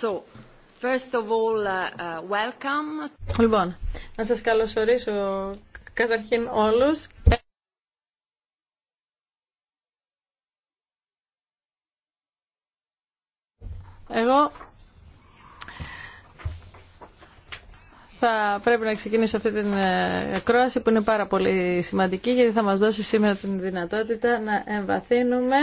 Uh, uh, λοιπόν, να σας καλωσορίσω καταρχήν όλους. Εγώ θα πρέπει να ξεκινήσω αυτή την ε, ακρόαση που είναι πάρα πολύ σημαντική γιατί θα μας δώσει σήμερα την δυνατότητα να εμβαθύνουμε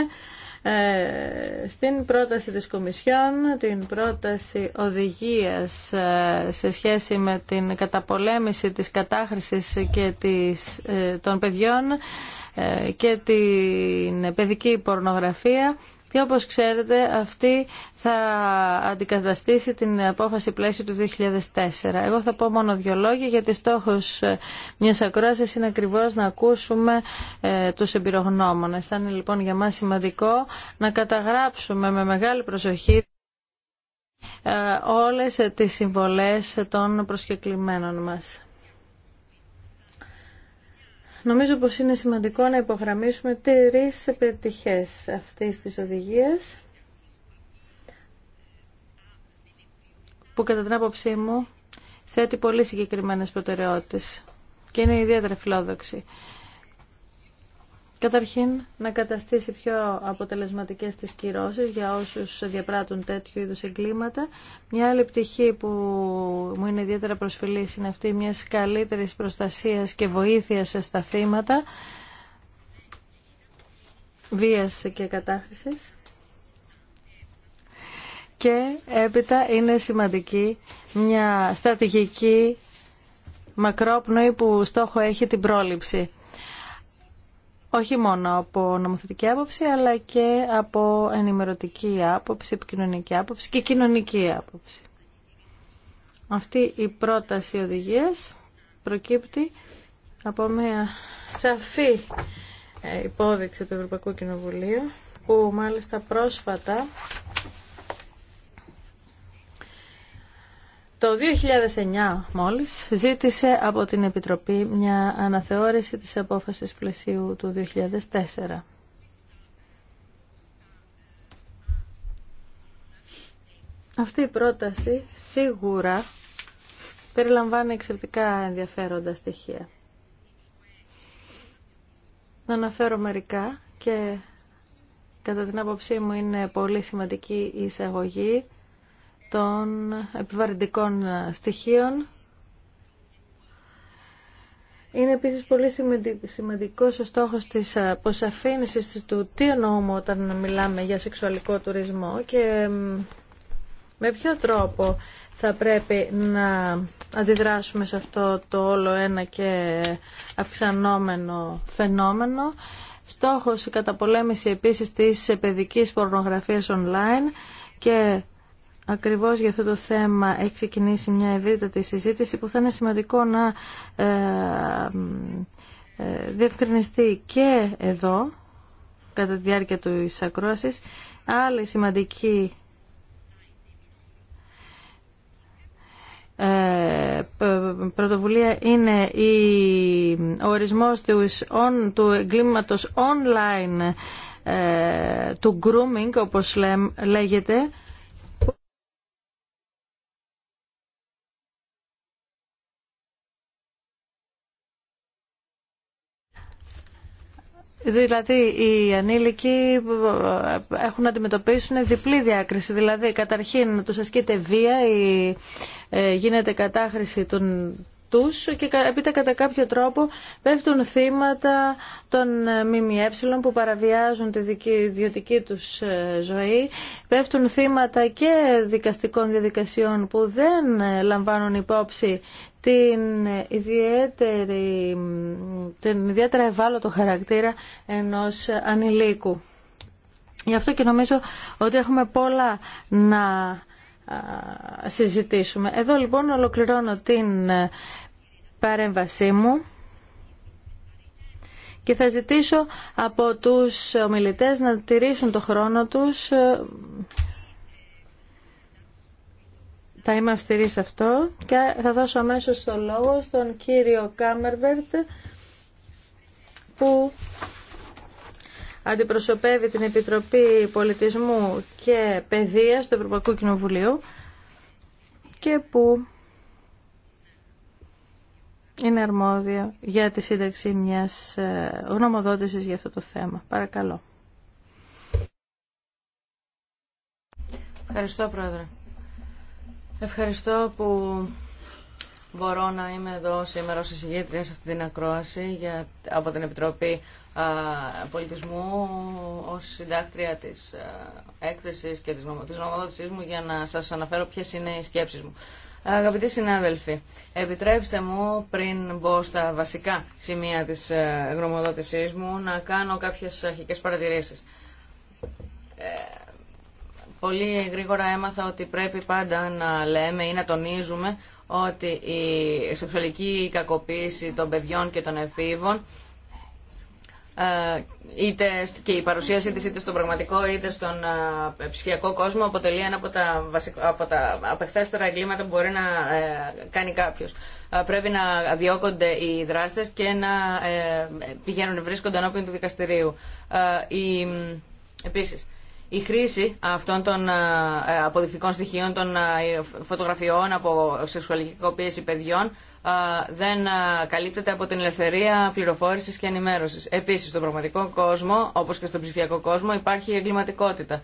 ε, στην πρόταση της Κομισιόν, την πρόταση οδηγίας ε, σε σχέση με την καταπολέμηση της κατάχρησης και της, ε, των παιδιών και την παιδική πορνογραφία και όπως ξέρετε αυτή θα αντικαταστήσει την απόφαση πλαίσιο του 2004. Εγώ θα πω μόνο δύο λόγια γιατί στόχος ε, μιας ακρόασης είναι ακριβώς να ακούσουμε ε, τους εμπειρογνώμονες. Θα είναι λοιπόν για μας σημαντικό να καταγράψουμε με μεγάλη προσοχή ε, όλες τις συμβολές των προσκεκλημένων μας. Νομίζω πως είναι σημαντικό να υπογραμμίσουμε τρεις επιτυχές αυτής της οδηγίας που κατά την άποψή μου θέτει πολύ συγκεκριμένες προτεραιότητες και είναι ιδιαίτερα φιλόδοξη. Καταρχήν, να καταστήσει πιο αποτελεσματικές τις κυρώσεις για όσους διαπράττουν τέτοιου είδους εγκλήματα. Μια άλλη πτυχή που μου είναι ιδιαίτερα προσφυλής είναι αυτή μιας καλύτερης προστασίας και βοήθειας στα θύματα βίας και κατάχρησης. Και έπειτα είναι σημαντική μια στρατηγική μακρόπνοη που στόχο έχει την πρόληψη όχι μόνο από νομοθετική άποψη, αλλά και από ενημερωτική άποψη, επικοινωνική άποψη και κοινωνική άποψη. Αυτή η πρόταση οδηγίας προκύπτει από μια σαφή ε, υπόδειξη του Ευρωπαϊκού Κοινοβουλίου που μάλιστα πρόσφατα Το 2009 μόλις ζήτησε από την Επιτροπή μια αναθεώρηση της απόφασης πλαισίου του 2004. Αυτή η πρόταση σίγουρα περιλαμβάνει εξαιρετικά ενδιαφέροντα στοιχεία. Να αναφέρω μερικά και κατά την άποψή μου είναι πολύ σημαντική η εισαγωγή των επιβαρυντικών στοιχείων. Είναι επίσης πολύ σημαντικός ο στόχος της ε, αποσαφήνισης του τι εννοούμε όταν μιλάμε για σεξουαλικό τουρισμό και με ποιο τρόπο θα πρέπει να αντιδράσουμε σε αυτό το όλο ένα και αυξανόμενο φαινόμενο. Στόχος η καταπολέμηση επίσης της παιδικής πορνογραφίας online και Ακριβώς για αυτό το θέμα έχει ξεκινήσει μια ευρύτατη συζήτηση που θα είναι σημαντικό να ε, ε, διευκρινιστεί και εδώ κατά τη διάρκεια του ακρόασης. Άλλη σημαντική ε, πρωτοβουλία είναι η, ο ορισμός του, του εγκλήματος online του grooming όπως λέγεται Δηλαδή οι ανήλικοι ε, έχουν να αντιμετωπίσουν διπλή διάκριση. Δηλαδή καταρχήν τους ασκείται βία, ή ε, γίνεται κατάχρηση των αυτούς και έπειτα κατά κάποιο τρόπο πέφτουν θύματα των ε, ΜΜΕ που παραβιάζουν τη δική, ιδιωτική τους ε, ζωή, πέφτουν θύματα και δικαστικών διαδικασιών που δεν ε, λαμβάνουν υπόψη την ιδιαίτερη, την ιδιαίτερα ευάλωτο χαρακτήρα ενός ανηλίκου. Γι' αυτό και νομίζω ότι έχουμε πολλά να συζητήσουμε. Εδώ λοιπόν ολοκληρώνω την παρέμβασή μου και θα ζητήσω από τους ομιλητές να τηρήσουν το χρόνο τους. Θα είμαι αυστηρή σε αυτό και θα δώσω αμέσω το λόγο στον κύριο Κάμερβερτ που αντιπροσωπεύει την Επιτροπή Πολιτισμού και Παιδείας του Ευρωπαϊκού Κοινοβουλίου και που είναι αρμόδιο για τη σύνταξη μιας ε, γνωμοδότησης για αυτό το θέμα. Παρακαλώ. Ευχαριστώ, Πρόεδρε. Ευχαριστώ που μπορώ να είμαι εδώ σήμερα ως εισηγήτρια σε αυτή την ακρόαση για, από την Επιτροπή Πολιτισμού ως συντάκτρια της έκθεσης και της νομοδότησής μου για να σας αναφέρω ποιες είναι οι σκέψεις μου. Αγαπητοί συνάδελφοι, επιτρέψτε μου πριν μπω στα βασικά σημεία της ε, γνωμοδότησής μου να κάνω κάποιες αρχικές παρατηρήσεις. Ε, πολύ γρήγορα έμαθα ότι πρέπει πάντα να λέμε ή να τονίζουμε ότι η σεξουαλική κακοποίηση των παιδιών και των εφήβων ε, είτε και η παρουσίασή της είτε στον πραγματικό είτε στον ε, ψηφιακό κόσμο αποτελεί ένα από τα, βασικό, από τα απεχθέστερα εγκλήματα που μπορεί να ε, κάνει κάποιος. Πρέπει να διώκονται οι δράστες και να πηγαίνουν βρίσκονται ενώπιον του δικαστηρίου. Επίσης, η χρήση αυτών των ε, ε, αποδεικτικών στοιχείων των ε, φωτογραφιών από σεξουαλική κακοποίηση παιδιών δεν καλύπτεται από την ελευθερία πληροφόρηση και ενημέρωση. Επίση, στον πραγματικό κόσμο, όπω και στον ψηφιακό κόσμο, υπάρχει εγκληματικότητα.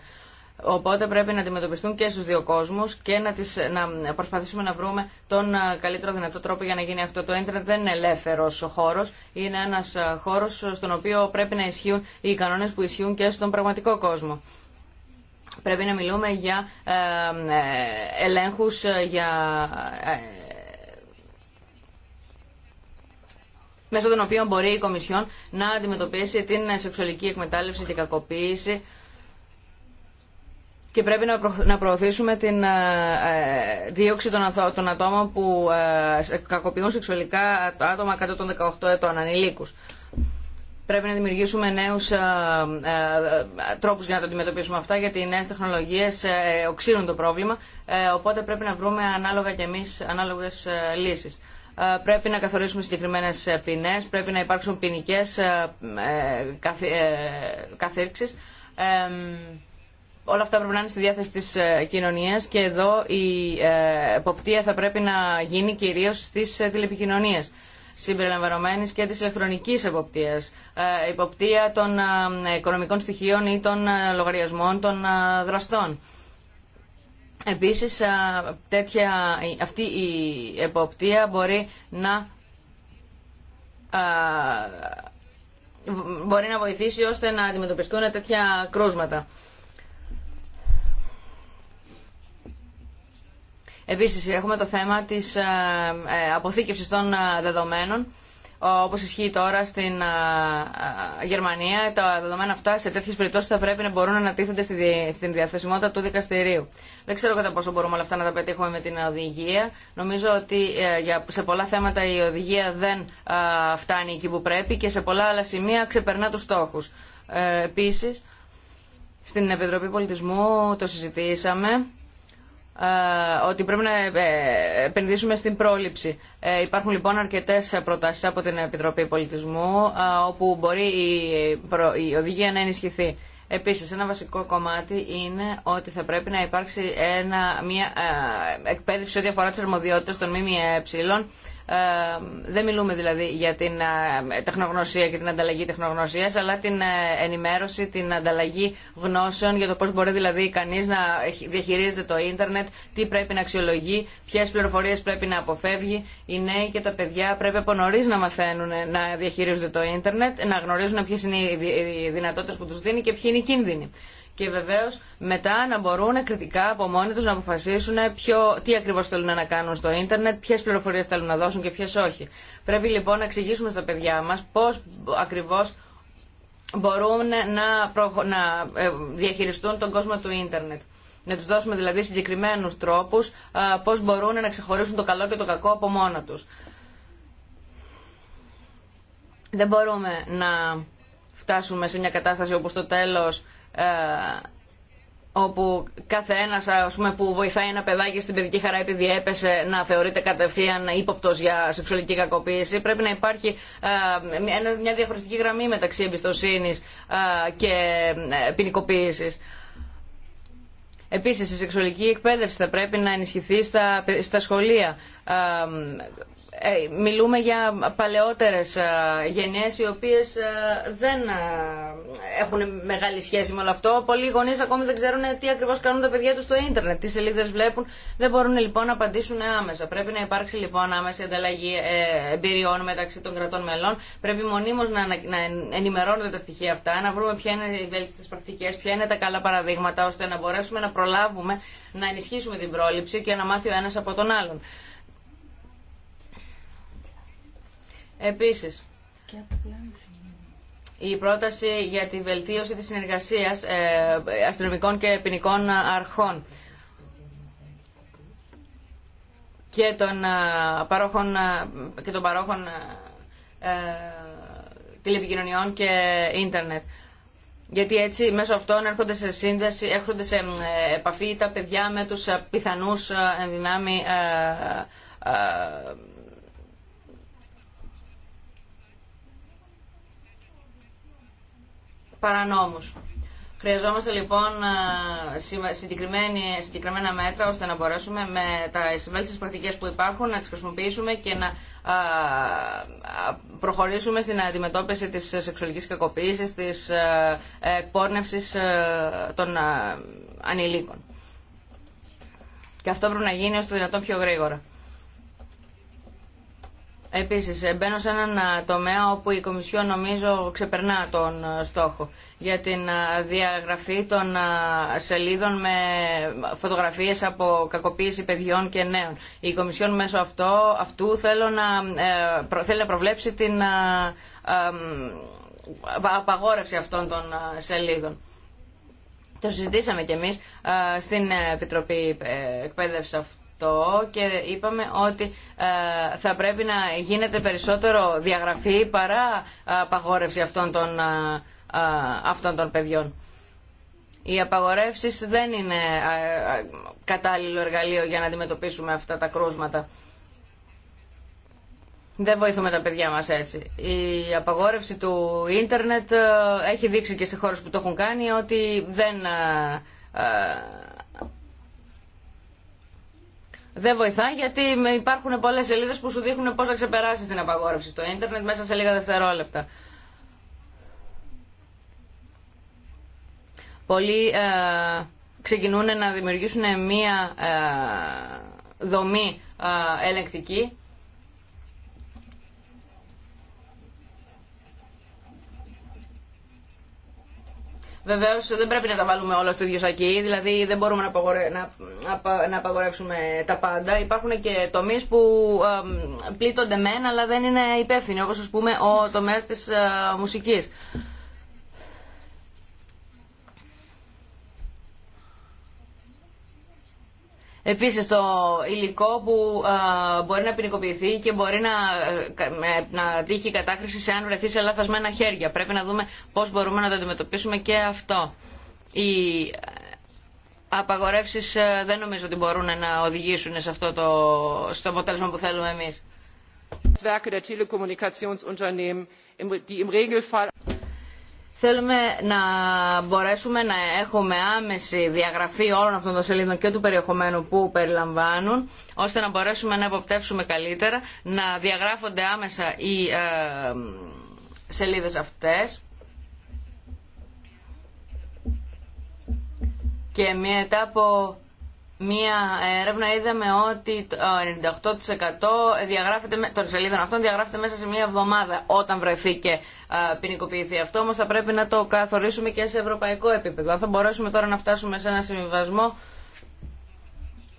Οπότε πρέπει να αντιμετωπιστούν και στους δύο κόσμους και να, τις, να προσπαθήσουμε να βρούμε τον καλύτερο δυνατό τρόπο για να γίνει αυτό. Το ίντερνετ δεν είναι ελεύθερος χώρος, είναι ένας χώρος στον οποίο πρέπει να ισχύουν οι κανόνες που ισχύουν και στον πραγματικό κόσμο. Πρέπει να μιλούμε για ε, ελέγχους, ε, για ε, μέσω των οποίων μπορεί η Κομισιόν να αντιμετωπίσει την σεξουαλική εκμετάλλευση, την κακοποίηση και πρέπει να προωθήσουμε την δίωξη των ατόμων που κακοποιούν σεξουαλικά άτομα κατά των 18 ετών ανηλίκους. Πρέπει να δημιουργήσουμε νέου ε, ε, ε, τρόπου για να το αντιμετωπίσουμε αυτά, γιατί οι νέε τεχνολογίε οξύνουν το πρόβλημα. Οπότε πρέπει να βρούμε ανάλογα και εμεί ανάλογε λύσει. Πρέπει να καθορίσουμε συγκεκριμένε ποινέ, πρέπει να υπάρξουν ποινικέ καθήρξει. Όλα αυτά πρέπει να είναι στη διάθεση της κοινωνία και εδώ η εποπτεία θα πρέπει να γίνει κυρίως στις τηλεπικοινωνίες συμπεριλαμβανομένης και της ηλεκτρονικής εποπτείας. Υποπτία ε, των ε, οικονομικών στοιχείων ή των ε, λογαριασμών των δραστών. Επίσης, τέτοια, αυτή η εποπτεία αυτη η εποπτεια μπορει να μπορεί να βοηθήσει ώστε να αντιμετωπιστούν τέτοια κρούσματα. Επίσης έχουμε το θέμα της ε, ε, αποθήκευσης των ε, δεδομένων όπως ισχύει τώρα στην Γερμανία, τα δεδομένα αυτά σε τέτοιες περιπτώσεις θα πρέπει να μπορούν να τίθενται στην διαθεσιμότητα του δικαστηρίου. Δεν ξέρω κατά πόσο μπορούμε όλα αυτά να τα πετύχουμε με την οδηγία. Νομίζω ότι σε πολλά θέματα η οδηγία δεν φτάνει εκεί που πρέπει και σε πολλά άλλα σημεία ξεπερνά τους στόχους. Επίσης, στην Επιτροπή Πολιτισμού το συζητήσαμε ε, ότι πρέπει να ε, επενδύσουμε στην πρόληψη. Ε, υπάρχουν λοιπόν αρκετέ προτάσει από την Επιτροπή Πολιτισμού όπου μπορεί η οδηγία να ενισχυθεί. Επίσης, ένα βασικό κομμάτι είναι ότι θα πρέπει να υπάρξει ένα, μια εκπαίδευση ό,τι αφορά τις αρμοδιότητες των ΜΜΕ δεν μιλούμε δηλαδή για την ε, τεχνογνωσία και την ανταλλαγή τεχνογνωσίας, αλλά την ε, ενημέρωση, την ανταλλαγή γνώσεων για το πώς μπορεί δηλαδή κανείς να διαχειρίζεται το ίντερνετ, τι πρέπει να αξιολογεί, ποιες πληροφορίες πρέπει να αποφεύγει. Οι νέοι και τα παιδιά πρέπει από νωρί να μαθαίνουν ε, να διαχειρίζονται το ίντερνετ, να γνωρίζουν ποιε είναι οι δυνατότητες που τους δίνει και ποιοι είναι οι κίνδυνοι και βεβαίω μετά να μπορούν κριτικά από μόνοι του να αποφασίσουν ποιο, τι ακριβώ θέλουν να κάνουν στο ίντερνετ, ποιε πληροφορίε θέλουν να δώσουν και ποιε όχι. Πρέπει λοιπόν να εξηγήσουμε στα παιδιά μα πώ ακριβώ μπορούν να, να ε, διαχειριστούν τον κόσμο του ίντερνετ. Να τους δώσουμε δηλαδή συγκεκριμένους τρόπους πώς μπορούν να ξεχωρίσουν το καλό και το κακό από μόνα τους. Δεν μπορούμε να φτάσουμε σε μια κατάσταση όπου το τέλος ε, όπου κάθε ένας που βοηθάει ένα παιδάκι στην παιδική χαρά επειδή έπεσε να θεωρείται κατευθείαν ύποπτο για σεξουαλική κακοποίηση. Πρέπει να υπάρχει ε, μια διαχωριστική γραμμή μεταξύ εμπιστοσύνη ε, και ε, ποινικοποίηση. Επίσης, η σεξουαλική εκπαίδευση θα πρέπει να ενισχυθεί στα, στα σχολεία. Ε, μιλούμε για παλαιότερες ε, γενιές οι οποίες ε, δεν έχουν μεγάλη σχέση με όλο αυτό. Πολλοί γονείς ακόμη δεν ξέρουν τι ακριβώς κάνουν τα παιδιά τους στο ίντερνετ, τι σελίδες βλέπουν. Δεν μπορούν λοιπόν να απαντήσουν άμεσα. Πρέπει να υπάρξει λοιπόν άμεση ανταλλαγή εμπειριών μεταξύ των κρατών μελών. Πρέπει μονίμως να, ενημερώνονται τα στοιχεία αυτά, να βρούμε ποια είναι οι βέλτιστες πρακτικές, ποια είναι τα καλά παραδείγματα, ώστε να μπορέσουμε να προλάβουμε, να ενισχύσουμε την πρόληψη και να μάθει ο ένας από τον άλλον. Επίσης, η πρόταση για τη βελτίωση της συνεργασίας ε, αστυνομικών και ποινικών αρχών και των ε, παρόχων, ε, και των παρόχων ε, τηλεπικοινωνιών και ίντερνετ. Γιατί έτσι μέσω αυτών έρχονται σε σύνδεση, έρχονται σε επαφή τα παιδιά με τους πιθανούς ενδυνάμει ε, παρανόμους. Χρειαζόμαστε λοιπόν ε, συγκεκριμένα μέτρα ώστε να μπορέσουμε με τα βέλτιστες πρακτικές που υπάρχουν να τις χρησιμοποιήσουμε και να προχωρήσουμε στην αντιμετώπιση της σεξουαλικής κακοποίησης, της ε, εκπόρνευσης ε, των ανηλίκων. Και αυτό πρέπει να γίνει ώστε το δυνατόν πιο γρήγορα. Επίσης, μπαίνω σε έναν τομέα όπου η Κομισιόν, νομίζω ξεπερνά τον στόχο για την διαγραφή των σελίδων με φωτογραφίες από κακοποίηση παιδιών και νέων. Η Κομισιόν μέσω αυτό, αυτού θέλω να, ε, θέλει να προβλέψει την απαγόρευση αυτών των σελίδων. Το συζητήσαμε και εμείς στην ε, Επιτροπή ε, Εκπαίδευσης αυτού και είπαμε ότι ε, θα πρέπει να γίνεται περισσότερο διαγραφή παρά ε, απαγόρευση αυτών των, ε, αυτών των παιδιών. Οι απαγορεύσεις δεν είναι κατάλληλο εργαλείο για να αντιμετωπίσουμε αυτά τα κρούσματα. Δεν βοηθούμε τα παιδιά μας έτσι. Η απαγόρευση του ίντερνετ έχει δείξει και σε χώρες που το έχουν κάνει ότι δεν δεν βοηθά γιατί υπάρχουν πολλές σελίδες που σου δείχνουν πώς να ξεπεράσεις την απαγόρευση στο ίντερνετ μέσα σε λίγα δευτερόλεπτα. Πολλοί ε, ξεκινούν να δημιουργήσουν μία ε, δομή ε, ελεγκτική Βεβαίω δεν πρέπει να τα βάλουμε όλα στο ίδιο σακί, δηλαδή δεν μπορούμε να, απαγορε... να... να απαγορεύσουμε τα πάντα. Υπάρχουν και τομεί που πλήττονται μεν αλλά δεν είναι υπεύθυνοι, όπω α πούμε ο τομέα τη ε, μουσική. Επίσης το υλικό που μπορεί να ποινικοποιηθεί και μπορεί να, να τύχει η κατάκριση σε αν βρεθεί σε λαθασμένα χέρια. Πρέπει να δούμε πώς μπορούμε να το αντιμετωπίσουμε και αυτό. Οι απαγορεύσεις δεν νομίζω ότι μπορούν να οδηγήσουν σε αυτό το, στο αποτέλεσμα που θέλουμε εμείς. Θέλουμε να μπορέσουμε να έχουμε άμεση διαγραφή όλων αυτών των σελίδων και του περιεχομένου που περιλαμβάνουν, ώστε να μπορέσουμε να εποπτεύσουμε καλύτερα, να διαγράφονται άμεσα οι ε, σελίδες αυτές. Και μετά από μία έρευνα είδαμε ότι το 98% ε, διαγράφεται, των σελίδων αυτών διαγράφεται μέσα σε μία εβδομάδα όταν βρεθεί και ε, ποινικοποιηθεί. Αυτό όμως θα πρέπει να το καθορίσουμε και σε ευρωπαϊκό επίπεδο. Αν θα μπορέσουμε τώρα να φτάσουμε σε ένα συμβιβασμό,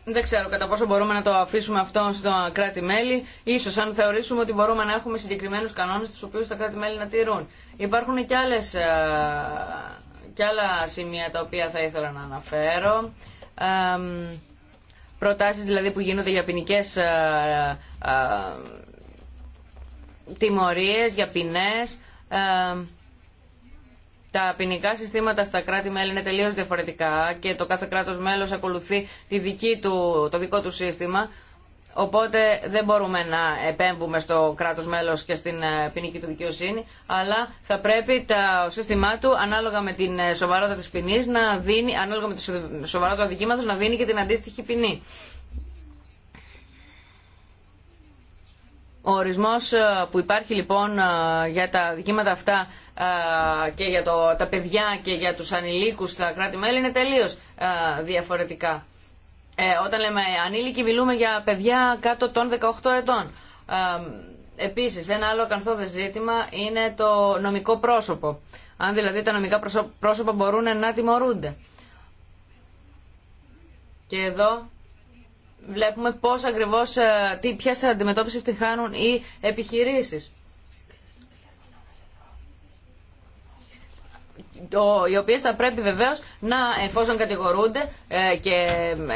δεν ξέρω κατά πόσο μπορούμε να το αφήσουμε αυτό στο κράτη-μέλη. Ίσως αν θεωρήσουμε ότι μπορούμε να έχουμε συγκεκριμένους κανόνες στους οποίους τα κράτη-μέλη να τηρούν. Υπάρχουν και, άλλες, ε, και άλλα σημεία τα οποία θα ήθελα να αναφέρω προτάσεις δηλαδή που γίνονται για ποινικέ ε, ε, ε, τιμωρίες, για ποινές. Τα ποινικά συστήματα στα κράτη-μέλη είναι τελείως διαφορετικά και το κάθε κράτος μέλος ακολουθεί τη δική του, το δικό του σύστημα. Οπότε δεν μπορούμε να επέμβουμε στο κράτος μέλος και στην ε, ποινική του δικαιοσύνη, αλλά θα πρέπει το σύστημά του ανάλογα με την ε, σοβαρότητα της ποινή, να δίνει, ανάλογα με τη σοβαρότητα του να δίνει και την αντίστοιχη ποινή. Ο ορισμός ε, που υπάρχει λοιπόν για τα δικήματα αυτά και για το, τα παιδιά και για τους ανηλίκους στα κράτη-μέλη είναι τελείως διαφορετικά. Ε, όταν λέμε ανήλικοι μιλούμε για παιδιά κάτω των 18 ετών. Ε, επίσης ένα άλλο καρθόδες ζήτημα είναι το νομικό πρόσωπο. Αν δηλαδή τα νομικά πρόσωπα μπορούν να τιμωρούνται. Και εδώ βλέπουμε πώς ακριβώς, ε, τι, ποιες αντιμετώπισης τη χάνουν οι επιχειρήσεις. οι οποίε θα πρέπει βεβαίω να εφόσον κατηγορούνται ε, και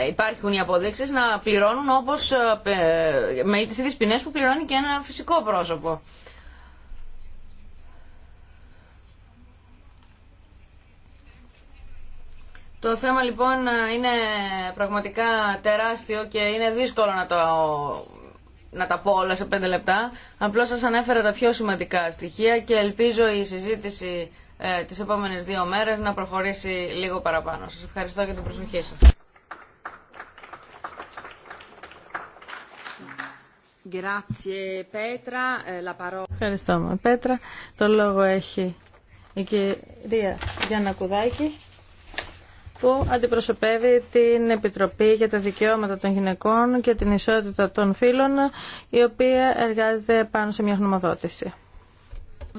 υπάρχουν οι αποδείξει να πληρώνουν όπως ε, με τι ίδιε ποινέ που πληρώνει και ένα φυσικό πρόσωπο. Το θέμα λοιπόν είναι πραγματικά τεράστιο και είναι δύσκολο να, το, να τα πω όλα σε πέντε λεπτά. Απλώς σας ανέφερα τα πιο σημαντικά στοιχεία και ελπίζω η συζήτηση ε, τις επόμενες δύο μέρες να προχωρήσει λίγο παραπάνω. Σας ευχαριστώ για την προσοχή σας. Ε, ευχαριστώ, Πέτρα. Το λόγο έχει η κυρία Γιάννα Κουδάκη που αντιπροσωπεύει την Επιτροπή για τα Δικαιώματα των Γυναικών και την Ισότητα των Φίλων, η οποία εργάζεται πάνω σε μια χνομοδότηση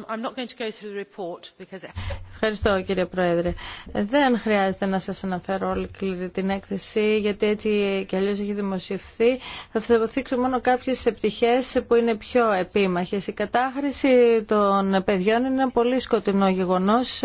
i am not going to go through the report because it has been covered. Ευχαριστώ κύριε Πρόεδρε. Δεν χρειάζεται να σας αναφέρω όλη την έκθεση γιατί έτσι και αλλιώς έχει δημοσιευθεί. Θα θεωθήξω μόνο κάποιες επιτυχές που είναι πιο επίμαχες. Η κατάχρηση των παιδιών είναι ένα πολύ σκοτεινό γεγονός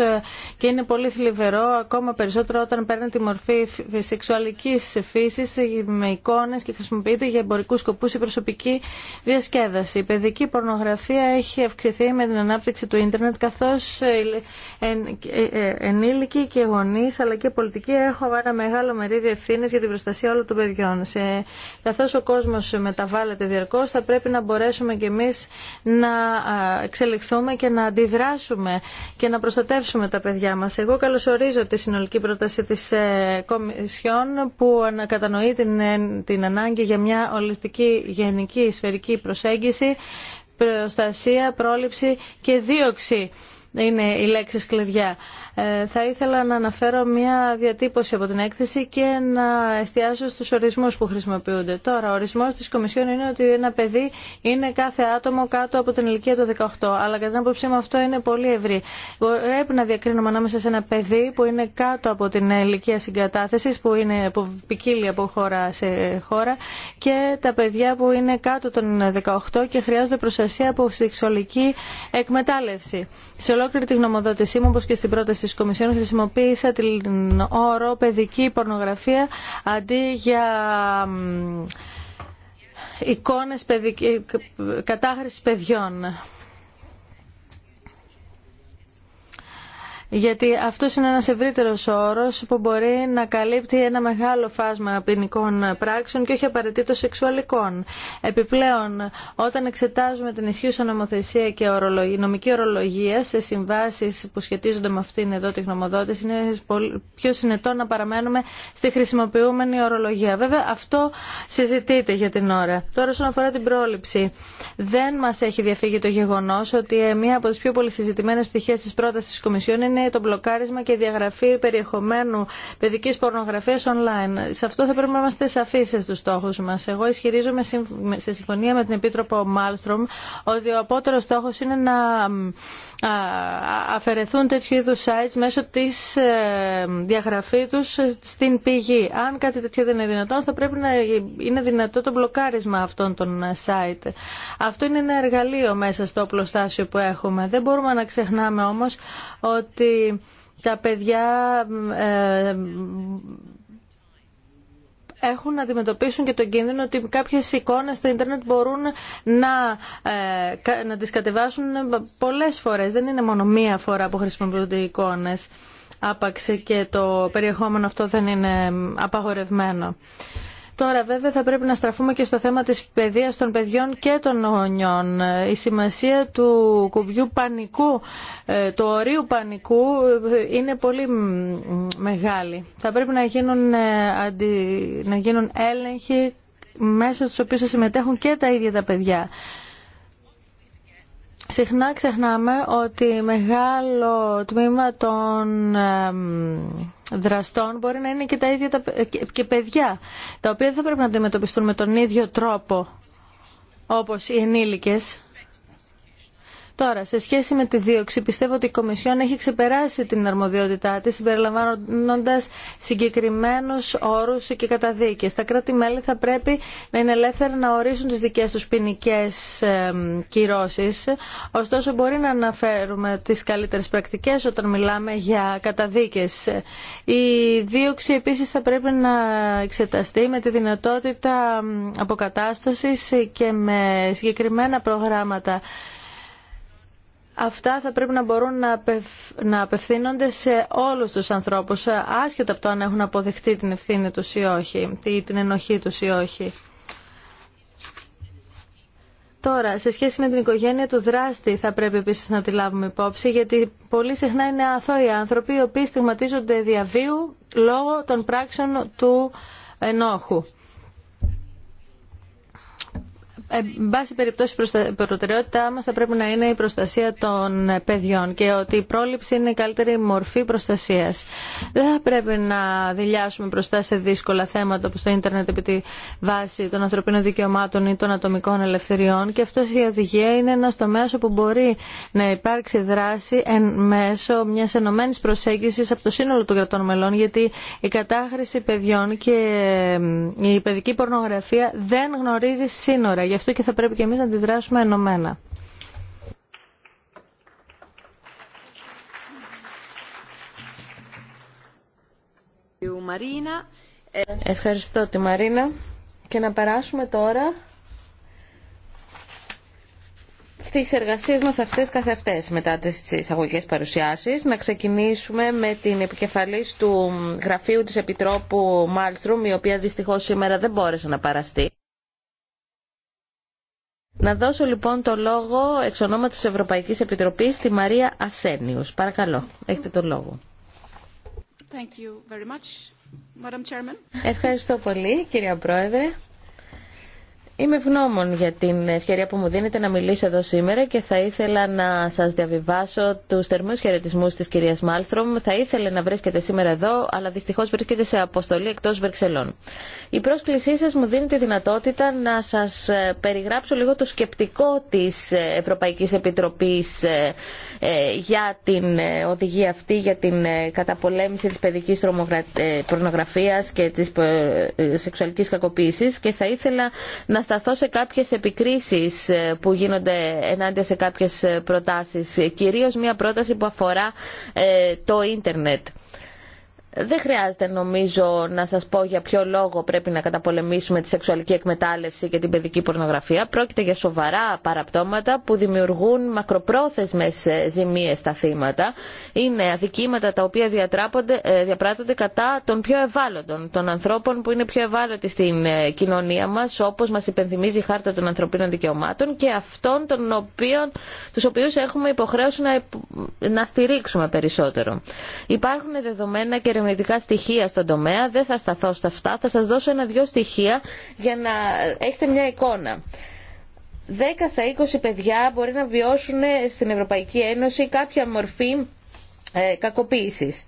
και είναι πολύ θλιβερό ακόμα περισσότερο όταν παίρνει τη μορφή σεξουαλικής φύσης με εικόνες και χρησιμοποιείται για εμπορικούς σκοπούς η προσωπική διασκέδαση. Η παιδική πορνογραφία έχει αυξηθεί με την ανάπτυξη του ίντερνετ καθώς ε, ε, ενήλικοι και γονεί αλλά και πολιτικοί έχω ένα μεγάλο μερίδιο ευθύνη για την προστασία όλων των παιδιών. Σε, καθώς ο κόσμος μεταβάλλεται διαρκώς θα πρέπει να μπορέσουμε κι εμείς να εξελιχθούμε και να αντιδράσουμε και να προστατεύσουμε τα παιδιά μας. Εγώ καλωσορίζω τη συνολική πρόταση της ε, Κομισιόν που κατανοεί την, την ανάγκη για μια ολιστική γενική σφαιρική προσέγγιση προστασία, πρόληψη και δίωξη είναι οι λέξεις κλειδιά. Ε, θα ήθελα να αναφέρω μια διατύπωση από την έκθεση και να εστιάσω στους ορισμούς που χρησιμοποιούνται. Τώρα, ο ορισμός της Κομισιόν είναι ότι ένα παιδί είναι κάθε άτομο κάτω από την ηλικία του 18, αλλά κατά την άποψή μου αυτό είναι πολύ ευρύ. Πρέπει να διακρίνουμε ανάμεσα σε ένα παιδί που είναι κάτω από την ηλικία συγκατάθεσης, που, είναι, ποικίλια ποικίλει από χώρα σε χώρα, και τα παιδιά που είναι κάτω των 18 και χρειάζονται προστασία από σεξουαλική εκμετάλλευση ολόκληρη τη γνωμοδότησή μου, όπω και στην πρόταση τη Κομισιόν, χρησιμοποίησα την όρο παιδική πορνογραφία αντί για εικόνες παιδική κατάχρηση παιδιών. γιατί αυτό είναι ένας ευρύτερος όρος που μπορεί να καλύπτει ένα μεγάλο φάσμα ποινικών πράξεων και όχι απαραίτητο σεξουαλικών. Επιπλέον, όταν εξετάζουμε την ισχύουσα νομοθεσία και ορολογία νομική ορολογία σε συμβάσει που σχετίζονται με αυτήν εδώ τη γνωμοδότηση, είναι πιο συνετό να παραμένουμε στη χρησιμοποιούμενη ορολογία. Βέβαια, αυτό συζητείται για την ώρα. Τώρα, όσον αφορά την πρόληψη, δεν μα έχει διαφύγει το γεγονό ότι ε, μία από τι πιο πολύ συζητημένε πτυχές της τη Κομισιόν είναι για το μπλοκάρισμα και διαγραφή περιεχομένου παιδική πορνογραφία online. Σε αυτό θα πρέπει να είμαστε σαφείς στους στόχου μα. Εγώ ισχυρίζομαι σε συμφωνία με την Επίτροπο Μάλστρομ ότι ο απότερο στόχο είναι να αφαιρεθούν τέτοιου είδου sites μέσω τη ε, διαγραφή του στην πηγή. Αν κάτι τέτοιο δεν είναι δυνατόν θα πρέπει να είναι δυνατό το μπλοκάρισμα αυτών των ε, site. Αυτό είναι ένα εργαλείο μέσα στο πλωστάσιο που έχουμε. Δεν μπορούμε να ξεχνάμε όμως ότι τα παιδιά ε, έχουν να αντιμετωπίσουν και τον κίνδυνο ότι κάποιες εικόνες στο ίντερνετ μπορούν να, ε, να τις κατεβάσουν πολλές φορές. Δεν είναι μόνο μία φορά που χρησιμοποιούνται οι εικόνες άπαξε και το περιεχόμενο αυτό δεν είναι απαγορευμένο. Τώρα βέβαια θα πρέπει να στραφούμε και στο θέμα της παιδείας των παιδιών και των γονιών. Η σημασία του κουμπιού πανικού, ε, του ορίου πανικού ε, είναι πολύ μεγάλη. Θα πρέπει να γίνουν, ε, να γίνουν έλεγχοι μέσα στους οποίους θα συμμετέχουν και τα ίδια τα παιδιά. Συχνά ξεχνάμε ότι μεγάλο τμήμα των δραστών μπορεί να είναι και τα ίδια τα, και παιδιά, τα οποία δεν θα πρέπει να αντιμετωπιστούν με τον ίδιο τρόπο όπως οι ενήλικες Τώρα, σε σχέση με τη δίωξη, πιστεύω ότι η Κομισιόν έχει ξεπεράσει την αρμοδιότητά τη, συμπεριλαμβάνοντα συγκεκριμένου όρου και καταδίκε. Τα κράτη-μέλη θα πρέπει να είναι ελεύθερα να ορίσουν τι δικέ του ποινικέ κυρώσει. Ωστόσο, μπορεί να αναφέρουμε τι καλύτερε πρακτικέ όταν μιλάμε για καταδίκε. Η δίωξη επίση θα πρέπει να εξεταστεί με τη δυνατότητα αποκατάσταση και με συγκεκριμένα προγράμματα αυτά θα πρέπει να μπορούν να απευθύνονται σε όλους τους ανθρώπους, ε, άσχετα από το αν έχουν αποδεχτεί την ευθύνη τους ή όχι, την ενοχή τους ή όχι. Τώρα, σε σχέση με την οικογένεια του δράστη θα πρέπει επίσης να τη λάβουμε υπόψη, γιατί πολύ συχνά είναι αθώοι άνθρωποι οι οποίοι στιγματίζονται διαβίου λόγω των πράξεων του ενόχου. Ε, εν πάση περιπτώσει η προτεραιότητά μα θα πρέπει να είναι η προστασία των παιδιών και ότι η πρόληψη είναι η καλύτερη μορφή προστασία. Δεν θα πρέπει να δηλιάσουμε μπροστά σε δύσκολα θέματα όπω το ίντερνετ επί τη βάση των ανθρωπίνων δικαιωμάτων ή των ατομικών ελευθεριών και αυτό η οδηγία είναι ένα τομέα όπου μπορεί να υπάρξει δράση εν μέσω μιας ενωμένης προσέγγισης από το σύνολο των κρατών μελών γιατί η οδηγια ειναι ενα τομεα οπου μπορει να υπαρξει δραση εν μεσω μια ενωμενη προσεγγιση απο το συνολο των κρατων μελων γιατι η καταχρηση παιδιων και ε, η παιδική πορνογραφία δεν γνωρίζει σύνορα αυτό και θα πρέπει και εμείς να αντιδράσουμε ενωμένα. Ευχαριστώ τη Μαρίνα και να περάσουμε τώρα στις εργασίες μας αυτές καθε αυτές μετά τις εισαγωγικέ παρουσιάσεις. Να ξεκινήσουμε με την επικεφαλής του γραφείου της Επιτρόπου Μάλστρουμ, η οποία δυστυχώς σήμερα δεν μπόρεσε να παραστεί. Να δώσω λοιπόν το λόγο εξ ονόματο της Ευρωπαϊκής Επιτροπής στη Μαρία Ασένιους. Παρακαλώ, έχετε το λόγο. Thank you very much, Madam Ευχαριστώ πολύ, κυρία Πρόεδρε. Είμαι ευγνώμων για την ευκαιρία που μου δίνετε να μιλήσω εδώ σήμερα και θα ήθελα να σας διαβιβάσω τους θερμούς χαιρετισμού της κυρίας Μάλστρομ. Θα ήθελε να βρίσκεται σήμερα εδώ, αλλά δυστυχώς βρίσκεται σε αποστολή εκτός Βερξελών. Η πρόσκλησή σας μου δίνει τη δυνατότητα να σας ε, περιγράψω λίγο το σκεπτικό της ε, Ευρωπαϊκής Επιτροπής ε, για την οδηγία αυτή, για την καταπολέμηση της παιδικής τρομογρα... και της σεξουαλικής κακοποίησης και θα ήθελα να σταθώ σε κάποιες επικρίσεις ε, που γίνονται ενάντια σε κάποιες ε, προτάσεις, κυρίως μια πρόταση που αφορά ε, το ίντερνετ. Δεν χρειάζεται νομίζω να σας πω για ποιο λόγο πρέπει να καταπολεμήσουμε τη σεξουαλική εκμετάλλευση και την παιδική πορνογραφία. Πρόκειται για σοβαρά παραπτώματα που δημιουργούν μακροπρόθεσμες ε, ζημίες στα θύματα. Είναι αδικήματα τα οποία ε, διαπράττονται κατά των πιο ευάλωτων, των ανθρώπων που είναι πιο ευάλωτοι στην ε, κοινωνία μας, όπως μας υπενθυμίζει η Χάρτα των Ανθρωπίνων Δικαιωμάτων και αυτών του οποίου τους οποίους έχουμε υποχρέωση να, να στηρίξουμε περισσότερο. Υπάρχουν δεδομένα και ερευνητικά στοιχεία στον τομέα. Δεν θα σταθώ σε αυτά. Θα σας δώσω ένα-δυο στοιχεία για να έχετε μια εικόνα. 10 στα 20 παιδιά μπορεί να βιώσουν στην Ευρωπαϊκή Ένωση κάποια μορφή ε, κακοποίησης.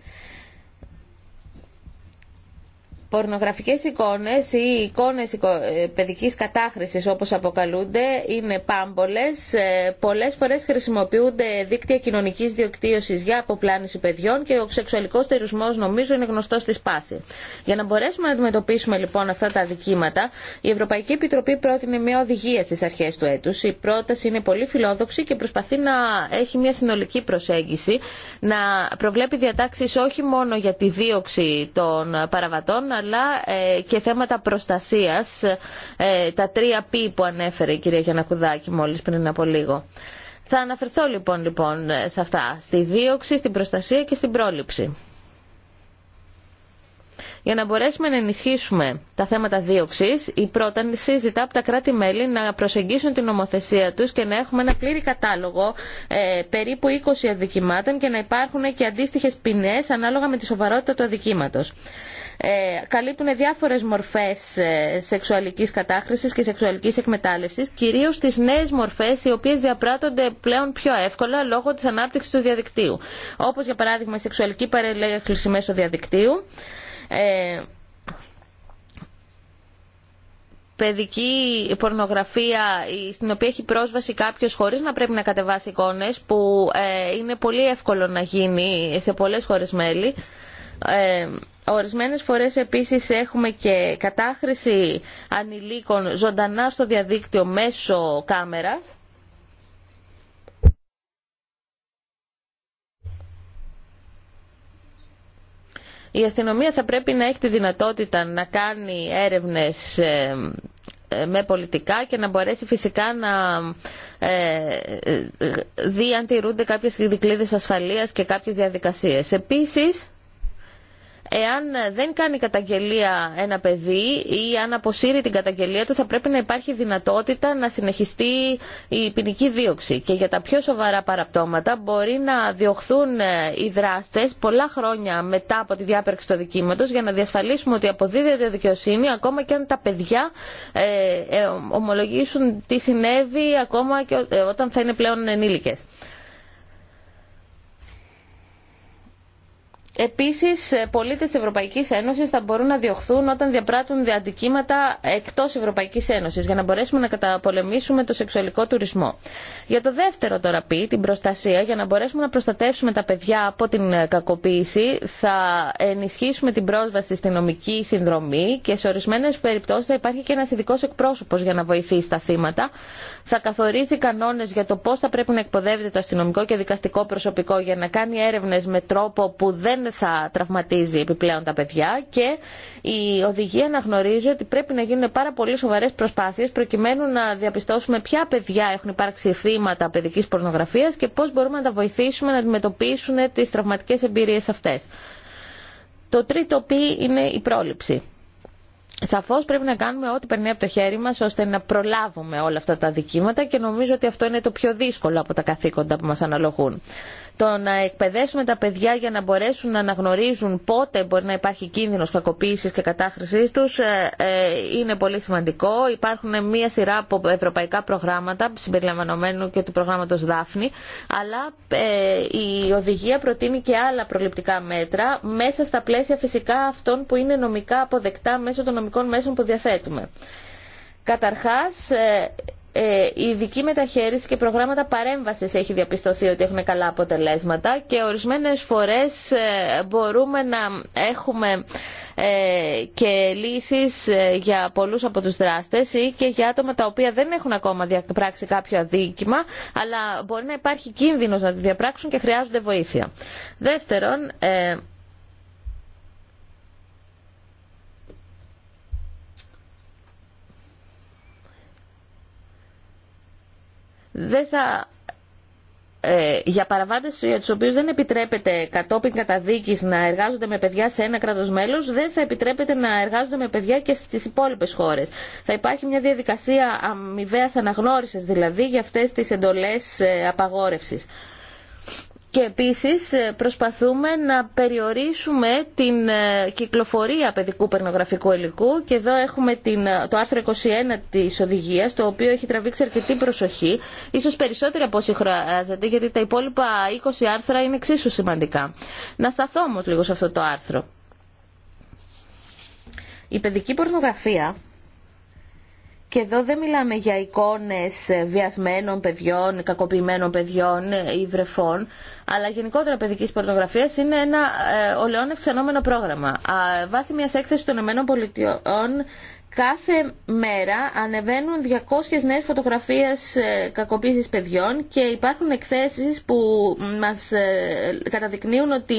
Πορνογραφικές εικόνες ή εικόνες ε, παιδικής κατάχρησης όπως αποκαλούνται είναι πάμπολες. Ε, πολλές φορές χρησιμοποιούνται δίκτυα κοινωνικής διοκτήωσης για αποπλάνηση παιδιών και ο σεξουαλικός θερισμός νομίζω είναι γνωστός στη σπάση. Για να μπορέσουμε να αντιμετωπίσουμε λοιπόν αυτά τα δικήματα η Ευρωπαϊκή Επιτροπή πρότεινε μια οδηγία στις αρχές του έτους. Η πρόταση είναι πολύ φιλόδοξη και προσπαθεί να έχει μια συνολική προσέγγιση, να προβλέπει διατάξεις όχι μόνο για τη δίωξη των παραβατών, αλλά ε, και θέματα προστασίας, ε, τα τρία π που ανέφερε η κυρία Γιανακουδάκη μόλις πριν από λίγο. Θα αναφερθώ λοιπόν, λοιπόν σε αυτά, στη δίωξη, στην προστασία και στην πρόληψη. Για να μπορέσουμε να ενισχύσουμε τα θέματα δίωξη, η πρόταση ζητά από τα κράτη-μέλη να προσεγγίσουν την νομοθεσία του και να έχουμε ένα πλήρη κατάλογο ε, περίπου 20 αδικημάτων και να υπάρχουν και αντίστοιχε ποινέ ανάλογα με τη σοβαρότητα του αδικήματο. Ε, καλύπτουν διάφορες μορφές ε, σεξουαλικής κατάχρησης και σεξουαλικής εκμετάλλευσης, κυρίως τις νέες μορφές οι οποίες διαπράττονται πλέον πιο εύκολα λόγω της ανάπτυξης του διαδικτύου. Όπως για παράδειγμα η σεξουαλική παρελέγχληση μέσω διαδικτύου, ε, παιδική πορνογραφία στην οποία έχει πρόσβαση κάποιος χωρίς να πρέπει να κατεβάσει εικόνες που είναι πολύ εύκολο να γίνει σε πολλές χώρες μέλη ε, ορισμένες φορές επίσης έχουμε και κατάχρηση ανηλίκων ζωντανά στο διαδίκτυο μέσω κάμερας. Η αστυνομία θα πρέπει να έχει τη δυνατότητα να κάνει έρευνες ε, ε, με πολιτικά και να μπορέσει φυσικά να ε, δει αν τηρούνται κάποιες δικλείδες ασφαλείας και κάποιες διαδικασίες. Επίσης, εάν δεν κάνει καταγγελία ένα παιδί ή αν αποσύρει την καταγγελία του θα πρέπει να υπάρχει δυνατότητα να συνεχιστεί η ποινική δίωξη και για τα πιο σοβαρά παραπτώματα μπορεί να διωχθούν ε, οι δράστες πολλά χρόνια μετά από τη διάπερξη του για να διασφαλίσουμε ότι αποδίδεται δικαιοσύνη ακόμα και αν τα παιδιά ε, ε, ομολογήσουν τι συνέβη ακόμα και όταν θα είναι πλέον ενήλικες. Επίσης, ε, πολίτες Ευρωπαϊκής Ένωσης θα μπορούν να διωχθούν όταν διαπράττουν αντικείμενα εκτός Ευρωπαϊκής Ένωσης για να μπορέσουμε να καταπολεμήσουμε το σεξουαλικό τουρισμό. Για το δεύτερο τώρα πει, την προστασία, για να μπορέσουμε να προστατεύσουμε τα παιδιά από την ε, κακοποίηση, θα ενισχύσουμε την πρόσβαση στη νομική συνδρομή και σε ορισμένε περιπτώσεις θα υπάρχει και ένας ειδικό εκπρόσωπος για να βοηθήσει τα θύματα. Θα καθορίζει κανόνες για το πώς θα πρέπει να εκποδεύεται το αστυνομικό και δικαστικό προσωπικό για να κάνει έρευνες με τρόπο που δεν θα τραυματίζει επιπλέον τα παιδιά και η οδηγία αναγνωρίζει ότι πρέπει να γίνουν πάρα πολύ σοβαρές προσπάθειες προκειμένου να διαπιστώσουμε ποια παιδιά έχουν υπάρξει θύματα παιδικής πορνογραφίας και πώς μπορούμε να τα βοηθήσουμε να αντιμετωπίσουν τις τραυματικές εμπειρίες αυτές. Το τρίτο π είναι η πρόληψη. Σαφώς πρέπει να κάνουμε ό,τι περνάει από το χέρι μας ώστε να προλάβουμε όλα αυτά τα δικήματα και νομίζω ότι αυτό είναι το πιο δύσκολο από τα καθήκοντα που μας αναλογούν το να εκπαιδεύσουμε τα παιδιά για να μπορέσουν να αναγνωρίζουν πότε μπορεί να υπάρχει κίνδυνος κακοποίηση και κατάχρησής τους ε, ε, είναι πολύ σημαντικό. Υπάρχουν μία σειρά από ευρωπαϊκά προγράμματα συμπεριλαμβανομένου και του προγράμματος Δάφνη αλλά ε, η οδηγία προτείνει και άλλα προληπτικά μέτρα μέσα στα πλαίσια φυσικά αυτών που είναι νομικά αποδεκτά μέσω των νομικών μέσων που διαθέτουμε. Καταρχάς, ε, η ειδική μεταχείριση και προγράμματα παρέμβασης έχει διαπιστωθεί ότι έχουν καλά αποτελέσματα και ορισμένες φορές ε, μπορούμε να έχουμε ε, και λύσεις για πολλούς από τους δράστες ή και για άτομα τα οποία δεν έχουν ακόμα διαπράξει κάποιο αδίκημα αλλά μπορεί να υπάρχει κίνδυνος να τη διαπράξουν και χρειάζονται βοήθεια. Δεύτερον, δεν θα ε, για παραβάτε για του οποίου δεν επιτρέπεται κατόπιν καταδίκη να εργάζονται με παιδιά σε ένα κράτο μέλο, δεν θα επιτρέπεται να εργάζονται με παιδιά και στι υπόλοιπε χώρε. Θα υπάρχει μια διαδικασία αμοιβαία αναγνώριση δηλαδή για αυτέ τι εντολέ ε, απαγόρευσης. Και επίσης ε, προσπαθούμε να περιορίσουμε την ε, κυκλοφορία παιδικού περνογραφικού υλικού και εδώ έχουμε την, ε, το άρθρο 21 της οδηγίας το οποίο έχει τραβήξει αρκετή προσοχή ίσως περισσότερο από όσοι χρειάζεται γιατί τα υπόλοιπα 20 άρθρα είναι εξίσου σημαντικά. Να σταθώ όμως λίγο σε αυτό το άρθρο. Η παιδική πορνογραφία και εδώ δεν μιλάμε για εικόνες βιασμένων παιδιών, κακοποιημένων παιδιών ή βρεφών, αλλά γενικότερα παιδικής πορτογραφίας είναι ένα ε, ολαιόν ευξανόμενο πρόγραμμα. Βάσει μιας έκθεσης των ΗΠΑ Κάθε μέρα ανεβαίνουν 200 νέες φωτογραφίες ε, κακοποίησης παιδιών και υπάρχουν εκθέσεις που μας ε, καταδεικνύουν ότι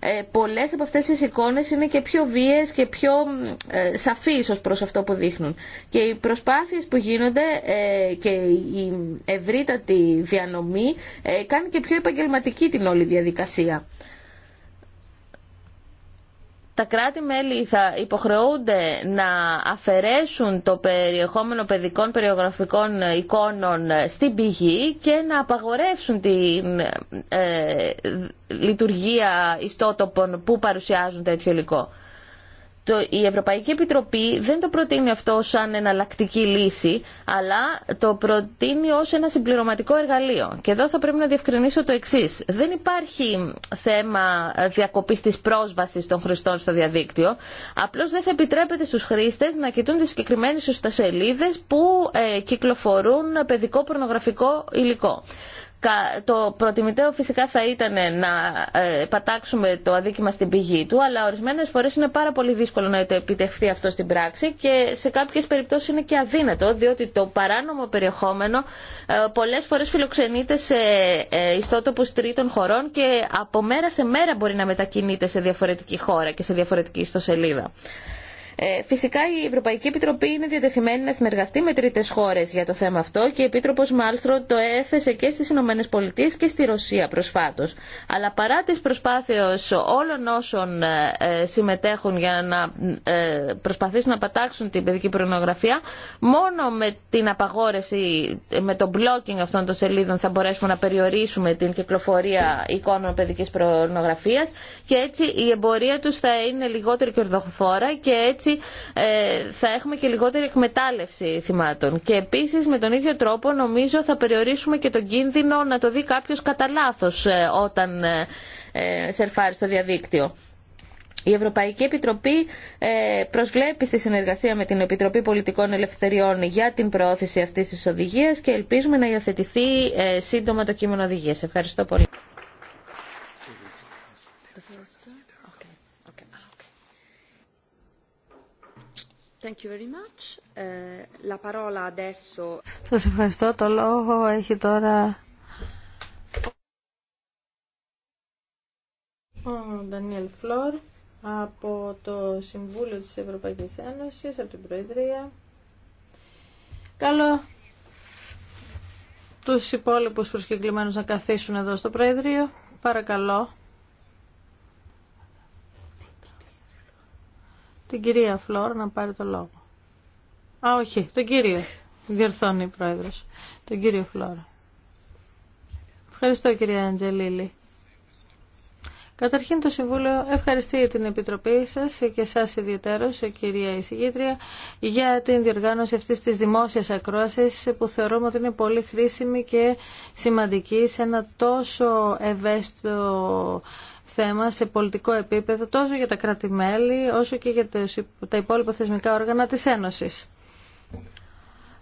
ε, πολλές από αυτές τις εικόνες είναι και πιο βίες και πιο σαφείς ως προς αυτό που δείχνουν. Και οι προσπάθειες που γίνονται και η ευρύτατη διανομή κάνει και πιο επαγγελματική την όλη διαδικασία τα κράτη-μέλη θα υποχρεούνται να αφαιρέσουν το περιεχόμενο παιδικών περιογραφικών εικόνων στην πηγή και να απαγορεύσουν τη ε, λειτουργία ιστότοπων που παρουσιάζουν τέτοιο υλικό το, η Ευρωπαϊκή Επιτροπή δεν το προτείνει αυτό σαν εναλλακτική λύση, αλλά το προτείνει ως ένα συμπληρωματικό εργαλείο. Και εδώ θα πρέπει να διευκρινίσω το εξή. Δεν υπάρχει θέμα διακοπής της πρόσβασης των χρηστών στο διαδίκτυο. Απλώς δεν θα επιτρέπεται στους χρήστες να κοιτούν τις συγκεκριμένες σελίδες που ε, κυκλοφορούν παιδικό πορνογραφικό υλικό. Το προτιμητέο φυσικά θα ήταν να ε, πατάξουμε το αδίκημα στην πηγή του, αλλά ορισμένες φορές είναι πάρα πολύ δύσκολο να επιτευχθεί αυτό στην πράξη και σε κάποιες περιπτώσεις είναι και αδύνατο, διότι το παράνομο περιεχόμενο ε, πολλές φορές φιλοξενείται σε ε, ιστότοπους τρίτων χωρών και από μέρα σε μέρα μπορεί να μετακινείται σε διαφορετική χώρα και σε διαφορετική ιστοσελίδα. Ε, φυσικά η Ευρωπαϊκή Επιτροπή είναι διατεθειμένη να συνεργαστεί με τρίτε χώρε για το θέμα αυτό και η Επίτροπο Μάλστρο το έθεσε και στι Ηνωμένε Πολιτείε και στη Ρωσία προσφάτω. Αλλά παρά τι προσπάθειε όλων όσων ε, ε, συμμετέχουν για να προσπαθήσουν να πατάξουν την παιδική προνογραφία, μόνο με την απαγόρευση, με το blocking αυτών των σελίδων θα μπορέσουμε να περιορίσουμε την κυκλοφορία εικόνων παιδική προνογραφία και έτσι η εμπορία τους θα είναι λιγότερο κερδοφόρα και έτσι ε, θα έχουμε και λιγότερη εκμετάλλευση θυμάτων. Και επίσης με τον ίδιο τρόπο νομίζω θα περιορίσουμε και τον κίνδυνο να το δει κάποιος κατά λάθο ε, όταν ε, σερφάρει στο διαδίκτυο. Η Ευρωπαϊκή Επιτροπή προσβλέπει στη συνεργασία με την Επιτροπή Πολιτικών Ελευθεριών για την προώθηση αυτής της οδηγίας και ελπίζουμε να υιοθετηθεί σύντομα το κείμενο οδηγίας. Ευχαριστώ πολύ. Ε, Σας ευχαριστώ. Το λόγο έχει τώρα ο Ντανιέλ Φλόρ από το Συμβούλιο της Ευρωπαϊκής Ένωσης, από την Προεδρία. Καλώ τους υπόλοιπους προσκεκλημένους να καθίσουν εδώ στο Προεδρείο. Παρακαλώ. την κυρία Φλόρ να πάρει το λόγο. Α, όχι, τον κύριο. Διορθώνει η πρόεδρος. Τον κύριο Φλόρ. Ευχαριστώ κυρία Αντζελίλη. Καταρχήν το Συμβούλιο ευχαριστεί την Επιτροπή σας και σας ιδιαίτερος, κυρία Ισηγήτρια, για την διοργάνωση αυτής της δημόσιας ακρόασης που θεωρούμε ότι είναι πολύ χρήσιμη και σημαντική σε ένα τόσο ευαίσθητο θέμα σε πολιτικό επίπεδο τόσο για τα κρατη όσο και για τα υπόλοιπα θεσμικά όργανα της Ένωσης.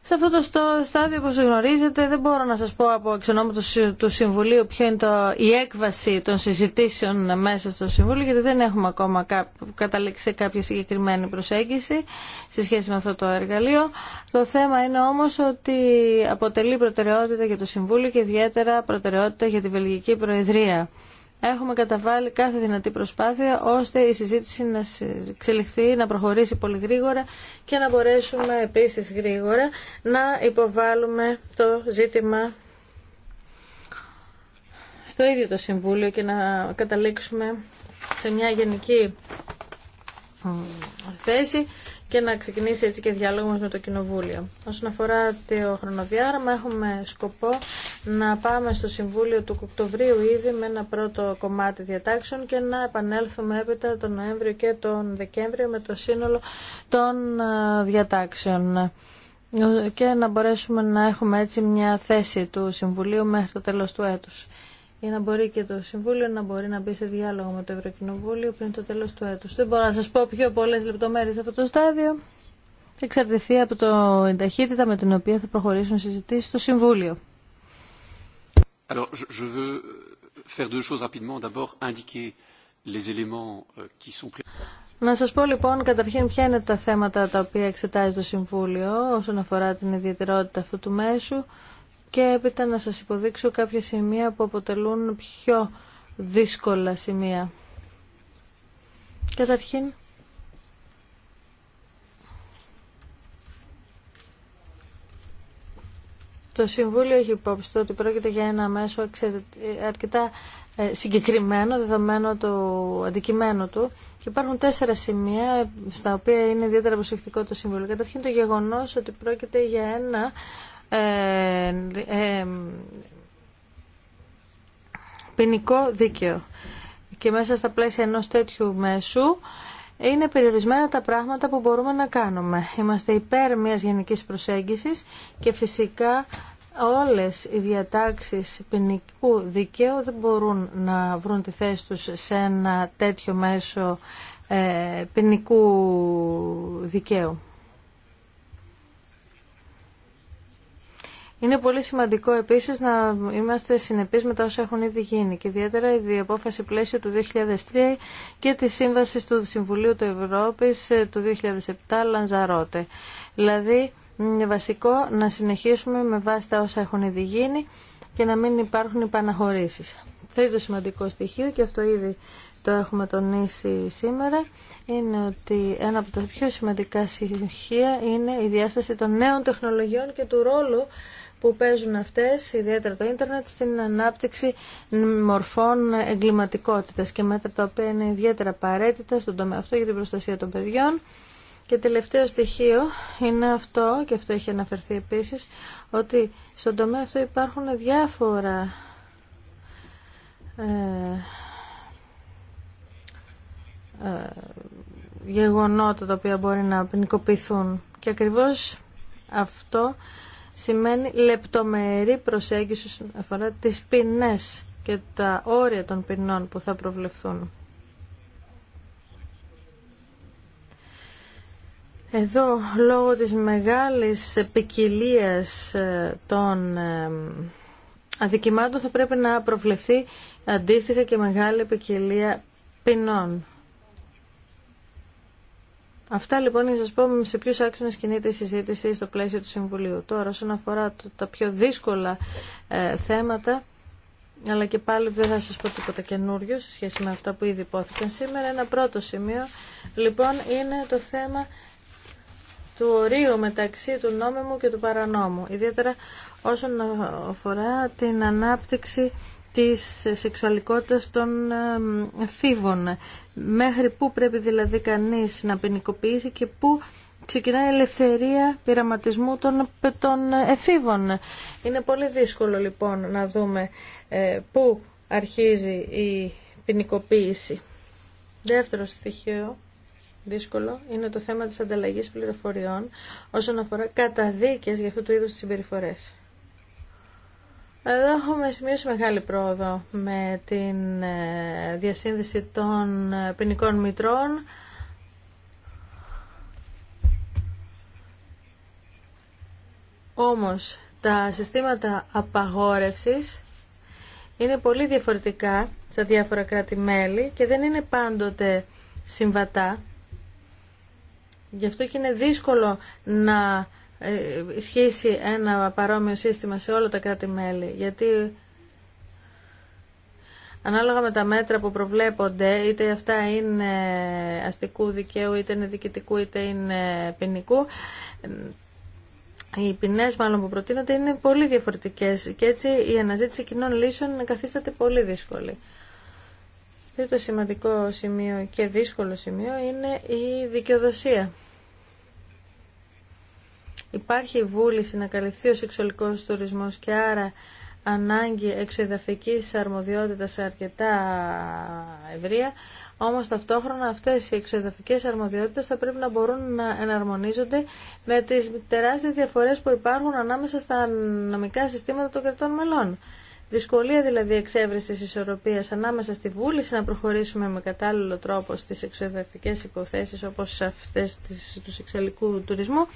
Σε αυτό το στάδιο, όπως γνωρίζετε, δεν μπορώ να σας πω από εξονόματος του Συμβουλίου ποια είναι το, η έκβαση των συζητήσεων μέσα στο Συμβούλιο, γιατί δεν έχουμε ακόμα καταλήξει σε κάποια συγκεκριμένη προσέγγιση σε σχέση με αυτό το εργαλείο. Το θέμα είναι όμως ότι αποτελεί προτεραιότητα για το Συμβούλιο και ιδιαίτερα προτεραιότητα για τη Βελγική Προεδρία. Έχουμε καταβάλει κάθε δυνατή προσπάθεια ώστε η συζήτηση να εξελιχθεί, να προχωρήσει πολύ γρήγορα και να μπορέσουμε επίσης γρήγορα να υποβάλουμε το ζήτημα στο ίδιο το Συμβούλιο και να καταλήξουμε σε μια γενική θέση και να ξεκινήσει έτσι και διάλογο με το Κοινοβούλιο. Όσον αφορά το χρονοδιάγραμμα, έχουμε σκοπό να πάμε στο Συμβούλιο του Οκτωβρίου ήδη με ένα πρώτο κομμάτι διατάξεων και να επανέλθουμε έπειτα τον Νοέμβριο και τον Δεκέμβριο με το σύνολο των ε, διατάξεων ε, και να μπορέσουμε να έχουμε έτσι μια θέση του Συμβουλίου μέχρι το τέλος του έτους για να μπορεί και το Συμβούλιο να μπορεί να μπει σε διάλογο με το Ευρωκοινοβούλιο πριν το τέλος του έτους. Δεν μπορώ να σας πω πιο πολλές λεπτομέρειες σε αυτό το στάδιο. Θα εξαρτηθεί από το ταχύτητα με την οποία θα προχωρήσουν συζητήσεις στο Συμβούλιο. να σας πω λοιπόν καταρχήν ποια είναι τα θέματα τα οποία εξετάζει το Συμβούλιο όσον αφορά την ιδιαιτερότητα αυτού του μέσου και έπειτα να σας υποδείξω κάποια σημεία που αποτελούν πιο δύσκολα σημεία. Καταρχήν, Το Συμβούλιο έχει υπόψη ότι πρόκειται για ένα μέσο αρκετά ε, συγκεκριμένο, δεδομένο το αντικειμένο του. Και υπάρχουν τέσσερα σημεία ε, στα οποία είναι ιδιαίτερα προσεκτικό το Συμβούλιο. Καταρχήν το γεγονός ότι πρόκειται για ένα ε, ε, ποινικό δίκαιο. Και μέσα στα πλαίσια ενός τέτοιου μέσου είναι περιορισμένα τα πράγματα που μπορούμε να κάνουμε. Είμαστε υπέρ μιας γενικής προσέγγισης και φυσικά όλες οι διατάξεις ποινικού δικαίου δεν μπορούν να βρουν τη θέση τους σε ένα τέτοιο μέσο ε, ποινικού δικαίου. Είναι πολύ σημαντικό επίση να είμαστε συνεπείς με τα όσα έχουν ήδη γίνει και ιδιαίτερα η διαπόφαση πλαίσιο του 2003 και τη σύμβαση του Συμβουλίου του Ευρώπη ε, του 2007 Λανζαρότε. Δηλαδή είναι βασικό να συνεχίσουμε με βάση τα όσα έχουν ήδη γίνει και να μην υπάρχουν υπαναχωρήσει. Τρίτο σημαντικό στοιχείο και αυτό ήδη το έχουμε τονίσει σήμερα είναι ότι ένα από τα πιο σημαντικά στοιχεία είναι η διάσταση των νέων τεχνολογιών και του ρόλου που παίζουν αυτές, ιδιαίτερα το ίντερνετ, στην ανάπτυξη μορφών εγκληματικότητας και μέτρα τα οποία είναι ιδιαίτερα απαραίτητα στον τομέα αυτό για την προστασία των παιδιών. Και τελευταίο στοιχείο είναι αυτό, και αυτό έχει αναφερθεί επίσης, ότι στον τομέα αυτό υπάρχουν διάφορα ε, ε, γεγονότα τα οποία μπορεί να ποινικοποιηθούν. Και ακριβώς αυτό σημαίνει λεπτομερή προσέγγιση όσον αφορά τις ποινές και τα όρια των ποινών που θα προβλεφθούν. Εδώ, λόγω της μεγάλης ποικιλία ε, των ε, αδικημάτων, θα πρέπει να προβλεφθεί αντίστοιχα και μεγάλη ποικιλία ποινών. Αυτά λοιπόν για να σας πω σε ποιους άξονε κινείται η συζήτηση στο πλαίσιο του Συμβουλίου. Τώρα όσον αφορά τα πιο δύσκολα ε, θέματα, αλλά και πάλι δεν θα σας πω τίποτα καινούριο σε σχέση με αυτά που ήδη υπόθηκαν σήμερα, ένα πρώτο σημείο λοιπόν είναι το θέμα του ορίου μεταξύ του νόμιμου και του παρανόμου, ιδιαίτερα όσον αφορά την ανάπτυξη της σεξουαλικότητας των εφήβων. Μέχρι πού πρέπει δηλαδή κανείς να ποινικοποιήσει και πού ξεκινά η ελευθερία πειραματισμού των, των εφήβων. Είναι πολύ δύσκολο λοιπόν να δούμε ε, πού αρχίζει η ποινικοποίηση. Δεύτερο στοιχείο δύσκολο είναι το θέμα της ανταλλαγής πληροφοριών όσον αφορά καταδίκες για αυτού του είδους συμπεριφορές. Εδώ έχουμε σημειώσει μεγάλη πρόοδο με την ε, διασύνδεση των ε, ποινικών μητρών. Όμως τα συστήματα απαγόρευσης είναι πολύ διαφορετικά στα διάφορα κράτη-μέλη και δεν είναι πάντοτε συμβατά. Γι' αυτό και είναι δύσκολο να ε, ισχύσει ένα παρόμοιο σύστημα σε όλα τα κράτη-μέλη, γιατί ανάλογα με τα μέτρα που προβλέπονται, είτε αυτά είναι αστικού δικαίου, είτε είναι διοικητικού, είτε είναι ποινικού, οι ποινέ μάλλον που προτείνονται είναι πολύ διαφορετικές και έτσι η αναζήτηση κοινών λύσεων καθίσταται πολύ δύσκολη. Το σημαντικό σημείο και δύσκολο σημείο είναι η δικαιοδοσία υπάρχει βούληση να καλυφθεί ο σεξουαλικός τουρισμός και άρα ανάγκη αρμοδιότητα αρμοδιότητας αρκετά ευρεία, όμως ταυτόχρονα αυτές οι εξοεδαφικές αρμοδιότητες θα πρέπει να μπορούν να εναρμονίζονται με τις τεράστιες διαφορές που υπάρχουν ανάμεσα στα νομικά συστήματα των κρατών μελών. Δυσκολία δηλαδή εξέβρεση ισορροπία ανάμεσα στη βούληση να προχωρήσουμε με κατάλληλο τρόπο στι εξωτερικέ υποθέσει όπω αυτέ του σεξουαλικού τουρισμού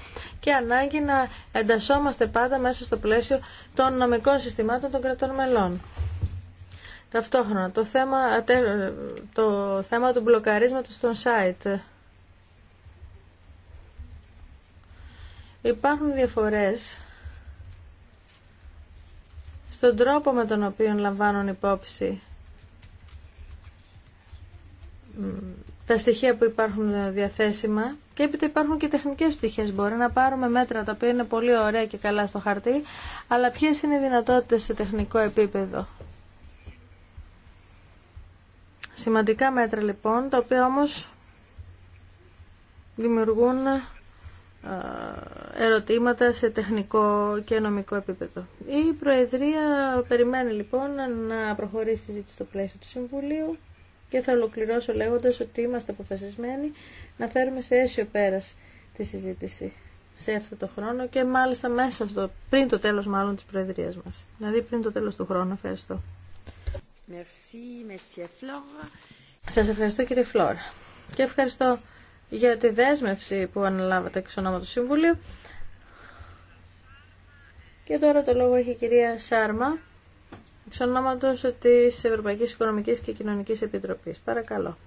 και ανάγκη να εντασσόμαστε πάντα μέσα στο πλαίσιο των νομικών συστημάτων των κρατών μελών. Ταυτόχρονα το θέμα, το θέμα του μπλοκαρίσματος των site. Υπάρχουν διαφορές στον τρόπο με τον οποίο λαμβάνουν υπόψη τα στοιχεία που υπάρχουν διαθέσιμα και έπειτα υπάρχουν και τεχνικές πτυχές. Μπορεί να πάρουμε μέτρα τα οποία είναι πολύ ωραία και καλά στο χαρτί, αλλά ποιες είναι οι δυνατότητες σε τεχνικό επίπεδο. Σημαντικά μέτρα λοιπόν, τα οποία όμως δημιουργούν ε, ερωτήματα σε τεχνικό και νομικό επίπεδο. Η Προεδρία περιμένει λοιπόν να προχωρήσει η συζήτηση στο πλαίσιο του Συμβουλίου και θα ολοκληρώσω λέγοντας ότι είμαστε αποφασισμένοι να φέρουμε σε αίσιο πέρας τη συζήτηση σε αυτό το χρόνο και μάλιστα μέσα στο, πριν το τέλος μάλλον της Προεδρίας μας. Δηλαδή πριν το τέλος του χρόνου. Ευχαριστώ. Merci, Σας ευχαριστώ κύριε Φλόρα και ευχαριστώ για τη δέσμευση που αναλάβατε εξ ονόματος Συμβουλίου. Και τώρα το λόγο έχει η κυρία Σάρμα, εξ ονόματος της Ευρωπαϊκής Οικονομικής και Κοινωνικής Επιτροπής. Παρακαλώ.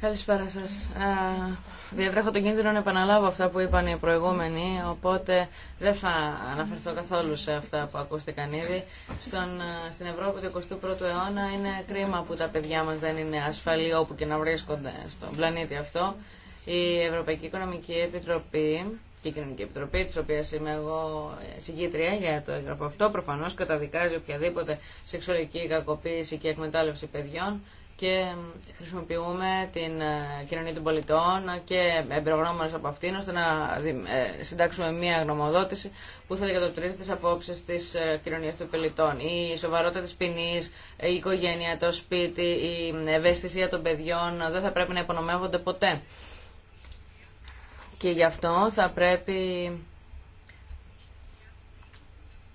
Καλησπέρα σας διατρέχω τον κίνδυνο να επαναλάβω αυτά που είπαν οι προηγούμενοι, οπότε δεν θα αναφερθώ καθόλου σε αυτά που ακούστηκαν ήδη. Στον, ε, στην Ευρώπη του 21ου αιώνα είναι κρίμα που τα παιδιά μας δεν είναι ασφαλή όπου και να βρίσκονται στον πλανήτη αυτό. Η Ευρωπαϊκή Οικονομική Επιτροπή και η Κοινωνική Επιτροπή, τη οποία είμαι εγώ ε, συγκήτρια για το έγγραφο αυτό, προφανώ καταδικάζει οποιαδήποτε σεξουαλική κακοποίηση και εκμετάλλευση παιδιών και χρησιμοποιούμε την ε, κοινωνία των πολιτών και εμπειρογνώμονες από αυτήν ώστε να ε, συντάξουμε μία γνωμοδότηση που θα διακατοπτρίζει τι απόψει τη ε, κοινωνία των πολιτών. Η σοβαρότητα τη ποινή, η οικογένεια, το σπίτι, η ευαισθησία των παιδιών δεν θα πρέπει να υπονομεύονται ποτέ. Και γι' αυτό θα πρέπει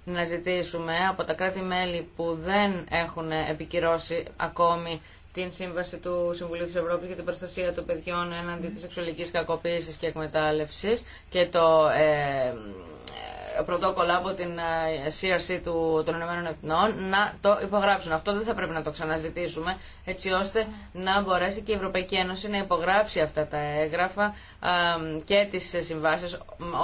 να ζητήσουμε από τα κράτη-μέλη που δεν έχουν επικυρώσει ακόμη την Σύμβαση του Συμβουλίου της Ευρώπης για την προστασία των παιδιών έναντι της σεξουαλικής κακοποίηση και εκμετάλλευση και το ε, ε, πρωτόκολλο από την CRC ε, του, των Ηνωμένων Εθνών να το υπογράψουν. Αυτό δεν θα πρέπει να το ξαναζητήσουμε έτσι ώστε να μπορέσει και η Ευρωπαϊκή Ένωση να υπογράψει αυτά τα έγγραφα ε, και τις συμβάσεις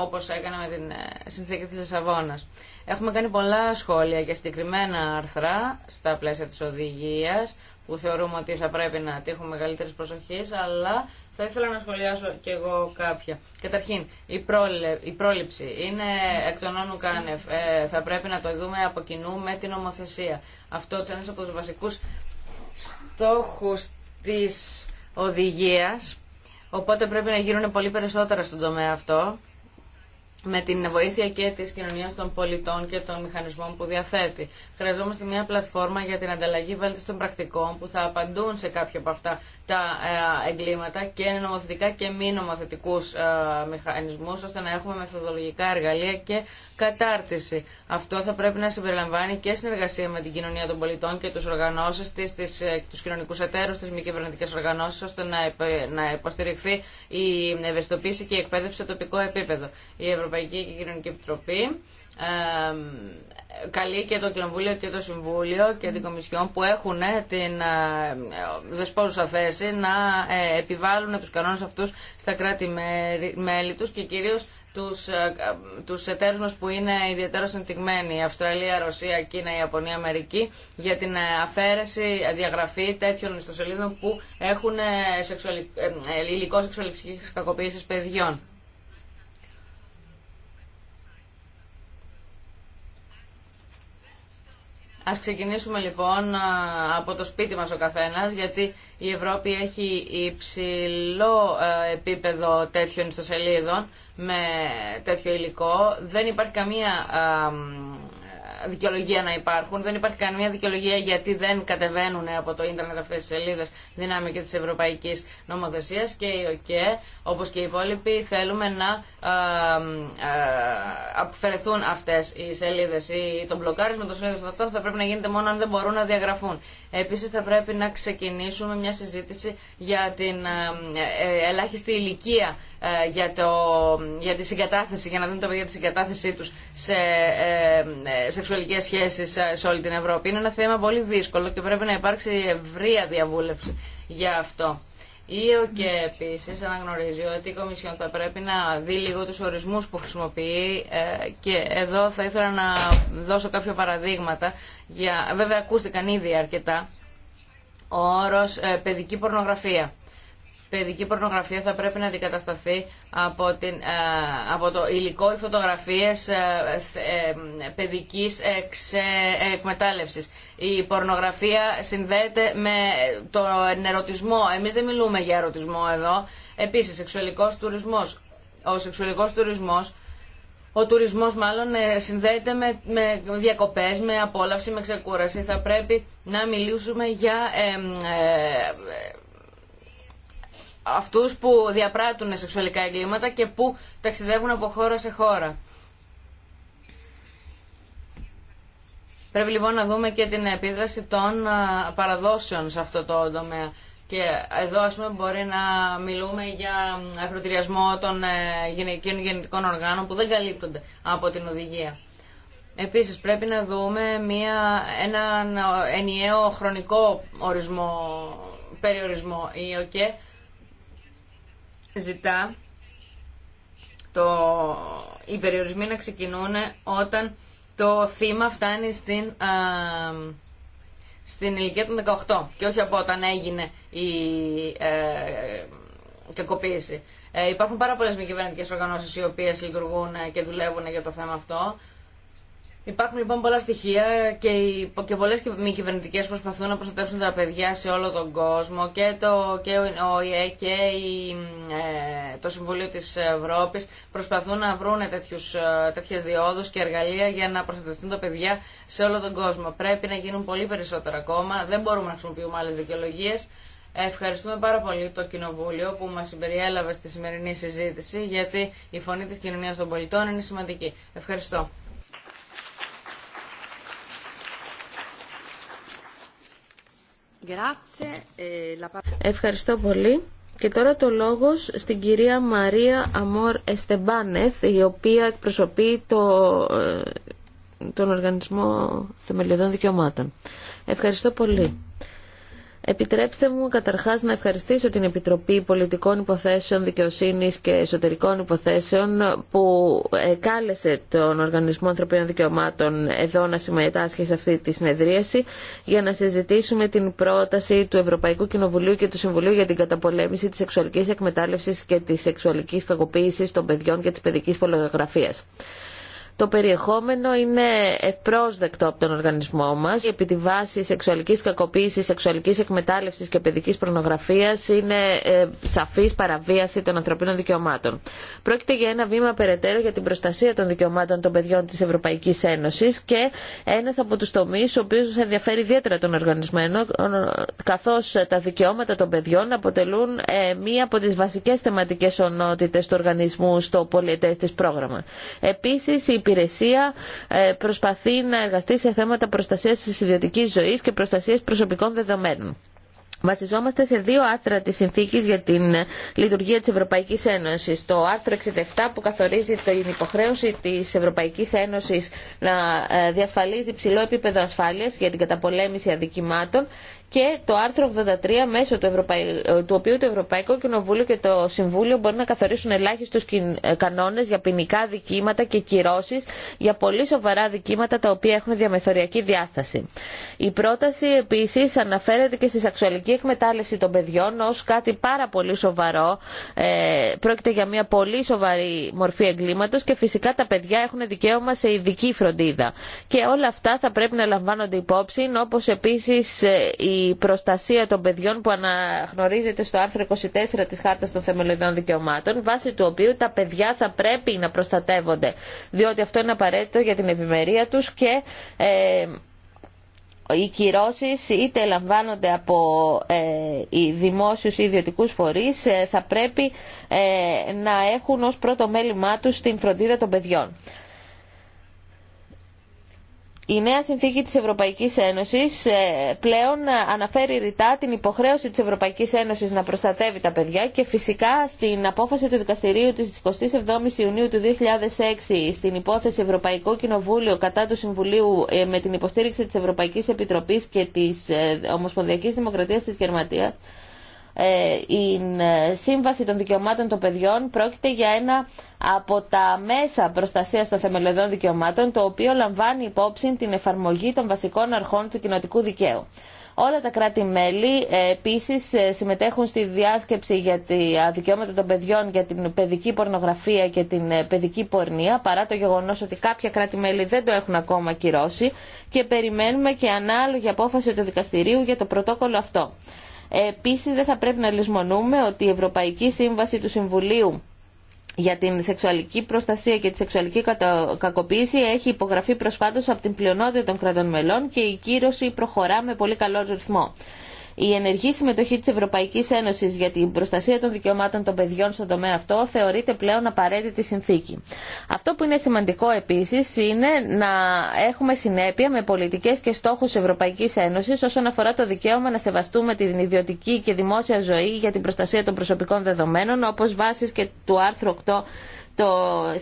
όπως έκανα με την συνθήκη της Λισαβόνα. Έχουμε κάνει πολλά σχόλια για συγκεκριμένα άρθρα στα πλαίσια της οδηγίας που θεωρούμε ότι θα πρέπει να τύχουν μεγαλύτερη προσοχή, αλλά θα ήθελα να σχολιάσω κι εγώ κάποια. Καταρχήν, η, η πρόληψη είναι εκ των όνων κάνευ. Ε, θα πρέπει να το δούμε από κοινού με την ομοθεσία. Αυτό ήταν ένα από του βασικού στόχου τη οδηγία. Οπότε πρέπει να γίνουν πολύ περισσότερα στον τομέα αυτό με την βοήθεια και της κοινωνίας των πολιτών και των μηχανισμών που διαθέτει. Χρειαζόμαστε μια πλατφόρμα για την ανταλλαγή βέλτιστων πρακτικών που θα απαντούν σε κάποια από αυτά τα ε, εγκλήματα και νομοθετικά και μη νομοθετικούς ε, μηχανισμούς ώστε να έχουμε μεθοδολογικά εργαλεία και κατάρτιση. Αυτό θα πρέπει να συμπεριλαμβάνει και συνεργασία με την κοινωνία των πολιτών και τους οργανώσεις της, τις, ε, τους κοινωνικούς εταίρους, τις μη κυβερνητικές οργανώσεις ώστε να, να υποστηριχθεί η ευαισθητοποίηση και η εκπαίδευση σε τοπικό επίπεδο. Η Ευρωπαϊκή Κοινωνική Επιτροπή καλεί και το Κοινοβούλιο και το Συμβούλιο και την Κομισιόν που έχουν ε, την ε, δεσπόζουσα θέση να ε, επιβάλλουν τους κανόνες αυτούς στα κράτη-μέλη τους και κυρίως τους, τους εταίρους μας που είναι ιδιαίτερα συντηγμένοι, Αυστραλία, Ρωσία, Κίνα, Ιαπωνία, Αμερική, για την αφαίρεση, διαγραφή τέτοιων ιστοσελίδων που έχουν υλικό σεξουαλικής κακοποίησης παιδιών. Ας ξεκινήσουμε λοιπόν από το σπίτι μας ο καθένας, γιατί η Ευρώπη έχει υψηλό επίπεδο τέτοιων ιστοσελίδων με τέτοιο υλικό. Δεν υπάρχει καμία δικαιολογία να υπάρχουν. Δεν υπάρχει καμία δικαιολογία γιατί δεν κατεβαίνουν από το ίντερνετ αυτέ τι σελίδε δυνάμει και της Ευρωπαϊκής Νομοθεσίας και η ΟΚΕ, όπως και οι υπόλοιποι, θέλουμε να αποφερεθούν αυτές οι σελίδες ή τον μπλοκάρισμα των σελίδων αυτών θα πρέπει να γίνεται μόνο αν δεν μπορούν να διαγραφούν. Επίση θα πρέπει να ξεκινήσουμε μια συζήτηση για την ε, ελάχιστη ηλικία ε, για, το, για τη συγκατάθεση, για να δίνουν τα παιδιά τη συγκατάθεσή τους σε ε, σχέσει ε, σχέσεις ε, σε όλη την Ευρώπη. Είναι ένα θέμα πολύ δύσκολο και πρέπει να υπάρξει ευρεία διαβούλευση για αυτό. η και επίση αναγνωρίζει ότι η Κομισιόν θα πρέπει να δει λίγο του ορισμού που χρησιμοποιεί και εδώ θα ήθελα να δώσω κάποια παραδείγματα. Για... Βέβαια, ακούστηκαν ήδη αρκετά. Ο όρο παιδική πορνογραφία παιδική πορνογραφία θα πρέπει να αντικατασταθεί από, την, ε, από το υλικό ή φωτογραφίες ε, ε, παιδικής εκμετάλλευσης. Η πορνογραφία συνδέεται με το ερωτισμό. Εμείς δεν μιλούμε για ερωτισμό εδώ. Επίσης, σεξουαλικός τουρισμός. Ο σεξουαλικός τουρισμός ο τουρισμός μάλλον συνδέεται με, με διακοπές, με απόλαυση, με ξεκούραση. Θα πρέπει να μιλήσουμε για Αυτού που διαπράττουν σεξουαλικά εγκλήματα και που ταξιδεύουν από χώρα σε χώρα. Πρέπει λοιπόν να δούμε και την επίδραση των παραδόσεων σε αυτό το τομέα. Και εδώ ας πούμε μπορεί να μιλούμε για αφροτηριασμό των γενικών γεννητικών οργάνων που δεν καλύπτονται από την οδηγία. Επίσης πρέπει να δούμε μια, έναν ε, ενιαίο χρονικό ορισμό, περιορισμό. Η ΟΚΕ ζητά το, οι περιορισμοί να ξεκινούν όταν το θύμα φτάνει στην, α, στην ηλικία των 18 και όχι από όταν έγινε η ε, κακοποίηση. Ε, υπάρχουν πάρα πολλές μη κυβερνητικές οργανώσεις οι οποίες λειτουργούν και δουλεύουν για το θέμα αυτό. Υπάρχουν λοιπόν πολλά στοιχεία και, οι, και πολλές μη κυβερνητικέ προσπαθούν να προστατεύσουν τα παιδιά σε όλο τον κόσμο και το και ο ΙΕ και ε, το Συμβουλίο της Ευρώπης προσπαθούν να βρουν τέτοιε τέτοιες διόδους και εργαλεία για να προστατευτούν τα παιδιά σε όλο τον κόσμο. Πρέπει να γίνουν πολύ περισσότερα ακόμα, δεν μπορούμε να χρησιμοποιούμε άλλες δικαιολογίε. Ευχαριστούμε πάρα πολύ το Κοινοβούλιο που μας συμπεριέλαβε στη σημερινή συζήτηση γιατί η φωνή της κοινωνίας των πολιτών είναι σημαντική. Ευχαριστώ. Eh, Ευχαριστώ πολύ. Και τώρα το λόγο στην κυρία Μαρία Αμόρ Εστεμπάνεθ, η οποία εκπροσωπεί ε, τον Οργανισμό Θεμελιωδών Δικαιωμάτων. Ευχαριστώ πολύ. Επιτρέψτε μου καταρχάς να ευχαριστήσω την Επιτροπή Πολιτικών Υποθέσεων, Δικαιοσύνης και Εσωτερικών Υποθέσεων που ε, κάλεσε τον Οργανισμό Ανθρωπίνων Δικαιωμάτων εδώ να συμμετάσχει σε αυτή τη συνεδρίαση για να συζητήσουμε την πρόταση του Ευρωπαϊκού Κοινοβουλίου και του Συμβουλίου για την καταπολέμηση της σεξουαλικής εκμετάλλευσης και της σεξουαλικής κακοποίησης των παιδιών και της παιδικής πολλογραφίας. Το περιεχόμενο είναι ευπρόσδεκτο από τον οργανισμό μα, Επί τη βάση σεξουαλικής κακοποίησης, σεξουαλικής εκμετάλλευσης και παιδική προνογραφία είναι ε, σαφή παραβίαση των ανθρωπίνων δικαιωμάτων. Πρόκειται για ένα βήμα περαιτέρω για την προστασία των δικαιωμάτων των παιδιών τη Ευρωπαϊκή Ένωση και ένα από του τομεί, ο οποίος ενδιαφέρει ιδιαίτερα τον οργανισμένο ε, καθώ τα δικαιώματα των παιδιών αποτελούν ε, μία από τι βασικέ θεματικέ ονότητε του οργανισμού στο πολιτέ τη πρόγραμμα υπηρεσία ε, προσπαθεί να εργαστεί σε θέματα προστασίας της ιδιωτικής ζωής και προστασίας προσωπικών δεδομένων. Βασιζόμαστε σε δύο άρθρα της συνθήκης για την λειτουργία της Ευρωπαϊκής Ένωσης. Το άρθρο 67 που καθορίζει την υποχρέωση της Ευρωπαϊκής Ένωσης να ε, διασφαλίζει ψηλό επίπεδο ασφάλειας για την καταπολέμηση αδικημάτων και το άρθρο 83 μέσω του, του οποίου το Ευρωπαϊκό Κοινοβούλιο και το Συμβούλιο μπορούν να καθορίσουν ελάχιστους ε, κανόνες για ποινικά δικήματα και κυρώσεις για πολύ σοβαρά δικήματα τα οποία έχουν διαμεθοριακή διάσταση. Η πρόταση επίσης αναφέρεται και στη σεξουαλική εκμετάλλευση των παιδιών ως κάτι πάρα πολύ σοβαρό. Ε, πρόκειται για μια πολύ σοβαρή μορφή εγκλήματος και φυσικά τα παιδιά έχουν δικαίωμα σε ειδική φροντίδα. Και όλα αυτά θα πρέπει να λαμβάνονται υπόψη όπως επίσης ε, η η προστασία των παιδιών που αναγνωρίζεται στο άρθρο 24 της Χάρτας των Θεμελιωδών Δικαιωμάτων, βάσει του οποίου τα παιδιά θα πρέπει να προστατεύονται, διότι αυτό είναι απαραίτητο για την ευημερία τους και ε, οι κυρώσει είτε λαμβάνονται από ε, οι δημόσιους ή ιδιωτικούς φορείς ε, θα πρέπει να έχουν ως πρώτο μέλημά τους την φροντίδα των παιδιών. Η νέα συνθήκη της Ευρωπαϊκής Ένωσης ε, πλέον αναφέρει ρητά την υποχρέωση της Ευρωπαϊκής Ένωσης να προστατεύει τα παιδιά και φυσικά στην απόφαση του δικαστηρίου της 27ης Ιουνίου του 2006 στην υπόθεση Ευρωπαϊκό Κοινοβούλιο κατά του Συμβουλίου ε, με την υποστήριξη της Ευρωπαϊκής Επιτροπής και της ε, Ομοσπονδιακής Δημοκρατίας της Γερμανίας ε, η Σύμβαση των Δικαιωμάτων των Παιδιών πρόκειται για ένα από τα μέσα προστασίας των θεμελιωδών δικαιωμάτων το οποίο λαμβάνει υπόψη την εφαρμογή των βασικών αρχών του κοινοτικού δικαίου. Όλα τα κράτη-μέλη ε, επίσης ε, συμμετέχουν στη διάσκεψη για τα δικαιώματα των παιδιών για την παιδική πορνογραφία και την παιδική πορνεία, παρά το γεγονος οτι ότι κάποια κράτη-μέλη δεν το έχουν ακόμα κυρώσει και περιμένουμε και ανάλογη απόφαση του δικαστηρίου για το πρωτόκολλο αυτό. Επίσης δεν θα πρέπει να λησμονούμε ότι η Ευρωπαϊκή Σύμβαση του Συμβουλίου για την σεξουαλική προστασία και τη σεξουαλική κακοποίηση έχει υπογραφεί προσφάτως από την πλειονότητα των κρατών μελών και η κύρωση προχωρά με πολύ καλό ρυθμό. Η ενεργή συμμετοχή τη Ευρωπαϊκή Ένωση για την προστασία των δικαιωμάτων των παιδιών στον τομέα αυτό θεωρείται πλέον απαραίτητη συνθήκη. Αυτό που είναι σημαντικό επίση είναι να έχουμε συνέπεια με πολιτικέ και στόχους Ευρωπαϊκή Ένωση, όσον αφορά το δικαίωμα να σεβαστούμε την ιδιωτική και δημόσια ζωή για την προστασία των προσωπικών δεδομένων όπω βάσει και του άρθρου 8 το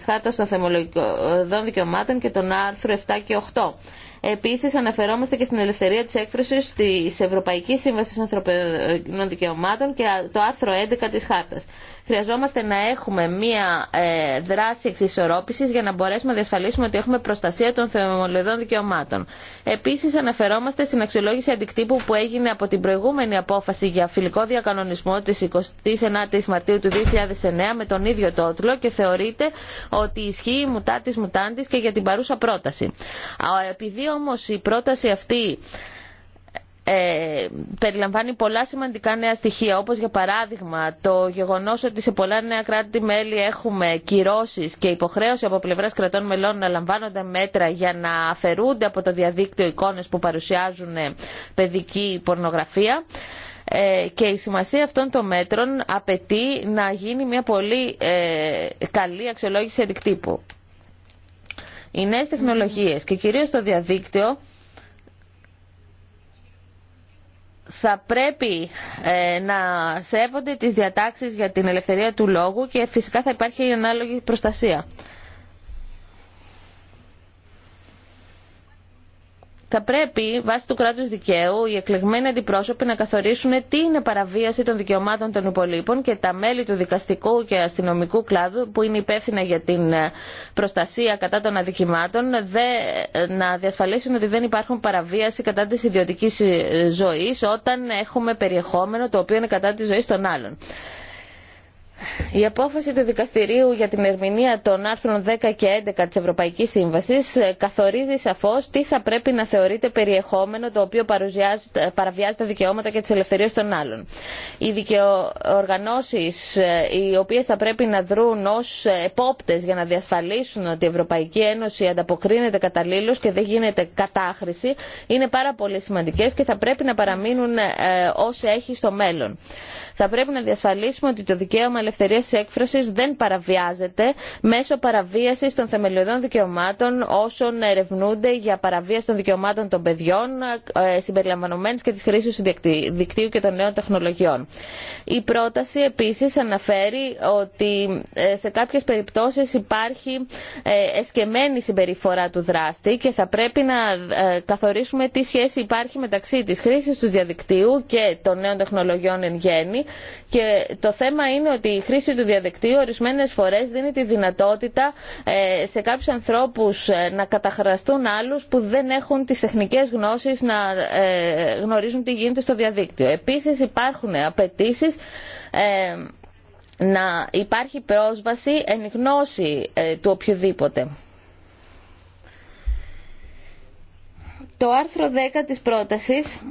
χάρτα των θεμολογικών δικαιωμάτων και των άρθρων 7 και 8 Επίσης αναφερόμαστε και στην ελευθερία της έκφρασης τη Ευρωπαϊκή Σύμβαση Ανθρωπίνων Δικαιωμάτων και το άρθρο 11 τη χάρτα χρειαζόμαστε να έχουμε μία ε, δράση εξισορρόπησης για να μπορέσουμε να διασφαλίσουμε ότι έχουμε προστασία των θεμελιωδών δικαιωμάτων. Επίσης αναφερόμαστε στην αξιολόγηση αντικτύπου που έγινε από την προηγούμενη απόφαση για φιλικό διακανονισμό της 29 η Μαρτίου του 2009 με τον ίδιο τότλο και θεωρείται ότι ισχύει η μουτά τη μουτάντη και για την παρούσα πρόταση. Επειδή όμω η πρόταση αυτή ε, περιλαμβάνει πολλά σημαντικά νέα στοιχεία, όπως για παράδειγμα το γεγονός ότι σε πολλά νέα κράτη-μέλη έχουμε κυρώσεις και υποχρέωση από πλευράς κρατών μελών να λαμβάνονται μέτρα για να αφαιρούνται από το διαδίκτυο εικόνες που παρουσιάζουν παιδική πορνογραφία ε, και η σημασία αυτών των μέτρων απαιτεί να γίνει μια πολύ ε, καλή αξιολόγηση αντικτύπου. Οι νέες τεχνολογίες και κυρίως το διαδίκτυο θα πρέπει ε, να σέβονται τις διατάξεις για την ελευθερία του λόγου και φυσικά θα υπάρχει η ανάλογη προστασία. Θα πρέπει, βάσει του κράτου δικαίου, οι εκλεγμένοι αντιπρόσωποι να καθορίσουν τι είναι παραβίαση των δικαιωμάτων των υπολείπων και τα μέλη του δικαστικού και αστυνομικού κλάδου που είναι υπεύθυνα για την ε, προστασία κατά των αδικημάτων ε, να διασφαλίσουν ότι δεν υπάρχουν παραβίαση κατά τη ιδιωτική ε, ζωή όταν έχουμε περιεχόμενο το οποίο είναι κατά τη ζωή των άλλων. Η απόφαση του Δικαστηρίου για την ερμηνεία των άρθρων 10 και 11 της Ευρωπαϊκής Σύμβασης ε, καθορίζει σαφώς τι θα πρέπει να θεωρείται περιεχόμενο το οποίο ε, παραβιάζει τα δικαιώματα και τις ελευθερίες των άλλων. Οι δικαιοργανώσεις ε, οι οποίες θα πρέπει να δρούν ως επόπτες για να διασφαλίσουν ότι η Ευρωπαϊκή Ένωση ανταποκρίνεται καταλήλως και δεν γίνεται κατάχρηση είναι πάρα πολύ σημαντικές και θα πρέπει να παραμείνουν όσοι έχει στο μέλλον. Θα πρέπει να διασφαλίσουμε ότι το δικαίωμα ελευθερία έκφραση δεν παραβιάζεται μέσω παραβίαση των θεμελιωδών δικαιωμάτων όσων ερευνούνται για παραβίαση των δικαιωμάτων των παιδιών, ε, συμπεριλαμβανομένη και τη χρήση του δικτύου και των νέων τεχνολογιών. Η πρόταση επίσης αναφέρει ότι ε, σε κάποιες περιπτώσεις υπάρχει ε, εσκεμμένη συμπεριφορά του δράστη και θα πρέπει να ε, καθορίσουμε τι σχέση υπάρχει μεταξύ της χρήσης του διαδικτύου και των νέων τεχνολογιών εν γέννη και το θέμα είναι ότι η χρήση του διαδικτύου ορισμένες φορές δίνει τη δυνατότητα σε κάποιους ανθρώπους να καταχραστούν άλλους που δεν έχουν τις τεχνικές γνώσεις να γνωρίζουν τι γίνεται στο διαδίκτυο. Επίσης υπάρχουν απαιτήσει ε, να υπάρχει πρόσβαση εν γνώση ε, του οποιοδήποτε. Το άρθρο 10 της πρότασης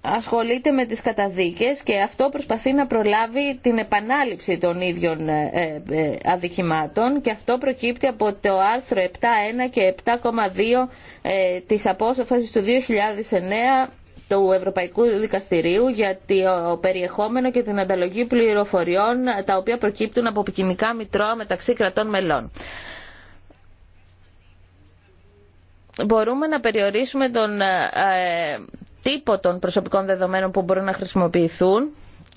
ασχολείται με τις καταδίκες και αυτό προσπαθεί να προλάβει την επανάληψη των ίδιων ε, αδικημάτων και αυτό προκύπτει από το άρθρο 7.1 και 7.2 της απόσαφασης του 2009 του Ευρωπαϊκού Δικαστηρίου για το περιεχόμενο και την ανταλλογή πληροφοριών τα οποία προκύπτουν από ποινικά μητρώα μεταξύ κρατών μελών. Μπορούμε να περιορίσουμε τον ε, τύπο των προσωπικών δεδομένων που μπορούν να χρησιμοποιηθούν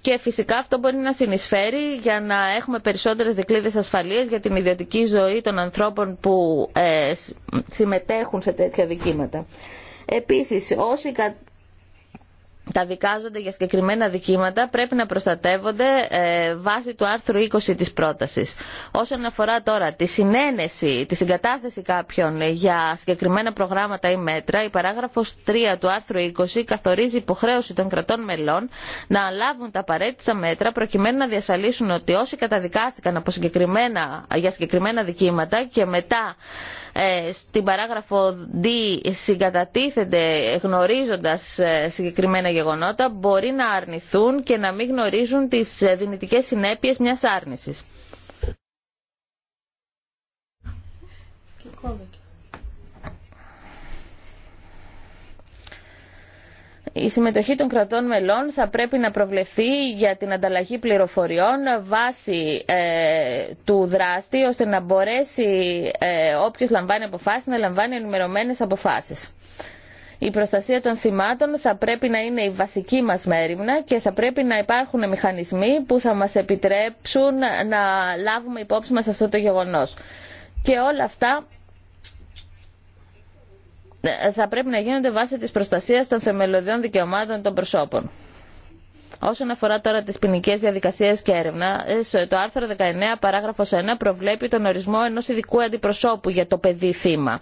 και φυσικά αυτό μπορεί να συνεισφέρει για να έχουμε περισσότερες δικλείδες ασφαλείας για την ιδιωτική ζωή των ανθρώπων που ε, συμμετέχουν σε τέτοια δικήματα. Επίσης, όσοι τα δικάζονται για συγκεκριμένα δικήματα πρέπει να προστατεύονται ε, βάσει του άρθρου 20 της πρότασης. Όσον αφορά τώρα τη συνένεση, τη συγκατάθεση κάποιων ε, για συγκεκριμένα προγράμματα ή μέτρα, η παράγραφος 3 του άρθρου 20 καθορίζει υποχρέωση των κρατών μελών να λάβουν τα απαραίτητα μέτρα προκειμένου να διασφαλίσουν ότι όσοι καταδικάστηκαν από συγκεκριμένα, για συγκεκριμένα δικήματα και μετά ε, στην παράγραφο D συγκατατίθενται γνωρίζοντας ε, συγκεκριμένα γεγονότα μπορεί να αρνηθούν και να μην γνωρίζουν τις ε, δυνητικές συνέπειες μιας άρνησης. Η συμμετοχή των κρατών μελών θα πρέπει να προβλεφθεί για την ανταλλαγή πληροφοριών βάσει ε, του δράστη, ώστε να μπορέσει ε, όποιος λαμβάνει αποφάσεις να λαμβάνει ενημερωμένες αποφάσεις. Η προστασία των θυμάτων θα πρέπει να είναι η βασική μας μέρημνα και θα πρέπει να υπάρχουν μηχανισμοί που θα μας επιτρέψουν να λάβουμε υπόψη μας αυτό το γεγονός. Και όλα αυτά θα πρέπει να γίνονται βάσει της προστασίας των θεμελιωδών δικαιωμάτων των προσώπων. Όσον αφορά τώρα τις ποινικέ διαδικασίες και έρευνα, ε, το άρθρο 19 παράγραφος 1 προβλέπει τον ορισμό ενός ειδικού αντιπροσώπου για το παιδί θύμα.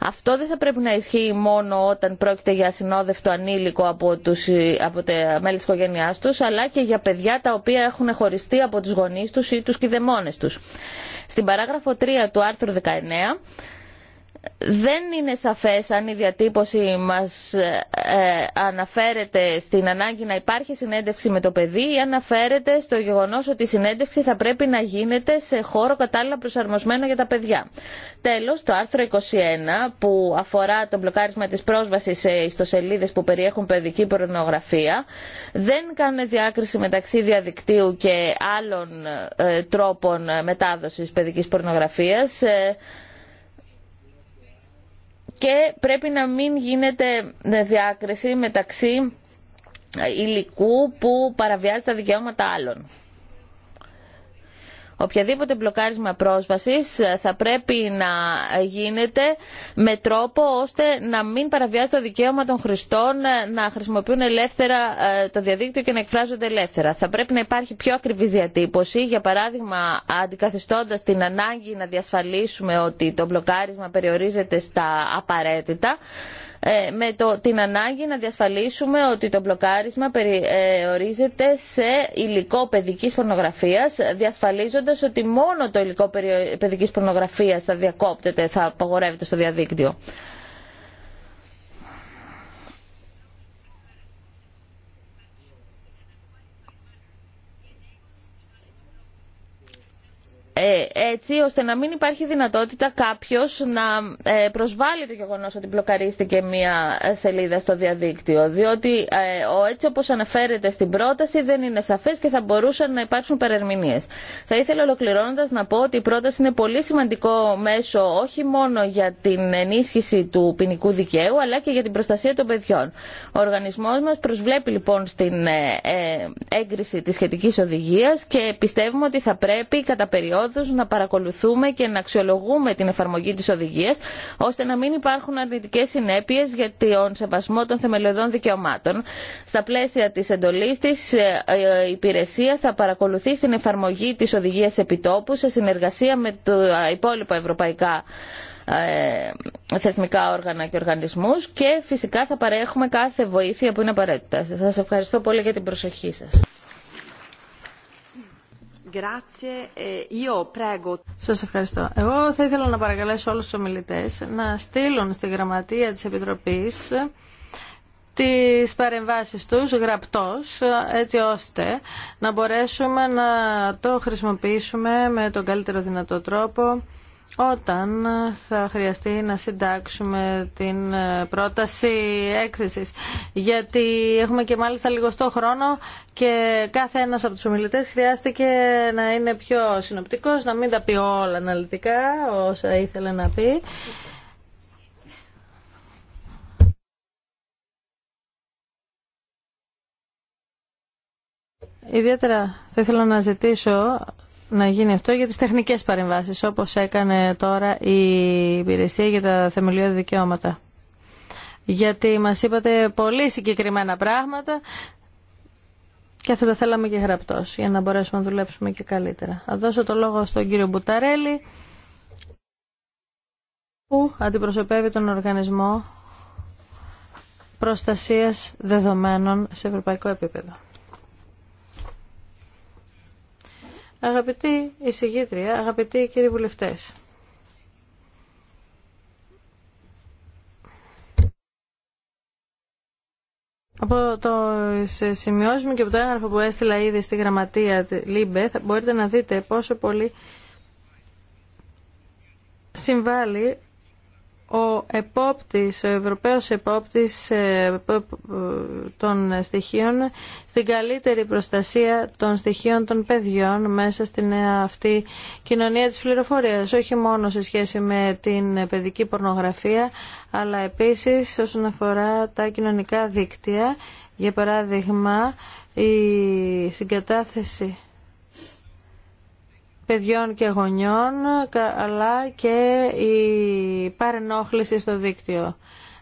Αυτό δεν θα πρέπει να ισχύει μόνο όταν πρόκειται για συνόδευτο ανήλικο από, τους, ε, από τα μέλη της οικογένειάς τους, αλλά και για παιδιά τα οποία έχουν χωριστεί από τους γονείς τους ή τους κηδεμόνες τους. Στην παράγραφο 3 του άρθρου 19 δεν είναι σαφές αν η διατύπωση μας ε, αναφέρεται στην ανάγκη να υπάρχει συνέντευξη με το παιδί ή αναφέρεται στο γεγονός ότι η συνέντευξη θα πρέπει να γίνεται σε χώρο κατάλληλα προσαρμοσμένο για τα παιδιά. Τέλος, το άρθρο 21 που αφορά το μπλοκάρισμα της πρόσβασης σε ιστοσελίδες που περιέχουν παιδική πορνογραφία δεν κάνει διάκριση μεταξύ διαδικτύου και άλλων ε, τρόπων ε, μετάδοσης παιδικής πορνογραφίας και πρέπει να μην γίνεται διάκριση μεταξύ υλικού που παραβιάζει τα δικαιώματα άλλων. Οποιαδήποτε μπλοκάρισμα πρόσβασης ε, θα πρέπει να γίνεται με τρόπο ώστε να μην παραβιάζει το δικαίωμα των χρηστών ε, να χρησιμοποιούν ελεύθερα ε, το διαδίκτυο και να εκφράζονται ελεύθερα. Θα πρέπει να υπάρχει πιο ακριβή διατύπωση, για παράδειγμα αντικαθιστώντας την ανάγκη να διασφαλίσουμε ότι το μπλοκάρισμα περιορίζεται στα απαραίτητα ε, με το, την ανάγκη να διασφαλίσουμε ότι το μπλοκάρισμα περιορίζεται ε, σε υλικό παιδικής πορνογραφίας, διασφαλίζοντας ότι μόνο το υλικό παιδικής πορνογραφίας θα διακόπτεται, θα απαγορεύεται στο διαδίκτυο. Ε, έτσι ώστε να μην υπάρχει δυνατότητα κάποιος να ε, προσβάλλει το γεγονός ότι μπλοκαρίστηκε μία ε, σελίδα στο διαδίκτυο. Διότι έτσι όπως αναφέρεται στην πρόταση δεν είναι σαφές και θα μπορούσαν να υπάρξουν παρερμηνίες. Θα ήθελα ολοκληρώνοντας να πω ότι η πρόταση είναι πολύ σημαντικό μέσο όχι μόνο για την ενίσχυση του ποινικού δικαίου αλλά και για την προστασία των παιδιών. Ο οργανισμός μας προσβλέπει λοιπόν στην έγκριση της σχετικής οδηγίας και πιστεύουμε ότι θα πρέπει κατά περιόδου περιόδου να παρακολουθούμε και να αξιολογούμε την εφαρμογή τη οδηγία, ώστε να μην υπάρχουν αρνητικέ συνέπειες για τον σεβασμό των θεμελιωδών δικαιωμάτων. Στα πλαίσια τη εντολή τη, ε, ε, η υπηρεσία θα παρακολουθεί στην εφαρμογή τη οδηγία επιτόπου σε συνεργασία με τα υπόλοιπα ευρωπαϊκά ε, θεσμικά όργανα και οργανισμούς και φυσικά θα παρέχουμε κάθε βοήθεια που είναι απαραίτητα. Σας ευχαριστώ πολύ για την προσοχή σας. E Σας ευχαριστώ. Εγώ θα ήθελα να παρακαλέσω όλους τους ομιλητές να στείλουν στη γραμματεία της Επιτροπής τις παρεμβάσεις τους γραπτός έτσι ώστε να μπορέσουμε να το χρησιμοποιήσουμε με τον καλύτερο δυνατό τρόπο όταν θα χρειαστεί να συντάξουμε την ε, πρόταση έκθεσης. Γιατί έχουμε και μάλιστα λιγοστό χρόνο και κάθε ένας από τους ομιλητές χρειάστηκε να είναι πιο συνοπτικός, να μην τα πει όλα αναλυτικά όσα ήθελε να πει. Ιδιαίτερα θα ήθελα να ζητήσω να γίνει αυτό για τις τεχνικές παρεμβάσεις, όπως έκανε τώρα η υπηρεσία για τα θεμελιώδη δικαιώματα. Γιατί μας είπατε πολύ συγκεκριμένα πράγματα και αυτό το θέλαμε και γραπτός, για να μπορέσουμε να δουλέψουμε και καλύτερα. Θα δώσω το λόγο στον κύριο Μπουταρέλη, που αντιπροσωπεύει τον οργανισμό προστασίας δεδομένων σε ευρωπαϊκό επίπεδο. Αγαπητή εισηγήτρια, αγαπητοί κύριοι βουλευτές. Από το σημειώσουμε και από το έγγραφο που έστειλα ήδη στη γραμματεία ΛΥΜΠΕ θα μπορείτε να δείτε πόσο πολύ συμβάλλει ο επόπτης, ο Ευρωπαίος επόπτης ε, ε, των στοιχείων στην καλύτερη προστασία των στοιχείων των παιδιών μέσα στην ε, αυτή κοινωνία της πληροφορίας, όχι μόνο σε σχέση με την παιδική πορνογραφία, αλλά επίσης όσον αφορά τα κοινωνικά δίκτυα, για παράδειγμα η συγκατάθεση παιδιών και γονιών αλλά και η παρενόχληση στο δίκτυο.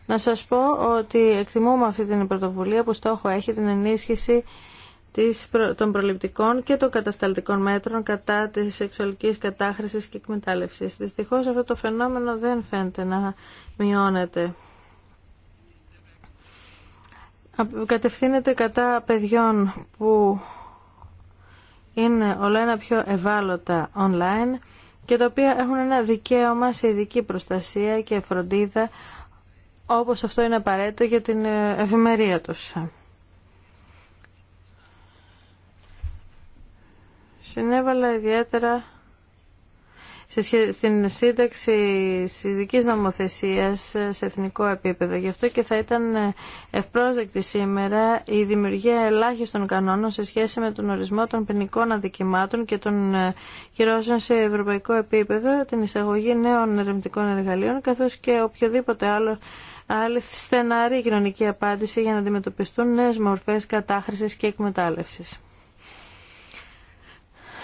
Να σας πω ότι εκτιμούμε αυτή την πρωτοβουλία που στόχο έχει την ενίσχυση των προληπτικών και των κατασταλτικών μέτρων κατά της σεξουαλικής κατάχρησης και εκμετάλλευσης. Δυστυχώς αυτό το φαινόμενο δεν φαίνεται να μειώνεται. Κατευθύνεται κατά παιδιών που είναι όλα ένα πιο ευάλωτα online και τα οποία έχουν ένα δικαίωμα σε ειδική προστασία και φροντίδα όπως αυτό είναι απαραίτητο για την ε, ευημερία τους. Συνέβαλα ιδιαίτερα στην σύνταξη ειδική νομοθεσίας σε εθνικό επίπεδο. Γι' αυτό και θα ήταν ευπρόσδεκτη σήμερα η δημιουργία ελάχιστων κανόνων σε σχέση με τον ορισμό των ποινικών αδικημάτων και των ε, κυρώσεων σε ευρωπαϊκό επίπεδο, την εισαγωγή νέων ερευνητικών εργαλείων, καθώς και οποιοδήποτε άλλο άλλη στεναρή κοινωνική απάντηση για να αντιμετωπιστούν νέες μορφές κατάχρησης και εκμετάλλευσης.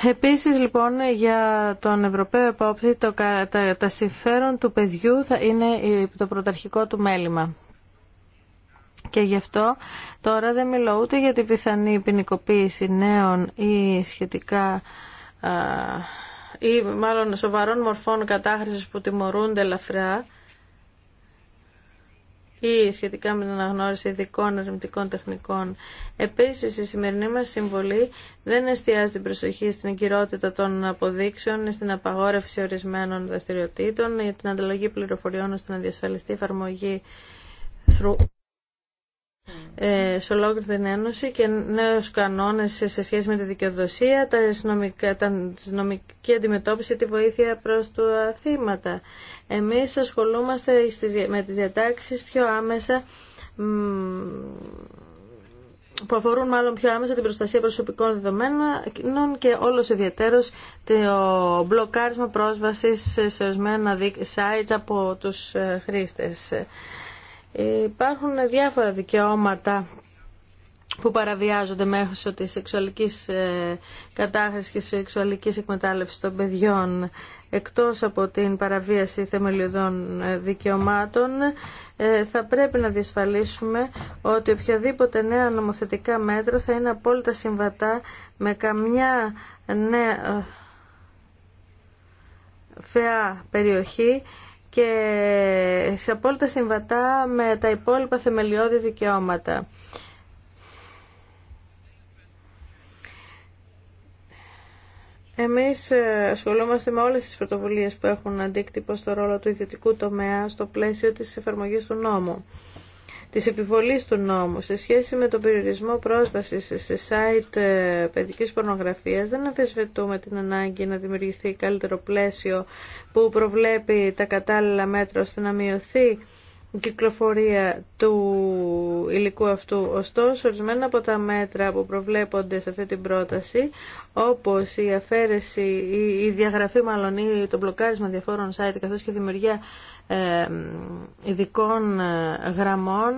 Επίσης λοιπόν για τον Ευρωπαίο επόπτη το, τα, τα συμφέρον του παιδιού θα είναι το πρωταρχικό του μέλημα. Και γι' αυτό τώρα δεν μιλώ ούτε για την πιθανή ποινικοποίηση νέων ή σχετικά ή μάλλον σοβαρών μορφών κατάχρησης που τιμωρούνται ελαφρά ή σχετικά με την αναγνώριση ειδικών ερευνητικών τεχνικών. Επίσης, η σημερινή μα συμβολή δεν εστιάζει την προσοχή στην εγκυρότητα των αποδείξεων, στην απαγόρευση ορισμένων δραστηριοτήτων, την ανταλλαγή πληροφοριών, στην αδιασφαλιστή εφαρμογή through ε, σε ολόκληρη την Ένωση και νέους κανόνες σε σχέση με τη δικαιοδοσία, τα νομική αντιμετώπιση, τη βοήθεια προς τα θύματα. Εμείς ασχολούμαστε με τις διατάξεις πιο άμεσα που αφορούν μάλλον πιο άμεσα την προστασία προσωπικών δεδομένων και όλος ιδιαίτερος το μπλοκάρισμα πρόσβασης σε ορισμένα sites από τους ε, χρήστες. Υπάρχουν διάφορα δικαιώματα που παραβιάζονται μέσω της σεξουαλικής ε, κατάχρησης και σεξουαλικής εκμετάλλευσης των παιδιών εκτός από την παραβίαση θεμελιωδών ε, δικαιωμάτων ε, θα πρέπει να διασφαλίσουμε ότι οποιαδήποτε νέα νομοθετικά μέτρα θα είναι απόλυτα συμβατά με καμιά νέα φαιά περιοχή και σε απόλυτα συμβατά με τα υπόλοιπα θεμελιώδη δικαιώματα. Εμείς ε, ασχολούμαστε με όλες τις πρωτοβουλίες που έχουν αντίκτυπο στο ρόλο του ιδιωτικού τομέα στο πλαίσιο της εφαρμογής του νόμου της επιβολής του νόμου σε σχέση με τον περιορισμό πρόσβασης σε site ε, παιδικής πορνογραφίας δεν αμφισβητούμε την ανάγκη να δημιουργηθεί καλύτερο πλαίσιο που προβλέπει τα κατάλληλα μέτρα ώστε να μειωθεί κυκλοφορία του υλικού αυτού. Ωστόσο, ορισμένα από τα μέτρα που προβλέπονται σε αυτή την πρόταση, όπως η αφαίρεση, η διαγραφή μάλλον ή το μπλοκάρισμα διαφόρων site, καθώς και η δημιουργία ε, ειδικών ε, γραμμών,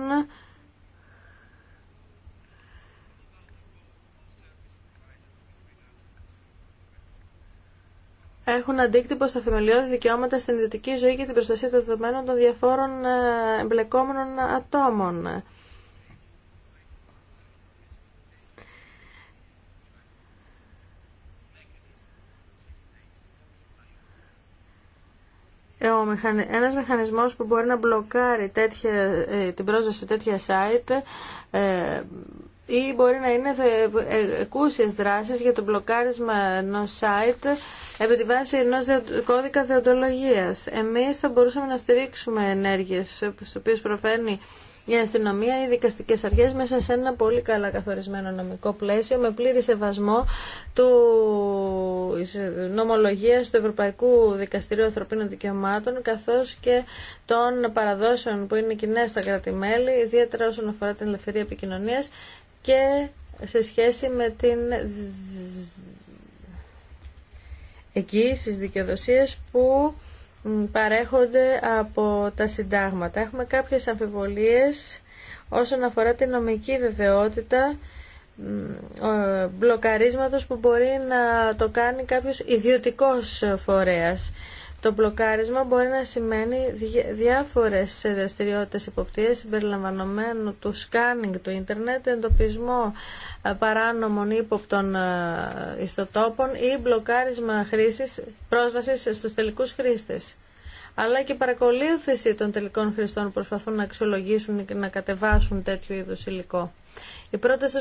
έχουν αντίκτυπο στα θεμελιώδη δικαιώματα στην ιδιωτική ζωή και την προστασία των δεδομένων των διαφόρων ε, εμπλεκόμενων ατόμων. Ε, ένας μηχανισμός που μπορεί να μπλοκάρει τέτοια, ε, την πρόσβαση σε τέτοια site ή μπορεί να είναι ε, εκούσιες δράσεις για το μπλοκάρισμα ενό site επί τη βάση ενός κώδικα δεοντολογίας. Εμείς θα μπορούσαμε να στηρίξουμε ενέργειες στις οποίες προφέρνει η αστυνομία ή οι δικαστικές αρχές μέσα σε ένα πολύ καλά καθορισμένο νομικό πλαίσιο με πλήρη σεβασμό του νομολογίας του Ευρωπαϊκού Δικαστηρίου Ανθρωπίνων Δικαιωμάτων καθώς και των παραδόσεων που είναι κοινέ στα κράτη-μέλη ιδιαίτερα όσον αφορά την ελευθερία επικοινωνίας και σε σχέση με την στις δικαιοδοσίες που παρέχονται από τα συντάγματα. Έχουμε κάποιες αμφιβολίες όσον αφορά την νομική βεβαιότητα μπλοκαρίσματος που μπορεί να το κάνει κάποιος ιδιωτικός φορέας. Το μπλοκάρισμα μπορεί να σημαίνει διάφορες δραστηριότητε υποπτήρες συμπεριλαμβανομένου του σκάνινγκ του ίντερνετ, εντοπισμό ε, παράνομων ύποπτων ε, ιστοτόπων ή μπλοκάρισμα χρήσης πρόσβασης στους τελικούς χρήστες αλλά και παρακολούθηση των τελικών χρηστών που προσπαθούν να αξιολογήσουν και να κατεβάσουν τέτοιο είδους υλικό. Η πρόταση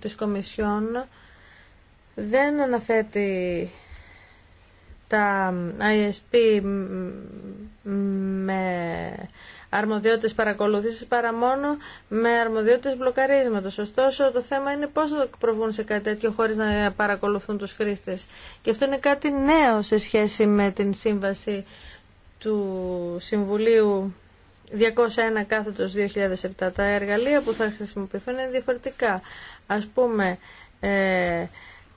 της Κομισιόν δεν αναθέτει τα ISP με αρμοδιότητες παρακολούθησης παρά μόνο με αρμοδιότητες μπλοκαρίσματος. Ωστόσο, το θέμα είναι πώς θα προβούν σε κάτι τέτοιο χωρίς να παρακολουθούν τους χρήστες. Και αυτό είναι κάτι νέο σε σχέση με την σύμβαση του Συμβουλίου 201 κάθετος 2007. Τα εργαλεία που θα χρησιμοποιηθούν είναι διαφορετικά. Ας πούμε, ε,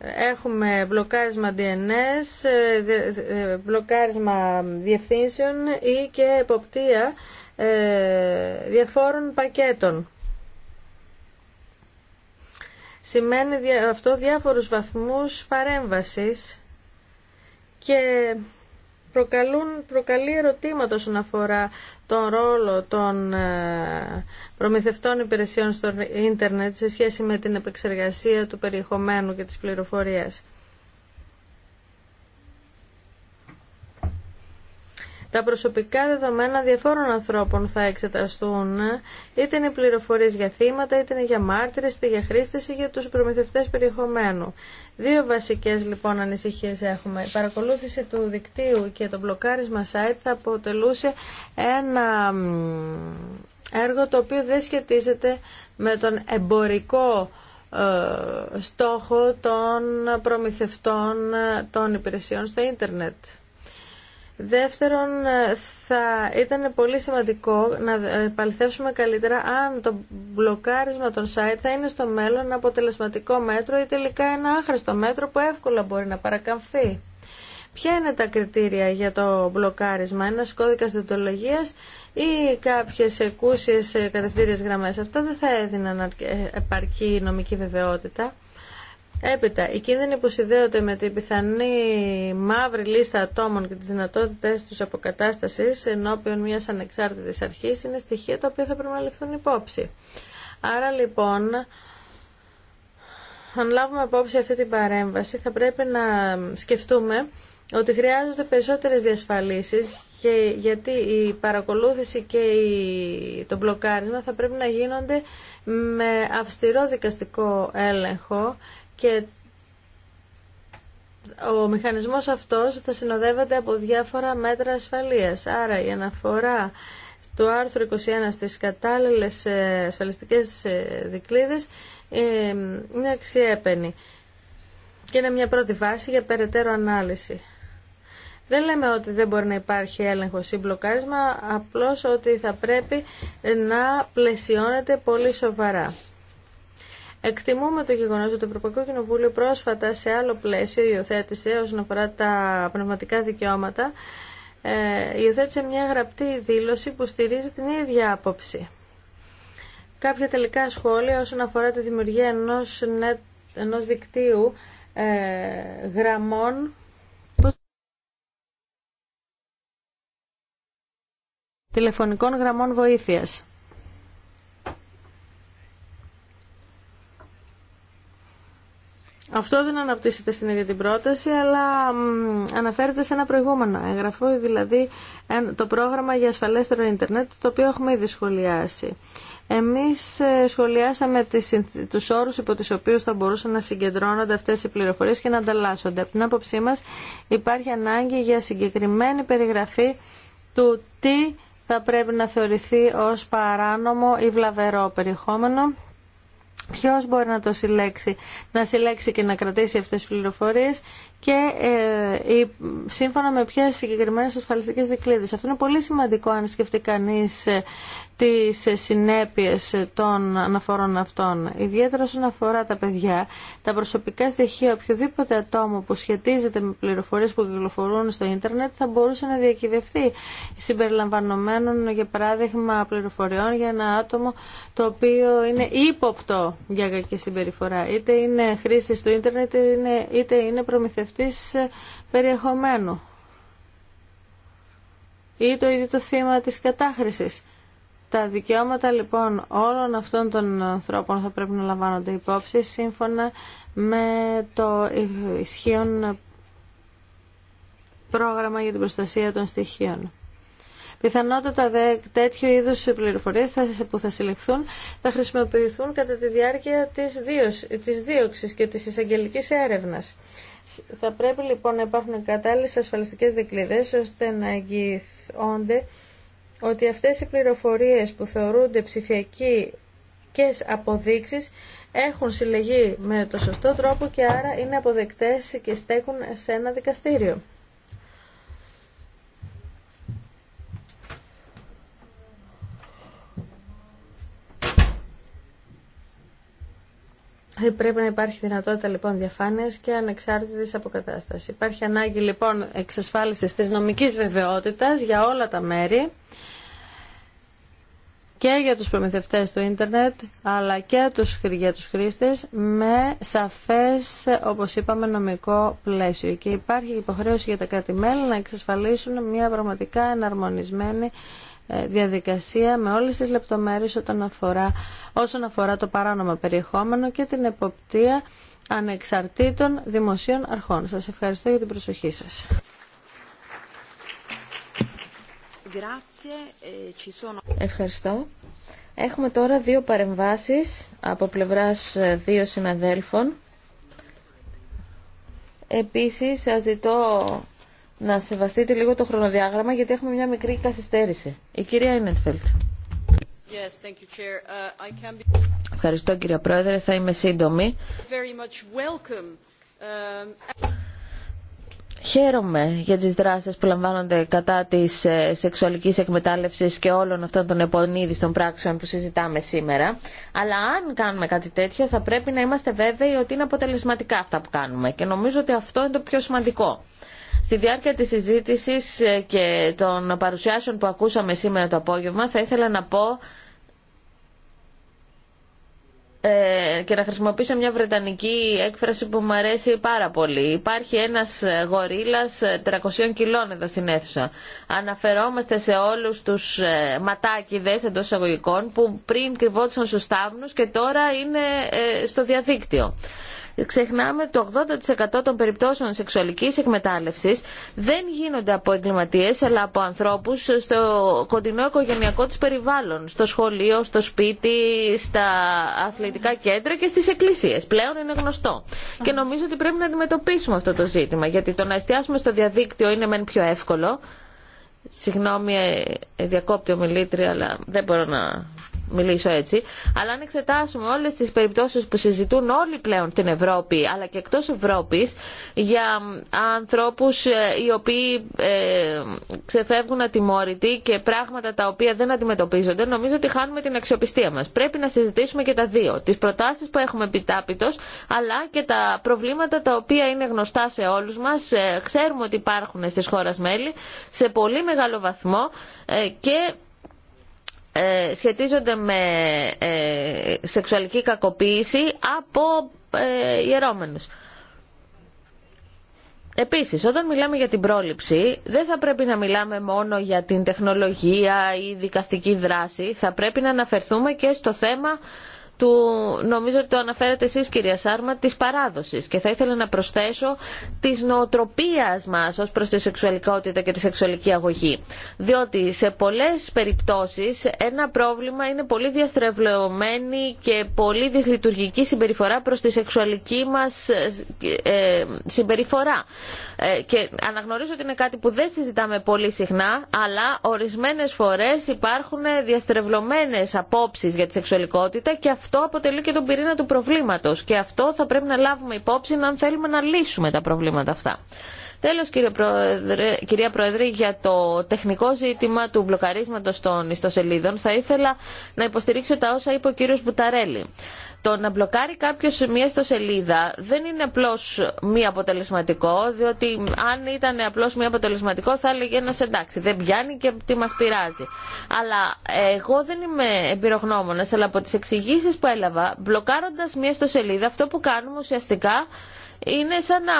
Έχουμε μπλοκάρισμα DNS, ε, ε, μπλοκάρισμα διευθύνσεων ή και εποπτεία ε, διαφόρων πακέτων. Σημαίνει αυτό διάφορους βαθμούς παρέμβασης και προκαλούν, προκαλεί ερωτήματα όσον αφορά τον ρόλο των ε, προμηθευτών υπηρεσιών στο ίντερνετ σε σχέση με την επεξεργασία του περιεχομένου και της πληροφορίας. Τα προσωπικά δεδομένα διαφόρων ανθρώπων θα εξεταστούν, είτε είναι πληροφορίες για θύματα, είτε είναι για μάρτυρες, είτε για χρήστες ή για τους προμηθευτές περιεχομένου. Δύο βασικές λοιπόν ανησυχίες έχουμε. Η παρακολούθηση του δικτύου και το μπλοκάρισμα site θα αποτελούσε ένα έργο το οποίο δεν σχετίζεται με τον εμπορικό ε, στόχο των προμηθευτών ε, των υπηρεσιών στο ίντερνετ. Δεύτερον, θα ήταν πολύ σημαντικό να υπαλληθεύσουμε καλύτερα αν το μπλοκάρισμα των site θα είναι στο μέλλον ένα αποτελεσματικό μέτρο ή τελικά ένα άχρηστο μέτρο που εύκολα μπορεί να παρακαμφθεί. Ποια είναι τα κριτήρια για το μπλοκάρισμα, ένα κώδικα διοντολογία ή κάποιε εκούσιε κατευθύνσει γραμμέ. Αυτά δεν θα έδιναν επαρκή νομική βεβαιότητα. Έπειτα, οι κίνδυνοι που συνδέονται με την πιθανή μαύρη λίστα ατόμων και τις δυνατότητες τους αποκατάστασης ενώπιον μιας ανεξάρτητης αρχή είναι στοιχεία τα οποία θα πρέπει να ληφθούν υπόψη. Άρα λοιπόν, αν λάβουμε υπόψη αυτή την παρέμβαση, θα πρέπει να σκεφτούμε ότι χρειάζονται περισσότερες διασφαλίσεις και γιατί η παρακολούθηση και το μπλοκάρισμα θα πρέπει να γίνονται με αυστηρό δικαστικό έλεγχο και ο μηχανισμός αυτός θα συνοδεύεται από διάφορα μέτρα ασφαλείας. Άρα η αναφορά στο άρθρο 21 στις κατάλληλες ε, ασφαλιστικές ε, δικλείδες ε, είναι αξιέπαινη και είναι μια πρώτη βάση για περαιτέρω ανάλυση. Δεν λέμε ότι δεν μπορεί να υπάρχει έλεγχο ή μπλοκάρισμα, απλώς ότι θα πρέπει να πλαισιώνεται πολύ σοβαρά. Εκτιμούμε το γεγονό ότι το Ευρωπαϊκό Κοινοβούλιο πρόσφατα σε άλλο πλαίσιο υιοθέτησε όσον αφορά τα πνευματικά δικαιώματα, ε, υιοθέτησε μια γραπτή δήλωση που στηρίζει την ίδια άποψη. Κάποια τελικά σχόλια όσον αφορά τη δημιουργία ενός, ενός δικτύου ε, γραμμών τηλεφωνικών γραμμών βοήθειας. Αυτό δεν αναπτύσσεται στην ίδια την πρόταση, αλλά αναφέρεται σε ένα προηγούμενο έγγραφο, δηλαδή το πρόγραμμα για ασφαλέστερο ίντερνετ, το οποίο έχουμε ήδη σχολιάσει. Εμείς ε, σχολιάσαμε τις, τους όρους υπό τους οποίους θα μπορούσαν να συγκεντρώνονται αυτές οι πληροφορίες και να ανταλλάσσονται. Από την άποψή μας υπάρχει ανάγκη για συγκεκριμένη περιγραφή του τι θα πρέπει να θεωρηθεί ως παράνομο ή βλαβερό περιεχόμενο Ποιος μπορεί να το συλλέξει, να συλλέξει και να κρατήσει αυτές τις πληροφορίες και ε, σύμφωνα με ποιες συγκεκριμένες ασφαλιστικές δικλείδες. Αυτό είναι πολύ σημαντικό αν σκεφτεί κανείς ε, τις ε, συνέπειες των αναφορών αυτών. Ιδιαίτερα όσον αφορά τα παιδιά, τα προσωπικά στοιχεία οποιοδήποτε ατόμο που σχετίζεται με πληροφορίες που κυκλοφορούν στο ίντερνετ θα μπορούσε να διακυβευτεί συμπεριλαμβανομένων για παράδειγμα πληροφοριών για ένα άτομο το οποίο είναι ύποπτο για κακή συμπεριφορά. Είτε είναι χρήστη του ίντερνετ είτε είναι προμηθευτή της ε, περιεχομένου ή το ίδιο το θύμα της κατάχρησης. Τα δικαιώματα λοιπόν όλων αυτών των ανθρώπων θα πρέπει να λαμβάνονται υπόψη σύμφωνα με το ισχύον πρόγραμμα για την προστασία των στοιχείων. Πιθανότατα δε, τέτοιου είδους πληροφορίες που θα συλλεχθούν θα χρησιμοποιηθούν κατά τη διάρκεια της, δίωξη της και της εισαγγελική έρευνας. Θα πρέπει λοιπόν να υπάρχουν κατάλληλες ασφαλιστικές δικλειδές ώστε να εγγυηθούνται ότι αυτές οι πληροφορίες που θεωρούνται ψηφιακοί και αποδείξεις έχουν συλλεγεί με το σωστό τρόπο και άρα είναι αποδεκτές και στέκουν σε ένα δικαστήριο. Πρέπει να υπάρχει δυνατότητα λοιπόν διαφάνεια και ανεξάρτητης αποκατάσταση. Υπάρχει ανάγκη λοιπόν εξασφάλιση τη νομική βεβαιότητα για όλα τα μέρη και για τους προμηθευτές του ίντερνετ αλλά και τους, για τους χρήστες με σαφές όπως είπαμε νομικό πλαίσιο και υπάρχει υποχρέωση για τα κράτη-μέλη να εξασφαλίσουν μια πραγματικά εναρμονισμένη ε, διαδικασία με όλες τις λεπτομέρειες όταν αφορά, όσον αφορά το παράνομο περιεχόμενο και την εποπτεία ανεξαρτήτων δημοσίων αρχών. Σας ευχαριστώ για την προσοχή σας. Ευχαριστώ. Έχουμε τώρα δύο παρεμβάσεις από πλευράς ε, δύο συναδέλφων. Επίσης, σας ζητώ να σεβαστείτε λίγο το χρονοδιάγραμμα γιατί έχουμε μια μικρή καθυστέρηση. Η κυρία Ινετφέλτ. Uh, Ευχαριστώ κύριε Πρόεδρε, θα είμαι σύντομη. Uh, Χαίρομαι για τις δράσεις που λαμβάνονται κατά της ε, σεξουαλικής εκμετάλλευσης και όλων αυτών των των πράξεων που συζητάμε σήμερα. Αλλά αν κάνουμε κάτι τέτοιο θα πρέπει να είμαστε βέβαιοι ότι είναι αποτελεσματικά αυτά που κάνουμε. Και νομίζω ότι αυτό είναι το πιο σημαντικό. Στη διάρκεια της συζήτησης ε, και των παρουσιάσεων που ακούσαμε σήμερα το απόγευμα θα ήθελα να πω ε, και να χρησιμοποιήσω μια βρετανική έκφραση που μου αρέσει πάρα πολύ. Υπάρχει ένας γορίλας 300 ε, κιλών εδώ στην αίθουσα. Αναφερόμαστε σε όλους τους ματάκιδες εντός εισαγωγικών που πριν κρυβόντουσαν στους τάβνους και τώρα είναι στο διαδίκτυο ξεχνάμε ότι το 80% των περιπτώσεων σεξουαλικής εκμετάλλευσης δεν γίνονται από εγκληματίες αλλά από ανθρώπους στο κοντινό οικογενειακό του περιβάλλον, στο σχολείο, στο σπίτι, στα αθλητικά κέντρα και στις εκκλησίες. Πλέον είναι γνωστό. Και νομίζω ότι πρέπει να αντιμετωπίσουμε αυτό το ζήτημα γιατί το να εστιάσουμε στο διαδίκτυο είναι μεν πιο εύκολο Συγγνώμη, ε, διακόπτει ομιλήτρια, αλλά δεν μπορώ να μιλήσω έτσι, αλλά αν εξετάσουμε όλες τις περιπτώσεις που συζητούν όλοι πλέον την Ευρώπη, αλλά και εκτός Ευρώπης, για ανθρώπους ε, οι οποίοι ε, ξεφεύγουν ατιμόρυτοι και πράγματα τα οποία δεν αντιμετωπίζονται, νομίζω ότι χάνουμε την αξιοπιστία μας. Πρέπει να συζητήσουμε και τα δύο, τις προτάσεις που έχουμε επιτάπητος, αλλά και τα προβλήματα τα οποία είναι γνωστά σε όλους μας, ε, ξέρουμε ότι υπάρχουν στις χώρες μέλη, σε πολύ μεγάλο βαθμό ε, και ε, σχετίζονται με ε, σεξουαλική κακοποίηση από ε, ιερώμενους. Επίσης, όταν μιλάμε για την πρόληψη, δεν θα πρέπει να μιλάμε μόνο για την τεχνολογία ή δικαστική δράση. Θα πρέπει να αναφερθούμε και στο θέμα του, νομίζω ότι το αναφέρατε εσείς κυρία Σάρμα, της παράδοσης. Και θα ήθελα να προσθέσω της νοοτροπίας μας ως προς τη σεξουαλικότητα και τη σεξουαλική αγωγή. Διότι σε πολλές περιπτώσεις ένα πρόβλημα είναι πολύ διαστρεβλωμένη και πολύ δυσλειτουργική συμπεριφορά προς τη σεξουαλική μας ε, συμπεριφορά. Ε, και αναγνωρίζω ότι είναι κάτι που δεν συζητάμε πολύ συχνά, αλλά ορισμένες φορές υπάρχουν διαστρεβλωμένες απόψεις για τη σεξουαλικότητα αυτό αποτελεί και τον πυρήνα του προβλήματος και αυτό θα πρέπει να λάβουμε υπόψη αν θέλουμε να λύσουμε τα προβλήματα αυτά. Τέλο, κυρία Πρόεδρε, για το τεχνικό ζήτημα του μπλοκαρίσματο των ιστοσελίδων θα ήθελα να υποστηρίξω τα όσα είπε ο κύριο Μπουταρέλη. Το να μπλοκάρει κάποιο μία ιστοσελίδα δεν είναι απλώ μη αποτελεσματικό, διότι αν ήταν απλώ μη αποτελεσματικό θα έλεγε ένα εντάξει, δεν πιάνει και τι μα πειράζει. Αλλά εγώ δεν είμαι εμπειρογνώμονα, αλλά από τι εξηγήσει που έλαβα, μπλοκάροντας μία ιστοσελίδα, αυτό που κάνουμε ουσιαστικά είναι σαν να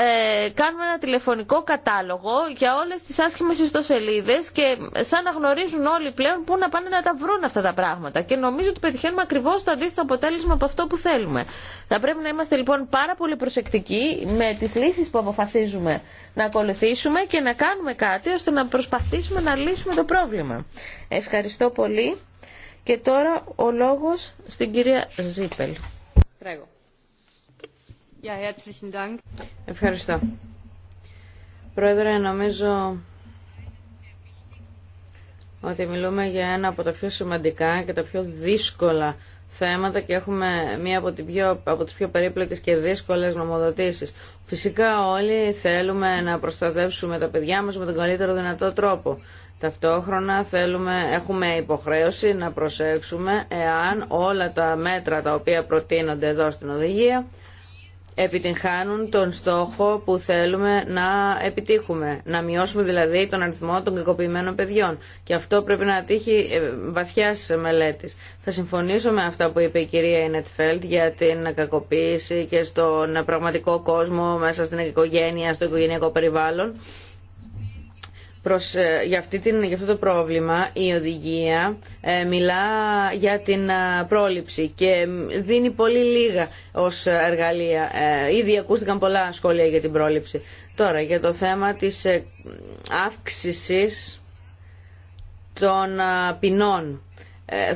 ε, κάνουμε ένα τηλεφωνικό κατάλογο για όλες τις άσχημες ιστοσελίδες και σαν να γνωρίζουν όλοι πλέον πού να πάνε να τα βρουν αυτά τα πράγματα. Και νομίζω ότι πετυχαίνουμε ακριβώς το αντίθετο αποτέλεσμα από αυτό που θέλουμε. Θα πρέπει να είμαστε λοιπόν πάρα πολύ προσεκτικοί με τις λύσεις που αποφασίζουμε να ακολουθήσουμε και να κάνουμε κάτι ώστε να προσπαθήσουμε να λύσουμε το πρόβλημα. Ευχαριστώ πολύ. Και τώρα ο λόγος στην κυρία Ζίπελ. Ευχαριστώ. Πρόεδρε, νομίζω ότι μιλούμε για ένα από τα πιο σημαντικά και τα πιο δύσκολα θέματα και έχουμε μία από, πιο, από τις πιο περίπλοκες και δύσκολες νομοδοτήσεις. Φυσικά όλοι θέλουμε να προστατεύσουμε τα παιδιά μας με τον καλύτερο δυνατό τρόπο. Ταυτόχρονα θέλουμε, έχουμε υποχρέωση να προσέξουμε εάν όλα τα μέτρα τα οποία προτείνονται εδώ στην οδηγία επιτυγχάνουν τον στόχο που θέλουμε να επιτύχουμε. Να μειώσουμε δηλαδή τον αριθμό των κακοποιημένων παιδιών. Και αυτό πρέπει να τύχει ε, βαθιάς μελέτης. Θα συμφωνήσω με αυτά που είπε η κυρία Ινετφέλτ για την κακοποίηση και στον πραγματικό κόσμο μέσα στην οικογένεια, στο οικογενειακό περιβάλλον προς, ε, για, αυτή την, αυτό το πρόβλημα η οδηγία ε, μιλά για την ε, πρόληψη και δίνει πολύ λίγα ως εργαλεία. ήδη ακούστηκαν πολλά σχόλια για την πρόληψη. Τώρα για το θέμα της αύξησης των ποινών.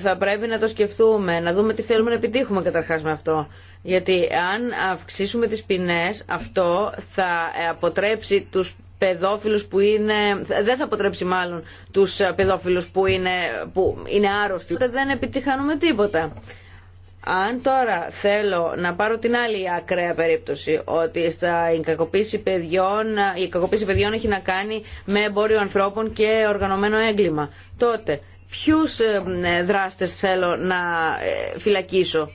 Θα πρέπει να το σκεφτούμε, να δούμε τι θέλουμε να επιτύχουμε καταρχάς με αυτό. Γιατί αν αυξήσουμε τις ποινές, αυτό θα αποτρέψει τους παιδόφιλους που είναι, δεν θα αποτρέψει μάλλον τους παιδόφιλους που είναι, που είναι άρρωστοι. Δεν επιτυχάνουμε τίποτα. Αν τώρα θέλω να πάρω την άλλη ακραία περίπτωση, ότι στα, η, κακοποίηση παιδιών, η κακοποίηση παιδιών έχει να κάνει με εμπόριο ανθρώπων και οργανωμένο έγκλημα, τότε ποιους ε, ε, δράστες θέλω να ε, φυλακίσω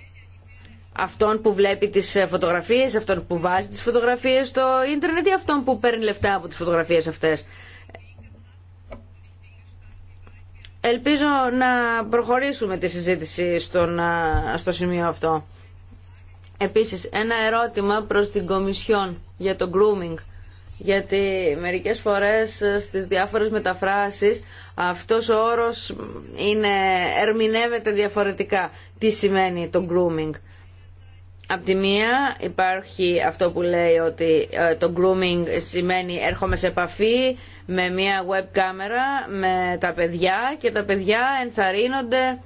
αυτόν που βλέπει τις ε, φωτογραφίες, αυτόν που βάζει τις φωτογραφίες στο ίντερνετ ή αυτόν που παίρνει λεφτά από τις φωτογραφίες αυτές. Ελπίζω να προχωρήσουμε τη συζήτηση στον, στο σημείο αυτό. Επίσης, ένα ερώτημα προς την Κομισιόν για το grooming. Γιατί μερικές φορές ε, στις διάφορες μεταφράσεις αυτός ο όρος είναι, ερμηνεύεται διαφορετικά. Τι σημαίνει το grooming. Απ' τη μία υπάρχει αυτό που λέει ότι ε, το grooming σημαίνει έρχομαι σε επαφή με μια web κάμερα με τα παιδιά και τα παιδιά ενθαρρύνονται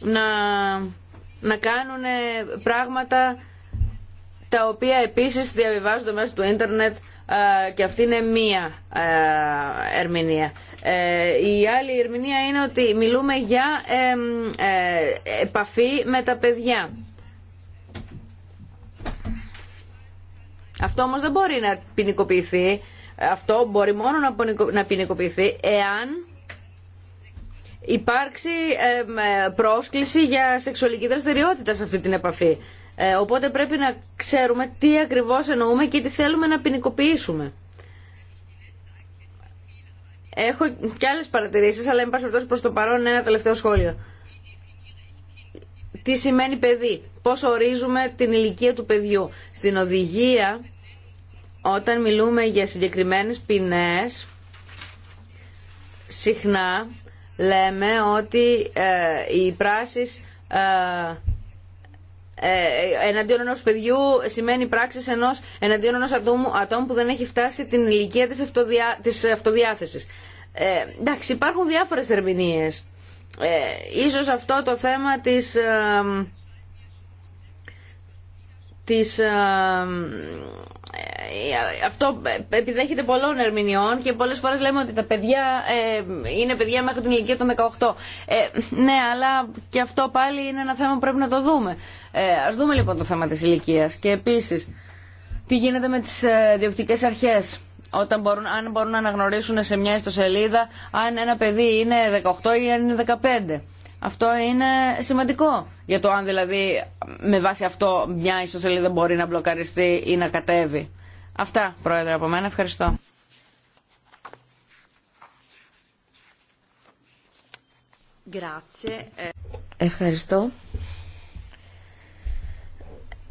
να, να κάνουν ε, πράγματα τα οποία επίσης διαβιβάζονται μέσω του ίντερνετ ε, και αυτή είναι μία ερμηνεία. Η άλλη ερμηνεία είναι ότι μιλούμε για επαφή με τα παιδιά. Αυτό όμως δεν μπορεί να ποινικοποιηθεί. Αυτό μπορεί μόνο να ποινικοποιηθεί εάν υπάρξει πρόσκληση για σεξουαλική δραστηριότητα σε αυτή την επαφή. Ε, οπότε πρέπει να ξέρουμε τι ακριβώς εννοούμε και τι θέλουμε να ποινικοποιήσουμε. Έχω και άλλες παρατηρήσεις, αλλά εν πάση προς το παρόν ένα τελευταίο σχόλιο τι σημαίνει παιδί, πώς ορίζουμε την ηλικία του παιδιού. Στην οδηγία, όταν μιλούμε για συγκεκριμένες ποινές, συχνά λέμε ότι ε, οι πράσεις ε, ε, ε, εναντίον ενός παιδιού σημαίνει πράξεις ενός, εναντίον ενός ατόμου, ατόμου που δεν έχει φτάσει την ηλικία της, αυτοδιά, της αυτοδιάθεσης. Ε, εντάξει, υπάρχουν διάφορες ερμηνείες ε, ίσως αυτό το θέμα της ε, της ε, ε, αυτό επιδέχεται πολλών ερμηνεών και πολλές φορές λέμε ότι τα παιδιά ε, είναι παιδιά μέχρι την ηλικία των 18. ναι, αλλά και αυτό πάλι είναι ένα θέμα που πρέπει να το δούμε. ας δούμε λοιπόν το θέμα της ηλικίας και επίσης τι γίνεται με τις διοκτικές αρχές όταν μπορούν, αν μπορούν να αναγνωρίσουν σε μια ιστοσελίδα αν ένα παιδί είναι 18 ή αν είναι 15. Αυτό είναι σημαντικό για το αν δηλαδή με βάση αυτό μια ιστοσελίδα μπορεί να μπλοκαριστεί ή να κατέβει. Αυτά, Πρόεδρε, από μένα. Ευχαριστώ. Ε, Ευχαριστώ.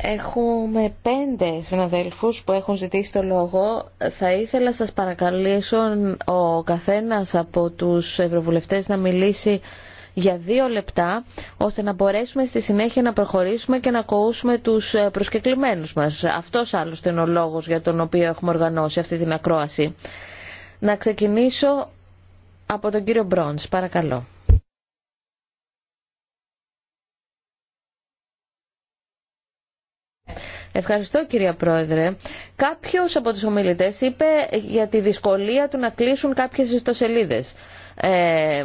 Έχουμε πέντε συναδέλφους που έχουν ζητήσει το λόγο. Θα ήθελα σας παρακαλήσω ο καθένας από τους ευρωβουλευτές να μιλήσει για δύο λεπτά, ώστε να μπορέσουμε στη συνέχεια να προχωρήσουμε και να ακούσουμε τους προσκεκλημένους μας. Αυτός άλλωστε είναι ο λόγος για τον οποίο έχουμε οργανώσει αυτή την ακρόαση. Να ξεκινήσω από τον κύριο Μπρόντς, παρακαλώ. Ευχαριστώ κυρία Πρόεδρε. Κάποιος από τους ομιλητές είπε για τη δυσκολία του να κλείσουν κάποιες ιστοσελίδες. Ε,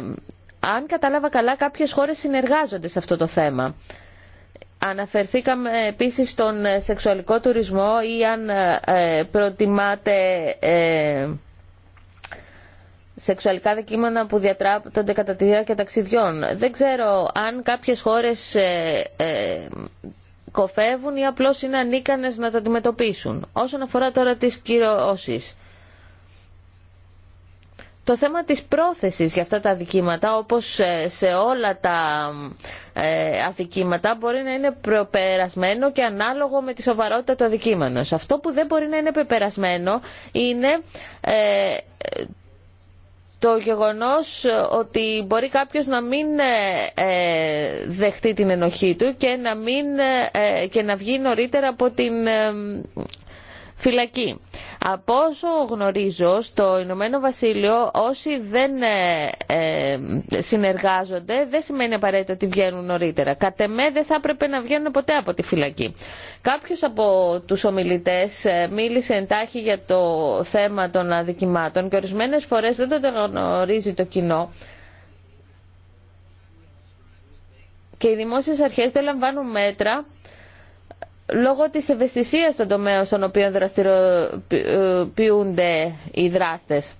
αν κατάλαβα καλά κάποιες χώρες συνεργάζονται σε αυτό το θέμα. Αναφερθήκαμε επίσης στον σεξουαλικό τουρισμό ή αν ε, προτιμάτε... Ε, σεξουαλικά δεκείμενα που διατράπτονται κατά τη διάρκεια ταξιδιών. Δεν ξέρω αν κάποιες χώρες ε, ε, κοφεύουν ή απλώς είναι ανίκανες να το αντιμετωπίσουν. Όσον αφορά τώρα τις κυρώσεις. Το θέμα της πρόθεσης για αυτά τα αδικήματα, όπως ε, σε όλα τα ε, αδικήματα, μπορεί να είναι προπερασμένο και ανάλογο με τη σοβαρότητα του αδικήματος. Αυτό που δεν μπορεί να είναι πεπερασμένο είναι ε, το γεγονός ε, ότι μπορεί κάποιος να μην ε, ε, δεχτεί την ενοχή του και να, μην, και να βγει νωρίτερα από την φυλακή. Από όσο γνωρίζω, στο Ηνωμένο Βασίλειο όσοι δεν ε, ε, συνεργάζονται δεν σημαίνει απαραίτητα ότι βγαίνουν νωρίτερα. Κατ' εμέ δεν θα έπρεπε να βγαίνουν ποτέ από τη φυλακή. Κάποιο από τους ομιλητές ε, μίλησε εντάχει για το θέμα των αδικημάτων και ορισμένε φορές δεν το γνωρίζει το κοινό. Και οι δημόσιες αρχές δεν λαμβάνουν μέτρα λόγω της ευαισθησίας των τομέα στον οποίο δραστηριοποιούνται οι δράστες.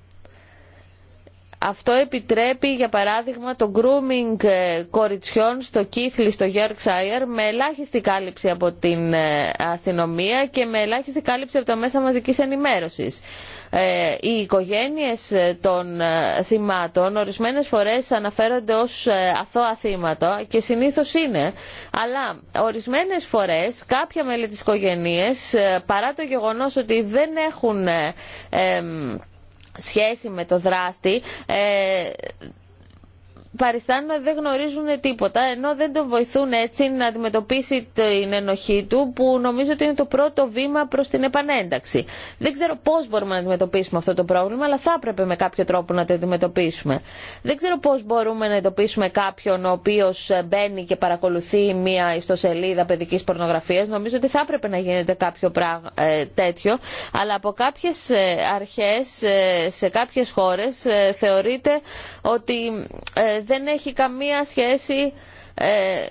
Αυτό επιτρέπει, για παράδειγμα, το grooming ε, κοριτσιών στο Κίθλι, στο Yorkshire, με ελάχιστη κάλυψη από την ε, αστυνομία και με ελάχιστη κάλυψη από τα μέσα μαζικής ενημέρωσης. Ε, οι οικογένειες ε, των ε, θυμάτων ορισμένες φορές αναφέρονται ως αθώα θύματα και συνήθως είναι. Αλλά ορισμένες φορές κάποια μέλη της οικογένειας παρά το γεγονός ότι δεν έχουν σχέση με το δράστη παριστάνουν ότι δεν γνωρίζουν τίποτα, ενώ δεν τον βοηθούν έτσι να αντιμετωπίσει την ενοχή του, που νομίζω ότι είναι το πρώτο βήμα προ την επανένταξη. Δεν ξέρω πώ μπορούμε να αντιμετωπίσουμε αυτό το πρόβλημα, αλλά θα έπρεπε με κάποιο τρόπο να το αντιμετωπίσουμε. Δεν ξέρω πώ μπορούμε να εντοπίσουμε κάποιον ο οποίο μπαίνει και παρακολουθεί μία ιστοσελίδα παιδική πορνογραφία. Νομίζω ότι θα έπρεπε να γίνεται κάποιο ε, τέτοιο, αλλά από κάποιε ε, αρχέ ε, σε κάποιε χώρε θεωρείται ότι δεν έχει καμία σχέση ε,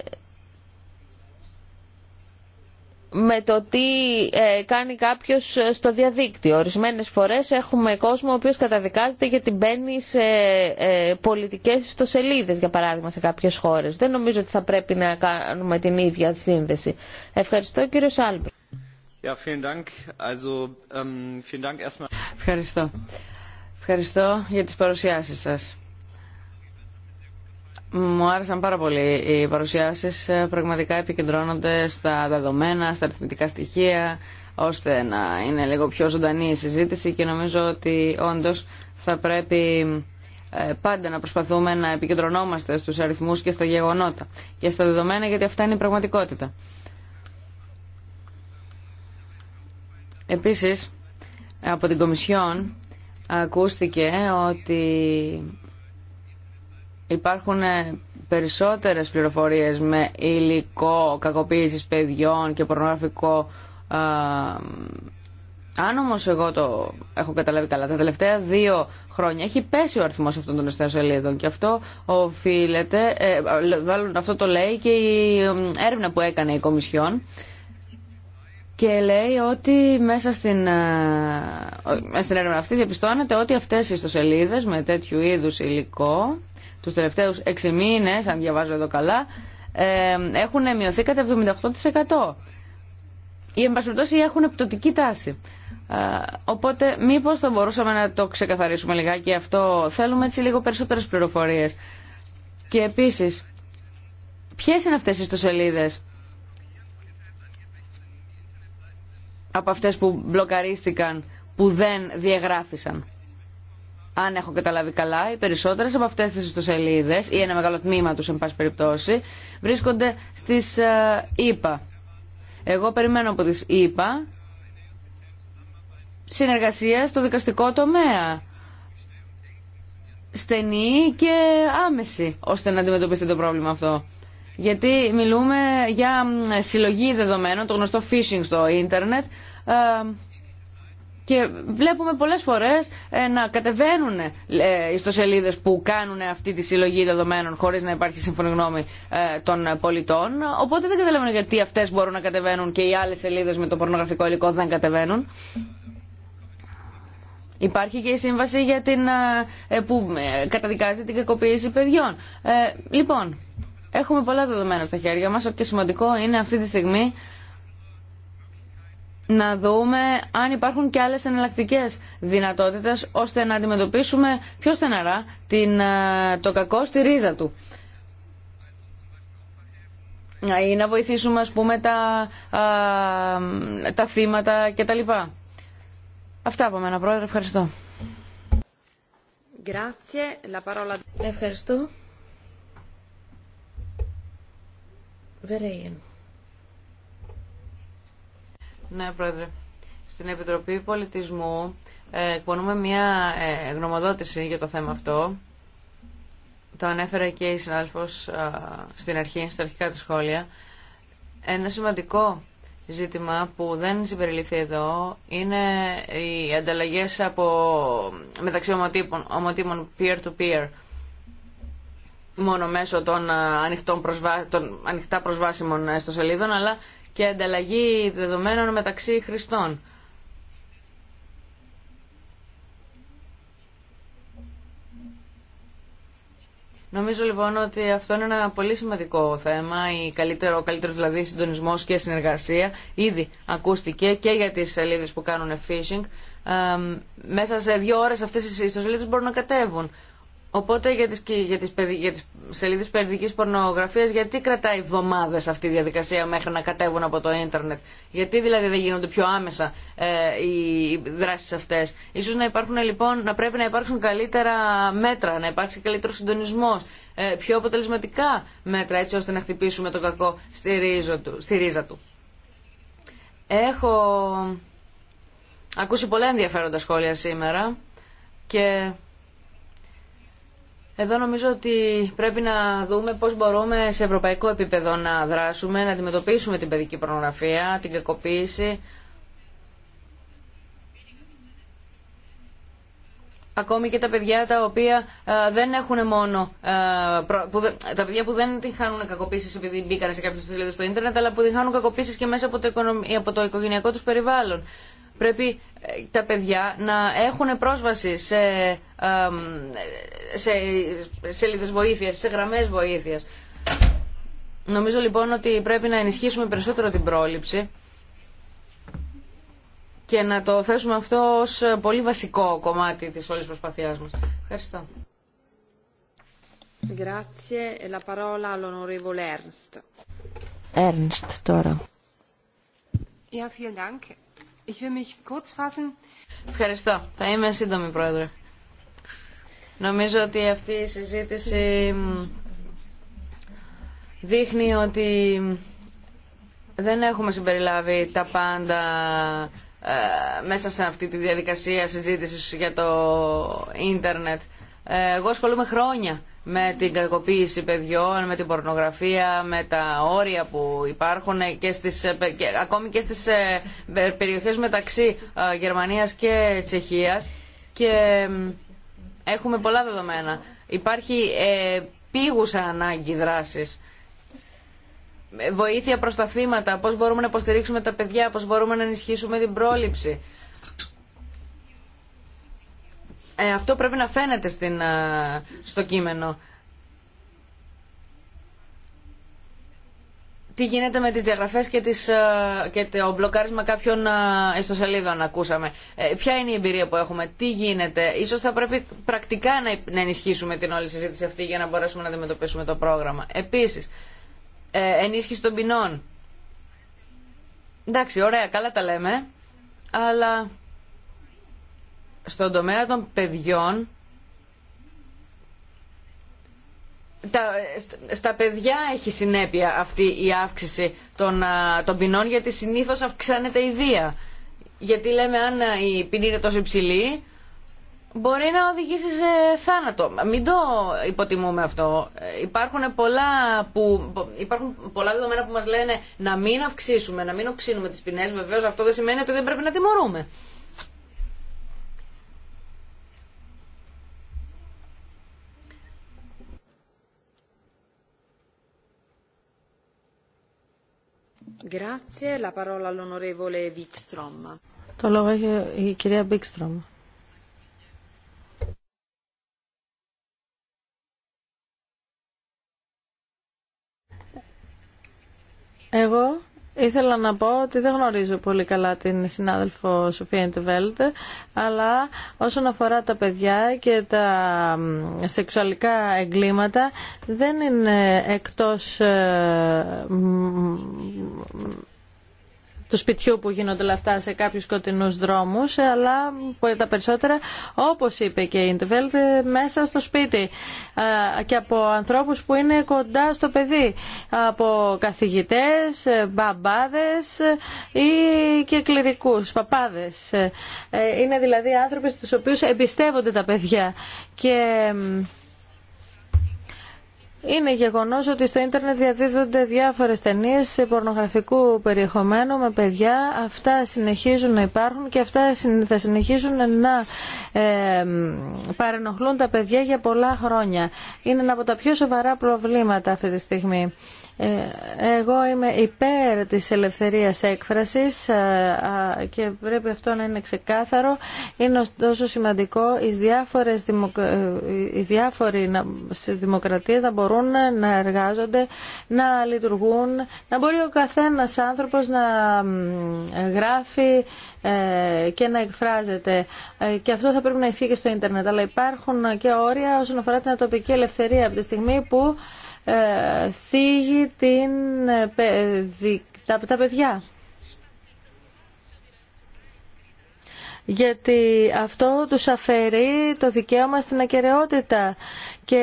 με το τι ε, κάνει κάποιος στο διαδίκτυο. Ορισμένες φορές έχουμε κόσμο ο οποίος καταδικάζεται γιατί μπαίνει σε ε, πολιτικές ιστοσελίδες, για παράδειγμα, σε κάποιες χώρες. Δεν νομίζω ότι θα πρέπει να κάνουμε την ίδια σύνδεση. Ευχαριστώ, κύριο Σάλμπρ. Ähm, Ευχαριστώ. Ευχαριστώ για τις παρουσιάσεις σας. Μου άρεσαν πάρα πολύ οι παρουσιάσεις. Ε, πραγματικά επικεντρώνονται στα δεδομένα, στα αριθμητικά στοιχεία, ώστε να είναι λίγο πιο ζωντανή η συζήτηση και νομίζω ότι όντως θα πρέπει ε, πάντα να προσπαθούμε να επικεντρωνόμαστε στους αριθμούς και στα γεγονότα και στα δεδομένα γιατί αυτά είναι η πραγματικότητα. Επίσης, από την Κομισιόν ακούστηκε ότι υπάρχουν ε, περισσότερες πληροφορίες με υλικό κακοποίησης παιδιών και πορνογραφικό αν όμως εγώ το έχω καταλάβει καλά, τα τελευταία δύο χρόνια έχει πέσει ο αριθμός αυτών των ιστοσελίδων και αυτό οφείλεται, ε, αυτό το λέει και η έρευνα που έκανε η Κομισιόν και λέει ότι μέσα στην, ε, στην έρευνα αυτή διαπιστώνεται ότι αυτές οι ιστοσελίδες με τέτοιου είδους υλικό τους τελευταίους 6 μήνες, αν διαβάζω εδώ καλά, ε, έχουν μειωθεί κατά 78%. Οι εμπασπιπτώσει έχουν πτωτική τάση. Ε, οπότε μήπως θα μπορούσαμε να το ξεκαθαρίσουμε λιγάκι αυτό. Θέλουμε έτσι λίγο περισσότερες πληροφορίες. Και επίσης, ποιες είναι αυτές οι ιστοσελίδες από αυτές που μπλοκαρίστηκαν, που δεν διαγράφησαν αν έχω καταλάβει καλά, οι περισσότερε από αυτέ τι ιστοσελίδε ή ένα μεγάλο τμήμα του εν πάση περιπτώσει, βρίσκονται στι ΙΠΑ. Ε, Εγώ περιμένω από τι ΙΠΑ συνεργασία στο δικαστικό τομέα. Στενή και άμεση, ώστε να αντιμετωπίσετε το πρόβλημα αυτό. Γιατί μιλούμε για συλλογή δεδομένων, το γνωστό phishing στο ίντερνετ, ε, και βλέπουμε πολλές φορές ε, να κατεβαίνουν ε, ιστοσελίδες που κάνουν αυτή τη συλλογή δεδομένων χωρίς να υπάρχει σύμφωνη γνώμη ε, των πολιτών. Οπότε δεν καταλαβαίνω γιατί αυτές μπορούν να κατεβαίνουν και οι άλλες σελίδες με το πορνογραφικό υλικό δεν κατεβαίνουν. Υπάρχει και η σύμβαση για ε, που καταδικάζει την κακοποίηση παιδιών. λοιπόν, έχουμε πολλά δεδομένα στα χέρια μας. και σημαντικό είναι αυτή τη στιγμή να δούμε αν υπάρχουν και άλλες εναλλακτικέ δυνατότητες ώστε να αντιμετωπίσουμε πιο στεναρά την, ε, το κακό στη ρίζα του. Ή να βοηθήσουμε ας πούμε τα, α, τα θύματα κτλ. Αυτά από μένα πρόεδρε. Ευχαριστώ. Ευχαριστώ. Βερέιεν. Ναι, Πρόεδρε. Στην Επιτροπή Πολιτισμού ε, εκπονούμε μια ε, γνωμοδότηση για το θέμα αυτό. Το ανέφερε και η συνάδελφος στην αρχή, στα αρχικά του σχόλια. Ένα σημαντικό ζήτημα που δεν συμπεριληφθεί εδώ είναι οι ανταλλαγές από, μεταξύ ομοτήμων peer-to-peer μόνο μέσω των, ανοιχτών προσβα... των ανοιχτά προσβάσιμων ε, στο σελίδων, αλλά και ανταλλαγή δεδομένων μεταξύ χρηστών. Νομίζω λοιπόν ότι αυτό είναι ένα πολύ σημαντικό θέμα, η καλύτερο, ο καλύτερος δηλαδή συντονισμός και συνεργασία. Ήδη ακούστηκε και για τις σελίδες που κάνουν phishing. μέσα σε δύο ώρες αυτές οι ιστοσελίδες μπορούν να κατέβουν. Οπότε για τις, για τις, για τις σελίδες πορνογραφίας γιατί κρατάει εβδομάδες αυτή η διαδικασία μέχρι να κατέβουν από το ίντερνετ. Γιατί δηλαδή δεν γίνονται πιο άμεσα ε, οι δράσεις αυτές. Ίσως να, υπάρχουν, λοιπόν, να πρέπει να υπάρξουν καλύτερα μέτρα, να υπάρξει καλύτερο συντονισμός, ε, πιο αποτελεσματικά μέτρα έτσι ώστε να χτυπήσουμε το κακό στη, στη ρίζα του. Έχω ακούσει πολλά ενδιαφέροντα σχόλια σήμερα και εδώ νομίζω ότι πρέπει να δούμε πώς μπορούμε σε ευρωπαϊκό επίπεδο να δράσουμε, να αντιμετωπίσουμε την παιδική προνογραφία, την κακοποίηση. Ακόμη και τα παιδιά τα οποία ε, δεν έχουν μόνο. Ε, τα παιδιά που δεν την χάνουν κακοποίηση επειδή μπήκαν σε κάποιε σελίδε στο ίντερνετ, αλλά που την χάνουν κακοποίηση και μέσα από το, οικογενειακό του περιβάλλον. Πρέπει ε, τα παιδιά να έχουν πρόσβαση σε, σε σελίδες βοήθειας, σε γραμμές βοήθειας. Νομίζω λοιπόν ότι πρέπει να ενισχύσουμε περισσότερο την πρόληψη και να το θέσουμε αυτό ως πολύ βασικό κομμάτι της όλης προσπαθειάς μας. Ευχαριστώ. Grazie. E la parola all'onorevole τώρα. Ja, Ευχαριστώ. Θα είμαι σύντομη, Πρόεδρε. Νομίζω ότι αυτή η συζήτηση δείχνει ότι δεν έχουμε συμπεριλάβει τα πάντα ε, μέσα σε αυτή τη διαδικασία συζήτησης για το ίντερνετ. Εγώ ασχολούμαι χρόνια με την κακοποίηση παιδιών, με την πορνογραφία, με τα όρια που υπάρχουν και, στις, και ακόμη και στις ε, περιοχές μεταξύ ε, Γερμανίας και Τσεχίας και έχουμε πολλά δεδομένα. Υπάρχει ε, πήγουσα ανάγκη δράσης. Ε, βοήθεια προς τα θύματα, πώς μπορούμε να υποστηρίξουμε τα παιδιά, πώς μπορούμε να ενισχύσουμε την πρόληψη ε, αυτό πρέπει να φαίνεται στην, ε, στο κείμενο. Τι γίνεται με τις διαγραφές και, τις, ε, και το μπλοκάρισμα κάποιων ε, ιστοσελίδων ακούσαμε. ποια είναι η εμπειρία που έχουμε, τι γίνεται. Ίσως θα πρέπει πρακτικά να, ενισχύσουμε την όλη συζήτηση αυτή για να μπορέσουμε να αντιμετωπίσουμε το πρόγραμμα. Επίσης, ε, ενίσχυση των ποινών. Εντάξει, ωραία, καλά τα λέμε, αλλά στον τομέα των παιδιών τα, στα παιδιά έχει συνέπεια αυτή η αύξηση των, των ποινών γιατί συνήθως αυξάνεται η βία. Γιατί λέμε αν η ποινή είναι τόσο υψηλή μπορεί να οδηγήσει σε θάνατο. Μην το υποτιμούμε αυτό. Υπάρχουν πολλά, που, υπάρχουν πολλά δεδομένα που μας λένε να μην αυξήσουμε, να μην οξύνουμε τις ποινές. Βεβαίως αυτό δεν σημαίνει ότι δεν πρέπει να τιμωρούμε. Το λόγο έχει η κυρία Βίξτρομ. Εγώ Ήθελα να πω ότι δεν γνωρίζω πολύ καλά την συνάδελφο Σοφία Ιντεβέλτ, αλλά όσον αφορά τα παιδιά και τα σεξουαλικά εγκλήματα, δεν είναι εκτός ε, του σπιτιού που γίνονται όλα αυτά σε κάποιους σκοτεινού δρόμους, αλλά τα περισσότερα, όπως είπε και η Ιντεβέλτ, μέσα στο σπίτι ε, και από ανθρώπους που είναι κοντά στο παιδί, από καθηγητές, ε, μπαμπάδε ε, ή και κληρικούς, παπάδε. Είναι δηλαδή άνθρωποι στους οποίους εμπιστεύονται τα παιδιά και είναι γεγονός ότι στο ίντερνετ διαδίδονται διάφορες ταινίες σε πορνογραφικού περιεχομένου με παιδιά. Αυτά συνεχίζουν να υπάρχουν και αυτά θα συνεχίζουν να ε, παρενοχλούν τα παιδιά για πολλά χρόνια. Είναι ένα από τα πιο σοβαρά προβλήματα αυτή τη στιγμή. Ε, εγώ είμαι υπέρ της ελευθερίας έκφρασης ε, και πρέπει αυτό να είναι ξεκάθαρο. Είναι τόσο σημαντικό οι, διάφορες ε, διάφοροι δημοκρατίες να μπορούν να εργάζονται, να λειτουργούν, να μπορεί ο καθένας άνθρωπος να γράφει και να εκφράζεται. Και αυτό θα πρέπει να ισχύει και στο ίντερνετ. Αλλά υπάρχουν και όρια όσον αφορά την ατοπική ελευθερία από τη στιγμή που ε, θίγει την, ε, τα παιδιά. γιατί αυτό τους αφαιρεί το δικαίωμα στην ακαιρεότητα και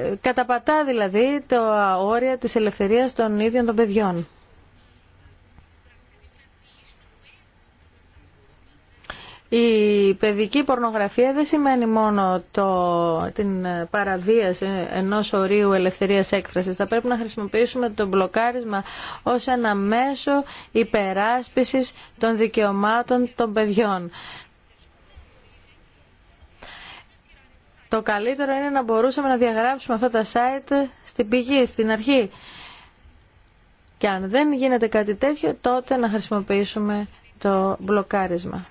ε, καταπατά δηλαδή τα όρια της ελευθερίας των ίδιων των παιδιών. Η παιδική πορνογραφία δεν σημαίνει μόνο το, την παραβίαση ενός ορίου ελευθερίας έκφρασης. Θα πρέπει να χρησιμοποιήσουμε το μπλοκάρισμα ως ένα μέσο υπεράσπισης των δικαιωμάτων των παιδιών. Το καλύτερο είναι να μπορούσαμε να διαγράψουμε αυτά τα site στην πηγή, στην αρχή. Και αν δεν γίνεται κάτι τέτοιο, τότε να χρησιμοποιήσουμε το μπλοκάρισμα.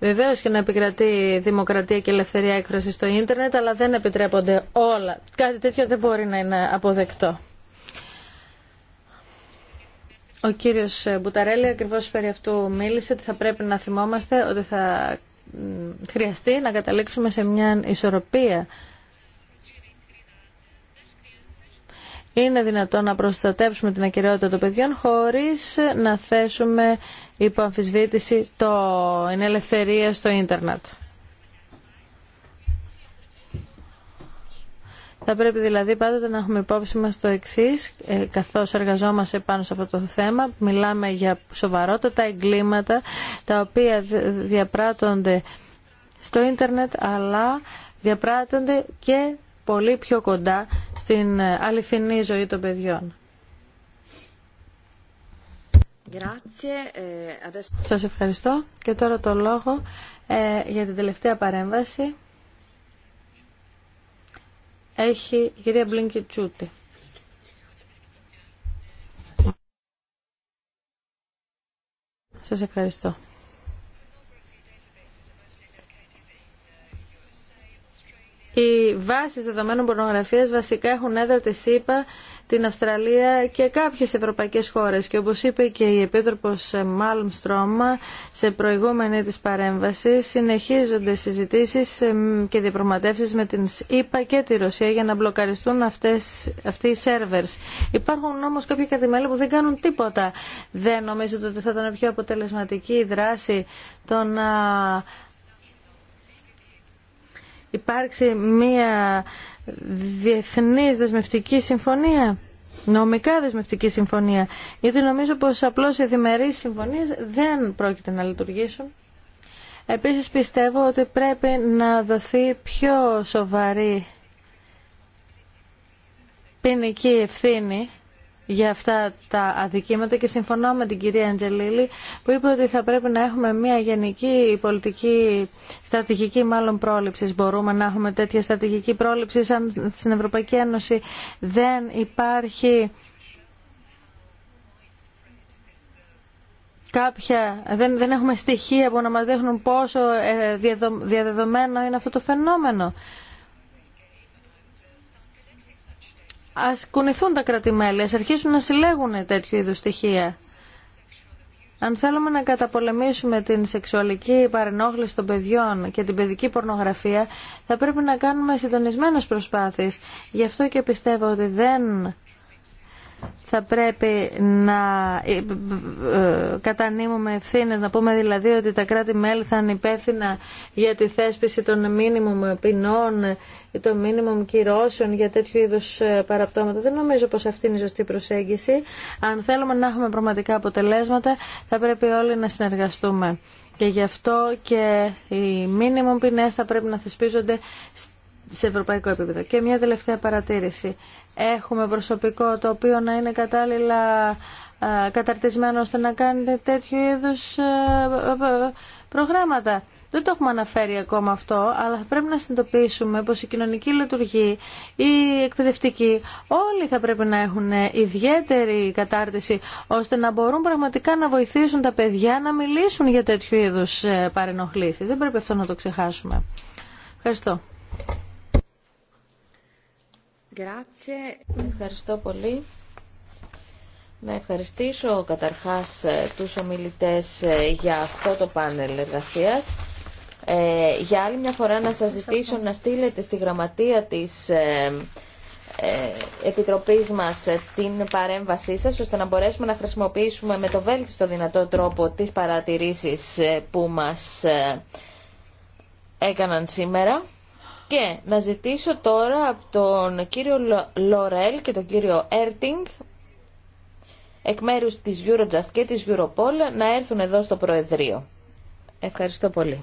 Βεβαίω και να επικρατεί δημοκρατία και ελευθερία έκφραση στο ίντερνετ, αλλά δεν επιτρέπονται όλα. Κάτι τέτοιο δεν μπορεί να είναι αποδεκτό. Ο κύριος Μπουταρέλη ακριβώς περί αυτού μίλησε ότι θα πρέπει να θυμόμαστε ότι θα χρειαστεί να καταλήξουμε σε μια ισορροπία. Είναι δυνατόν να προστατεύσουμε την ακυρεότητα των παιδιών χωρίς να θέσουμε υπό αμφισβήτηση την ελευθερία στο ίντερνετ. Θα πρέπει δηλαδή πάντοτε να έχουμε υπόψη μας το εξή, ε, καθώς εργαζόμαστε πάνω σε αυτό το θέμα. Μιλάμε για σοβαρότατα εγκλήματα, τα οποία διαπράττονται στο ίντερνετ, αλλά διαπράττονται και πολύ πιο κοντά στην ε, αληθινή ζωή των παιδιών. Eh, Σας ευχαριστώ και τώρα το λόγο ε, για την τελευταία παρέμβαση έχει η κυρία Μπλίνκη Τσούτη. Σας ευχαριστώ. Οι βάσει δεδομένων πορνογραφία βασικά έχουν έδρα τη ΣΥΠΑ, την Αυστραλία και κάποιε ευρωπαϊκέ χώρε. Και όπω είπε και η επίτροπο Μάλμστρομ σε προηγούμενη τη παρέμβαση, συνεχίζονται συζητήσει και διαπραγματεύσει με την ΣΥΠΑ και τη Ρωσία για να μπλοκαριστούν αυτές, αυτοί οι σερβερ. Υπάρχουν όμω κάποια κατημέλη που δεν κάνουν τίποτα. Δεν νομίζετε ότι θα ήταν πιο αποτελεσματική η δράση το να υπάρξει μία διεθνής δεσμευτική συμφωνία νομικά δεσμευτική συμφωνία γιατί νομίζω πως απλώς οι διμερείς συμφωνίες δεν πρόκειται να λειτουργήσουν Επίσης πιστεύω ότι πρέπει να δοθεί πιο σοβαρή ποινική ευθύνη για αυτά τα αδικήματα και συμφωνώ με την κυρία Αντζελίλη που είπε ότι θα πρέπει να έχουμε μια γενική πολιτική στρατηγική μάλλον πρόληψη. Μπορούμε να έχουμε τέτοια στρατηγική πρόληψη αν στην Ευρωπαϊκή Ένωση δεν υπάρχει κάποια, δεν, δεν έχουμε στοιχεία που να μας δείχνουν πόσο ε, διαδεδομένο είναι αυτό το φαινόμενο. ας κουνηθούν τα κρατημέλη, ας αρχίσουν να συλλέγουν τέτοιου είδου στοιχεία. Αν θέλουμε να καταπολεμήσουμε την σεξουαλική παρενόχληση των παιδιών και την παιδική πορνογραφία, θα πρέπει να κάνουμε συντονισμένες προσπάθειες. Γι' αυτό και πιστεύω ότι δεν θα πρέπει να ε, ε, ε, κατανείμουμε ευθύνε, να πούμε δηλαδή ότι τα κράτη-μέλη θα είναι υπεύθυνα για τη θέσπιση των μήνυμων ποινών ή των μήνυμων κυρώσεων για τέτοιου είδου παραπτώματα. Δεν νομίζω πω αυτή είναι η ζωστή προσέγγιση. Αν θέλουμε να έχουμε πραγματικά αποτελέσματα, θα πρέπει όλοι να συνεργαστούμε. Και γι' αυτό και οι μήνυμων ποινέ θα πρέπει να θεσπίζονται σε ευρωπαϊκό επίπεδο. Και μια τελευταία παρατήρηση. Έχουμε προσωπικό το οποίο να είναι κατάλληλα καταρτισμένο ώστε να κάνετε τέτοιου είδους προγράμματα. Δεν το έχουμε αναφέρει ακόμα αυτό, αλλά πρέπει να συνειδητοποιήσουμε πως η κοινωνική λειτουργή, η εκπαιδευτική, όλοι θα πρέπει να έχουν ιδιαίτερη κατάρτιση, ώστε να μπορούν πραγματικά να βοηθήσουν τα παιδιά να μιλήσουν για τέτοιου είδους ε, παρενοχλήσεις. Δεν πρέπει αυτό να το ξεχάσουμε. Ευχαριστώ. Ευχαριστώ πολύ. Να ευχαριστήσω καταρχάς ε, τους ομιλητές ε, για αυτό το πάνελ εργασίας. Ε, για άλλη μια φορά να σας ζητήσω να στείλετε στη γραμματεία της ε, ε, Επιτροπής μας την παρέμβασή σας, ώστε να μπορέσουμε να χρησιμοποιήσουμε με το βέλτιστο δυνατό τρόπο τις παρατηρήσεις που μας έκαναν σήμερα. Και να ζητήσω τώρα από τον κύριο Λορέλ και τον κύριο Έρτινγκ εκ μέρους της Eurojust και της Europol να έρθουν εδώ στο Προεδρείο. Ευχαριστώ πολύ.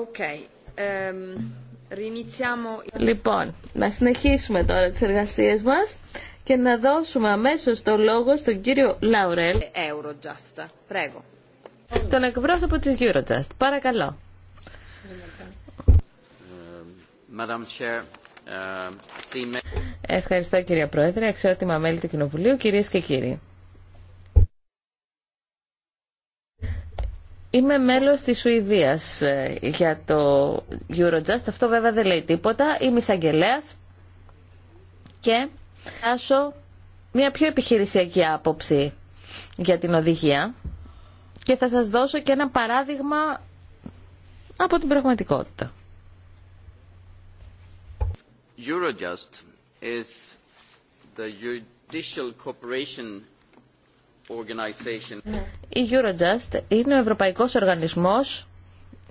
Okay. Ehm, λοιπόν, να συνεχίσουμε τώρα τις εργασίες μας και να δώσουμε αμέσως το λόγο στον κύριο Λαουρέλ ε, Eurojust. Πρέγω. Τον εκπρόσωπο της Eurojust. Παρακαλώ. Ε, Ευχαριστώ κύριε Πρόεδρε, αξιότιμα μέλη του Κοινοβουλίου, κυρίες και κύριοι. Είμαι μέλος της Σουηδίας ε, για το Eurojust. Αυτό βέβαια δεν λέει τίποτα. Είμαι εισαγγελέα και άσω μια πιο επιχειρησιακή άποψη για την οδηγία και θα σας δώσω και ένα παράδειγμα από την πραγματικότητα. Eurojust is the judicial cooperation η Eurojust είναι ο ευρωπαϊκός οργανισμός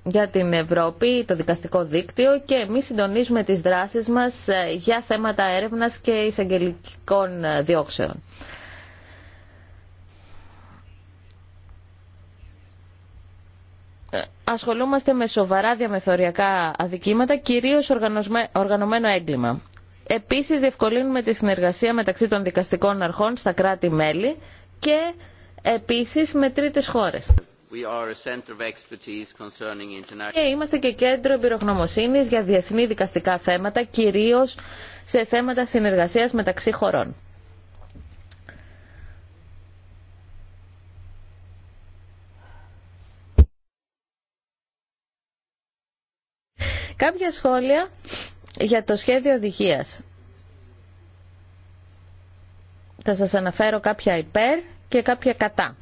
για την Ευρώπη, το δικαστικό δίκτυο και εμείς συντονίζουμε τις δράσεις μας ε, για θέματα έρευνας και εισαγγελικών ε, διώξεων. Ε, ασχολούμαστε με σοβαρά διαμεθοριακά αδικήματα, κυρίως οργανωμένο έγκλημα. Επίσης, διευκολύνουμε τη συνεργασία μεταξύ των δικαστικών αρχών στα κράτη-μέλη και επίσης με τρίτες χώρες. Και είμαστε και κέντρο εμπειρογνωμοσύνης για διεθνή δικαστικά θέματα, κυρίως σε θέματα συνεργασίας μεταξύ χωρών. Κάποια σχόλια για το σχέδιο οδηγίας. Θα σας αναφέρω κάποια υπέρ και κάποια κατά.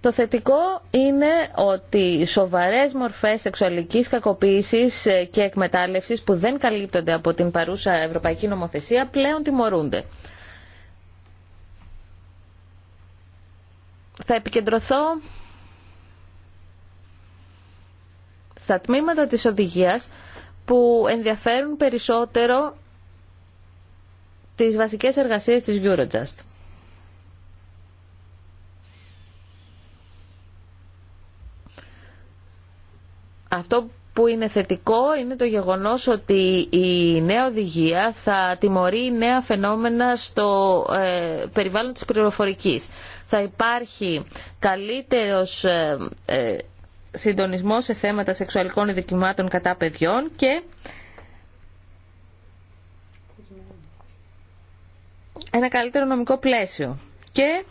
Το θετικό είναι ότι σοβαρές μορφές σεξουαλικής κακοποίησης και εκμετάλλευσης που δεν καλύπτονται από την παρούσα ευρωπαϊκή νομοθεσία πλέον τιμωρούνται. Θα επικεντρωθώ στα τμήματα της οδηγίας που ενδιαφέρουν περισσότερο τις βασικές εργασίες της Eurojust. Αυτό που είναι θετικό είναι το γεγονός ότι η νέα οδηγία θα τιμωρεί νέα φαινόμενα στο ε, περιβάλλον της πληροφορικής. Θα υπάρχει καλύτερος ε, ε συντονισμός σε θέματα σεξουαλικών ειδικημάτων κατά παιδιών και ένα καλύτερο νομικό πλαίσιο. Και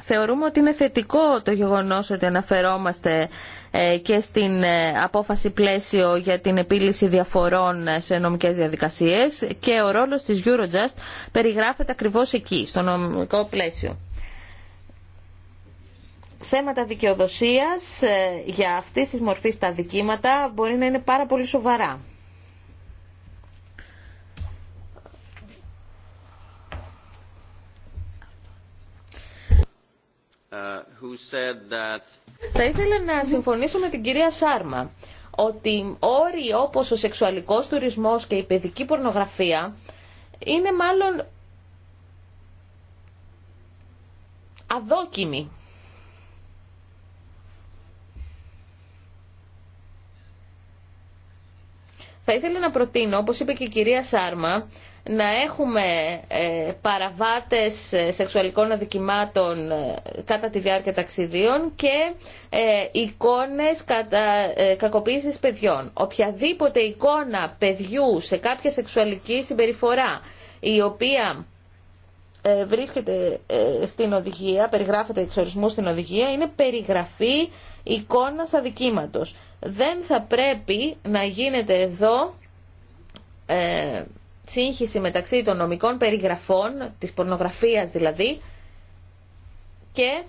θεωρούμε ότι είναι θετικό το γεγονός ότι αναφερόμαστε ε, και στην ε, απόφαση πλαίσιο για την επίλυση διαφορών ε, σε νομικές διαδικασίες και ο ρόλος της Eurojust περιγράφεται ακριβώς εκεί, στο νομικό πλαίσιο. Θέματα δικαιοδοσίας για αυτή τη μορφή τα δικήματα μπορεί να είναι πάρα πολύ σοβαρά. Uh, Θα ήθελα να συμφωνήσω με την κυρία Σάρμα ότι όροι όπως ο σεξουαλικός τουρισμός και η παιδική πορνογραφία είναι μάλλον αδόκιμοι. Θα ήθελα να προτείνω, όπως είπε και η κυρία Σάρμα, να έχουμε ε, παραβάτες ε, σεξουαλικών αδικημάτων ε, κατά τη διάρκεια ταξιδίων και εικόνες κατά κακοποίησης παιδιών. Οποιαδήποτε εικόνα παιδιού σε κάποια σεξουαλική συμπεριφορά η οποία βρίσκεται στην οδηγία, περιγράφεται εξορισμού στην οδηγία, είναι περιγραφή εικόνας αδικήματος. Δεν θα πρέπει να γίνεται εδώ σύγχυση μεταξύ των νομικών περιγραφών, της πορνογραφίας δηλαδή, και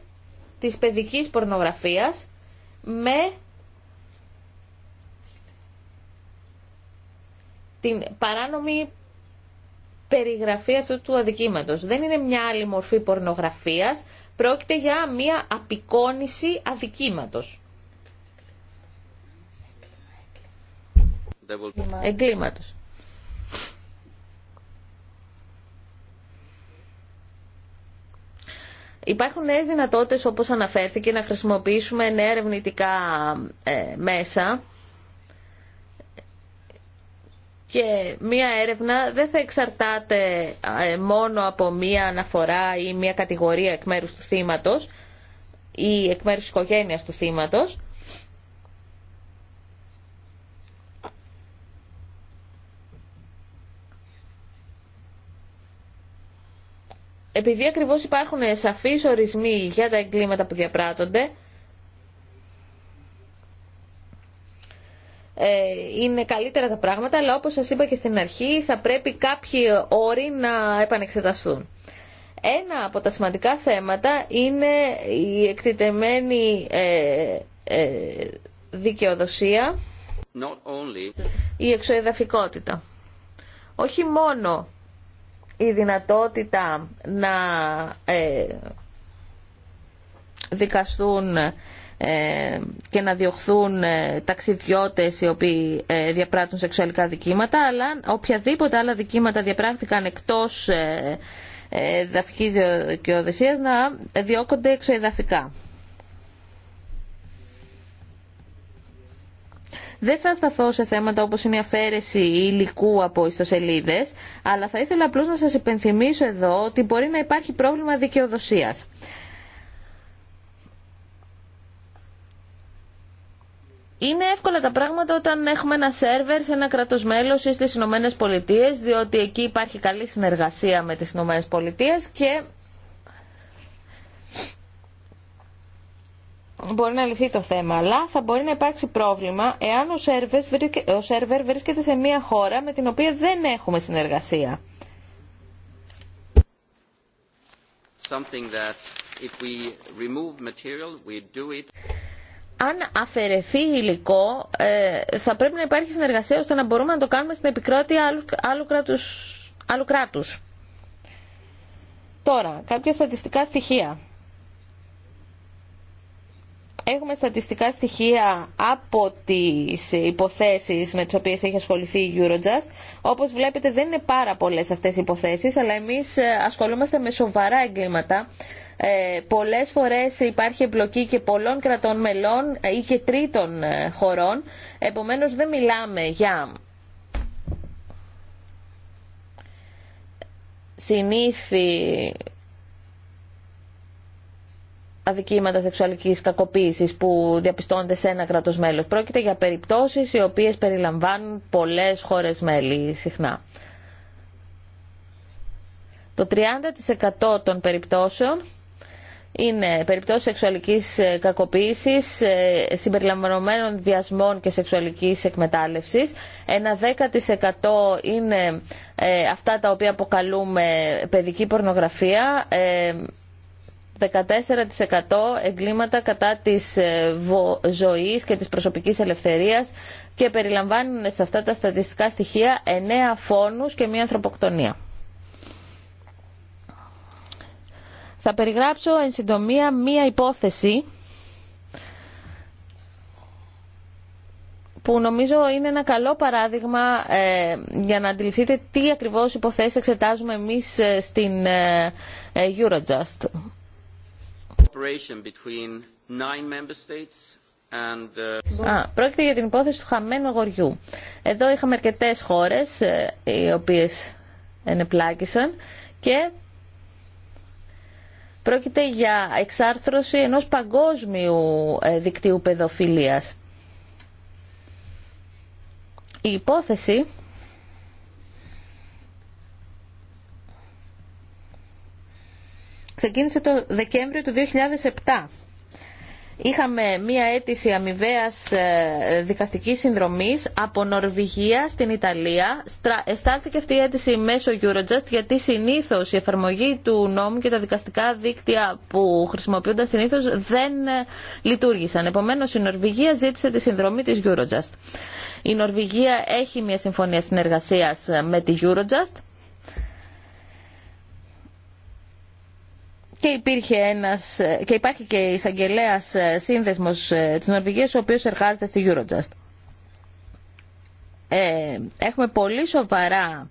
της παιδικής πορνογραφίας με την παράνομη περιγραφή αυτού του αδικήματος. Δεν είναι μια άλλη μορφή πορνογραφίας, πρόκειται για μια απεικόνηση αδικήματος. Εγκλήματος. Υπάρχουν νέες δυνατότητες όπως αναφέρθηκε να χρησιμοποιήσουμε νέα ερευνητικά ε, μέσα και μία έρευνα δεν θα εξαρτάται ε, μόνο από μία αναφορά ή μία κατηγορία εκ μέρους του θύματος ή εκ μέρους της οικογένειας του θύματος επειδή ακριβώ υπάρχουν σαφείς ορισμοί για τα εγκλήματα που διαπράττονται, ε, είναι καλύτερα τα πράγματα, αλλά όπως σα είπα και στην αρχή, θα πρέπει κάποιοι όροι να επανεξεταστούν. Ένα από τα σημαντικά θέματα είναι η εκτιτεμένη ε, ε, δικαιοδοσία, η εξοεδαφικότητα. Όχι μόνο η δυνατότητα να ε, δικαστούν ε, και να διωχθούν ε, ταξιδιώτες οι οποίοι ε, διαπράττουν σεξουαλικά δικήματα, αλλά οποιαδήποτε άλλα δικήματα διαπράχθηκαν εκτός ε, εδαφικής και οδησίας να διώκονται εξοεδαφικά. Δεν θα σταθώ σε θέματα όπως είναι η αφαίρεση υλικού από ιστοσελίδες, αλλά θα ήθελα απλώς να σας υπενθυμίσω εδώ ότι μπορεί να υπάρχει πρόβλημα δικαιοδοσίας. Είναι εύκολα τα πράγματα όταν έχουμε ένα σερβερ σε ένα κράτο ή στι Ηνωμένε Πολιτείε, διότι εκεί υπάρχει καλή συνεργασία με τι Ηνωμένε Πολιτείε και μπορεί να λυθεί το θέμα, αλλά θα μπορεί να υπάρξει πρόβλημα εάν ο σερβερ βρίσκεται σε μια χώρα με την οποία δεν έχουμε συνεργασία. Αν αφαιρεθεί υλικό, ε, θα πρέπει να υπάρχει συνεργασία ώστε να μπορούμε να το κάνουμε στην επικράτεια άλλου, άλλου, Τώρα, κάποια στατιστικά στοιχεία. Έχουμε στατιστικά στοιχεία από τις υποθέσεις με τις οποίες έχει ασχοληθεί η Eurojust. Όπως βλέπετε δεν είναι πάρα πολλές αυτές οι υποθέσεις, αλλά εμείς ε, ασχολούμαστε με σοβαρά εγκλήματα. Ε, πολλές φορές υπάρχει εμπλοκή και πολλών κρατών μελών ε, ή και τρίτων ε, χωρών. Επομένως δεν μιλάμε για συνήθι αδικήματα σεξουαλική κακοποίησης που διαπιστώνονται σε ένα κράτο μέλος. Πρόκειται για περιπτώσεις οι οποίες περιλαμβάνουν πολλές χώρες μέλη συχνά. Το 30% των περιπτώσεων είναι περιπτώσεις σεξουαλικής ε, κακοποίησης, ε, συμπεριλαμβανομένων διασμών και σεξουαλικής εκμετάλλευσης. Ένα 10% είναι ε, αυτά τα οποία αποκαλούμε παιδική πορνογραφία, 14% εγκλήματα κατά της ε, ζωής και της προσωπικής ελευθερίας και περιλαμβάνουν σε αυτά τα στατιστικά στοιχεία 9 φόνους και μία ανθρωποκτονία. Θα περιγράψω εν συντομία μία υπόθεση που νομίζω είναι ένα καλό παράδειγμα ε, για να αντιληφθείτε τι ακριβώς υποθέσεις εξετάζουμε εμείς ε, στην Eurojust πρόκειται για την υπόθεση του χαμένου αγοριού. Εδώ είχαμε αρκετέ χώρες ε, οι οποίε ενεπλάκησαν και πρόκειται για εξάρθρωση ενός παγκόσμιου ε, δικτύου παιδοφιλίας. Η υπόθεση ξεκίνησε το Δεκέμβριο του 2007. Είχαμε μία αίτηση αμοιβαία ε, δικαστικής συνδρομής από Νορβηγία στην Ιταλία. Εστάλθηκε αυτή η αίτηση μέσω Eurojust γιατί συνήθως η εφαρμογή του νόμου και τα δικαστικά δίκτυα που χρησιμοποιούνταν συνήθως δεν ε, λειτουργήσαν. Επομένως η Νορβηγία ζήτησε τη συνδρομή της Eurojust. Η Νορβηγία έχει μία συμφωνία συνεργασίας ε, με τη Eurojust και, ένας, και υπάρχει και εισαγγελέα ε, σύνδεσμο ε, της Νορβηγία, ο οποίος εργάζεται στη Eurojust. Ε, έχουμε πολύ σοβαρά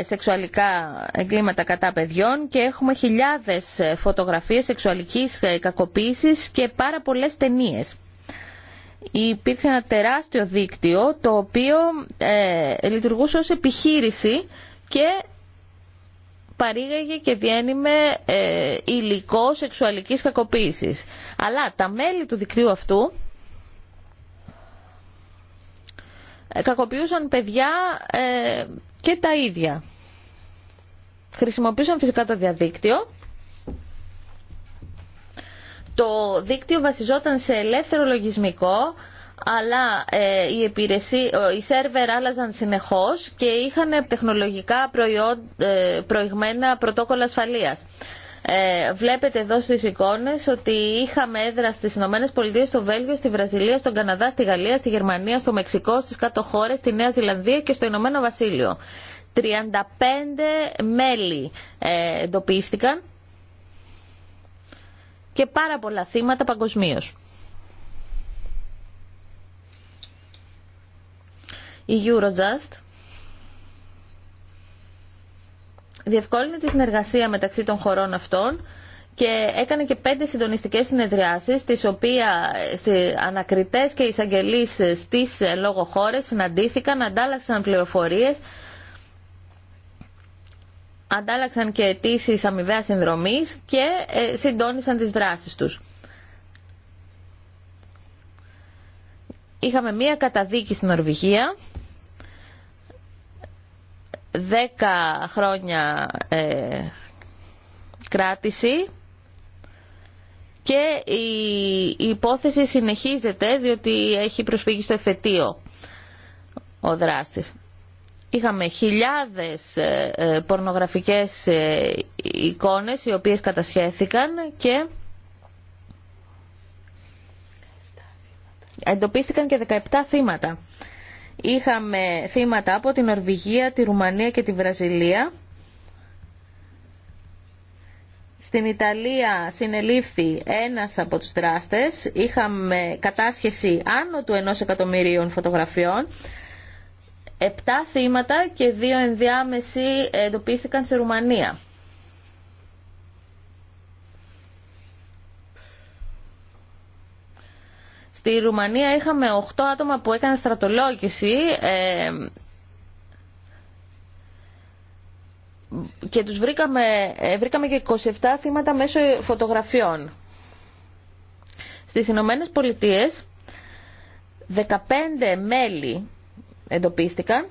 σεξουαλικά εγκλήματα κατά παιδιών και έχουμε χιλιάδες φωτογραφίες σεξουαλικής κακοποίησης και πάρα πολλές ταινίες. Υπήρξε ένα τεράστιο δίκτυο το οποίο λειτουργούσε ως επιχείρηση και παρήγαγε και διένυμε ε, υλικό σεξουαλικής κακοποίησης. Αλλά τα μέλη του δικτύου αυτού ε, κακοποιούσαν παιδιά ε, και τα ίδια. Χρησιμοποίησαν φυσικά το διαδίκτυο. Το δίκτυο βασιζόταν σε ελεύθερο λογισμικό αλλά ε, οι, υπηρεσί, οι σερβερ άλλαζαν συνεχώς και είχαν τεχνολογικά ε, προηγμένα πρωτόκολλα ασφαλείας. Ε, βλέπετε εδώ στις εικόνες ότι είχαμε έδρα στις Ηνωμένες Πολιτείες, στο Βέλγιο, στη Βραζιλία, στον Καναδά, στη Γαλλία, στη Γερμανία, στο Μεξικό, στις κάτω χώρες, στη Νέα Ζηλανδία και στο Ηνωμένο Βασίλειο. 35 μέλη ε, εντοπίστηκαν και πάρα πολλά θύματα παγκοσμίως. η Eurojust διευκόλυνε τη συνεργασία μεταξύ των χωρών αυτών και έκανε και πέντε συντονιστικές συνεδριάσεις, τις οποία στις ανακριτές και εισαγγελείς στις ε, λόγω χώρες συναντήθηκαν, αντάλλαξαν πληροφορίες, αντάλλαξαν και αιτήσει αμοιβαία συνδρομής και ε, συντόνισαν τις δράσεις τους. Είχαμε μία καταδίκη στην Νορβηγία, 10 χρόνια ε, κράτηση και η υπόθεση συνεχίζεται διότι έχει προσφύγει στο εφετείο ο δράστης. Είχαμε χιλιάδες ε, ε, πορνογραφικές εικόνες οι οποίες κατασχέθηκαν και εντοπίστηκαν και 17 θύματα. Είχαμε θύματα από την Ορβηγία, τη Ρουμανία και τη Βραζιλία. Στην Ιταλία συνελήφθη ένας από τους δράστες. Είχαμε κατάσχεση άνω του ενός εκατομμυρίων φωτογραφιών. Επτά θύματα και δύο ενδιάμεση εντοπίστηκαν στη Ρουμανία. Στη Ρουμανία είχαμε 8 άτομα που έκαναν στρατολόγηση ε, και τους βρήκαμε, ε, βρήκαμε και 27 θύματα μέσω φωτογραφιών. Στις Ηνωμένε Πολιτείες 15 μέλη εντοπίστηκαν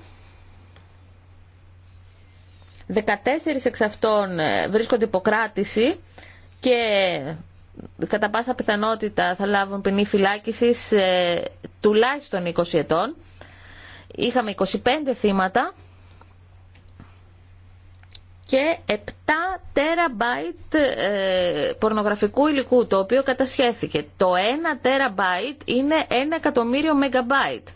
14 εξ αυτών ε, βρίσκονται υποκράτηση και κατά πάσα πιθανότητα θα λάβουν ποινή φυλάκισης ε, τουλάχιστον 20 ετών. Είχαμε 25 θύματα και 7 τεραμπάιτ ε, πορνογραφικού υλικού το οποίο κατασχέθηκε. Το 1 τεραμπάιτ είναι 1 εκατομμύριο μεγαμπάιτ.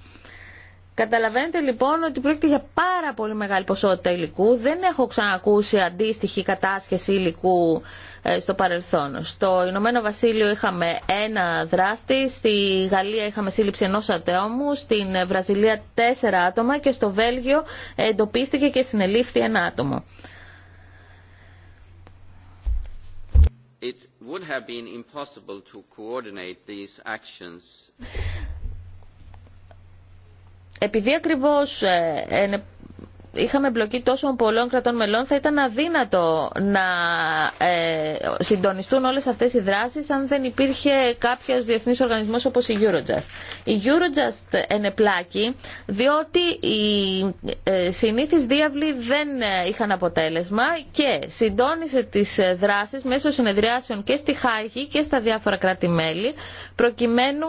Καταλαβαίνετε λοιπόν ότι πρόκειται για πάρα πολύ μεγάλη ποσότητα υλικού. Δεν έχω ξανακούσει αντίστοιχη κατάσχεση υλικού ε, στο παρελθόν. Στο Ηνωμένο Βασίλειο είχαμε ένα δράστη, στη Γαλλία είχαμε σύλληψη ενό ατόμου, στην Βραζιλία τέσσερα άτομα και στο Βέλγιο εντοπίστηκε και συνελήφθη ένα άτομο. would have been impossible to coordinate these actions επειδή ακριβώς ε, είχαμε εμπλοκή τόσων πολλών κρατών μελών, θα ήταν αδύνατο να ε, συντονιστούν όλες αυτές οι δράσεις αν δεν υπήρχε κάποιος διεθνής οργανισμός όπως η Eurojust. Η Eurojust είναι πλάκη διότι οι ε, συνήθεις διάβλοι δεν ε, είχαν αποτέλεσμα και συντόνισε τις δράσεις μέσω συνεδριάσεων και στη Χάγη και στα διάφορα κράτη-μέλη προκειμένου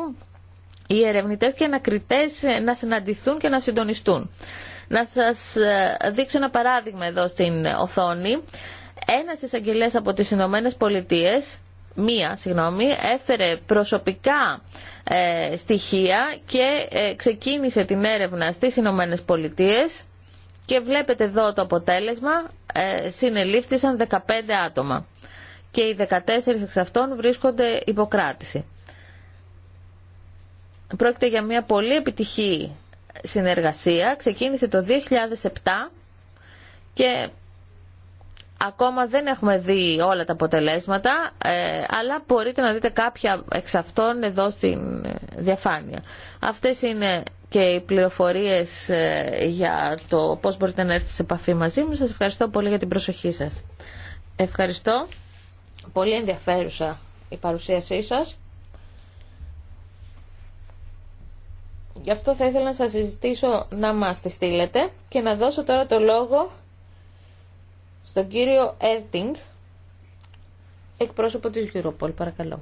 οι ερευνητές και ανακριτές ε, να συναντηθούν και να συντονιστούν. Να σας ε, δείξω ένα παράδειγμα εδώ στην οθόνη. Ένας εισαγγελέας από τις Ηνωμένε Πολιτείες μία συγγνώμη, έφερε προσωπικά ε, στοιχεία και ξεκίνησε την έρευνα στις Ηνωμένε Πολιτείε και βλέπετε εδώ το αποτέλεσμα, συνελήφθησαν 15 άτομα και οι 14 εξ αυτών βρίσκονται υποκράτηση. Πρόκειται για μια πολύ επιτυχή συνεργασία. Ξεκίνησε το 2007 και ακόμα δεν έχουμε δει όλα τα αποτελέσματα, ε, αλλά μπορείτε να δείτε κάποια εξ αυτών εδώ στην διαφάνεια. Αυτές είναι και οι πληροφορίες ε, για το πώς μπορείτε να έρθετε σε επαφή μαζί μου. Σας ευχαριστώ πολύ για την προσοχή σας. Ευχαριστώ. Πολύ ενδιαφέρουσα η παρουσίασή σας. Γι' αυτό θα ήθελα να σας συζητήσω να μας τη στείλετε και να δώσω τώρα το λόγο στον κύριο Έρτινγκ, εκπρόσωπο της Europol. Παρακαλώ.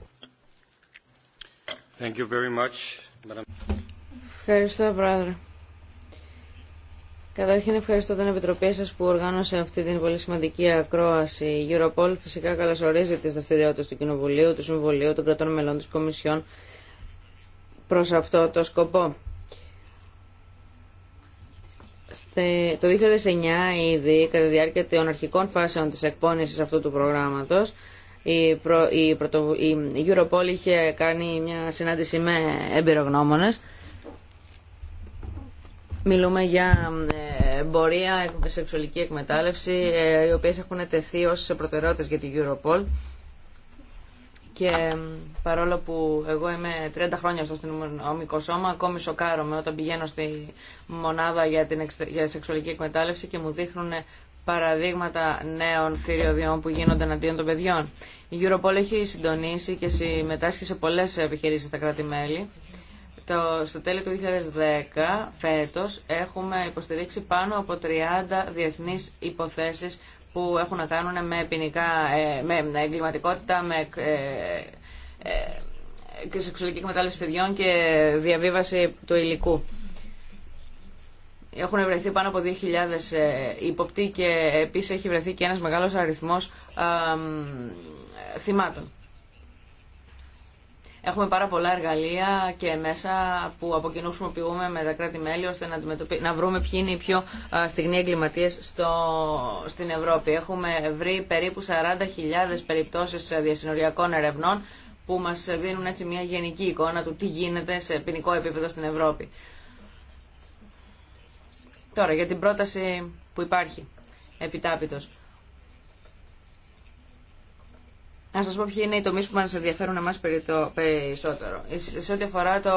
Thank you very much. Ευχαριστώ, Πρόεδρε. Καταρχήν ευχαριστώ την Επιτροπή σας που οργάνωσε αυτή την πολύ σημαντική ακρόαση. Η Europol φυσικά καλωσορίζει τις δραστηριότητε του Κοινοβουλίου, του Συμβουλίου, των κρατών μελών της Κομισιόν προς αυτό το σκοπό το 2009 ήδη, κατά τη διάρκεια των αρχικών φάσεων της εκπόνησης αυτού του προγράμματος, η, προ, η, Europol είχε κάνει μια συνάντηση με εμπειρογνώμονες. Μιλούμε για ε, εμπορία, σεξουαλική εκμετάλλευση, ε, οι οποίες έχουν τεθεί ως προτεραιότητες για την Europol και παρόλο που εγώ είμαι 30 χρόνια στο αστυνομικό σώμα, ακόμη σοκάρομαι όταν πηγαίνω στη μονάδα για, την, για σεξουαλική εκμετάλλευση και μου δείχνουν παραδείγματα νέων θηριωδιών που γίνονται εναντίον των παιδιών. Η Europol έχει συντονίσει και συμμετάσχει σε πολλέ επιχειρήσει στα κράτη-μέλη. Το, στο τέλη του 2010, φέτος, έχουμε υποστηρίξει πάνω από 30 διεθνείς υποθέσεις που έχουν να κάνουν με ποινικά, ε, με εγκληματικότητα, με ε, ε, και σεξουαλική εκμετάλλευση παιδιών και διαβίβαση του υλικού. Έχουν βρεθεί πάνω από 2.000 υποπτοί και επίσης έχει βρεθεί και ένας μεγάλος αριθμός θυμάτων. Έχουμε πάρα πολλά εργαλεία και μέσα που από κοινού χρησιμοποιούμε με τα κράτη-μέλη ώστε να, να βρούμε ποιοι είναι οι πιο στιγνοί εγκληματίε στο... στην Ευρώπη. Έχουμε βρει περίπου 40.000 περιπτώσει ε, διασυνοριακών ερευνών που μας δίνουν έτσι μια γενική εικόνα του τι γίνεται σε ποινικό επίπεδο στην Ευρώπη. Τώρα, για την πρόταση που υπάρχει επιτάπητος. Να σα πω ποιοι είναι οι τομεί που μας ενδιαφέρουν εμά περισσότερο. Σε ό,τι αφορά το,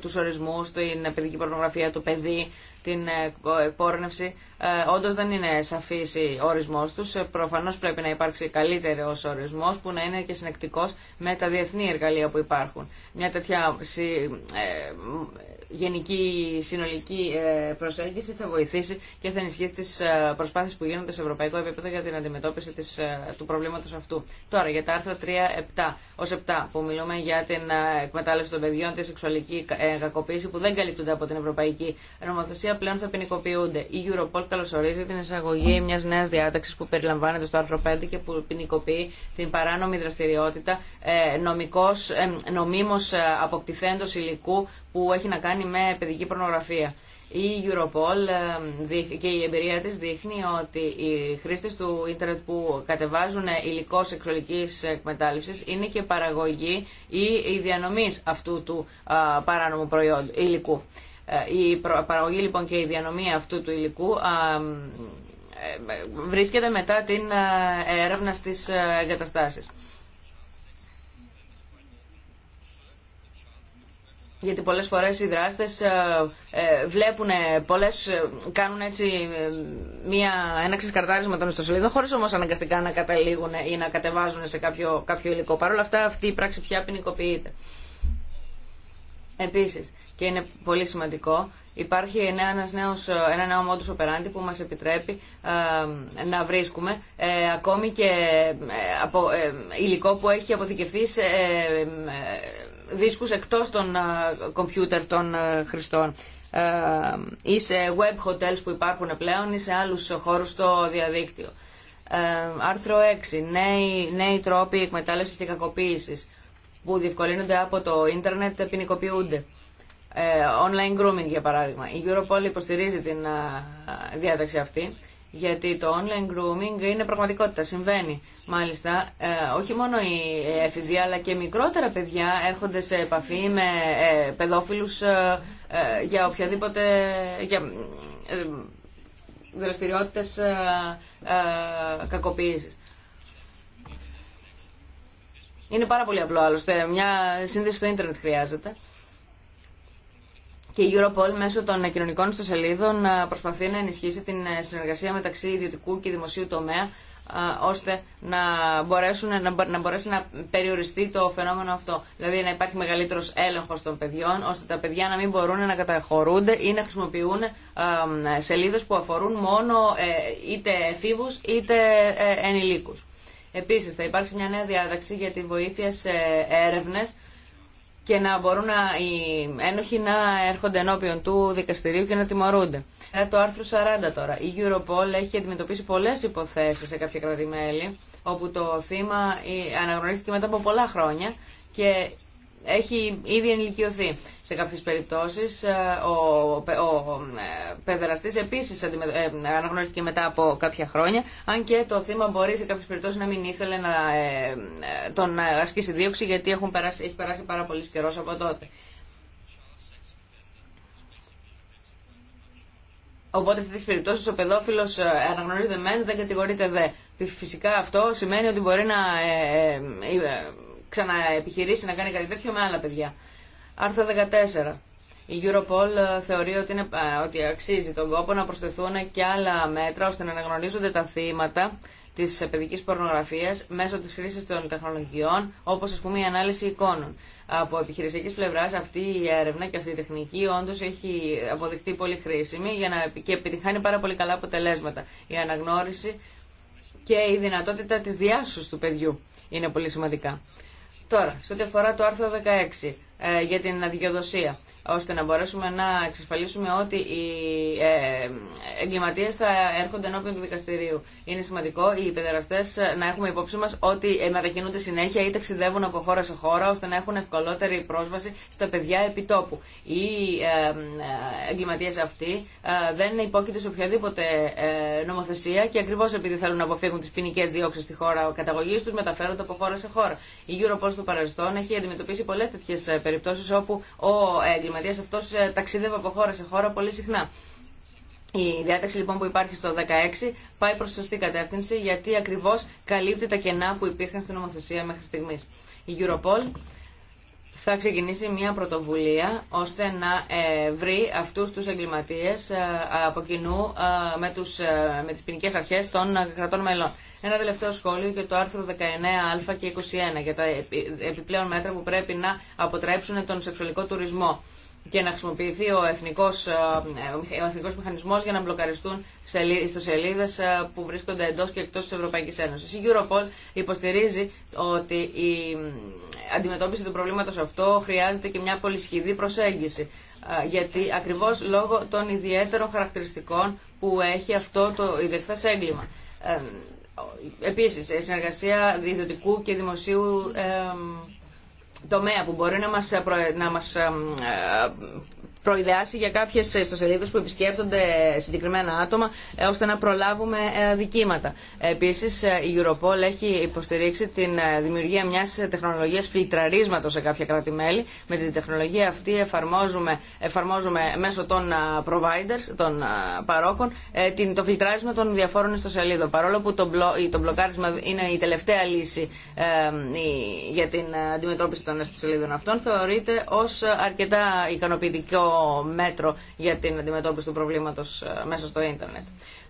τους ορισμούς, την παιδική πορνογραφία, το παιδί, την ε, εκπόρνευση, ε, όντως δεν είναι σαφής ο ορισμός τους. Ε, προφανώς πρέπει να υπάρξει καλύτερος ορισμός που να είναι και συνεκτικός με τα διεθνή εργαλεία που υπάρχουν. Μια τέτοια ε, γενική συνολική ε, προσέγγιση θα βοηθήσει και θα ενισχύσει τις ε, προσπάθειε που γίνονται σε ευρωπαϊκό επίπεδο για την αντιμετώπιση της, ε, του προβλήματο αυτού. Τώρα για τα άρθρα 3-7 7 που μιλούμε για την εκμετάλλευση των παιδιών, τη σεξουαλική κακοποίηση που δεν καλύπτονται από την ευρωπαϊκή νομοθεσία πλέον θα ποινικοποιούνται. Η Europol καλωσορίζει την εισαγωγή μια νέα διάταξη που περιλαμβάνεται στο άρθρο 5 και που ποινικοποιεί την παράνομη δραστηριότητα νομικός, νομίμως αποκτηθέντο υλικού που έχει να κάνει με παιδική πορνογραφία. Η Europol ε, και η εμπειρία της δείχνει ότι οι χρήστες του ίντερνετ που κατεβάζουν υλικό σεξουαλικής εκμετάλλευσης είναι και παραγωγή ή οι διανομής αυτού του παράνομου προϊόντου, υλικού. Ε, η η διανομης αυτου του παρανομου λοιπόν και η διανομή αυτού του υλικού ε, βρίσκεται μετά την έρευνα στις εγκαταστάσεις. γιατί πολλές φορές οι δράστες ε, ε, βλέπουν πολλές, ε, κάνουν έτσι μια, ένα ξεσκαρτάρισμα των ιστοσελίδων χωρίς όμως αναγκαστικά να καταλήγουν ή να κατεβάζουν σε κάποιο, κάποιο υλικό. Παρ' όλα αυτά αυτή η πράξη πια ποινικοποιείται. Επίσης, και είναι πολύ σημαντικό, Υπάρχει ένας νέος, ένα νέο modus operandi που μας επιτρέπει να βρίσκουμε ε, ακόμη και ε, από, ε, υλικό που έχει αποθηκευθεί σε δίσκους εκτός των κομπιούτερ των χρηστών ή σε web hotels που υπάρχουν πλέον ή σε άλλους χώρους στο διαδίκτυο. Άρθρο 6. Νέοι, νέοι τρόποι εκμετάλλευσης και κακοποίησης που διευκολύνονται από το ίντερνετ ποινικοποιούνται. Ε, online grooming για παράδειγμα. Η Europol υποστηρίζει την ε, διάταξη αυτή γιατί το online grooming είναι πραγματικότητα, συμβαίνει. Μάλιστα, ε, όχι μόνο οι έφηβοι αλλά και μικρότερα παιδιά έρχονται σε επαφή με παιδόφιλους για οποιαδήποτε... Για, δραστηριότητες κακοποίησης. Είναι πάρα πολύ απλό άλλωστε. Μια σύνδεση στο ίντερνετ χρειάζεται και η Europol μέσω των κοινωνικών ιστοσελίδων ε, προσπαθεί να ενισχύσει την ε, συνεργασία μεταξύ ιδιωτικού και δημοσίου τομέα ε, ώστε να, μπορέσουν, να, μπορέσει να περιοριστεί το φαινόμενο αυτό. Δηλαδή να υπάρχει μεγαλύτερος έλεγχος των παιδιών, ώστε τα παιδιά να μην μπορούν να καταχωρούνται ή να χρησιμοποιούν σελίδες που αφορούν μόνο είτε εφήβους είτε ενηλίκους. Επίσης θα υπάρξει μια νέα διάταξη για τη βοήθεια σε έρευνες και να μπορούν να, οι ένοχοι να έρχονται ενώπιον του δικαστηρίου και να τιμωρούνται. Ε, το άρθρο 40 τώρα. Η Europol έχει αντιμετωπίσει πολλέ υποθέσει σε κάποια κρατημέλη, όπου το θύμα ε, αναγνωρίστηκε μετά από πολλά χρόνια και έχει ήδη ενηλικιωθεί. Σε κάποιες περιπτώσεις ε, ο ε, παιδεραστής επίσης ε, αναγνωρίστηκε μετά από κάποια χρόνια αν και το θύμα μπορεί σε κάποιες περιπτώσεις να μην ήθελε να τον ασκήσει δίωξη γιατί έχουν περάσει, έχει περάσει πάρα πολύ καιρό από τότε. Οπότε σε τέτοιε περιπτώσει ο παιδόφιλο αναγνωρίζεται μεν, δεν κατηγορείται δε. Φυσικά αυτό σημαίνει ότι μπορεί να ξαναεπιχειρήσει να κάνει κάτι τέτοιο με άλλα παιδιά. Άρθρο 14. Η Europol ε, θεωρεί ότι, είναι, ε, ότι αξίζει τον κόπο να προσθεθούν και άλλα μέτρα ώστε να αναγνωρίζονται τα θύματα τη παιδική πορνογραφία μέσω τη χρήση των τεχνολογιών, όπω α πούμε η ανάλυση εικόνων. Από επιχειρησιακή πλευρά, αυτή η έρευνα και αυτή η τεχνική όντω έχει αποδειχτεί πολύ χρήσιμη για να, και επιτυχάνει πάρα πολύ καλά αποτελέσματα. Η αναγνώριση και η δυνατότητα τη διάσωση του παιδιού είναι πολύ σημαντικά. Τώρα, σε ό,τι αφορά το άρθρο 16 ε, για την αδικαιοδοσία ώστε να μπορέσουμε να εξασφαλίσουμε ότι οι ε, εγκληματίες θα έρχονται ενώπιον του δικαστηρίου. Είναι σημαντικό οι παιδεραστές να έχουμε υπόψη μας ότι ε, μετακινούνται συνέχεια ή ταξιδεύουν από χώρα σε χώρα ώστε να έχουν ευκολότερη πρόσβαση στα παιδιά επιτόπου. Οι ε, εγκληματίες αυτοί δεν υπόκειται σε οποιαδήποτε νομοθεσία και ακριβώ επειδή θέλουν να αποφύγουν τις ποινικέ διώξεις στη χώρα καταγωγή τους μεταφέρονται από χώρα σε χώρα. Η Europol στο παρελθόν έχει αντιμετωπίσει πολλές τέτοιες περιπτώσεις όπου ο επαγγελματίας αυτός ε, ταξίδευε από χώρα σε χώρα πολύ συχνά. Η διάταξη λοιπόν που υπάρχει στο 16 πάει προς σωστή κατεύθυνση γιατί ακριβώ καλύπτει τα κενά που υπήρχαν στην νομοθεσία μέχρι στιγμή. Η Europol θα ξεκινήσει μια πρωτοβουλία ώστε να ε, βρει αυτούς τους εγκληματίες ε, από κοινού με, τους, με τις ποινικές αρχές των κρατών μελών. Ένα τελευταίο σχόλιο και το άρθρο 19α και 21 για τα επιπλέον μέτρα που πρέπει να αποτρέψουν τον σεξουαλικό τουρισμό και να χρησιμοποιηθεί ο εθνικός, ε, ο εθνικός μηχανισμός για να μπλοκαριστούν ιστοσελίδες ε, που βρίσκονται εντός και εκτός της Ευρωπαϊκής Ένωσης. Η Europol υποστηρίζει ότι η ε, αντιμετώπιση του προβλήματος αυτό χρειάζεται και μια πολυσχηδή προσέγγιση γιατί ακριβώς λόγω των ιδιαίτερων χαρακτηριστικών που έχει αυτό το ιδιαίτερο έγκλημα. Επίσης, συνεργασία ιδιωτικού και δημοσίου τομέα που μπορεί να μας, ε, να μας ε, ε, προειδεάσει για κάποιε ιστοσελίδε που επισκέπτονται συγκεκριμένα άτομα ε, ώστε να προλάβουμε ε, δικήματα. Επίση, ε, η Europol έχει υποστηρίξει την δημιουργία μια τεχνολογία φιλτραρίσματο σε κάποια κράτη-μέλη. Με την τεχνολογία αυτή εφαρμόζουμε, εφαρμόζουμε μέσω των providers, των παρόχων, το φιλτράρισμα των διαφόρων ιστοσελίδων. Παρόλο που το, μπλο, το μπλοκάρισμα είναι η τελευταία λύση για την αντιμετώπιση των ιστοσελίδων αυτών, θεωρείται ω αρκετά ικανοποιητικό μέτρο για την αντιμετώπιση του προβλήματο ε, μέσα στο ίντερνετ.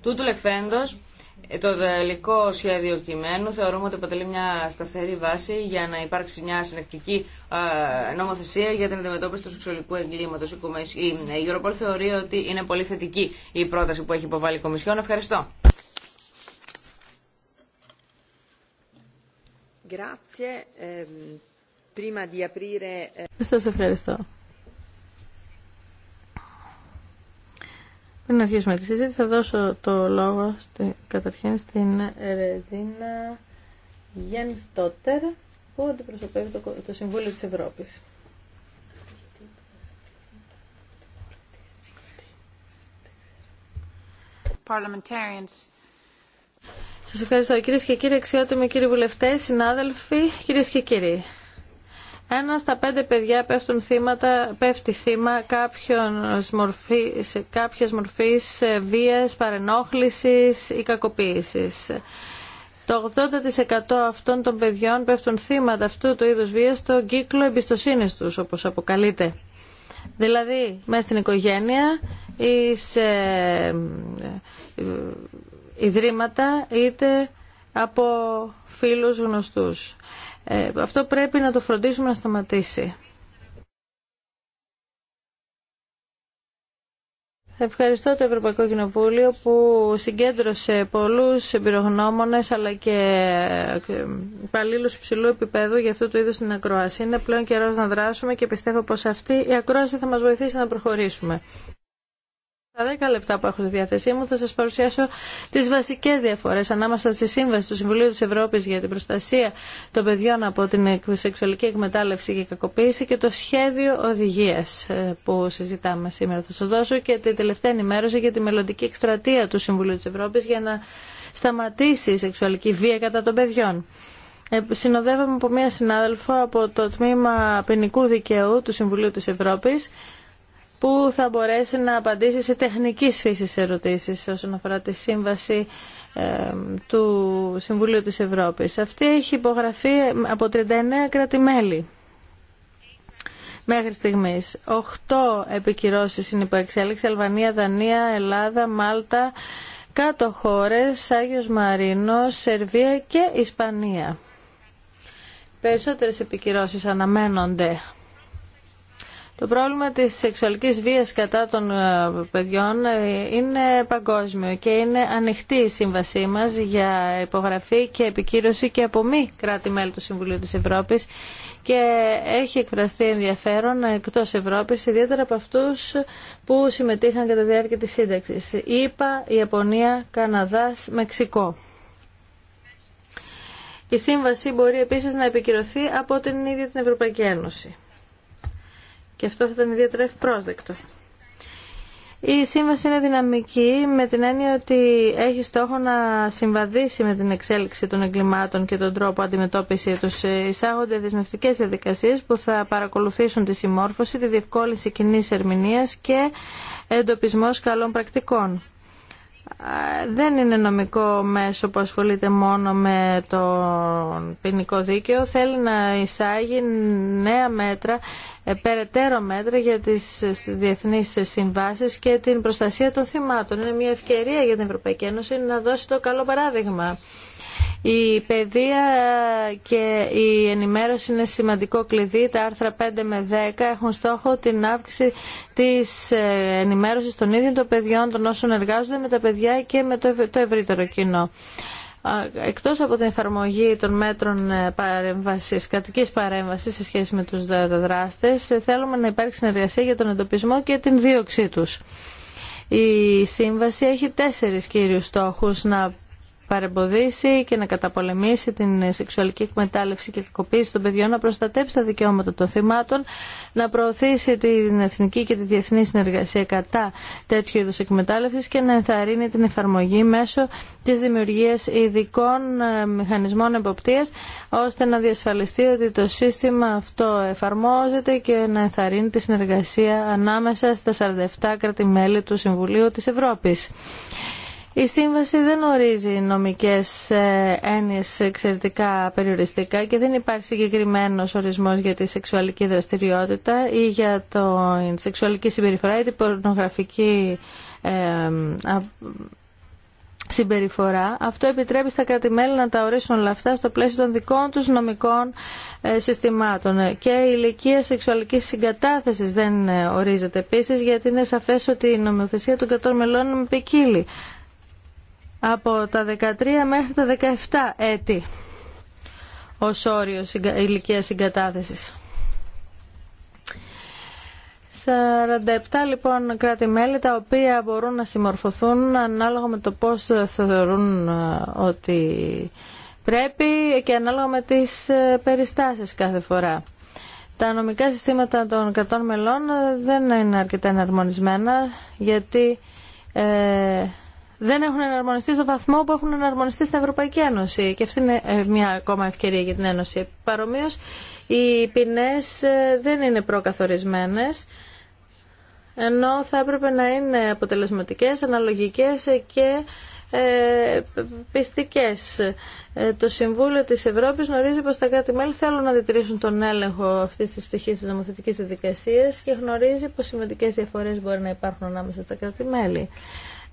Τούτου λεχθέντος, ε, το τελικό σχέδιο κειμένου θεωρούμε ότι αποτελεί μια σταθερή βάση για να υπάρξει μια συνεκτική ε, νομοθεσία για την αντιμετώπιση του σεξουαλικού εγκλήματο. Η Europol θεωρεί ότι είναι πολύ θετική η πρόταση που έχει υποβάλει η Κομισιόν. Ευχαριστώ. Ehm, eh, Σα ευχαριστώ. Πριν αρχίσουμε τη συζήτηση θα δώσω το λόγο στη, καταρχήν στην Ρεζίνα Γιάννη Στότερ που αντιπροσωπεύει το, το Συμβούλιο της Ευρώπης. Σας ευχαριστώ κυρίες και κύριοι, αξιότιμοι κύριοι βουλευτές, συνάδελφοι, κυρίες και κύριοι. Ένα στα πέντε παιδιά πέφτουν θύματα, πέφτει θύμα σε μορφής, κάποιες μορφής ε, βίας, παρενόχλησης ή κακοποίησης. Το 80% αυτών των παιδιών πέφτουν θύματα αυτού του είδους βία στον κύκλο εμπιστοσύνη τους, όπως αποκαλείται. Δηλαδή, μέσα στην οικογένεια ή σε ε, ιδρύματα είτε από φίλους γνωστούς. Ε, αυτό πρέπει να το φροντίσουμε να σταματήσει. Ευχαριστώ το Ευρωπαϊκό Κοινοβούλιο που συγκέντρωσε πολλούς εμπειρογνώμονες αλλά και υπαλλήλους ψηλού επίπεδου για αυτό το είδος την ακρόαση. Είναι πλέον καιρός να δράσουμε και πιστεύω πως αυτή η ακρόαση θα μας βοηθήσει να προχωρήσουμε. Στα 10 λεπτά που έχω στη διάθεσή μου θα σας παρουσιάσω τις βασικές διαφορές ανάμεσα στη Σύμβαση του Συμβουλίου της Ευρώπης για την προστασία των παιδιών από την σεξουαλική εκμετάλλευση και κακοποίηση και το σχέδιο οδηγίας ε, που συζητάμε σήμερα. Θα σας δώσω και την τελευταία ενημέρωση για τη μελλοντική εκστρατεία του Συμβουλίου της Ευρώπης για να σταματήσει η σεξουαλική βία κατά των παιδιών. Ε, συνοδεύομαι από μία συνάδελφο από το τμήμα ποινικού δικαιού του Συμβουλίου της Ευρώπης που θα μπορέσει να απαντήσει σε τεχνικής φύσης ερωτήσεις όσον αφορά τη σύμβαση ε, του Συμβουλίου της Ευρώπης. Αυτή έχει υπογραφεί ε, από 39 κράτη-μέλη μέχρι στιγμής. 8 επικυρώσεις είναι υπό εξέλιξη. Αλβανία, Δανία, Ελλάδα, Μάλτα, κάτω χώρες, Άγιος Μαρίνος, Σερβία και Ισπανία. Περισσότερες επικυρώσεις αναμένονται το πρόβλημα της σεξουαλικής βίας κατά των ε, παιδιών ε, είναι παγκόσμιο και είναι ανοιχτή η σύμβασή μας για υπογραφή και επικύρωση και από μη κράτη-μέλη του Συμβουλίου της Ευρώπης και έχει εκφραστεί ενδιαφέρον εκτός Ευρώπης, ιδιαίτερα από αυτούς που συμμετείχαν κατά τη διάρκεια της σύνταξης. ΗΠΑ, Ιαπωνία, Καναδάς, Μεξικό. Η σύμβαση μπορεί επίσης να επικυρωθεί από την ίδια την Ευρωπαϊκή Ένωση. Και αυτό θα ήταν ιδιαίτερα ευπρόσδεκτο. Η σύμβαση είναι δυναμική με την έννοια ότι έχει στόχο να συμβαδίσει με την εξέλιξη των εγκλημάτων και τον τρόπο αντιμετώπιση του Εισάγονται δεσμευτικέ διαδικασίε που θα παρακολουθήσουν τη συμμόρφωση, τη διευκόλυνση κοινή ερμηνεία και εντοπισμό καλών πρακτικών δεν είναι νομικό μέσο που ασχολείται μόνο με το ποινικό δίκαιο. Θέλει να εισάγει νέα μέτρα, ε, περαιτέρω μέτρα για τις διεθνείς συμβάσεις και την προστασία των θυμάτων. Είναι μια ευκαιρία για την Ευρωπαϊκή Ένωση να δώσει το καλό παράδειγμα. Η παιδεία και η ενημέρωση είναι σημαντικό κλειδί. Τα άρθρα 5 με 10 έχουν στόχο την αύξηση της ενημέρωσης των ίδιων των παιδιών, των όσων εργάζονται με τα παιδιά και με το ευρύτερο κοινό εκτός από την εφαρμογή των μέτρων ε, παρέμβασης, κατοικής παρέμβασης σε σχέση με τους δράστες, ε, θέλουμε να υπάρξει συνεργασία για τον εντοπισμό και την δίωξή τους. Η Σύμβαση έχει τέσσερις κύριους στόχους να παρεμποδίσει και να καταπολεμήσει την σεξουαλική εκμετάλλευση και κακοποίηση των παιδιών, να προστατέψει τα δικαιώματα των θυμάτων, να προωθήσει την εθνική και τη διεθνή συνεργασία κατά τέτοιου είδου εκμετάλλευση και να ενθαρρύνει την εφαρμογή μέσω τη δημιουργία ειδικών ε, μηχανισμών εποπτεία, ώστε να διασφαλιστεί ότι το σύστημα αυτό εφαρμόζεται και να ενθαρρύνει τη συνεργασία ανάμεσα στα 47 κράτη-μέλη του Συμβουλίου της Ευρώπης. Η σύμβαση δεν ορίζει νομικές ε, έννοιες εξαιρετικά περιοριστικά και δεν υπάρχει συγκεκριμένο ορισμός για τη σεξουαλική δραστηριότητα ή για την σεξουαλική συμπεριφορά ή την πορνογραφική ε, συμπεριφορά. Αυτό επιτρέπει στα κράτη-μέλη να τα ορίσουν όλα αυτά στο πλαίσιο των δικών τους νομικών ε, συστημάτων. Και η ηλικία σεξουαλικής συγκατάθεσης δεν ορίζεται επίσης γιατί είναι σαφές ότι η νομοθεσία των κρατών μελών ποικίλει από τα 13 μέχρι τα 17 έτη ως όριο ηλικία συγκατάθεσης. 47 λοιπόν κράτη-μέλη τα οποία μπορούν να συμμορφωθούν ανάλογα με το πώς θεωρούν ε, ότι πρέπει και ανάλογα με τις ε, περιστάσεις κάθε φορά. Τα νομικά συστήματα των κρατών μελών ε, δεν είναι αρκετά εναρμονισμένα γιατί ε, δεν έχουν εναρμονιστεί στο βαθμό που έχουν εναρμονιστεί στην Ευρωπαϊκή Ένωση. Και αυτή είναι ε, μια ακόμα ευκαιρία για την Ένωση. Παρομοίω, οι ποινέ ε, δεν είναι προκαθορισμένε ενώ θα έπρεπε να είναι αποτελεσματικές, αναλογικές και ε, πιστικές. Ε, το Συμβούλιο της Ευρώπης γνωρίζει πως τα κράτη-μέλη θέλουν να διατηρήσουν τον έλεγχο αυτής της πτυχής της νομοθετικής διαδικασίας και γνωρίζει πως σημαντικές διαφορές μπορεί να υπάρχουν ανάμεσα στα κράτη-μέλη.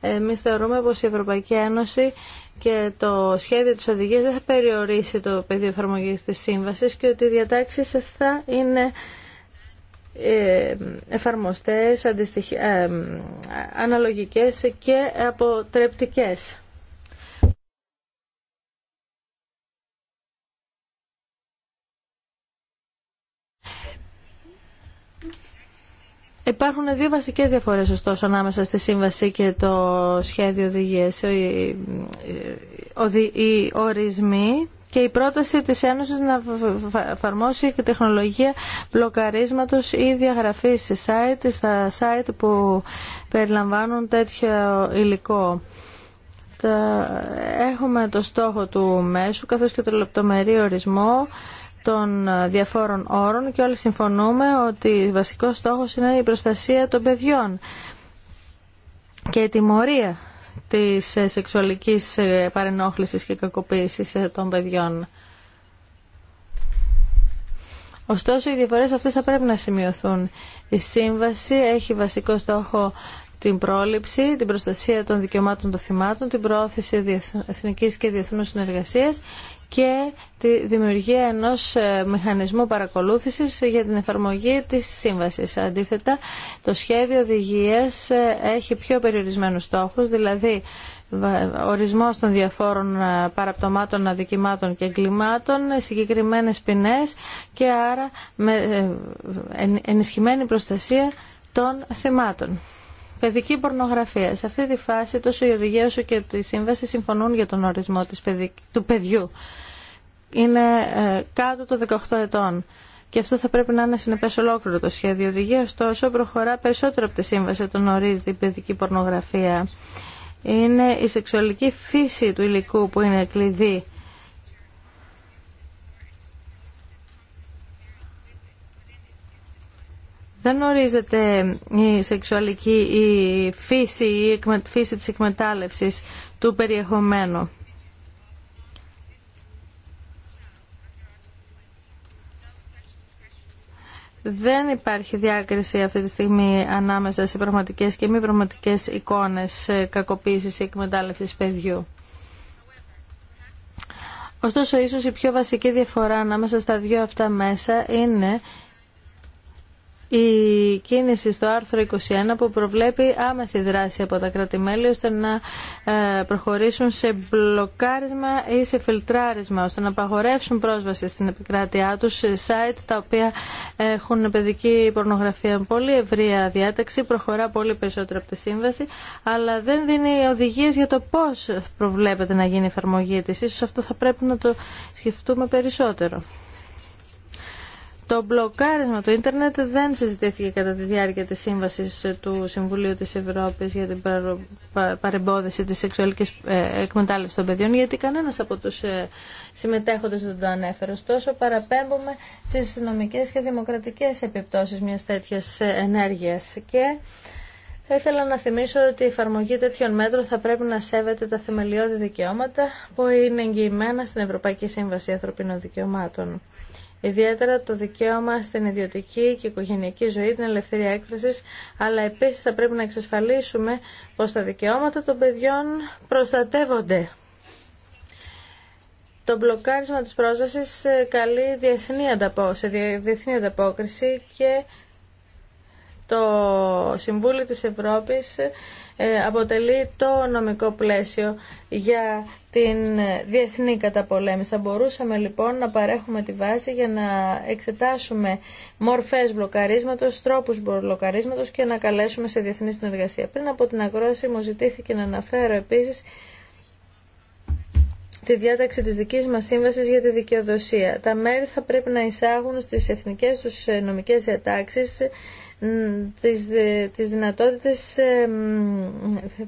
Εμεί θεωρούμε πως η Ευρωπαϊκή Ένωση και το σχέδιο τη Οδηγία δεν θα περιορίσει το πεδίο εφαρμογή της σύμβαση και ότι οι διατάξει θα είναι ε, εφαρμοστές, ε, αναλογικές και αποτρεπτικές. Υπάρχουν δύο βασικές διαφορές ωστόσο ανάμεσα στη σύμβαση και το σχέδιο οδηγία. Οι ορισμοί και η πρόταση της Ένωσης να εφαρμόσει και τεχνολογία μπλοκαρίσματος ή διαγραφής σε site, στα site που περιλαμβάνουν τέτοιο υλικό. Έχουμε το στόχο του μέσου καθώς και το λεπτομερή ορισμό των ε, διαφόρων όρων και όλοι συμφωνούμε ότι βασικός στόχος είναι η προστασία των παιδιών και η τιμωρία της ε, σεξουαλικής ε, παρενόχλησης και κακοποίησης των παιδιών. Ωστόσο, οι διαφορές αυτές θα πρέπει να σημειωθούν. Η σύμβαση έχει βασικό στόχο την πρόληψη, την προστασία των δικαιωμάτων των θυμάτων, την προώθηση εθνικής και διεθνούς συνεργασίας και τη δημιουργία ενός ε, μηχανισμού παρακολούθησης για την εφαρμογή της σύμβασης. Αντίθετα, το σχέδιο οδηγίας ε, έχει πιο περιορισμένους στόχους, δηλαδή ορισμός των διαφόρων ε, παραπτωμάτων, αδικημάτων και εγκλημάτων, συγκεκριμένες ποινές και άρα ενισχυμένη προστασία των θυμάτων. Παιδική πορνογραφία. Σε αυτή τη φάση τόσο η οδηγία όσο και τη σύμβαση συμφωνούν για τον ορισμό της του παιδιού. Είναι ε, κάτω των 18 ετών. Και αυτό θα πρέπει να είναι συνεπές ολόκληρο το σχέδιο οδηγία, ωστόσο προχωρά περισσότερο από τη σύμβαση όταν ορίζει η παιδική πορνογραφία. Είναι η σεξουαλική φύση του υλικού που είναι κλειδί δεν ορίζεται η σεξουαλική η φύση, η φύση της εκμετάλλευσης του περιεχομένου. δεν υπάρχει διάκριση αυτή τη στιγμή ανάμεσα σε πραγματικές και μη πραγματικές εικόνες ε, κακοποίησης ή εκμετάλλευσης παιδιού. Ωστόσο, ίσως η πιο βασική διαφορά ανάμεσα στα δύο αυτά μέσα είναι η κίνηση στο άρθρο 21 που προβλέπει άμεση δράση από τα κράτη-μέλη ώστε να ε, προχωρήσουν σε μπλοκάρισμα ή σε φιλτράρισμα ώστε να απαγορεύσουν πρόσβαση στην επικράτειά τους σε site τα οποία έχουν παιδική πορνογραφία πολύ ευρεία διάταξη, προχωρά πολύ περισσότερο από τη σύμβαση αλλά δεν δίνει οδηγίες για το πώς προβλέπεται να γίνει η εφαρμογή της. Ίσως αυτό θα πρέπει να το σκεφτούμε περισσότερο. Το μπλοκάρισμα του ίντερνετ δεν συζητήθηκε κατά τη διάρκεια της σύμβασης ε, του Συμβουλίου της Ευρώπης για την παρεμπόδιση της σεξουαλικής ε, εκμετάλλευσης των παιδιών, γιατί κανένας από τους ε, συμμετέχοντες δεν το ανέφερε. Ωστόσο, παραπέμπουμε στις νομικές και δημοκρατικές επιπτώσεις μιας τέτοιας ενέργειας. Και θα ήθελα να θυμίσω ότι η εφαρμογή τέτοιων μέτρων θα πρέπει να σέβεται τα θεμελιώδη δικαιώματα που είναι εγγυημένα στην Ευρωπαϊκή Σύμβαση Ανθρωπίνων Δικαιωμάτων. Ιδιαίτερα το δικαίωμα στην ιδιωτική και οικογενειακή ζωή, την ελευθερία έκφρασης, αλλά επίσης θα πρέπει να εξασφαλίσουμε πως τα δικαιώματα των παιδιών προστατεύονται. Το μπλοκάρισμα της πρόσβασης ε, καλεί διεθνή διεθνή ανταπόκριση και το Συμβούλιο της Ευρώπης ε, αποτελεί το νομικό πλαίσιο για την διεθνή καταπολέμηση. Θα μπορούσαμε λοιπόν να παρέχουμε τη βάση για να εξετάσουμε μορφές μπλοκαρίσματος, τρόπους μπλοκαρίσματος και να καλέσουμε σε διεθνή συνεργασία. Πριν από την ακρόαση μου ζητήθηκε να αναφέρω επίσης τη διάταξη της δικής μας σύμβασης για τη δικαιοδοσία. Τα μέρη θα πρέπει να εισάγουν στις εθνικές τους νομικές διατάξεις τις, ε, τις δυνατότητες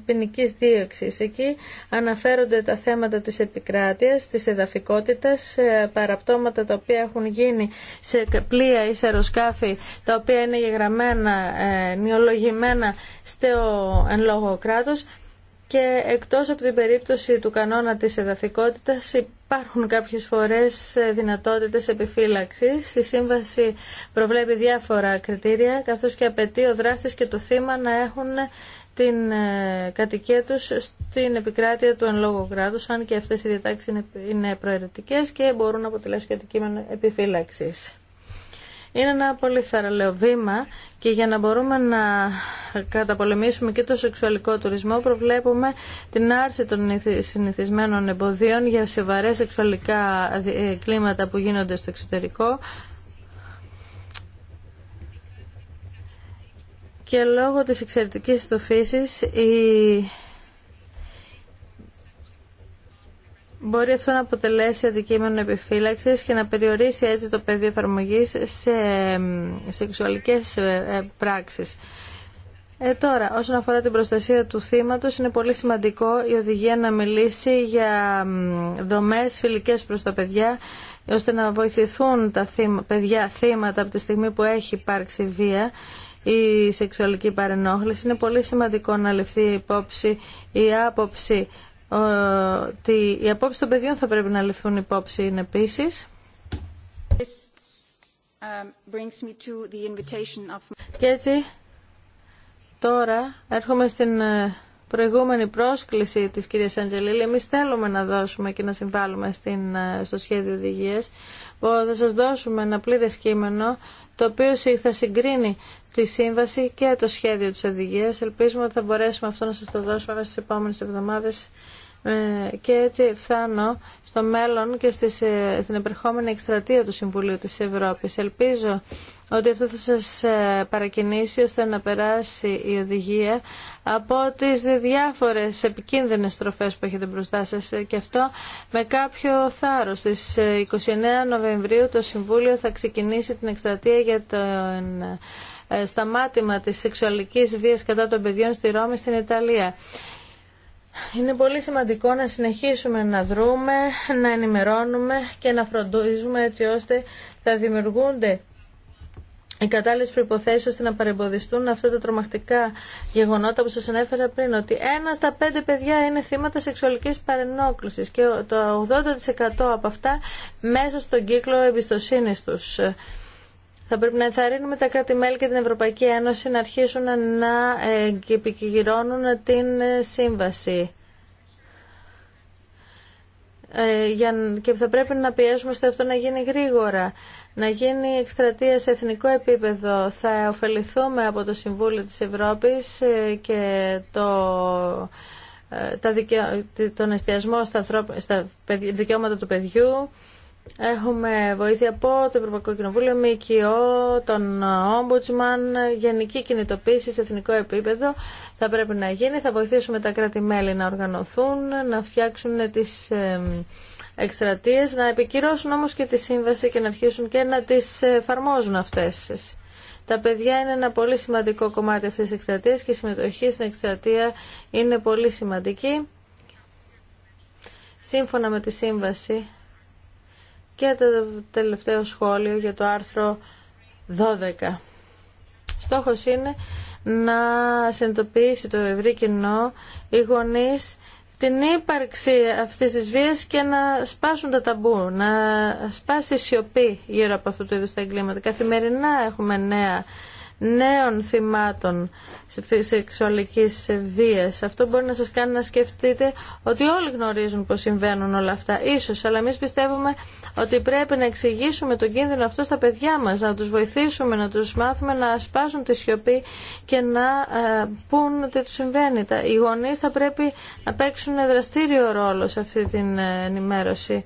ποινική δίωξης. Εκεί αναφέρονται τα θέματα της επικράτειας, της εδαφικότητας, ε, παραπτώματα τα οποία έχουν γίνει σε πλοία ή σε αεροσκάφη, τα οποία είναι γεγραμμένα, ε, νιολογημένα στο εν λόγω κράτος και εκτός από την περίπτωση του κανόνα της εδαφικότητας υπάρχουν κάποιες φορές δυνατότητες επιφύλαξης. Η σύμβαση προβλέπει διάφορα κριτήρια καθώς και απαιτεί ο δράστης και το θύμα να έχουν την ε, κατοικία τους στην επικράτεια του εν λόγω κράτους αν και αυτές οι διατάξεις είναι προαιρετικές και μπορούν να αποτελέσουν και αντικείμενο επιφύλαξης είναι ένα πολύ θαραλέο βήμα και για να μπορούμε να καταπολεμήσουμε και το σεξουαλικό τουρισμό προβλέπουμε την άρση των συνηθισμένων εμποδίων για σεβαρές σεξουαλικά ε, κλίματα που γίνονται στο εξωτερικό και λόγω της εξαιρετικής του η μπορεί αυτό να αποτελέσει αντικείμενο επιφύλαξη και να περιορίσει έτσι το πεδίο εφαρμογή σε σεξουαλικέ ε, ε, πράξεις. Ε, τώρα, όσον αφορά την προστασία του θύματο, είναι πολύ σημαντικό η οδηγία να μιλήσει για δομέ, φιλικές προς τα παιδιά, ώστε να βοηθηθούν τα παιδιά θύματα από τη στιγμή που έχει υπάρξει βία η σεξουαλική παρενόχληση. Είναι πολύ σημαντικό να ληφθεί υπόψη η άποψη ότι οι απόψεις των παιδιών θα πρέπει να ληφθούν υπόψη είναι επίσης. Um, και έτσι τώρα έρχομαι στην ε, προηγούμενη πρόσκληση της κυρίας Αντζελίλη. Εμείς θέλουμε να δώσουμε και να συμβάλλουμε στην, ε, στο σχέδιο που Θα σας δώσουμε ένα πλήρες κείμενο το οποίο θα συγκρίνει τη σύμβαση και το σχέδιο της οδηγίας. Ελπίζουμε ότι θα μπορέσουμε αυτό να σας το δώσουμε στις επόμενες εβδομάδες ε, και έτσι φτάνω στο μέλλον και στις, ε, στην επερχόμενη εκστρατεία του Συμβουλίου της Ευρώπης. Ελπίζω ότι αυτό θα σας ε, παρακινήσει ώστε να περάσει η οδηγία από τις διάφορες επικίνδυνες στροφές που έχετε μπροστά σας και αυτό με κάποιο θάρρος. Στις 29 Νοεμβρίου το Συμβούλιο θα ξεκινήσει την εκστρατεία για το σταμάτημα της σεξουαλικής βίας κατά των παιδιών στη Ρώμη στην Ιταλία. Είναι πολύ σημαντικό να συνεχίσουμε να δρούμε, να ενημερώνουμε και να φροντίζουμε έτσι ώστε θα δημιουργούνται οι κατάλληλε προποθέσει ώστε να παρεμποδιστούν αυτά τα τρομακτικά γεγονότα που σα ανέφερα πριν, ότι ένα στα πέντε παιδιά είναι θύματα σεξουαλική παρενόκληση και το 80% από αυτά μέσα στον κύκλο εμπιστοσύνη του. Θα πρέπει να ενθαρρύνουμε τα κράτη-μέλη και την Ευρωπαϊκή Ένωση να αρχίσουν να επικυρώνουν την σύμβαση ε, και θα πρέπει να πιέσουμε στο αυτό να γίνει γρήγορα, να γίνει εκστρατεία σε εθνικό επίπεδο. Θα ωφεληθούμε από το Συμβούλιο της Ευρώπης ε, και το, ε, τα τον εστιασμό στα δικαιώματα του παιδιού. Έχουμε βοήθεια από το Ευρωπαϊκό Κοινοβούλιο, ΜΚΟ, τον Ombudsman, γενική κινητοποίηση σε εθνικό επίπεδο θα πρέπει να γίνει. Θα βοηθήσουμε τα κράτη-μέλη να οργανωθούν, να φτιάξουν τις εκστρατείες, να επικυρώσουν όμως και τη σύμβαση και να αρχίσουν και να τις εφαρμόζουν αυτές. Τα παιδιά είναι ένα πολύ σημαντικό κομμάτι αυτής της εκστρατείας και η συμμετοχή στην εκστρατεία είναι πολύ σημαντική. Σύμφωνα με τη σύμβαση και το τελευταίο σχόλιο για το άρθρο 12. Στόχος είναι να συνειδητοποιήσει το ευρύ κοινό οι γονείς την ύπαρξη αυτής της βίας και να σπάσουν τα ταμπού, να σπάσει η σιωπή γύρω από αυτού του είδους τα εγκλήματα. Καθημερινά έχουμε νέα νέων θυμάτων σεξουαλικής βίας. Αυτό μπορεί να σας κάνει να σκεφτείτε ότι όλοι γνωρίζουν πως συμβαίνουν όλα αυτά. Ίσως, αλλά εμεί πιστεύουμε ότι πρέπει να εξηγήσουμε τον κίνδυνο αυτό στα παιδιά μας, να τους βοηθήσουμε, να τους μάθουμε να σπάσουν τη σιωπή και να ε, πούν ότι του συμβαίνει. Οι γονείς θα πρέπει να παίξουν δραστήριο ρόλο σε αυτή την ε, ενημέρωση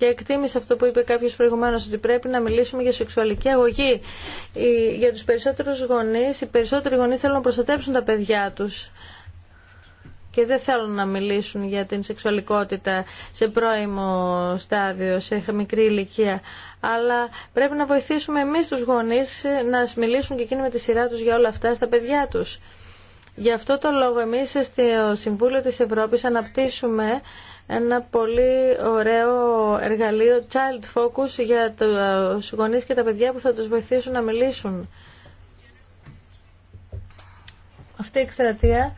και εκτίμησε αυτό που είπε κάποιος προηγουμένως ότι πρέπει να μιλήσουμε για σεξουαλική αγωγή. Για τους περισσότερους γονείς, οι περισσότεροι γονείς θέλουν να προστατέψουν τα παιδιά τους και δεν θέλουν να μιλήσουν για την σεξουαλικότητα σε πρώιμο στάδιο, σε μικρή ηλικία. Αλλά πρέπει να βοηθήσουμε εμείς τους γονείς να μιλήσουν και εκείνοι με τη σειρά τους για όλα αυτά στα παιδιά τους. Γι' αυτό το λόγο εμείς στο Συμβούλιο της Ευρώπης αναπτύσσουμε ένα πολύ ωραίο εργαλείο child focus για τους γονείς και τα παιδιά που θα τους βοηθήσουν να μιλήσουν. Αυτή η εκστρατεία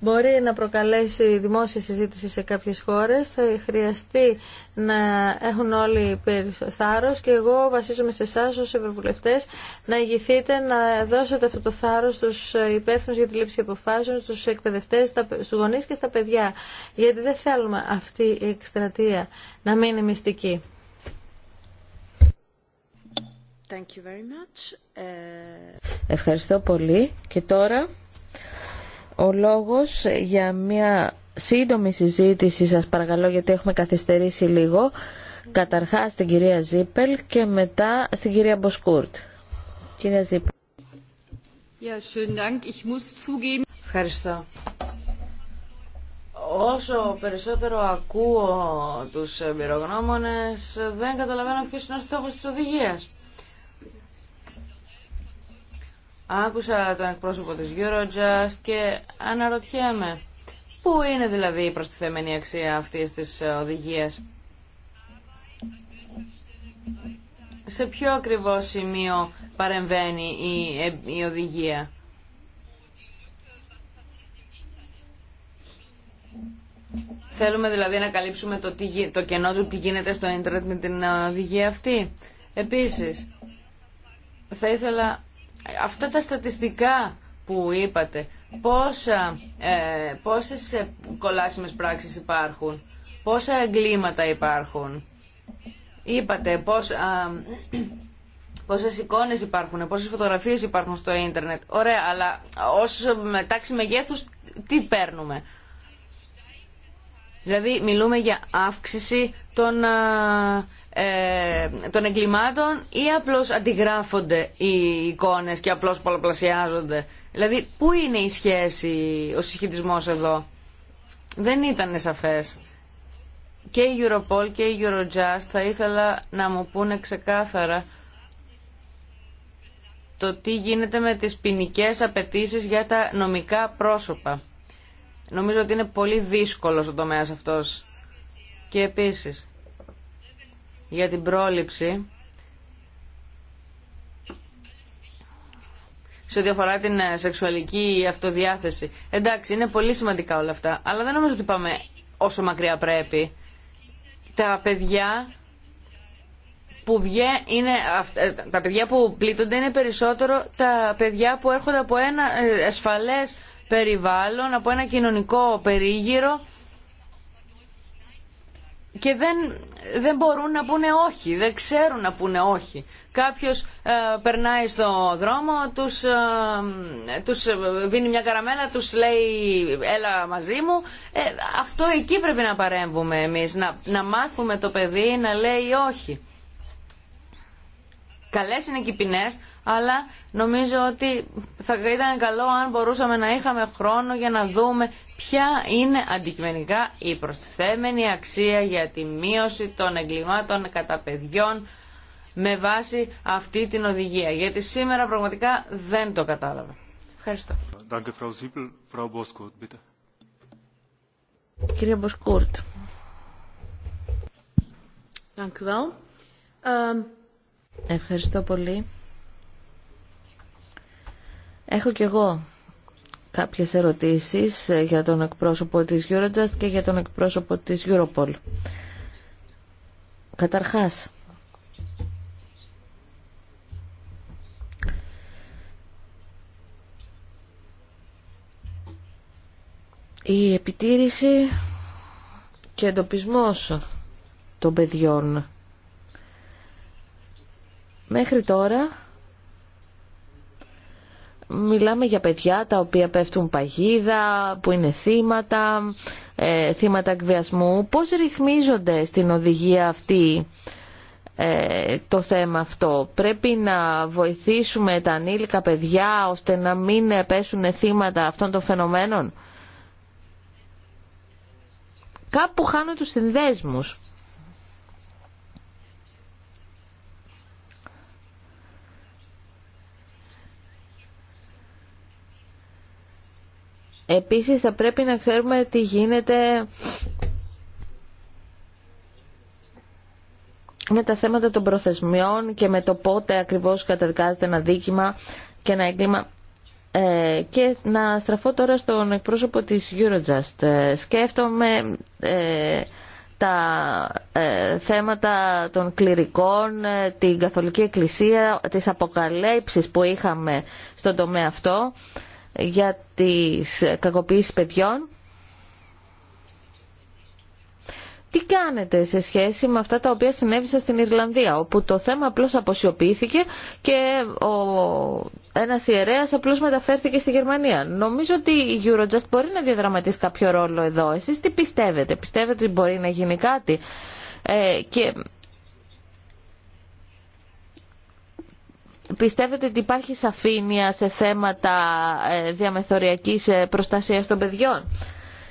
μπορεί να προκαλέσει δημόσια συζήτηση σε κάποιες χώρες. Θα χρειαστεί να έχουν όλοι θάρρος και εγώ βασίζομαι σε εσά ως ευρωβουλευτές να ηγηθείτε να δώσετε αυτό το θάρρος στους υπεύθυνους για τη λήψη αποφάσεων, στους εκπαιδευτές, στους γονείς και στα παιδιά. Γιατί δεν θέλουμε αυτή η εκστρατεία να μείνει μυστική. Thank you very much. Ε, Ευχαριστώ πολύ. Και τώρα... Ο λόγος για μια σύντομη συζήτηση, σας παρακαλώ γιατί έχουμε καθυστερήσει λίγο, καταρχάς στην κυρία Ζίπελ και μετά στην κυρία Μποσκούρτ. Κυρία Ζίπελ. Ευχαριστώ. Όσο περισσότερο ακούω τους εμπειρογνώμονες, δεν καταλαβαίνω ποιος είναι ο στόχος της οδηγίας. Άκουσα τον εκπρόσωπο της Eurojust και αναρωτιέμαι πού είναι δηλαδή η προστιθέμενη αξία αυτής της οδηγίας. Σε ποιο ακριβώ σημείο παρεμβαίνει η, η οδηγία. Θέλουμε δηλαδή να καλύψουμε το, το κενό του τι γίνεται στο ίντερνετ με την οδηγία αυτή. Επίσης, θα ήθελα αυτά τα στατιστικά που είπατε, πόσα, ε, πόσες ε, κολάσιμες πράξεις υπάρχουν, πόσα εγκλήματα υπάρχουν. Είπατε πόσα, πόσες εικόνες υπάρχουν, πόσες φωτογραφίες υπάρχουν στο ίντερνετ. Ωραία, αλλά ως τάξη μεγέθους τι παίρνουμε. Δηλαδή μιλούμε για αύξηση των... Ε, των εγκλημάτων ή απλώς αντιγράφονται οι εικόνες και απλώς πολλαπλασιάζονται. Δηλαδή, πού είναι η σχέση, ο συσχετισμός εδώ. Δεν ήταν σαφές. Και η Europol και η Eurojust θα ήθελα να μου πούνε ξεκάθαρα το τι γίνεται με τις ποινικέ απαιτήσει για τα νομικά πρόσωπα. Νομίζω ότι είναι πολύ δύσκολος ο τομέας αυτός. Και επίσης, για την πρόληψη σε ό,τι αφορά την ε, σεξουαλική αυτοδιάθεση. Εντάξει, είναι πολύ σημαντικά όλα αυτά, αλλά δεν νομίζω ότι πάμε όσο μακριά πρέπει. Τα παιδιά που είναι, ε, τα παιδιά που πλήττονται είναι περισσότερο τα παιδιά που έρχονται από ένα ε, ασφαλές περιβάλλον, από ένα κοινωνικό περίγυρο και δεν, δεν μπορούν να πούνε όχι, δεν ξέρουν να πούνε όχι. Κάποιος ε, περνάει στο δρόμο, τους, ε, τους δίνει μια καραμέλα, τους λέει έλα μαζί μου. Ε, αυτό εκεί πρέπει να παρέμβουμε εμείς, να, να μάθουμε το παιδί να λέει όχι. Καλές είναι και οι αλλά νομίζω ότι θα ήταν καλό αν μπορούσαμε να είχαμε χρόνο για να δούμε ποια είναι αντικειμενικά η προστιθέμενη αξία για τη μείωση των εγκλημάτων κατά παιδιών με βάση αυτή την οδηγία. Γιατί σήμερα πραγματικά δεν το κατάλαβα. Ευχαριστώ. Κύριε Μποσκούρτ. Ευχαριστώ πολύ. Έχω κι εγώ κάποιες ερωτήσεις ε, για τον εκπρόσωπο της Eurojust και για τον εκπρόσωπο της Europol. Καταρχάς, η επιτήρηση και εντοπισμός των παιδιών Μέχρι τώρα μιλάμε για παιδιά τα οποία πέφτουν παγίδα, που είναι θύματα, ε, θύματα εκβιασμού. Πώς ρυθμίζονται στην οδηγία αυτή ε, το θέμα αυτό. Πρέπει να βοηθήσουμε τα ανήλικα παιδιά ώστε να μην πέσουν θύματα αυτών των φαινομένων. Κάπου χάνω τους συνδέσμους. Επίσης θα πρέπει να ξέρουμε τι γίνεται με τα θέματα των προθεσμιών και με το πότε ακριβώς καταδικάζεται ένα δίκημα και ένα έγκλημα. Ε, και να στραφώ τώρα στον εκπρόσωπο της Eurojust. Ε, σκέφτομαι ε, τα θέματα των κληρικών, την Καθολική Εκκλησία, τις αποκαλέψεις που είχαμε στον τομέα αυτό για τις κακοποίησεις παιδιών. Τι κάνετε σε σχέση με αυτά τα οποία συνέβησαν στην Ιρλανδία, όπου το θέμα απλώς αποσιοποιήθηκε και ο ένας ιερέας απλώς μεταφέρθηκε στη Γερμανία. Νομίζω ότι η Eurojust μπορεί να διαδραματίσει κάποιο ρόλο εδώ. Εσείς τι πιστεύετε, πιστεύετε ότι μπορεί να γίνει κάτι. Ε, και Πιστεύετε ότι υπάρχει σαφήνεια σε θέματα ε, διαμεθοριακής ε, προστασίας των παιδιών.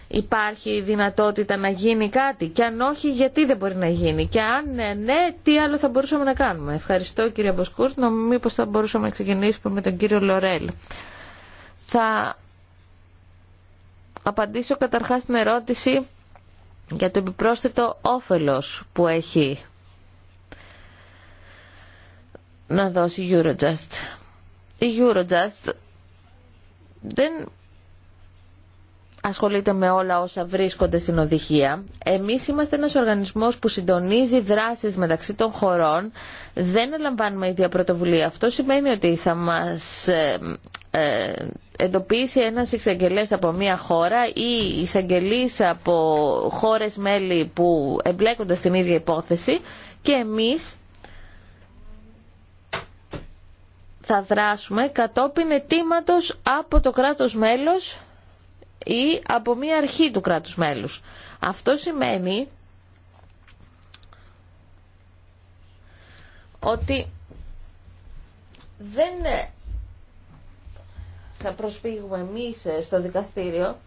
Υπάρχει δυνατότητα να γίνει κάτι και αν όχι γιατί δεν μπορεί να γίνει και αν ε, ναι τι άλλο θα μπορούσαμε να κάνουμε. Ευχαριστώ κύριε Μποσκούρτ. Μήπως θα μπορούσαμε να ξεκινήσουμε με τον κύριο Λορέλ. Θα απαντήσω καταρχάς στην ερώτηση για το επιπρόσθετο όφελος που έχει να δώσει Eurojust. Η Eurojust δεν ασχολείται με όλα όσα βρίσκονται στην οδηγία. Εμείς είμαστε ένας οργανισμός που συντονίζει δράσεις μεταξύ των χωρών. Δεν ελαμβάνουμε ίδια πρωτοβουλία. Αυτό σημαίνει ότι θα μας ε, ε, εντοπίσει ένας εξαγγελέας από μία χώρα ή εισαγγελεί από χώρες μέλη που εμπλέκονται στην ίδια υπόθεση και εμείς θα δράσουμε κατόπιν ετήματος από το κράτος μέλος ή από μία αρχή του κράτους μέλους. Αυτό σημαίνει ότι δεν θα προσφύγουμε εμείς στο δικαστήριο.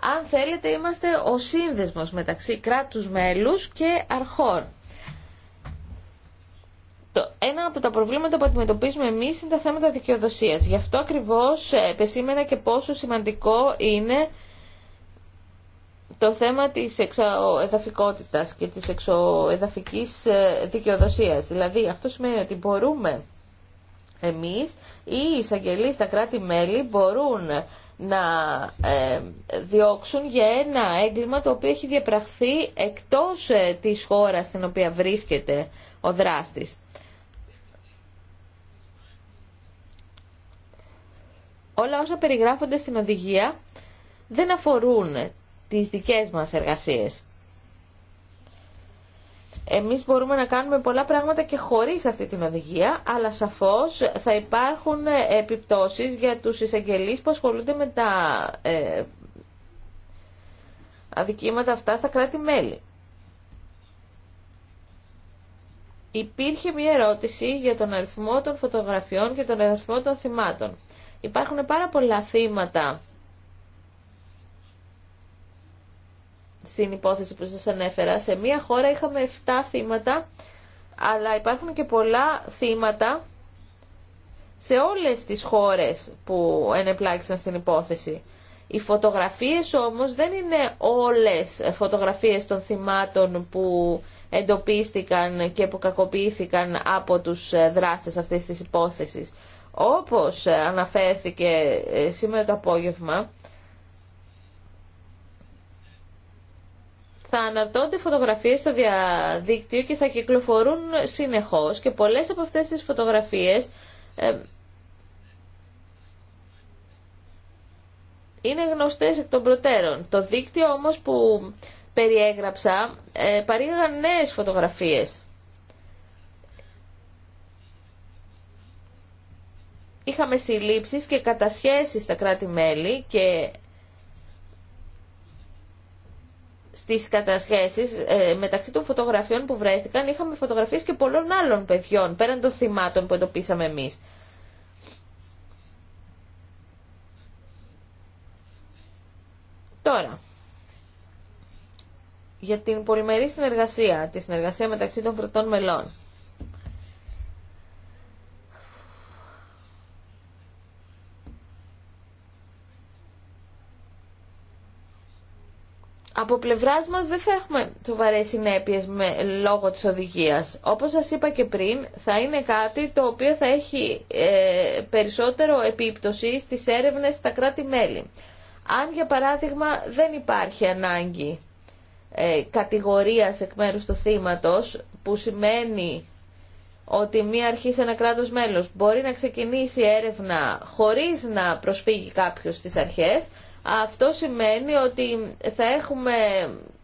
Αν θέλετε είμαστε ο σύνδεσμος μεταξύ κράτους μέλους και αρχών ένα από τα προβλήματα που αντιμετωπίζουμε εμεί είναι τα θέματα δικαιοδοσίας. Γι' αυτό ακριβώς ε, επεσήμενα και πόσο σημαντικό είναι το θέμα της εξαοεδαφικότητας και της εξοεδαφικής ε, δικαιοδοσίας. Δηλαδή αυτό σημαίνει ότι μπορούμε εμείς ή οι εισαγγελίε στα κράτη-μέλη μπορούν να ε, διώξουν για ένα έγκλημα το οποίο έχει διαπραχθεί εκτός της χώρας στην οποία βρίσκεται ο δράστης. όλα όσα περιγράφονται στην οδηγία δεν αφορούν τις δικές μας εργασίες. Εμείς μπορούμε να κάνουμε πολλά πράγματα και χωρίς αυτή την οδηγία, αλλά σαφώς θα υπάρχουν ε, επιπτώσεις για τους εισαγγελείς που ασχολούνται με τα ε, αδικήματα αυτά στα κράτη-μέλη. Υπήρχε μια ερώτηση για τον αριθμό των φωτογραφιών και τον αριθμό των θυμάτων. Υπάρχουν πάρα πολλά θύματα στην υπόθεση που σας ανέφερα. Σε μία χώρα είχαμε 7 θύματα, αλλά υπάρχουν και πολλά θύματα σε όλες τις χώρες που ενεπλάκησαν στην υπόθεση. Οι φωτογραφίες όμως δεν είναι όλες φωτογραφίες των θυμάτων που εντοπίστηκαν και που κακοποιήθηκαν από τους δράστες αυτής της υπόθεσης. Όπως αναφέρθηκε ε, σήμερα το απόγευμα, θα αναρτώνται φωτογραφίες στο διαδίκτυο και θα κυκλοφορούν συνεχώς και πολλές από αυτές τις φωτογραφίες ε, είναι γνωστές εκ των προτέρων. Το δίκτυο όμως που περιέγραψα ε, παρήγαγαν νέες φωτογραφίες. είχαμε συλλήψεις και κατασχέσεις στα κράτη-μέλη και στις κατασχέσεις ε, μεταξύ των φωτογραφιών που βρέθηκαν είχαμε φωτογραφίες και πολλών άλλων παιδιών πέραν των θυμάτων που εντοπίσαμε εμείς. Τώρα, για την πολυμερή συνεργασία, τη συνεργασία μεταξύ των κρατών μελών. από πλευρά μα δεν θα έχουμε σοβαρέ συνέπειε με, λόγω τη οδηγία. Όπως σα είπα και πριν, θα είναι κάτι το οποίο θα έχει ε, περισσότερο επίπτωση στις έρευνε, στα κράτη-μέλη. Αν για παράδειγμα δεν υπάρχει ανάγκη ε, κατηγορίας εκ μέρου του θύματο που σημαίνει ότι μία αρχή σε ένα κράτο μέλος μπορεί να ξεκινήσει έρευνα χωρίς να προσφύγει κάποιο στις αρχές, αυτό σημαίνει ότι θα έχουμε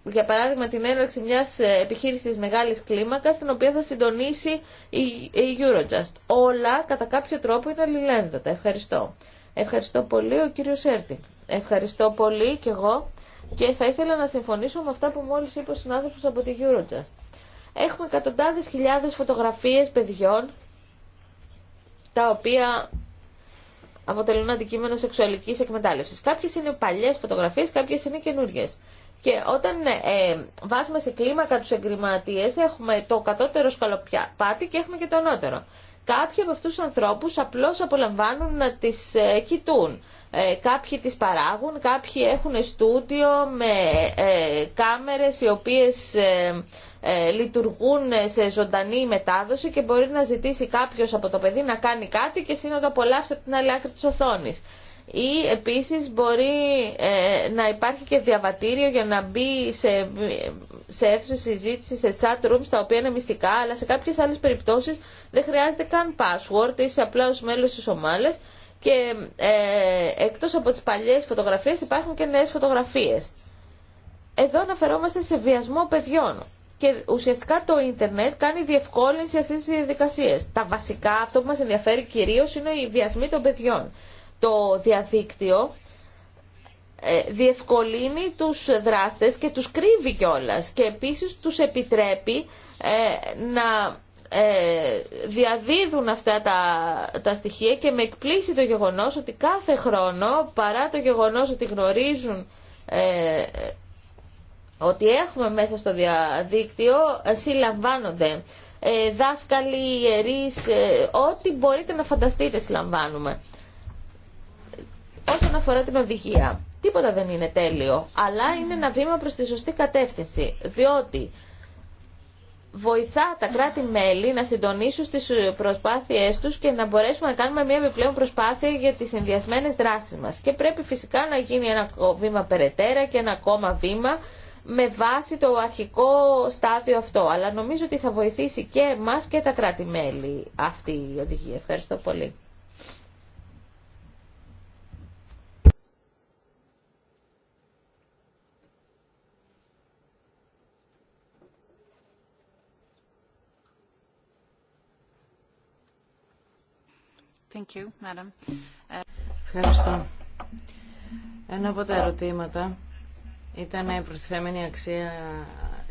για παράδειγμα την έναρξη μιας επιχείρησης μεγάλης κλίμακας την οποία θα συντονίσει η Eurojust. Όλα κατά κάποιο τρόπο είναι αλληλένδετα. Ευχαριστώ. Ευχαριστώ πολύ ο κύριος Σέρτη. Ευχαριστώ πολύ και εγώ και θα ήθελα να συμφωνήσω με αυτά που μόλις είπε ο συνάδελφος από τη Eurojust. Έχουμε εκατοντάδες χιλιάδες φωτογραφίες παιδιών τα οποία αποτελούν αντικείμενο σεξουαλικής εκμετάλλευσης. Κάποιες είναι παλιές φωτογραφίες, κάποιες είναι καινούριε. Και όταν ε, ε, βάζουμε σε κλίμακα του εγκληματίε, έχουμε το κατώτερο σκαλοπάτι και έχουμε και το ανώτερο. Κάποιοι από αυτού του ανθρώπους απλώς απολαμβάνουν να τις ε, κοιτούν. Ε, κάποιοι τις παράγουν, κάποιοι έχουν στούντιο με ε, κάμερες οι οποίες ε, ε, λειτουργούν σε ζωντανή μετάδοση και μπορεί να ζητήσει κάποιο από το παιδί να κάνει κάτι και εσύ να το απολαύσει από την άλλη άκρη τη οθόνη. Ή επίσης μπορεί ε, να υπάρχει και διαβατήριο για να μπει σε, σε συζήτηση, σε chat rooms τα οποία είναι μυστικά, αλλά σε κάποιες άλλες περιπτώσεις δεν χρειάζεται καν password, είσαι απλά ως μέλος της ομάδας και ε, εκτός από τις παλιές φωτογραφίες υπάρχουν και νέες φωτογραφίες. Εδώ αναφερόμαστε σε βιασμό παιδιών και ουσιαστικά το ίντερνετ κάνει διευκόλυνση αυτής της διαδικασία. Τα βασικά, αυτό που μας ενδιαφέρει κυρίως είναι οι βιασμοί των παιδιών. Το διαδίκτυο ε, διευκολύνει τους δράστες και τους κρύβει κιόλα. και επίσης τους επιτρέπει ε, να ε, διαδίδουν αυτά τα, τα στοιχεία και με εκπλήσει το γεγονός ότι κάθε χρόνο παρά το γεγονός ότι γνωρίζουν ότι έχουμε μέσα στο διαδίκτυο ε, συλλαμβάνονται ε, δάσκαλοι, ιερείς, ε, ό,τι μπορείτε να φανταστείτε συλλαμβάνουμε. Όσον αφορά την οδηγία, τίποτα δεν είναι τέλειο, αλλά είναι ένα βήμα προς τη σωστή κατεύθυνση, διότι βοηθά τα κράτη-μέλη να συντονίσουν τις προσπάθειές τους και να μπορέσουμε να κάνουμε μια επιπλέον προσπάθεια για τις συνδυασμένε δράσεις μας. Και πρέπει φυσικά να γίνει ένα βήμα περαιτέρα και ένα ακόμα βήμα με βάση το αρχικό στάδιο αυτό. Αλλά νομίζω ότι θα βοηθήσει και εμά και τα κράτη-μέλη αυτή η οδηγία. Ευχαριστώ πολύ. Thank you, Madam. Ευχαριστώ. Ένα από τα ερωτήματα ήταν η προστιθέμενη αξία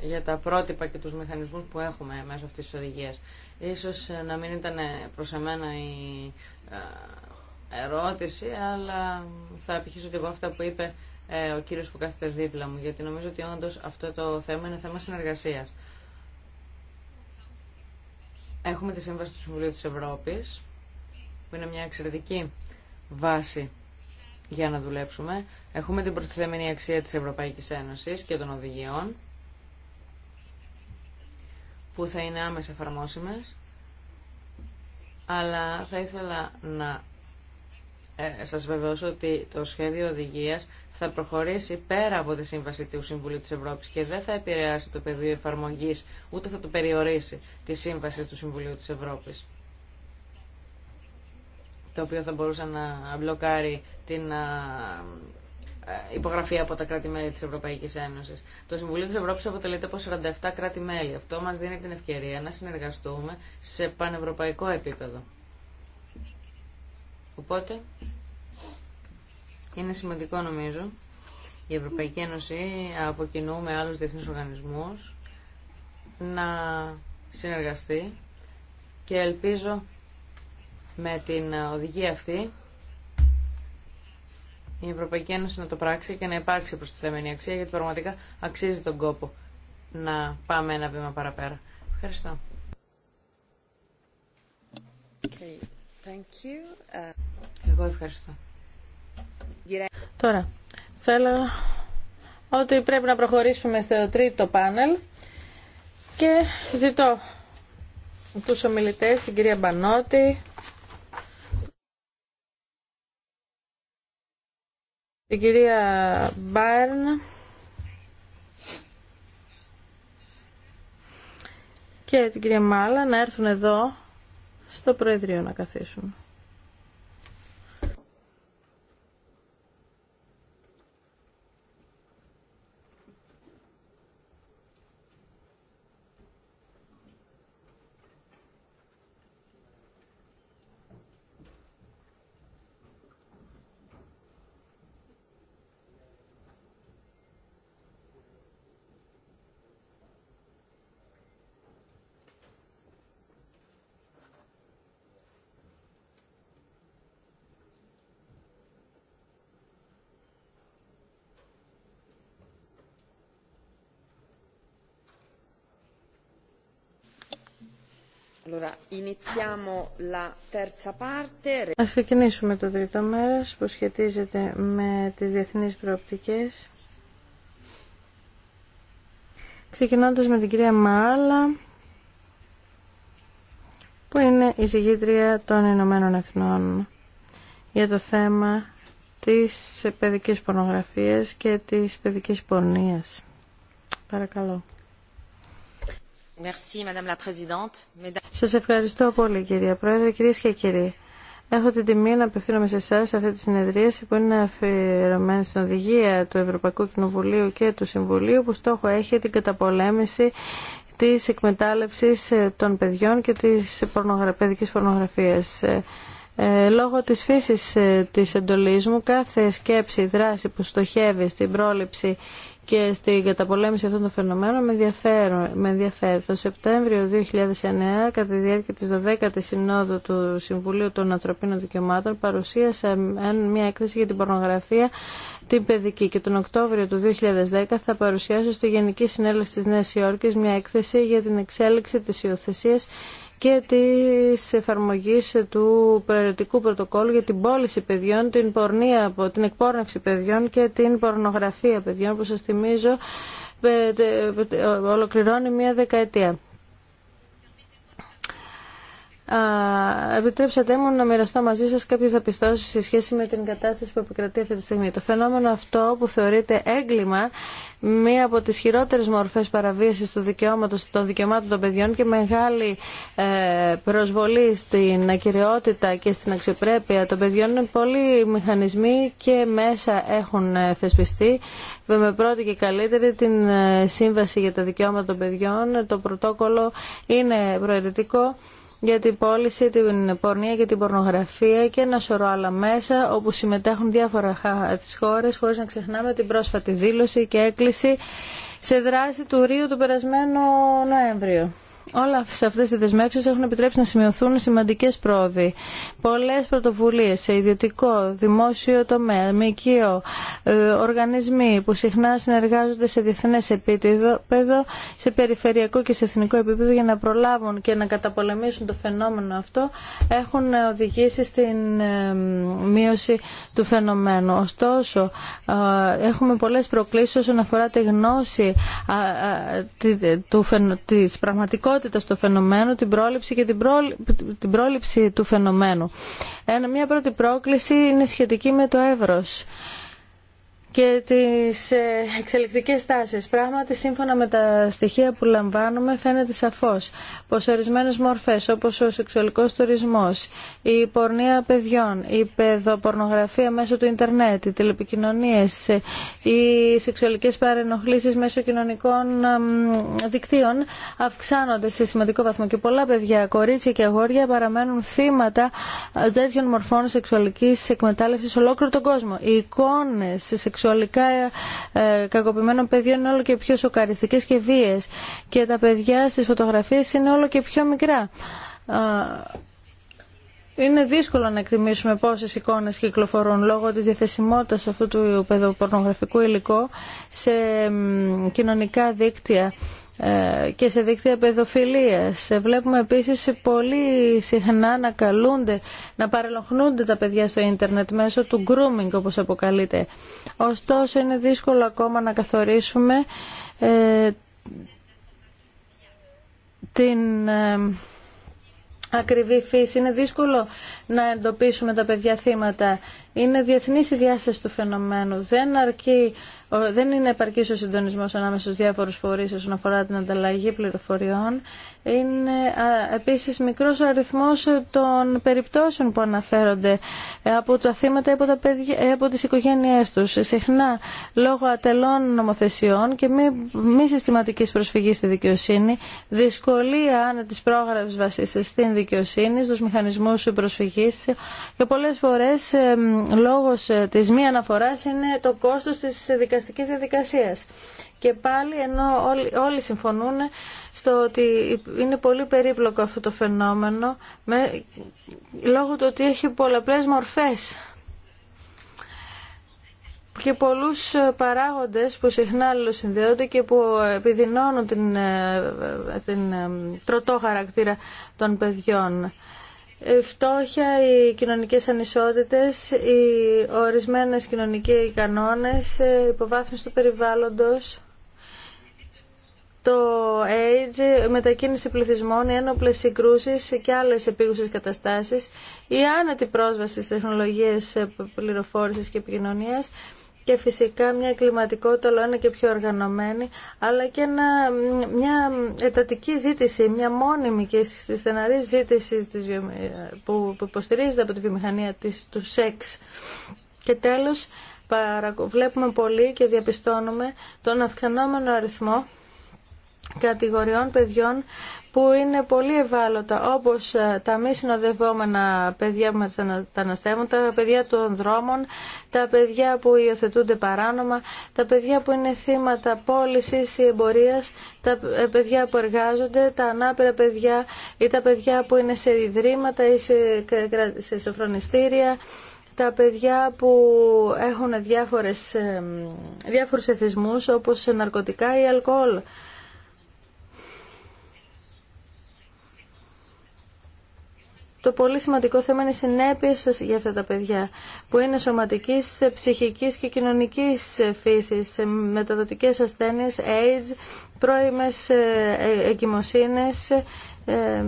για τα πρότυπα και τους μηχανισμούς που έχουμε μέσω αυτής της οδηγίας. Ίσως ε, να μην ήταν ε, προς εμένα η ε, ερώτηση, αλλά θα επιχείσω και εγώ αυτά που είπε ο κύριος που κάθεται δίπλα μου, γιατί νομίζω ότι όντως αυτό το θέμα είναι θέμα συνεργασίας. Έχουμε τη Σύμβαση του Συμβουλίου της Ευρώπης, που είναι μια εξαιρετική βάση για να δουλέψουμε. Έχουμε την προστιθέμενη αξία της Ευρωπαϊκής Ένωσης και των οδηγιών που θα είναι άμεσα εφαρμόσιμες αλλά θα ήθελα να ε, σας βεβαιώσω ότι το σχέδιο οδηγίας θα προχωρήσει πέρα από τη σύμβαση του Συμβουλίου της Ευρώπης και δεν θα επηρεάσει το πεδίο εφαρμογής, ούτε θα το περιορίσει τη σύμβαση του Συμβουλίου της Ευρώπης το οποίο θα μπορούσε να μπλοκάρει την ε, υπογραφή από τα κράτη-μέλη της Ευρωπαϊκής Ένωσης. Το Συμβουλίο της Ευρώπης αποτελείται από 47 κράτη-μέλη. Αυτό μας δίνει την ευκαιρία να συνεργαστούμε σε πανευρωπαϊκό επίπεδο. Οπότε, είναι σημαντικό νομίζω η Ευρωπαϊκή Ένωση από κοινού με άλλους διεθνείς οργανισμούς να συνεργαστεί και ελπίζω με την οδηγία αυτή η Ευρωπαϊκή Ένωση να το πράξει και να υπάρξει προστιθέμενη αξία γιατί πραγματικά αξίζει τον κόπο να πάμε ένα βήμα παραπέρα. Ευχαριστώ. Okay. Thank you. Uh, Εγώ ευχαριστώ. Τώρα, θέλω ότι πρέπει να προχωρήσουμε στο τρίτο πάνελ και ζητώ τους ομιλητές, την κυρία Μπανώτη, Η κυρία Μπάρν και την κυρία Μάλα να έρθουν εδώ στο Προεδρείο να καθίσουν. Ας ξεκινήσουμε το τρίτο μέρος που σχετίζεται με τις διεθνείς προοπτικές. Ξεκινώντας με την κυρία Μαάλα, που είναι η συγγήτρια των Ηνωμένων Εθνών για το θέμα της παιδικής πορνογραφίας και της παιδικής πορνείας. Παρακαλώ. Σας ευχαριστώ πολύ κυρία Πρόεδρε, κυρίες και κύριοι. Έχω την τιμή να απευθύνομαι σε εσά σε αυτή τη συνεδρίαση που είναι αφιερωμένη στην οδηγία του Ευρωπαϊκού Κοινοβουλίου και του Συμβουλίου που στόχο έχει την καταπολέμηση της εκμετάλλευσης ε, των παιδιών και της παιδικής πορνογραφίας. Ε, ε, λόγω της φύσης της εντολής μου, κάθε σκέψη, δράση που στοχεύει στην πρόληψη και στην καταπολέμηση αυτών των φαινομένων με ενδιαφέρει. Με ενδιαφέρον. Το Σεπτέμβριο 2009, κατά τη διάρκεια της 12ης Συνόδου του Συμβουλίου των Ανθρωπίνων Δικαιωμάτων, παρουσίασα μια έκθεση για την πορνογραφία την παιδική και τον Οκτώβριο του 2010 θα παρουσιάσω στη Γενική Συνέλευση της Νέας Υόρκης μια έκθεση για την εξέλιξη της υιοθεσία και της εφαρμογής του προαιρετικού πρωτοκόλλου για την πώληση παιδιών, την, πορνεία, την εκπόρνευση παιδιών και την πορνογραφία παιδιών που σας θυμίζω ε, ε, ε, ολοκληρώνει μία δεκαετία επιτρέψατε μου να μοιραστώ μαζί σας κάποιες απιστώσεις σε σχέση με την κατάσταση που επικρατεί αυτή τη στιγμή. Το φαινόμενο αυτό που θεωρείται έγκλημα, μία από τις χειρότερες μορφές παραβίασης του δικαιώματος, των δικαιωμάτων των παιδιών και μεγάλη ε, προσβολή στην ακυριότητα και στην αξιοπρέπεια των παιδιών, πολλοί μηχανισμοί και μέσα έχουν ε, θεσπιστεί με πρώτη και καλύτερη την ε, Σύμβαση για τα Δικαιώματα των Παιδιών. Το πρωτόκολλο είναι προαιρετικό για την πώληση, την πορνεία και την πορνογραφία και ένα σωρό άλλα μέσα όπου συμμετέχουν διάφορα χώρες χωρίς να ξεχνάμε την πρόσφατη δήλωση και έκκληση σε δράση του Ρίου του περασμένο Νοέμβριο. Όλα σε αυτές τις δεσμεύσεις έχουν επιτρέψει να σημειωθούν σημαντικές πρόοδοι. Πολλές πρωτοβουλίες σε ιδιωτικό, δημόσιο τομέα, μικείο, ε, οργανισμοί που συχνά συνεργάζονται σε διεθνές επίπεδο, σε περιφερειακό και σε εθνικό επίπεδο για να προλάβουν και να καταπολεμήσουν το φαινόμενο αυτό, έχουν οδηγήσει στην ε, μείωση του φαινομένου. Ωστόσο, ε, έχουμε πολλές προκλήσεις όσον αφορά τη γνώση της πραγματικότητας ταυτότητας στο φαινόμενο, την πρόληψη και την, προ... την πρόληψη του φαινομένου. Ένα, μια πρώτη πρόκληση είναι σχετική με το εύρος και τις ε, εξελικτικές τάσεις. Πράγματι, σύμφωνα με τα στοιχεία που λαμβάνουμε, φαίνεται σαφώς πως ορισμένες μορφές, όπως ο σεξουαλικός τουρισμός, η πορνεία παιδιών, η παιδοπορνογραφία μέσω του ίντερνετ, οι τηλεπικοινωνίες, οι σεξουαλικές παρενοχλήσεις μέσω κοινωνικών δικτύων αυξάνονται σε σημαντικό βαθμό και πολλά παιδιά, κορίτσια και αγόρια παραμένουν θύματα τέτοιων μορφών σεξουαλικής εκμετάλλευσης ολόκληρο τον κόσμο. Οι εικόνες σεξουαλικά ε, ε, κακοποιημένων παιδιών είναι όλο και πιο σοκαριστικές και βίες και τα παιδιά στις φωτογραφίες είναι όλο και πιο μικρά. Είναι δύσκολο να εκτιμήσουμε πόσε εικόνε κυκλοφορούν λόγω τη διαθεσιμότητα αυτού του παιδοπορνογραφικού υλικού σε κοινωνικά δίκτυα ε, και σε δίκτυα παιδοφιλίας. Ε, βλέπουμε επίσης πολύ συχνά να καλούνται, να παρελοχνούνται τα παιδιά στο ίντερνετ μέσω του grooming όπως αποκαλείται. Ωστόσο είναι δύσκολο ακόμα να καθορίσουμε ε, την ακριβή φύση. Είναι δύσκολο να εντοπίσουμε τα παιδιά θύματα. Είναι διεθνής η διάσταση του φαινομένου. Δεν αρκεί δεν είναι επαρκή ο συντονισμό ανάμεσα στου διάφορου φορείς όσον αφορά την ανταλλαγή πληροφοριών είναι επίσης μικρός ο αριθμός των περιπτώσεων που αναφέρονται ε, από τα θύματα ή από, ε, από τις οικογένειές τους. Συχνά λόγω ατελών νομοθεσιών και μη, μη συστηματικής προσφυγής στη δικαιοσύνη, δυσκολία ανά της πρόγραμβασης στην δικαιοσύνη, στους μηχανισμούς προσφυγής και πολλές φορές ε, λόγος της μη αναφοράς είναι το κόστος της δικαστικής διαδικασίας. Και πάλι ενώ όλοι, όλοι συμφωνούν στο ότι είναι πολύ περίπλοκο αυτό το φαινόμενο με, λόγω του ότι έχει πολλαπλές μορφές και πολλούς παράγοντες που συχνά αλληλοσυνδέονται και που επιδεινώνουν την, ε, την ε, τροτό χαρακτήρα των παιδιών. Η φτώχεια, οι κοινωνικές ανισότητες, οι ορισμένες κοινωνικοί κανόνες, ε, υποβάθμιση του περιβάλλοντος το AIDS, μετακίνηση πληθυσμών, οι ένοπλες συγκρούσεις και άλλες επίγουσες καταστάσεις, η άνετη πρόσβαση στις τεχνολογίες πληροφόρησης και επικοινωνίας και φυσικά μια κλιματικότητα όλο ένα και πιο οργανωμένη, αλλά και μια ετατική ζήτηση, μια μόνιμη και στεναρή ζήτηση της, που, που υποστηρίζεται από τη βιομηχανία της, του σεξ. Και τέλος, βλέπουμε πολύ και διαπιστώνουμε τον αυξανόμενο αριθμό κατηγοριών παιδιών που είναι πολύ ευάλωτα, όπως ε, τα μη συνοδευόμενα παιδιά που μεταναστεύουν, τα παιδιά των δρόμων, τα παιδιά που υιοθετούνται παράνομα, τα παιδιά που είναι θύματα πώληση ή εμπορίας, τα ε, παιδιά που εργάζονται, τα ανάπηρα παιδιά ή τα παιδιά που είναι σε ιδρύματα ή σε σοφρονιστήρια, τα παιδιά που έχουν διάφορες, ε, διάφορους εθισμούς όπως ναρκωτικά ή αλκοόλ. Το πολύ σημαντικό θέμα είναι οι συνέπειε για αυτά τα παιδιά, που είναι σωματική, ψυχική και κοινωνική φύση, μεταδοτικέ ασθένειε, AIDS, πρώιμε ε, εγκυμοσύνε. Ε,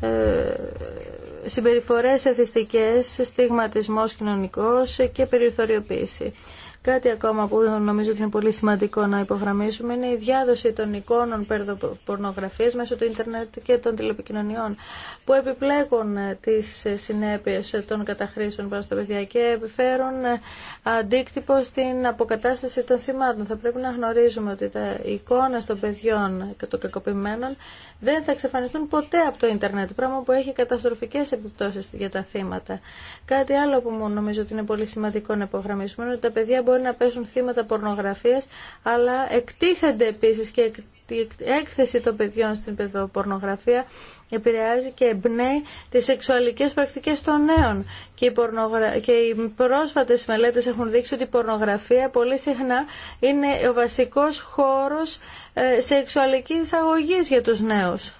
ε, συμπεριφορές εθιστικές, στιγματισμός κοινωνικός και περιθωριοποίηση. Κάτι ακόμα που νομίζω ότι είναι πολύ σημαντικό να υπογραμμίσουμε είναι η διάδοση των εικόνων περδοπορνογραφίας μέσω του ίντερνετ και των τηλεπικοινωνιών που επιπλέκουν ε, τις ε, συνέπειες ε, των καταχρήσεων προς τα παιδιά και επιφέρουν αντίκτυπο στην αποκατάσταση των θυμάτων. Θα πρέπει να γνωρίζουμε ότι τα εικόνα των παιδιών και των κακοποιημένων δεν θα εξαφανιστούν ποτέ από το ίντερνετ, πράγμα που έχει καταστροφικές επιπτώσεις για τα θύματα. Κάτι άλλο που νομίζω ότι είναι πολύ σημαντικό να υπογραμμίσουμε ότι τα παιδιά μπορεί να πέσουν θύματα πορνογραφίας, αλλά εκτίθενται επίσης και η έκθεση των παιδιών στην παιδοπορνογραφία επηρεάζει και εμπνέει τις σεξουαλικές πρακτικές των νέων. Και οι, πορνογρα... και οι πρόσφατες μελέτες έχουν δείξει ότι η πορνογραφία πολύ συχνά είναι ο βασικός χώρος ε, σεξουαλικής αγωγής για τους νέους.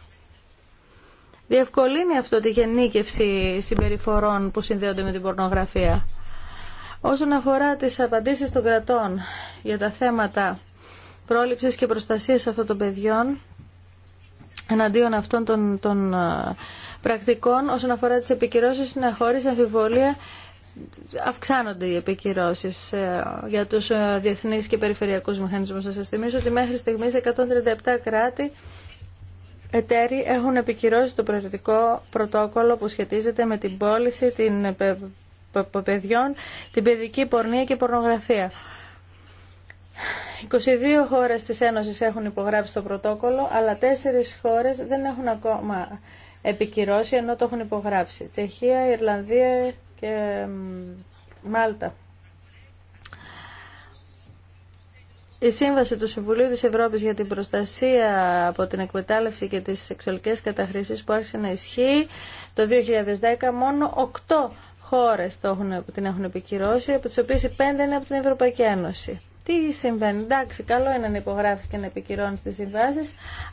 Διευκολύνει αυτό τη γενίκευση συμπεριφορών που συνδέονται με την πορνογραφία. Όσον αφορά τις απαντήσεις των κρατών για τα θέματα πρόληψης και προστασίας αυτών των παιδιών, εναντίον αυτών των, των ε, πρακτικών, όσον αφορά τις επικυρώσεις, είναι χωρίς αμφιβολία αυξάνονται οι επικυρώσεις ε, για τους ε, διεθνείς και περιφερειακούς μηχανισμούς. Θα σας θυμίσω ότι μέχρι στιγμής 137 κράτη εταίροι έχουν επικυρώσει το προαιρετικό πρωτόκολλο που σχετίζεται με την πώληση, την παιδιών, την παιδική πορνεία και πορνογραφία. 22 χώρες της Ένωσης έχουν υπογράψει το πρωτόκολλο, αλλά 4 χώρες δεν έχουν ακόμα επικυρώσει, ενώ το έχουν υπογράψει. Τσεχία, Ιρλανδία και Μάλτα. Η Σύμβαση του Συμβουλίου της Ευρώπης για την προστασία από την εκμετάλλευση και τις σεξουαλικές καταχρήσεις που άρχισε να ισχύει το 2010, μόνο 8 χώρες την έχουν επικυρώσει, από τις οποίες οι πέντε είναι από την Ευρωπαϊκή Ένωση. Τι συμβαίνει. Εντάξει, καλό είναι να υπογράφει και να επικυρώνει τι συμβάσει,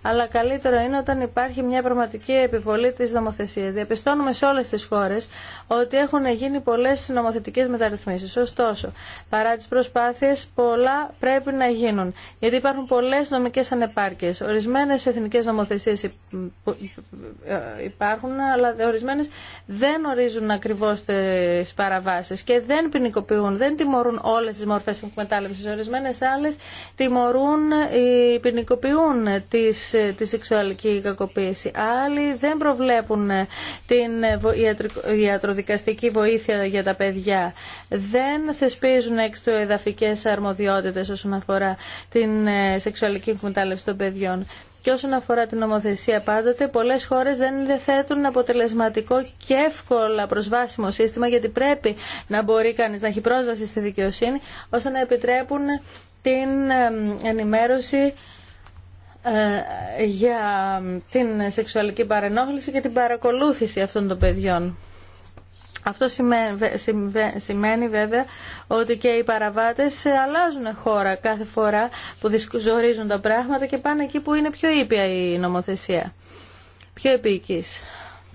αλλά καλύτερο είναι όταν υπάρχει μια πραγματική επιβολή τη νομοθεσία. Διαπιστώνουμε σε όλε τι χώρε ότι έχουν γίνει πολλέ νομοθετικέ μεταρρυθμίσει. Ωστόσο, παρά τι προσπάθειε, πολλά πρέπει να γίνουν. Γιατί υπάρχουν πολλέ νομικέ ανεπάρκειε. Ορισμένε εθνικέ νομοθεσίε ε, υπάρχουν, αλλά ορισμένε δεν ορίζουν ακριβώ τι παραβάσει και δεν ποινικοποιούν, δεν τιμωρούν όλε τι μορφέ εκμετάλλευση ορισμένες άλλες τιμωρούν, ή ποινικοποιούν τις, τη σεξουαλική κακοποίηση. Άλλοι δεν προβλέπουν την ιατροδικαστική βοήθεια για τα παιδιά. Δεν θεσπίζουν έξω εδαφικές αρμοδιότητες όσον αφορά την ε, σεξουαλική εκμετάλλευση των παιδιών. Και όσον αφορά την νομοθεσία πάντοτε, πολλές χώρες δεν διαθέτουν αποτελεσματικό και εύκολα προσβάσιμο σύστημα, γιατί πρέπει να μπορεί κανείς να έχει πρόσβαση στη δικαιοσύνη, ώστε να επιτρέπουν την ενημέρωση ε, για την σεξουαλική παρενόχληση και την παρακολούθηση αυτών των παιδιών. Αυτό σημαίνει, βέβαια ότι και οι παραβάτες αλλάζουν χώρα κάθε φορά που ζορίζουν τα πράγματα και πάνε εκεί που είναι πιο ήπια η νομοθεσία, πιο επίκης.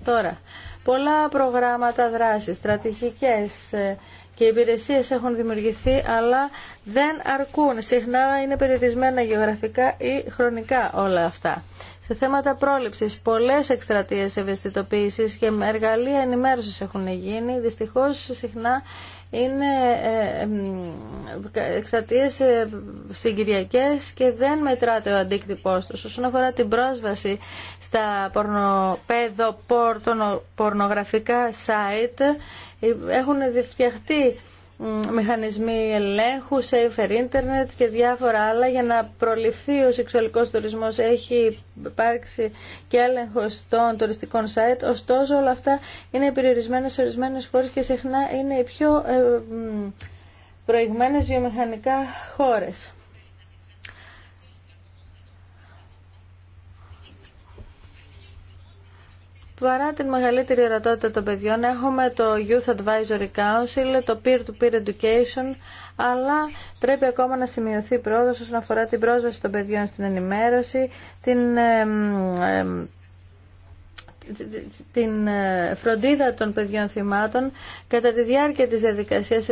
Τώρα, πολλά προγράμματα δράσης, στρατηγικές ε, και υπηρεσίες έχουν δημιουργηθεί αλλά δεν αρκούν. Συχνά είναι περιορισμένα γεωγραφικά ή χρονικά όλα αυτά. Σε θέματα πρόληψης, πολλές εκστρατείες ευαισθητοποίησης και εργαλεία ενημέρωσης έχουν γίνει. Δυστυχώς, συχνά είναι εξτρατείες ε, συγκυριακές και δεν μετράται ο αντίκτυπός τους. Όσον αφορά την πρόσβαση στα πορνο, πορνογραφικά site, ε, έχουν διεφτιαχτεί μηχανισμοί ελέγχου, safer internet και διάφορα άλλα για να προληφθεί ο σεξουαλικός τουρισμός έχει υπάρξει και έλεγχο των τουριστικών site ωστόσο όλα αυτά είναι περιορισμένα σε ορισμένες χώρες και συχνά είναι οι πιο ε, προηγμένες βιομηχανικά χώρες. Παρά την μεγαλύτερη ερωτότητα των παιδιών, έχουμε το Youth Advisory Council, το Peer-to-Peer Education, αλλά πρέπει ακόμα να σημειωθεί πρόοδος όσον αφορά την πρόσβαση των παιδιών στην ενημέρωση, την την ε, φροντίδα των παιδιών θυμάτων κατά τη διάρκεια της διαδικασίας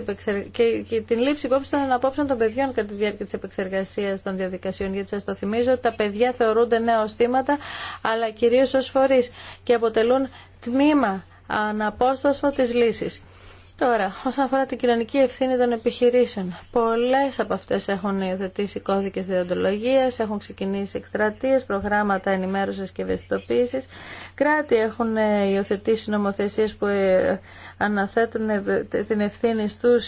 και την λήψη υπόψη των αναπόψεων των παιδιών κατά τη διάρκεια της επεξεργασίας των διαδικασιών. Γιατί σας το θυμίζω ότι τα παιδιά θεωρούνται νέα οστήματα αλλά κυρίως ως φορείς και αποτελούν τμήμα αναπόσπαστο της λύσης. Τώρα, όσον αφορά την κοινωνική ευθύνη των επιχειρήσεων, πολλέ από αυτέ έχουν υιοθετήσει κώδικε διοντολογία, έχουν ξεκινήσει εκστρατείε, προγράμματα ενημέρωση και ευαισθητοποίηση. Κράτη έχουν ε, υιοθετήσει νομοθεσίε που ε, αναθέτουν ε, την ευθύνη στου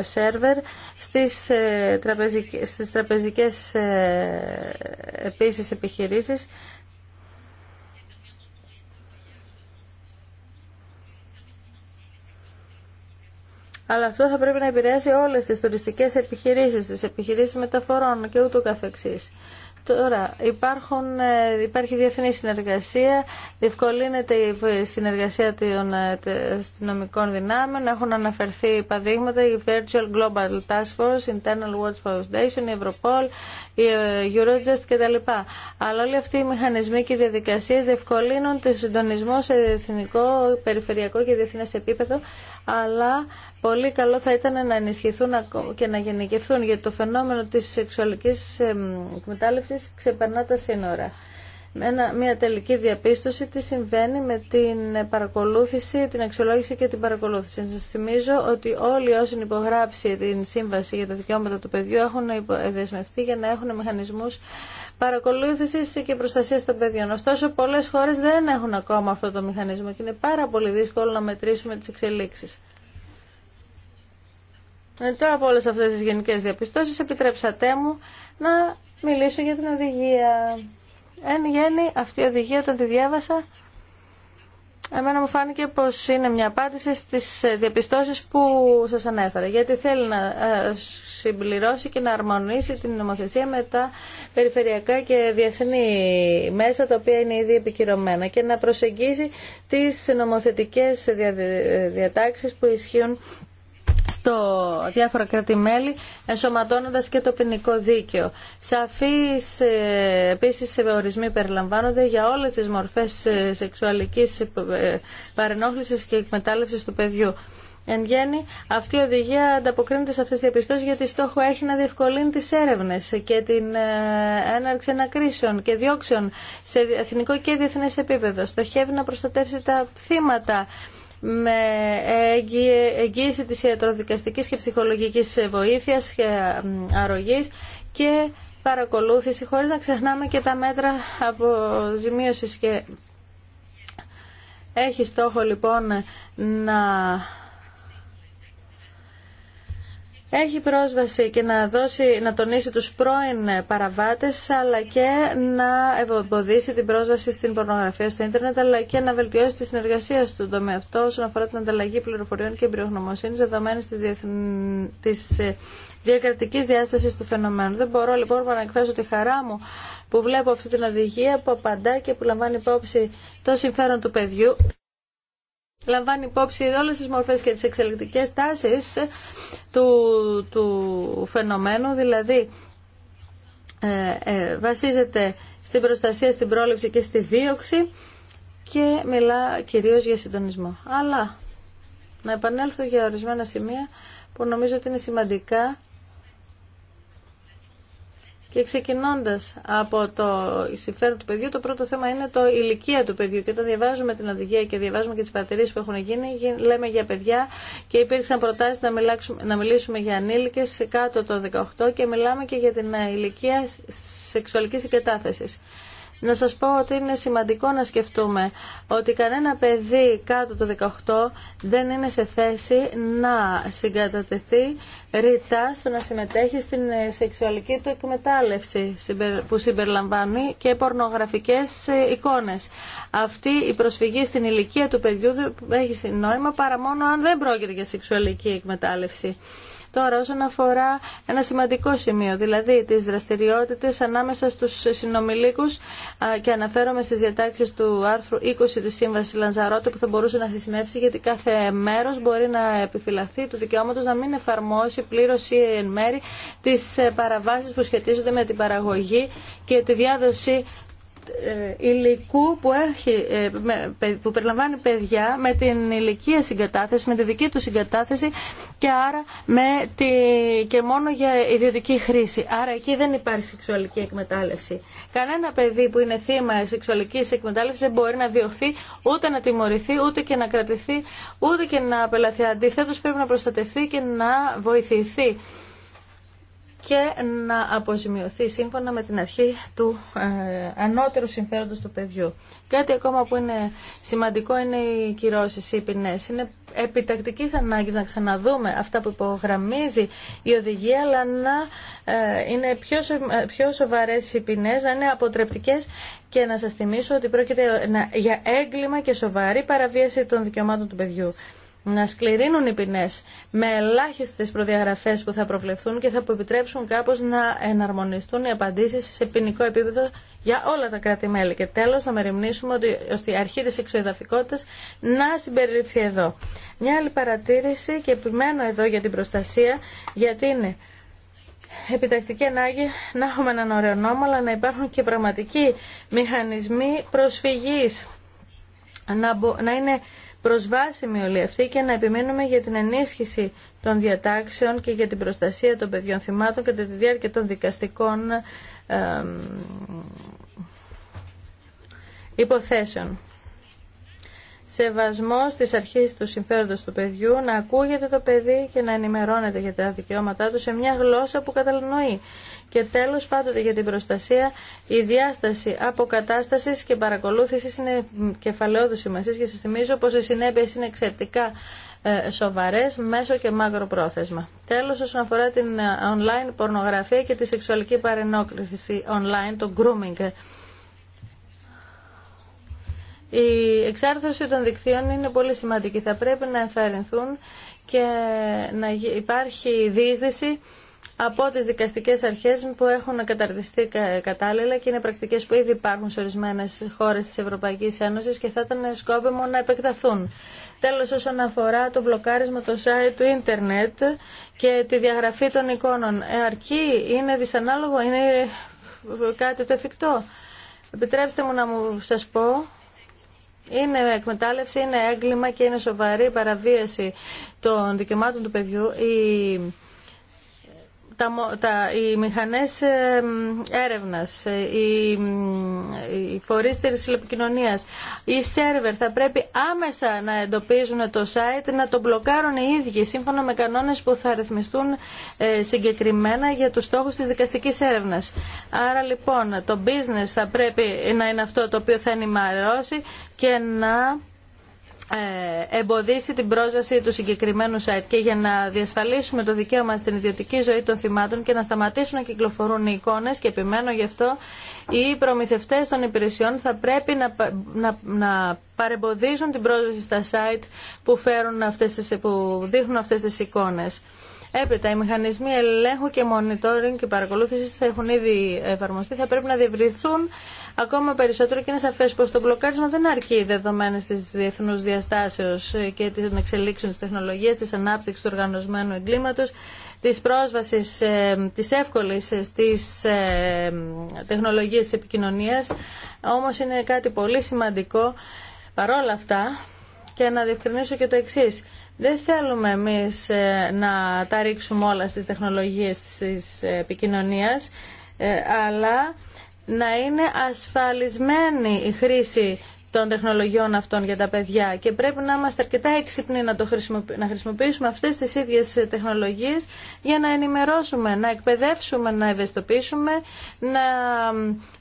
σερβερ, στι τραπεζικέ επίση επιχειρήσει Αλλά αυτό θα πρέπει να επηρεάσει όλες τις τουριστικές επιχειρήσεις, τις επιχειρήσεις μεταφορών και ούτω καθεξής. Τώρα, υπάρχουν, ε, υπάρχει διεθνή συνεργασία, διευκολύνεται η συνεργασία των ε, αστυνομικών δυνάμεων, έχουν αναφερθεί παδείγματα η Virtual Global Task Force, Internal Watch Foundation, η Europol, η ε, Eurojust κτλ. Αλλά όλοι αυτοί οι μηχανισμοί και οι διαδικασίες διευκολύνουν το συντονισμό σε εθνικό, περιφερειακό και διεθνές επίπεδο, αλλά πολύ καλό θα ήταν να ενισχυθούν και να γενικευθούν γιατί το φαινόμενο της σεξουαλικής εκμετάλλευσης ξεπερνά τα σύνορα. Ένα, μια τελική διαπίστωση τι συμβαίνει με την παρακολούθηση, την αξιολόγηση και την παρακολούθηση. Σα θυμίζω ότι όλοι όσοι έχουν υπογράψει την Σύμβαση για τα Δικαιώματα του Παιδιού έχουν ε, δεσμευτεί για να έχουν μηχανισμού παρακολούθηση και προστασία των παιδιών. Ωστόσο, πολλέ χώρε δεν έχουν ακόμα αυτό το μηχανισμό και είναι πάρα πολύ δύσκολο να μετρήσουμε τι εξελίξει. Μετά από όλες αυτές τις γενικές διαπιστώσεις επιτρέψατε μου να μιλήσω για την οδηγία. Εν γέννη αυτή η οδηγία όταν τη διάβασα Εμένα μου φάνηκε πως είναι μια απάντηση στις ε, διαπιστώσεις που σας ανέφερα, γιατί θέλει να ε, συμπληρώσει και να αρμονίσει την νομοθεσία με τα περιφερειακά και διεθνή μέσα, τα οποία είναι ήδη επικυρωμένα, και να προσεγγίζει τις νομοθετικές ε, διατάξεις που ισχύουν στο διάφορα κράτη-μέλη, ενσωματώνοντας και το ποινικό δίκαιο. Σαφείς ε, επίσης ορισμοί περιλαμβάνονται για όλες τις μορφές ε, σεξουαλικής ε, παρενόχλησης και εκμετάλλευσης του παιδιού. Εν γέννη, αυτή η οδηγία ανταποκρίνεται σε αυτές τις διαπιστώσεις γιατί στόχο έχει να διευκολύνει τις έρευνες και την έναρξη ανακρίσεων και διώξεων σε εθνικό και διεθνές επίπεδο. Στοχεύει να προστατεύσει τα θύματα με εγγύηση της ιατροδικαστικής και ψυχολογικής βοήθειας και αρρωγής και παρακολούθηση χωρίς να ξεχνάμε και τα μέτρα αποζημίωσης και έχει στόχο λοιπόν να έχει πρόσβαση και να, δώσει, να τονίσει τους πρώην παραβάτες αλλά και να εμποδίσει την πρόσβαση στην πορνογραφία στο ίντερνετ αλλά και να βελτιώσει τη συνεργασία στον τομέα αυτό όσον αφορά την ανταλλαγή πληροφοριών και εμπειρογνωμοσύνης δεδομένης της, διεθν... διακρατική διάσταση του φαινομένου. Δεν μπορώ λοιπόν να εκφράσω τη χαρά μου που βλέπω αυτή την οδηγία που απαντά και που λαμβάνει υπόψη το συμφέρον του παιδιού λαμβάνει υπόψη όλες τις μορφές και τις εξελικτικές τάσεις του, του φαινομένου, δηλαδή ε, ε, βασίζεται στην προστασία, στην πρόληψη και στη δίωξη και μιλά κυρίως για συντονισμό. Αλλά να επανέλθω για ορισμένα σημεία που νομίζω ότι είναι σημαντικά και ξεκινώντα από το συμφέρον του παιδιού, το πρώτο θέμα είναι το ηλικία του παιδιού. Και όταν διαβάζουμε την οδηγία και διαβάζουμε και τις παρατηρήσεις που έχουν γίνει, λέμε για παιδιά και υπήρξαν προτάσει να, να μιλήσουμε για ανήλικες κάτω το 18 και μιλάμε και για την ε, ηλικία σεξουαλικής συγκατάθεση να σας πω ότι είναι σημαντικό να σκεφτούμε ότι κανένα παιδί κάτω το 18 δεν είναι σε θέση να συγκατατεθεί ρητά στο να συμμετέχει στην ε, σεξουαλική του εκμετάλλευση που συμπεριλαμβάνει και πορνογραφικές ε, εικόνες. Αυτή η προσφυγή στην ηλικία του παιδιού έχει νόημα παρά μόνο αν δεν πρόκειται για σεξουαλική εκμετάλλευση. Τώρα, όσον αφορά ένα σημαντικό σημείο, δηλαδή τις δραστηριότητες ανάμεσα στους συνομιλίκους και αναφέρομαι στις διατάξεις του άρθρου 20 της Σύμβασης Λανζαρότη που θα μπορούσε να χρησιμεύσει γιατί κάθε μέρος μπορεί να επιφυλαχθεί του δικαιώματος να μην εφαρμόσει πλήρως ή εν μέρη τις ε, παραβάσεις που σχετίζονται με την παραγωγή και τη διάδοση ε, υλικού που, έχει, ε, που περιλαμβάνει παιδιά με την ηλικία συγκατάθεση, με τη δική του συγκατάθεση και άρα με τη, και μόνο για ιδιωτική χρήση. Άρα εκεί δεν υπάρχει σεξουαλική εκμετάλλευση. Κανένα παιδί που είναι θύμα σεξουαλικής εκμετάλλευση δεν μπορεί να διωχθεί, ούτε να τιμωρηθεί, ούτε και να κρατηθεί, ούτε και να απελαθεί. Αντιθέτως πρέπει να προστατευτεί και να βοηθηθεί και να αποζημιωθεί σύμφωνα με την αρχή του ε, ανώτερου συμφέροντος του παιδιού. Κάτι ακόμα που είναι σημαντικό είναι οι κυρώσεις, οι ποινές. Είναι επιτακτικής ανάγκης να ξαναδούμε αυτά που υπογραμμίζει η οδηγία, αλλά να ε, είναι πιο, σο, ε, πιο σοβαρές οι ποινές, να είναι αποτρεπτικές και να σας θυμίσω ότι πρόκειται για έγκλημα και σοβαρή παραβίαση των δικαιωμάτων του παιδιού να σκληρύνουν οι ποινές με ελάχιστες προδιαγραφές που θα προβλεφθούν και θα επιτρέψουν κάπως να εναρμονιστούν οι απαντήσεις σε ποινικό επίπεδο για όλα τα κράτη-μέλη. Και τέλος να μεριμνήσουμε ότι, ώστε η αρχή της εξοεδαφικότητας να συμπεριληφθεί εδώ. Μια άλλη παρατήρηση και επιμένω εδώ για την προστασία γιατί είναι επιτακτική ανάγκη να έχουμε έναν ωραίο νόμο αλλά να υπάρχουν και πραγματικοί μηχανισμοί προσφυγής να είναι προσβάσιμη όλη αυτή και να επιμείνουμε για την ενίσχυση των διατάξεων και για την προστασία των παιδιών θυμάτων κατά τη διάρκεια των δικαστικών υποθέσεων σεβασμό στις αρχές του συμφέροντος του παιδιού, να ακούγεται το παιδί και να ενημερώνεται για τα δικαιώματά του σε μια γλώσσα που κατανοεί. Και τέλο πάντοτε για την προστασία, η διάσταση αποκατάσταση και παρακολούθησης είναι κεφαλαιόδου σημασία και σα θυμίζω πως οι συνέπειες είναι εξαιρετικά ε, σοβαρές μέσο και πρόθεσμα. Τέλο, όσον αφορά την ε, online πορνογραφία και τη σεξουαλική παρενόκληση online, το grooming, ε, η εξάρθρωση των δικτύων είναι πολύ σημαντική. Θα πρέπει να ενθαρρυνθούν και να υπάρχει διείσδυση από τις δικαστικές αρχές που έχουν καταρτιστεί κατάλληλα και είναι πρακτικές που ήδη υπάρχουν σε ορισμένες χώρες της Ευρωπαϊκής Ένωσης και θα ήταν σκόπιμο να επεκταθούν. Τέλος, όσον αφορά το μπλοκάρισμα των site του ίντερνετ και τη διαγραφή των εικόνων, ε, αρκεί, είναι δυσανάλογο, είναι κάτι το εφικτό. Επιτρέψτε μου να μου σας πω είναι εκμετάλλευση, είναι έγκλημα και είναι σοβαρή παραβίαση των δικαιωμάτων του παιδιού τα, οι μηχανές ε, έρευνας, ε, οι, οι φορείς της τηλεπικοινωνίας, οι σερβερ θα πρέπει άμεσα να εντοπίζουν το site, να το μπλοκάρουν οι ίδιοι σύμφωνα με κανόνες που θα αριθμιστούν ε, συγκεκριμένα για τους στόχους της δικαστικής έρευνας. Άρα λοιπόν το business θα πρέπει να είναι αυτό το οποίο θα ενημερώσει και να ε, εμποδίσει την πρόσβαση του συγκεκριμένου site και για να διασφαλίσουμε το δικαίωμα στην ιδιωτική ζωή των θυμάτων και να σταματήσουν να κυκλοφορούν οι εικόνες και επιμένω γι' αυτό οι προμηθευτές των υπηρεσιών θα πρέπει να, να, να παρεμποδίζουν την πρόσβαση στα site που, φέρουν αυτές τις, που δείχνουν αυτές τις εικόνες. Έπειτα, οι μηχανισμοί ελέγχου και monitoring και παρακολούθηση έχουν ήδη εφαρμοστεί. Θα πρέπει να διευρυθούν ακόμα περισσότερο και είναι σαφέ πω το μπλοκάρισμα δεν αρκεί δεδομένε της διεθνού διαστάσεως και των εξελίξεων τη τεχνολογία, της ανάπτυξης του οργανωσμένου εγκλήματο, της πρόσβασης ε, της εύκολης ε, ε, της τεχνολογίε τη επικοινωνίας. Όμως είναι κάτι πολύ σημαντικό παρόλα αυτά και να διευκρινίσω και το εξή. Δεν θέλουμε εμείς να τα ρίξουμε όλα στις τεχνολογίες της επικοινωνίας, αλλά να είναι ασφαλισμένη η χρήση των τεχνολογιών αυτών για τα παιδιά και πρέπει να είμαστε αρκετά έξυπνοι να, το χρησιμοποιήσουμε αυτές τις ίδιες τεχνολογίες για να ενημερώσουμε, να εκπαιδεύσουμε, να ευαισθητοποιήσουμε, να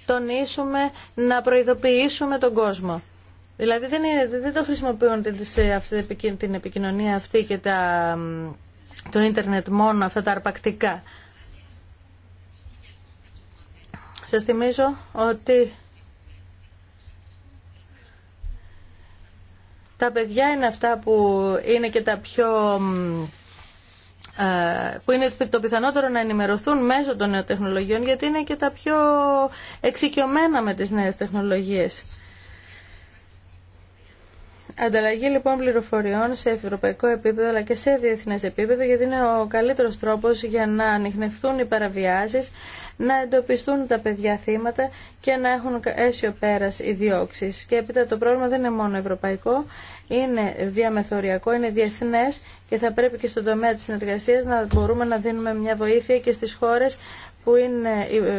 τονίσουμε, να προειδοποιήσουμε τον κόσμο. Δηλαδή δεν, είναι, το χρησιμοποιούν την επικοινωνία αυτή και τα, το ίντερνετ μόνο αυτά τα αρπακτικά. Σας θυμίζω ότι τα παιδιά είναι αυτά που είναι και τα πιο ε, που είναι το πιθανότερο να ενημερωθούν μέσω των νέων τεχνολογιών γιατί είναι και τα πιο εξοικειωμένα με τις νέες τεχνολογίες. Ανταλλαγή λοιπόν πληροφοριών σε ευρωπαϊκό επίπεδο αλλά και σε διεθνές επίπεδο γιατί είναι ο καλύτερος τρόπος για να ανοιχνευτούν οι παραβιάσεις να εντοπιστούν τα παιδιά θύματα και να έχουν αίσιο πέρας οι διώξεις. Και έπειτα το πρόβλημα δεν είναι μόνο ευρωπαϊκό, είναι διαμεθοριακό, είναι διεθνές και θα πρέπει και στον τομέα της συνεργασίας να μπορούμε να δίνουμε μια βοήθεια και στις χώρες που είναι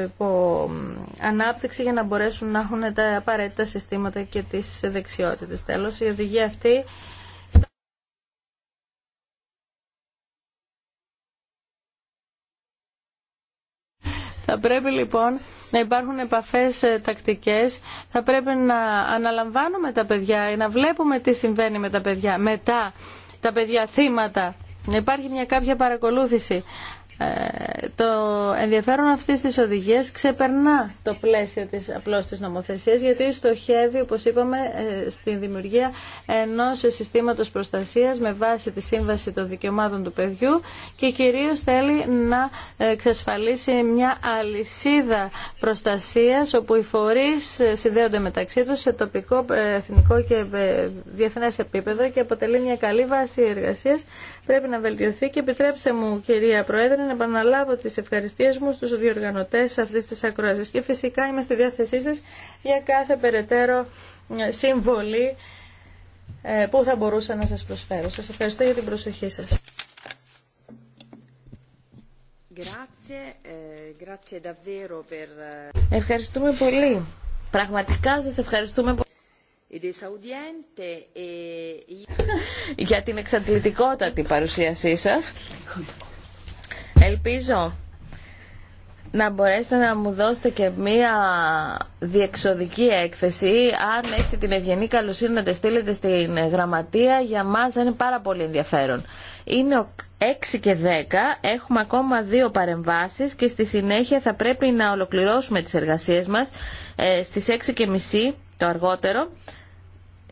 υπό ανάπτυξη για να μπορέσουν να έχουν τα απαραίτητα συστήματα και τις δεξιότητες. Τέλος, η οδηγία αυτή Θα πρέπει λοιπόν να υπάρχουν επαφές ε, τακτικές, θα πρέπει να αναλαμβάνουμε τα παιδιά ή να βλέπουμε τι συμβαίνει με τα παιδιά μετά τα παιδιά θύματα. Να υπάρχει μια κάποια παρακολούθηση. Ε, το ενδιαφέρον αυτή της οδηγίας ξεπερνά το πλαίσιο της απλώς της νομοθεσίας γιατί στοχεύει όπω είπαμε ε, στη δημιουργία ενός συστήματος προστασίας με βάση τη σύμβαση των δικαιωμάτων του παιδιού και κυρίω θέλει να εξασφαλίσει μια αλυσίδα προστασίας όπου οι φορεί συνδέονται μεταξύ τους σε τοπικό, ε, εθνικό και διεθνέ επίπεδο και αποτελεί μια καλή βάση εργασία πρέπει να βελτιωθεί και επιτρέψτε μου κυρία Πρόεδρε να επαναλάβω τις ευχαριστίες μου στους διοργανωτές αυτής της ακρόασης και φυσικά είμαι στη διάθεσή σας για κάθε περαιτέρω ε, συμβολή ε, που θα μπορούσα να σας προσφέρω. Σας ευχαριστώ για την προσοχή σας. Ε, ευχαριστούμε πολύ. Πραγματικά σας ευχαριστούμε πολύ. Eh, για την εξαντλητικότατη παρουσίασή σας. Ελπίζω να μπορέσετε να μου δώσετε και μία διεξοδική έκθεση. Αν έχετε την ευγενή καλοσύνη να τη στείλετε στην γραμματεία, για μας θα είναι πάρα πολύ ενδιαφέρον. Είναι 6 και 10, έχουμε ακόμα δύο παρεμβάσεις και στη συνέχεια θα πρέπει να ολοκληρώσουμε τις εργασίες μας ε, στις 6 και μισή το αργότερο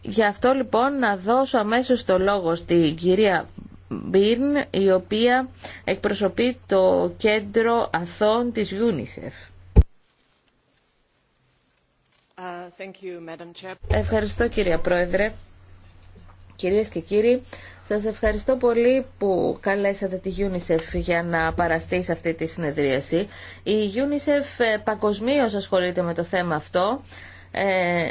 Γι' αυτό λοιπόν να δώσω αμέσως το λόγο στη κυρία Μπίρν, η οποία εκπροσωπεί το κέντρο αθών της UNICEF. Uh, ευχαριστώ κυρία Πρόεδρε. Κυρίες και κύριοι, σας ευχαριστώ πολύ που καλέσατε τη UNICEF για να παραστεί σε αυτή τη συνεδρίαση. Η UNICEF ε, παγκοσμίως ασχολείται με το θέμα αυτό. Ε,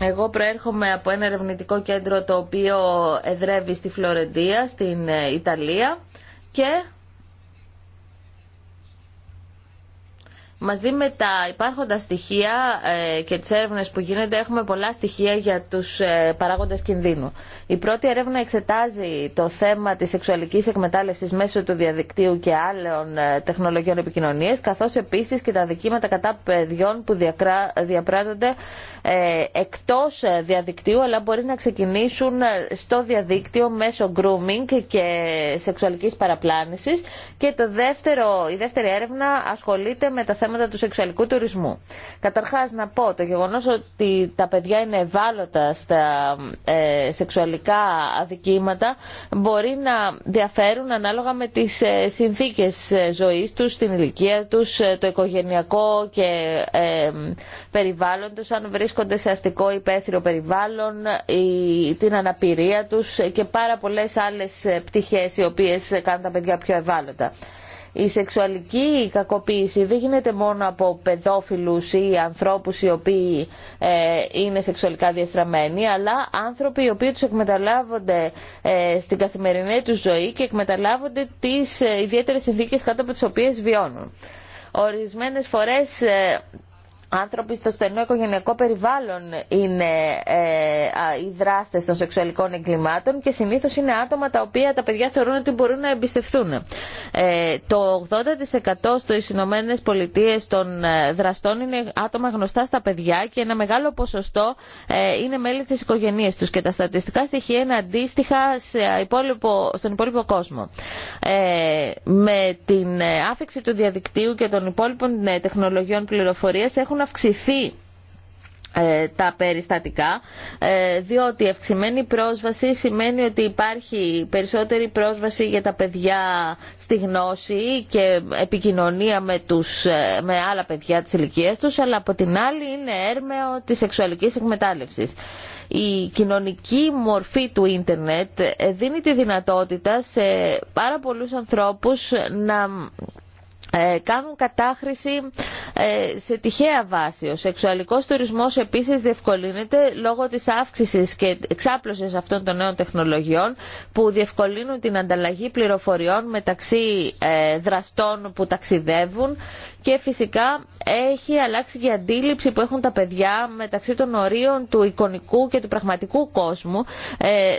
Εγώ προέρχομαι από ένα ερευνητικό κέντρο το οποίο εδρεύει στη Φλωρεντία, στην ε, Ιταλία και Μαζί με τα υπάρχοντα στοιχεία ε, και τις έρευνες που γίνονται έχουμε πολλά στοιχεία για τους ε, παράγοντες κινδύνου. Η πρώτη έρευνα εξετάζει το θέμα της σεξουαλικής εκμετάλλευσης μέσω του διαδικτύου και άλλων ε, τεχνολογιών επικοινωνίας καθώς επίσης και τα δικήματα κατά παιδιών που διαπράττονται εκτός διαδικτύου αλλά μπορεί να ξεκινήσουν στο διαδίκτυο μέσω grooming και σεξουαλικής παραπλάνησης και το δεύτερο, η δεύτερη έρευνα ασχολείται με τα θέματα θέματα του σεξουαλικού τουρισμού. Καταρχάς να πω το γεγονό ότι τα παιδιά είναι ευάλωτα στα ε, σεξουαλικά αδικήματα μπορεί να διαφέρουν ανάλογα με τις ε, συνθήκες ε, ζωής τους, την ηλικία τους, το οικογενειακό και περιβάλλον τους, αν βρίσκονται σε αστικό υπαίθριο περιβάλλον, την αναπηρία τους και πάρα πολλές άλλες πτυχέ οι οποίε κάνουν τα παιδιά πιο ευάλωτα. Η σεξουαλική κακοποίηση δεν γίνεται μόνο από παιδόφιλους ή ανθρώπους οι οποίοι ε, είναι σεξουαλικά διαστραμμένοι, αλλά άνθρωποι οι οποίοι τους εκμεταλλεύονται ε, στην καθημερινή τους ζωή και εκμεταλλεύονται τις ε, ιδιαίτερες συνθήκες κάτω από τις οποίες βιώνουν. Ορισμένες φορές άνθρωποι στο στενό οικογενειακό περιβάλλον είναι ε, οι δράστες των σεξουαλικών εγκλημάτων και συνήθω είναι άτομα τα οποία τα παιδιά θεωρούν ότι μπορούν να εμπιστευθούν. Ε, το 80% στι Ηνωμένε Πολιτείε των ε, δραστών είναι άτομα γνωστά στα παιδιά και ένα μεγάλο ποσοστό είναι μέλη τη οικογένεια του και τα στατιστικά στοιχεία είναι αντίστοιχα σε υπόλοιπο, στον υπόλοιπο κόσμο. με την άφηξη του διαδικτύου και των υπόλοιπων τεχνολογιών πληροφορίας έχουν αυξηθεί ε, τα περιστατικά, ε, διότι η αυξημένη πρόσβαση σημαίνει ότι υπάρχει περισσότερη πρόσβαση για τα παιδιά στη γνώση και επικοινωνία με, τους, ε, με άλλα παιδιά της ηλικία τους, αλλά από την άλλη είναι έρμεο τη σεξουαλικής εκμετάλλευσης. Η κοινωνική μορφή του ίντερνετ δίνει τη δυνατότητα σε πάρα πολλούς ανθρώπους να ε, κάνουν κατάχρηση ε, σε τυχαία βάση. Ο σεξουαλικός τουρισμός επίσης διευκολύνεται λόγω της αύξησης και εξάπλωσης αυτών των νέων τεχνολογιών που διευκολύνουν την ανταλλαγή πληροφοριών μεταξύ ε, δραστών που ταξιδεύουν και φυσικά έχει αλλάξει και η αντίληψη που έχουν τα παιδιά μεταξύ των ορίων του εικονικού και του πραγματικού κόσμου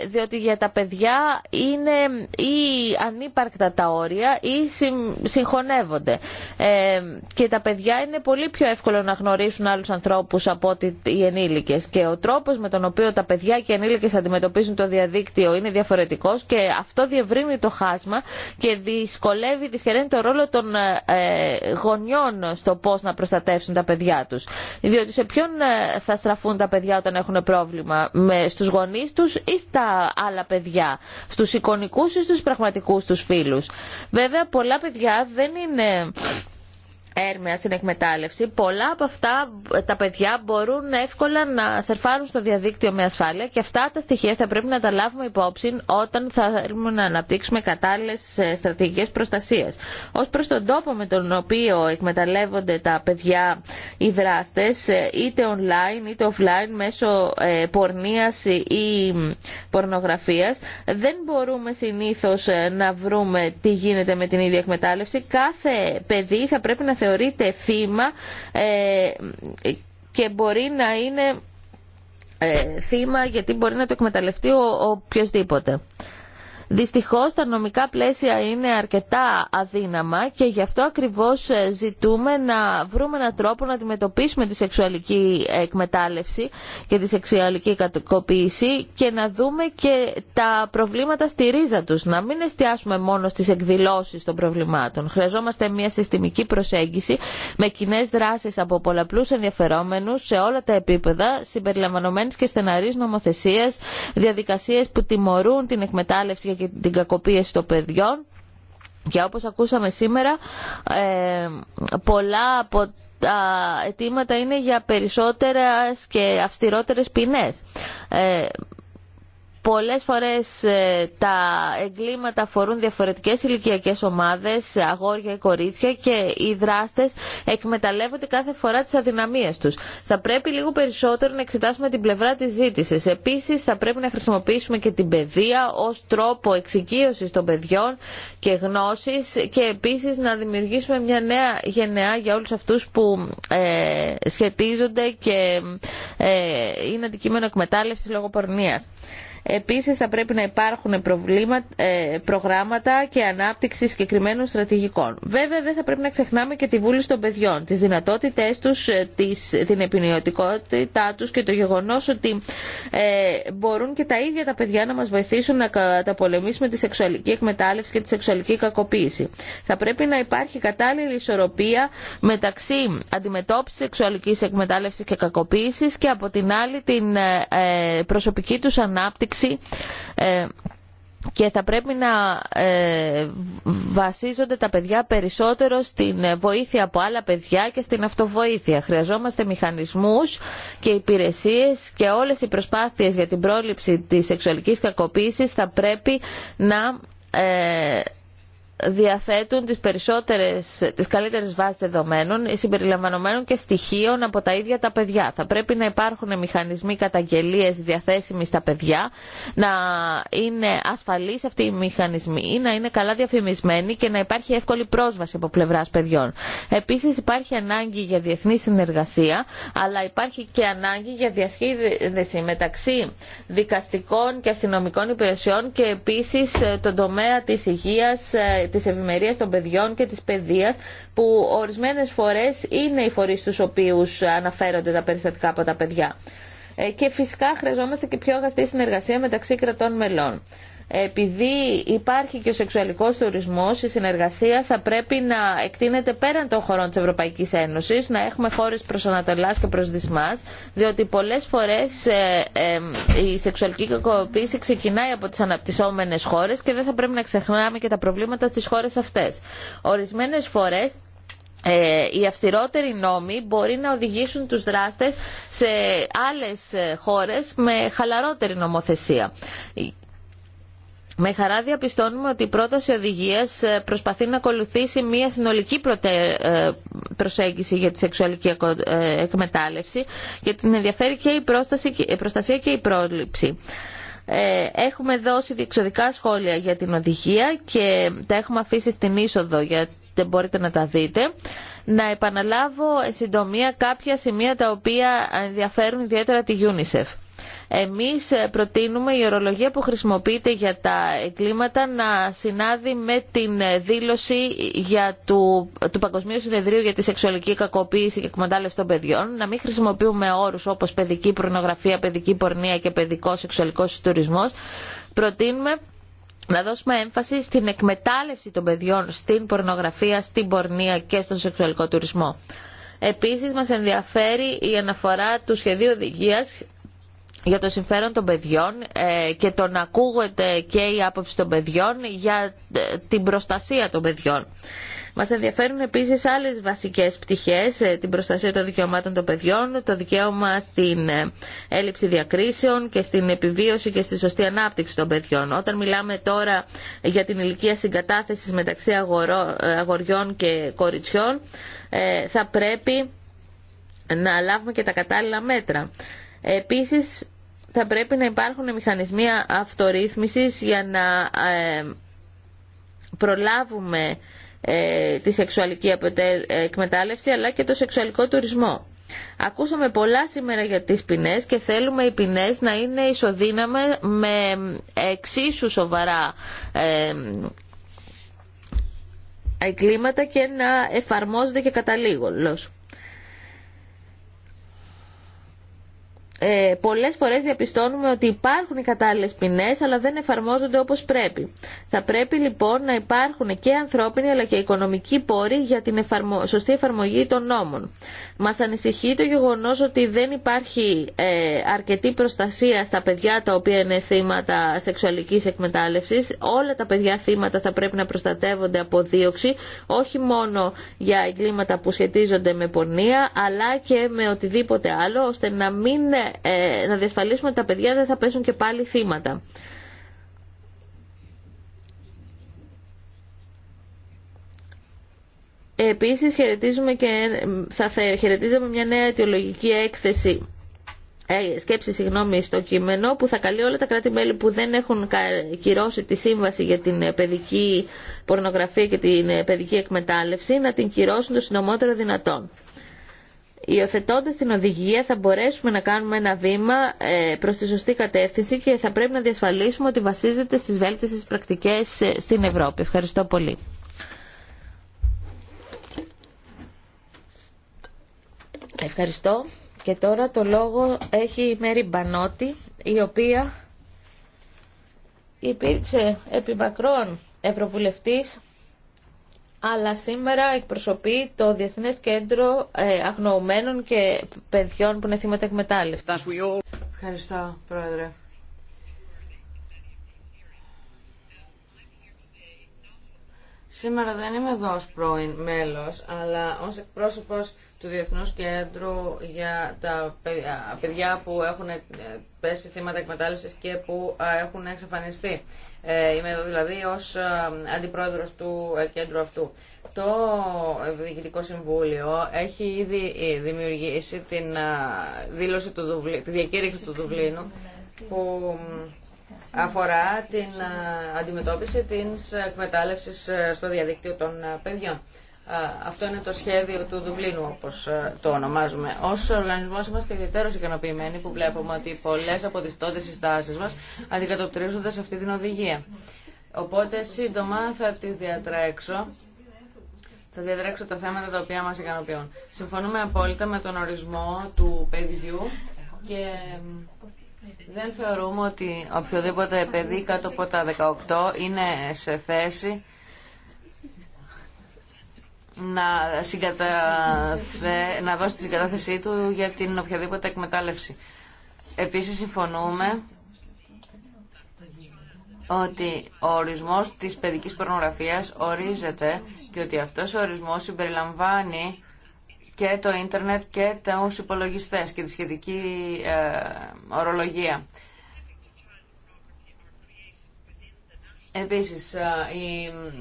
διότι για τα παιδιά είναι ή ανύπαρκτα τα όρια ή συγχωνεύονται. Ε, και τα παιδιά είναι πολύ πιο εύκολο να γνωρίσουν άλλου ανθρώπου από ότι οι ενήλικες. Και ο τρόπο με τον οποίο τα παιδιά και οι ενήλικες αντιμετωπίζουν το διαδίκτυο είναι διαφορετικό και αυτό διευρύνει το χάσμα και δυσκολεύει, δυσχεραίνει το ρόλο των ε, γονιών στο πώ να προστατεύσουν τα παιδιά του. Διότι σε ποιον ε, θα στραφούν τα παιδιά όταν έχουν πρόβλημα, με, στους γονείς τους ή στα άλλα παιδιά, στους εικονικούς ή στους πραγματικούς τους φίλους. Βέβαια πολλά παιδιά δεν είναι είναι έρμεα στην εκμετάλλευση, πολλά από αυτά τα παιδιά μπορούν εύκολα να σερφάρουν στο διαδίκτυο με ασφάλεια και αυτά τα στοιχεία θα πρέπει να τα λάβουμε υπόψη όταν θα θέλουμε να αναπτύξουμε κατάλληλε στρατηγικέ προστασία. Ω προ τον τόπο με τον οποίο εκμεταλλεύονται τα παιδιά οι δράστε, ε, είτε online είτε offline, μέσω ε, πορνεία ή πορνογραφία, δεν μπορούμε συνήθω ε, να βρούμε τι γίνεται με την ίδια εκμετάλλευση. Κάθε παιδί θα πρέπει να θεωρείται θύμα ε, και μπορεί να είναι ε, θύμα γιατί μπορεί να το εκμεταλλευτεί ο οποιοδήποτε. Δυστυχώς τα νομικά πλαίσια είναι αρκετά αδύναμα και γι' αυτό ακριβώς ε, ζητούμε να βρούμε έναν τρόπο να αντιμετωπίσουμε τη σεξουαλική εκμετάλλευση και τη σεξουαλική κατοικοποίηση και να δούμε και τα προβλήματα στη ρίζα τους. Να μην εστιάσουμε μόνο στις εκδηλώσεις των προβλημάτων. Χρειαζόμαστε μια συστημική προσέγγιση με κοινέ δράσεις από πολλαπλούς ενδιαφερόμενους σε όλα τα επίπεδα, συμπεριλαμβανομένες και στεναρής νομοθεσίας, διαδικασίες που τιμωρούν την εκμετάλλευση και την κακοποίηση των παιδιών και όπως ακούσαμε σήμερα ε, πολλά από τα αιτήματα είναι για περισσότερες και αυστηρότερες ποινές. Ε, Πολλές φορές ε, τα εγκλήματα αφορούν διαφορετικές ηλικιακές ομάδες, αγόρια ή κορίτσια και οι δράστες εκμεταλλεύονται κάθε φορά τις αδυναμίες τους. Θα πρέπει λίγο περισσότερο να εξετάσουμε την πλευρά της ζήτησης. Επίσης θα πρέπει να χρησιμοποιήσουμε και την παιδεία ως τρόπο εξοικείωσης των παιδιών και γνώσης και επίσης να δημιουργήσουμε μια νέα γενεά για όλους αυτούς που ε, σχετίζονται και ε, είναι αντικείμενο εκμετάλλευσης λόγω πορνείας. Επίσης θα πρέπει να υπάρχουν ε, προγράμματα και ανάπτυξη συγκεκριμένων στρατηγικών. Βέβαια δεν θα πρέπει να ξεχνάμε και τη βούληση των παιδιών, τις δυνατότητές τους, ε, την επινοιωτικότητά τους και το γεγονός ότι ε, μπορούν και τα ίδια τα παιδιά να μας βοηθήσουν να καταπολεμήσουμε τη σεξουαλική εκμετάλλευση και τη σεξουαλική κακοποίηση. Θα πρέπει να υπάρχει κατάλληλη ισορροπία μεταξύ αντιμετώπισης σεξουαλικής εκμετάλλευσης και κακοποίησης και από την άλλη την προσωπική τους ανάπτυξη ε, και θα πρέπει να ε, βασίζονται τα παιδιά περισσότερο στην ε, βοήθεια από άλλα παιδιά και στην αυτοβοήθεια. Χρειαζόμαστε μηχανισμούς και υπηρεσίες και όλες οι προσπάθειες για την πρόληψη της σεξουαλικής κακοποίησης θα πρέπει να διαθέτουν τις περισσότερες, τις καλύτερες βάσεις δεδομένων συμπεριλαμβανομένων και στοιχείων από τα ίδια τα παιδιά. Θα πρέπει να υπάρχουν μηχανισμοί καταγγελίες διαθέσιμοι στα παιδιά, να είναι ασφαλείς αυτοί οι μηχανισμοί ή να είναι καλά διαφημισμένοι και να υπάρχει εύκολη πρόσβαση από πλευράς παιδιών. Επίσης υπάρχει ανάγκη για διεθνή συνεργασία, αλλά υπάρχει και ανάγκη για διασχίδεση μεταξύ δικαστικών και αστυνομικών υπηρεσιών και επίσης ε, τον τομέα της υγείας ε, της ευημερία των παιδιών και της παιδείας που ορισμένες φορές είναι οι φορείς στους οποίους αναφέρονται τα περιστατικά από τα παιδιά. Ε, και φυσικά χρειαζόμαστε και πιο αγαστή συνεργασία μεταξύ κρατών μελών επειδή υπάρχει και ο σεξουαλικός τουρισμός, η συνεργασία θα πρέπει να εκτείνεται πέραν των χωρών της Ευρωπαϊκής Ένωσης, να έχουμε χώρες προς Ανατολάς και προς Δυσμάς, διότι πολλές φορές ε, ε, η σεξουαλική κακοποίηση ξεκινάει από τις αναπτυσσόμενες χώρες και δεν θα πρέπει να ξεχνάμε και τα προβλήματα στις χώρες αυτές. Ορισμένες φορές ε, οι αυστηρότεροι νόμοι μπορεί να οδηγήσουν τους δράστες σε άλλες ε, χώρες με χαλαρότερη νομοθεσία. Με χαρά διαπιστώνουμε ότι η πρόταση οδηγίας ε, προσπαθεί να ακολουθήσει μια συνολική ε, προσέγγιση για τη σεξουαλική ε, εκμετάλλευση και την ενδιαφέρει και η προστασία και η πρόληψη. Έχουμε δώσει διεξοδικά σχόλια για την οδηγία και τα έχουμε αφήσει στην είσοδο γιατί μπορείτε να τα δείτε. Να επαναλάβω συντομία κάποια σημεία τα οποία ενδιαφέρουν ιδιαίτερα τη UNICEF. Εμείς ε, προτείνουμε η ορολογία που χρησιμοποιείται για τα εγκλήματα να συνάδει με την ε, δήλωση για του, του Παγκοσμίου Συνεδρίου για τη σεξουαλική κακοποίηση και εκμετάλλευση των παιδιών, να μην χρησιμοποιούμε όρους όπως παιδική προνογραφία, παιδική πορνεία και παιδικό σεξουαλικό τουρισμός. Προτείνουμε να δώσουμε έμφαση στην εκμετάλλευση των παιδιών στην πορνογραφία, στην πορνεία και στον σεξουαλικό τουρισμό. Επίσης μας ενδιαφέρει η αναφορά του σχεδίου οδηγίας για το συμφέρον των παιδιών ε, και το να ακούγεται και η άποψη των παιδιών για ε, την προστασία των παιδιών. Μας ενδιαφέρουν επίσης άλλες βασικές πτυχές, ε, την προστασία των δικαιωμάτων των παιδιών, το δικαίωμα στην έλλειψη διακρίσεων και στην επιβίωση και στη σωστή ανάπτυξη των παιδιών. Όταν μιλάμε τώρα για την ηλικία συγκατάθεσης μεταξύ αγοριών και κοριτσιών, θα πρέπει να λάβουμε και τα κατάλληλα μέτρα. Επίσης, θα πρέπει να υπάρχουν μηχανισμοί αυτορύθμισης για να ε, προλάβουμε ε, τη σεξουαλική εκμετάλλευση αλλά και το σεξουαλικό τουρισμό. Ακούσαμε πολλά σήμερα για τις ποινές και θέλουμε οι ποινές να είναι ισοδύναμε με εξίσου σοβαρά ε, εγκλήματα και να εφαρμόζονται και καταλήγολος. ε, πολλές φορές διαπιστώνουμε ότι υπάρχουν οι κατάλληλες ποινές αλλά δεν εφαρμόζονται όπως πρέπει. Θα πρέπει λοιπόν να υπάρχουν και ανθρώπινοι αλλά και οικονομικοί πόροι για την σωστή εφαρμογή των νόμων. Μας ανησυχεί το γεγονός ότι δεν υπάρχει ε, αρκετή προστασία στα παιδιά τα οποία είναι θύματα σεξουαλικής εκμετάλλευσης. Όλα τα παιδιά θύματα θα πρέπει να προστατεύονται από δίωξη όχι μόνο για εγκλήματα που σχετίζονται με πορνεία αλλά και με οτιδήποτε άλλο ώστε να μην ε, ε, να διασφαλίσουμε ότι τα παιδιά δεν θα πέσουν και πάλι θύματα. Επίσης χαιρετίζουμε και θα μια νέα αιτιολογική έκθεση ε, σκέψη συγγνώμη στο κείμενο που θα καλεί όλα τα κράτη-μέλη που δεν έχουν κυρώσει τη σύμβαση για την ε, παιδική πορνογραφία και την παιδική εκμετάλλευση να την κυρώσουν το συντομότερο δυνατόν. Υιοθετώντα την οδηγία θα μπορέσουμε να κάνουμε ένα βήμα ε, προ τη σωστή κατεύθυνση και θα πρέπει να διασφαλίσουμε ότι βασίζεται στι βέλτιστε πρακτικέ ε, στην Ευρώπη. Ευχαριστώ πολύ. Ευχαριστώ. Και τώρα το λόγο έχει η Μέρη Μπανώτη, η οποία υπήρξε επιμακρών ευρωβουλευτής αλλά σήμερα εκπροσωπεί το Διεθνές Κέντρο ε, Αγνοωμένων και Παιδιών που είναι θύματα εκμετάλλευση. Ευχαριστώ, Πρόεδρε. Σήμερα δεν είμαι εδώ ως πρώην μέλος, αλλά ως εκπρόσωπος του Διεθνούς Κέντρου για τα παιδιά που έχουν ε, πέσει θύματα εκμετάλλευσης και που έχουν εξαφανιστεί. Ε, είμαι εδώ δηλαδή ως ε, αντιπρόεδρος του ε, κέντρου αυτού. Το Διοικητικό Συμβούλιο έχει ήδη δημιουργήσει την δήλωση του τη διακήρυξη του Δουβλίνου που αφορά την αντιμετώπιση της εκμετάλλευσης στο διαδίκτυο των παιδιών. Αυτό είναι το σχέδιο του Δουβλίνου, όπω το ονομάζουμε. Ω οργανισμό είμαστε ιδιαίτερω ικανοποιημένοι που βλέπουμε ότι πολλέ από τι τότε συστάσει μα αντικατοπτρίζονται σε αυτή την οδηγία. Οπότε σύντομα θα τι διατρέξω. Θα διατρέξω τα θέματα τα οποία μας ικανοποιούν. Συμφωνούμε απόλυτα με τον ορισμό του παιδιού και δεν θεωρούμε ότι οποιοδήποτε παιδί κάτω από τα 18 είναι σε θέση να, συγκαταθε... να δώσει τη συγκατάθεσή του για την οποιαδήποτε εκμετάλλευση. Επίσης συμφωνούμε ότι ο ορισμός της παιδικής πορνογραφίας ορίζεται και ότι αυτός ο ορισμός συμπεριλαμβάνει και το ίντερνετ και τους υπολογιστές και τη σχετική ε, ορολογία. Επίσης ε,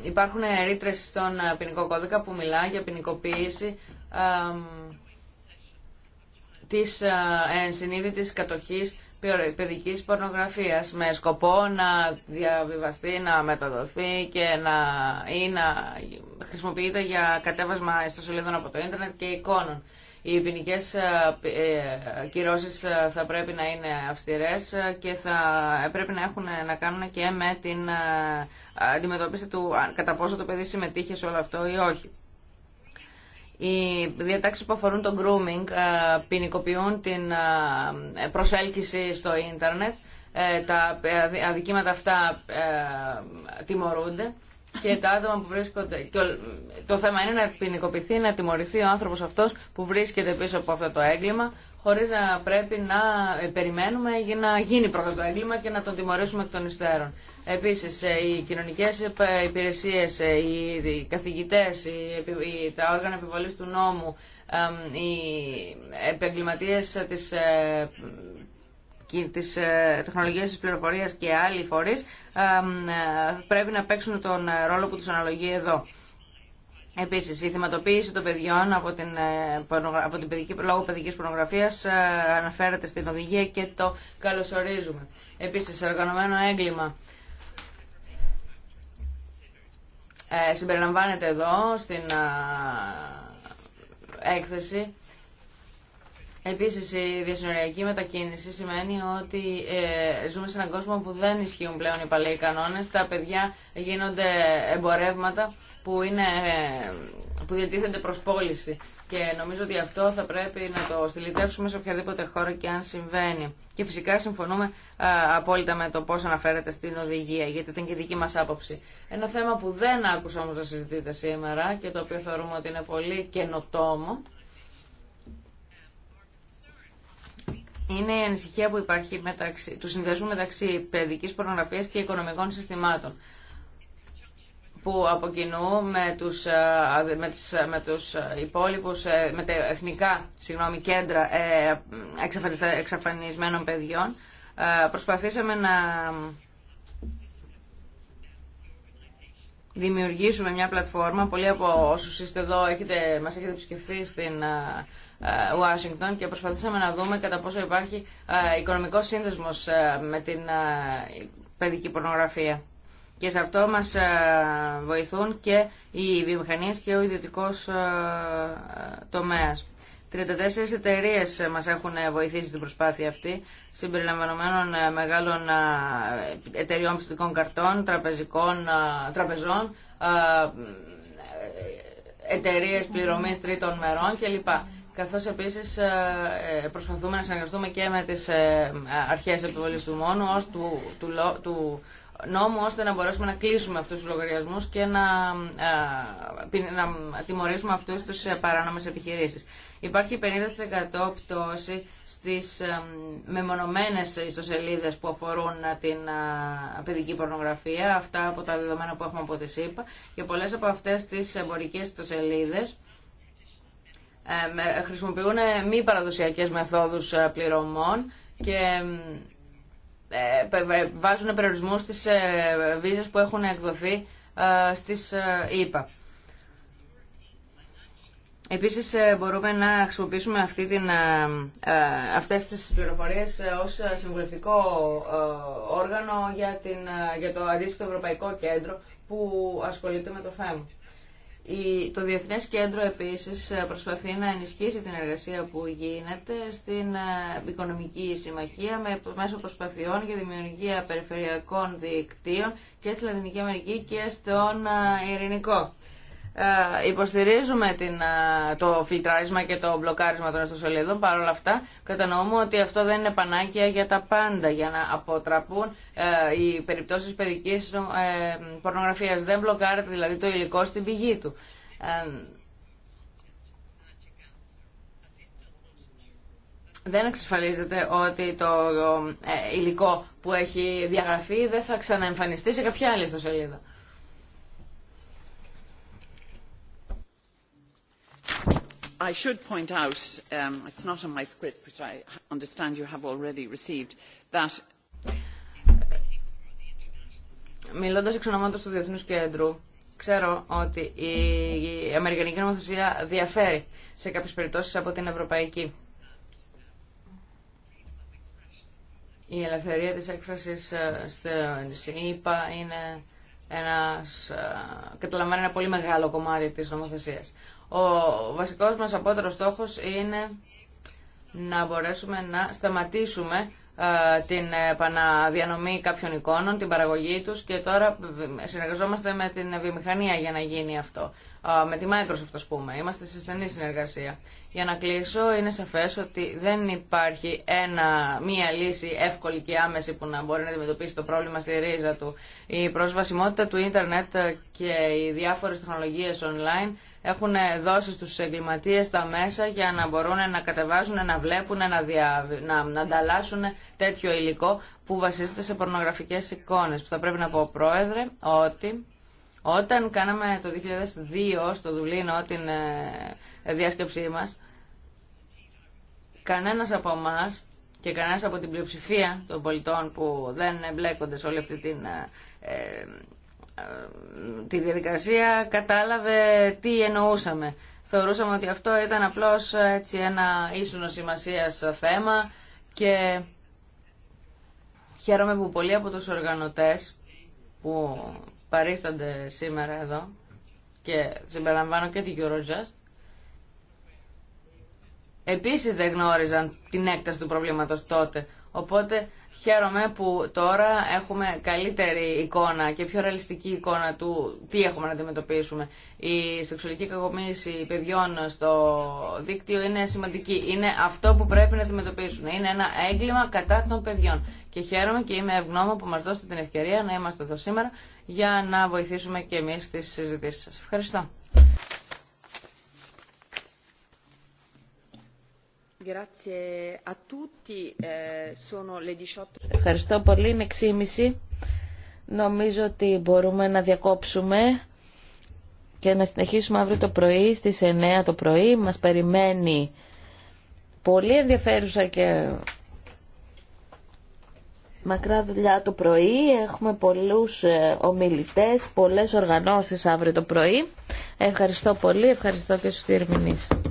υπάρχουν ρήτρε στον ε, ποινικό κώδικα που μιλά για ποινικοποίηση της ε, ενσυνείδητης κατοχής παιδικής πορνογραφίας με σκοπό να διαβιβαστεί, να μεταδοθεί και να, ή να χρησιμοποιείται για κατέβασμα ιστοσελίδων από το ίντερνετ και εικόνων. Οι ποινικέ ε, ε, κυρώσει ε, θα πρέπει να είναι αυστηρέ και θα πρέπει να έχουν να κάνουν και με την αντιμετώπιση του κατά πόσο το παιδί συμμετείχε σε όλο αυτό ή όχι. Οι διατάξει που αφορούν το grooming ποινικοποιούν την προσέλκυση στο ίντερνετ. Τα αδικήματα αυτά τιμωρούνται και τα άτομα που βρίσκονται. Και το θέμα είναι να ποινικοποιηθεί, να τιμωρηθεί ο άνθρωπο αυτό που βρίσκεται πίσω από αυτό το έγκλημα, χωρί να πρέπει να ε, περιμένουμε για να γίνει πρώτα το έγκλημα και να τον τιμωρήσουμε εκ των υστέρων. Επίση, ε, οι κοινωνικέ ε, υπηρεσίε, οι καθηγητέ, τα όργανα επιβολή του νόμου, οι επαγγελματίε τη της ε, τεχνολογίες της πληροφορίας και άλλοι φορείς ε, πρέπει να παίξουν τον ε, ρόλο που τους αναλογεί εδώ. Επίσης, η θυματοποίηση των παιδιών από την, από την παιδική, λόγω παιδικής πορνογραφίας αναφέρεται στην οδηγία και το καλωσορίζουμε. Επίσης, οργανωμένο έγκλημα. Ε, συμπεριλαμβάνεται εδώ στην έκθεση Επίσης η διασυνοριακή μετακίνηση σημαίνει ότι ε, ζούμε σε έναν κόσμο που δεν ισχύουν πλέον οι παλαιοί κανόνες. Τα παιδιά γίνονται εμπορεύματα που, είναι, ε, που διατίθενται προς πώληση. Και νομίζω ότι αυτό θα πρέπει να το στυλιτεύσουμε σε οποιαδήποτε χώρα και αν συμβαίνει. Και φυσικά συμφωνούμε ε, απόλυτα με το πώς αναφέρεται στην οδηγία, γιατί ήταν και δική μας άποψη. Ένα θέμα που δεν άκουσα όμως να συζητείτε σήμερα και το οποίο θεωρούμε ότι είναι πολύ καινοτόμο, είναι η ανησυχία που υπάρχει μεταξύ, του συνδέσμου μεταξύ παιδικής πορνογραφίας και οικονομικών συστημάτων που από κοινού με τους, ε, ε, με τους, με τους υπόλοιπους, ε, με τα εθνικά κέντρα εξαφανισμένων παιδιών, προσπαθήσαμε να δημιουργήσουμε μια πλατφόρμα. Πολλοί από όσου είστε εδώ έχετε, μας έχετε επισκεφθεί στην Ουάσιγκτον και προσπαθήσαμε να δούμε κατά πόσο υπάρχει οικονομικό οικονομικός σύνδεσμος με την παιδική πορνογραφία. Και σε αυτό μας βοηθούν και οι βιομηχανίες και ο ιδιωτικός τομέας. 34 εταιρείε μα έχουν βοηθήσει στην προσπάθεια αυτή, συμπεριλαμβανομένων ε, μεγάλων ε, εταιριών πιστικών καρτών, τραπεζικών, ε, τραπεζών, εταιρείε πληρωμή τρίτων μερών κλπ. Καθώ επίση προσπαθούμε να συνεργαστούμε και με τι αρχέ επιβολή του, του, του, του νόμο ώστε να μπορέσουμε να κλείσουμε αυτούς τους λογαριασμούς και να, ε, να τιμωρήσουμε αυτούς τους ε, παράνομες επιχειρήσεις. Υπάρχει 50% πτώση στις ε, μεμονωμένες ιστοσελίδες που αφορούν την παιδική πορνογραφία, αυτά από τα δεδομένα που έχουμε από τη ΣΥΠΑ και πολλές από αυτές τις εμπορικές ιστοσελίδες χρησιμοποιούν μη παραδοσιακές μεθόδους πληρωμών και ε, βάζουν περιορισμού στις ε, βίζες που έχουν εκδοθεί ε, στις ΕΙΠΑ. Επίσης μπορούμε να χρησιμοποιήσουμε αυτή την, αυτές τις πληροφορίες ως συμβουλευτικό όργανο για, την, για το αντίστοιχο Ευρωπαϊκό Κέντρο που ασχολείται με το θέμα. Το Διεθνές Κέντρο επίσης ε, προσπαθεί να ενισχύσει την εργασία που γίνεται στην ε, Οικονομική Συμμαχία με μέσω προσπαθειών για δημιουργία περιφερειακών δικτύων και στη Λατινική Αμερική και στον ε, Ειρηνικό. Ε, υποστηρίζουμε ε, το φιλτράρισμα και το μπλοκάρισμα των ιστοσελίδων. Παρ' όλα αυτά, κατανοούμε ότι αυτό δεν είναι πανάκια για τα πάντα, για να αποτραπούν ε, οι περιπτώσει παιδικής ε, πορνογραφίας. Δεν μπλοκάρεται δηλαδή το υλικό στην πηγή του. δεν εξασφαλίζεται ότι το υλικό που έχει διαγραφεί δεν θα ξαναεμφανιστεί σε κάποια άλλη ιστοσελίδα. I should point out, um, it's not on my script, which I understand you have already received, that... Μιλώντας εξ ονομάτως του Διεθνούς Κέντρου, ξέρω ότι η Αμερικανική νομοθεσία διαφέρει σε κάποιες περιπτώσεις από την Ευρωπαϊκή. Η ελευθερία της έκφρασης ε, στην ΕΙΠΑ είναι ένας, ε, καταλαμβάνει ένα πολύ μεγάλο κομμάτι της νομοθεσίας. Ο βασικός μας απότερος στόχος είναι να μπορέσουμε να σταματήσουμε την επαναδιανομή κάποιων εικόνων, την παραγωγή τους και τώρα συνεργαζόμαστε με την βιομηχανία για να γίνει αυτό. Με τη Microsoft, ας πούμε. Είμαστε σε στενή συνεργασία. Για να κλείσω, είναι σαφέ ότι δεν υπάρχει ένα, μία λύση εύκολη και άμεση που να μπορεί να αντιμετωπίσει το πρόβλημα στη ρίζα του. Η προσβασιμότητα του ίντερνετ και οι διάφορες τεχνολογίες online έχουν δώσει στους εγκληματίες τα μέσα για να μπορούν να κατεβάζουν, να βλέπουν, να, δια... να... να ανταλλάσσουν τέτοιο υλικό που βασίζεται σε πορνογραφικές εικόνες. Που θα πρέπει να πω, Πρόεδρε, ότι... Όταν κάναμε το 2002 στο Δουβλίνο την ε, διάσκεψή μας, κανένας από εμά και κανένας από την πλειοψηφία των πολιτών που δεν εμπλέκονται σε όλη αυτή την, ε, ε, ε, τη διαδικασία κατάλαβε τι εννοούσαμε. Θεωρούσαμε ότι αυτό ήταν απλώς έτσι ένα ίσονο σημασίας θέμα και χαίρομαι που πολλοί από τους οργανωτές που παρίστανται σήμερα εδώ και συμπεριλαμβάνω και την Eurojust επίσης δεν γνώριζαν την έκταση του προβλήματος τότε. Οπότε χαίρομαι που τώρα έχουμε καλύτερη εικόνα και πιο ρεαλιστική εικόνα του τι έχουμε να αντιμετωπίσουμε. Η σεξουαλική κακοποίηση παιδιών στο δίκτυο είναι σημαντική. Είναι αυτό που πρέπει να αντιμετωπίσουν. Είναι ένα έγκλημα κατά των παιδιών. Και χαίρομαι και είμαι ευγνώμων που μας δώσετε την ευκαιρία να είμαστε εδώ σήμερα για να βοηθήσουμε και εμείς τις συζητήσεις σας. Ευχαριστώ. Eh, ευχαριστώ πολύ. Είναι 6.30. Νομίζω ότι μπορούμε να διακόψουμε και να συνεχίσουμε αύριο το πρωί στις 9 το πρωί. Μας περιμένει πολύ ενδιαφέρουσα και μακρά δουλειά το πρωί. Έχουμε πολλούς ε, ομιλητές, πολλές οργανώσεις αύριο το πρωί. Ευχαριστώ πολύ. Ευχαριστώ και στους διερμηνείς.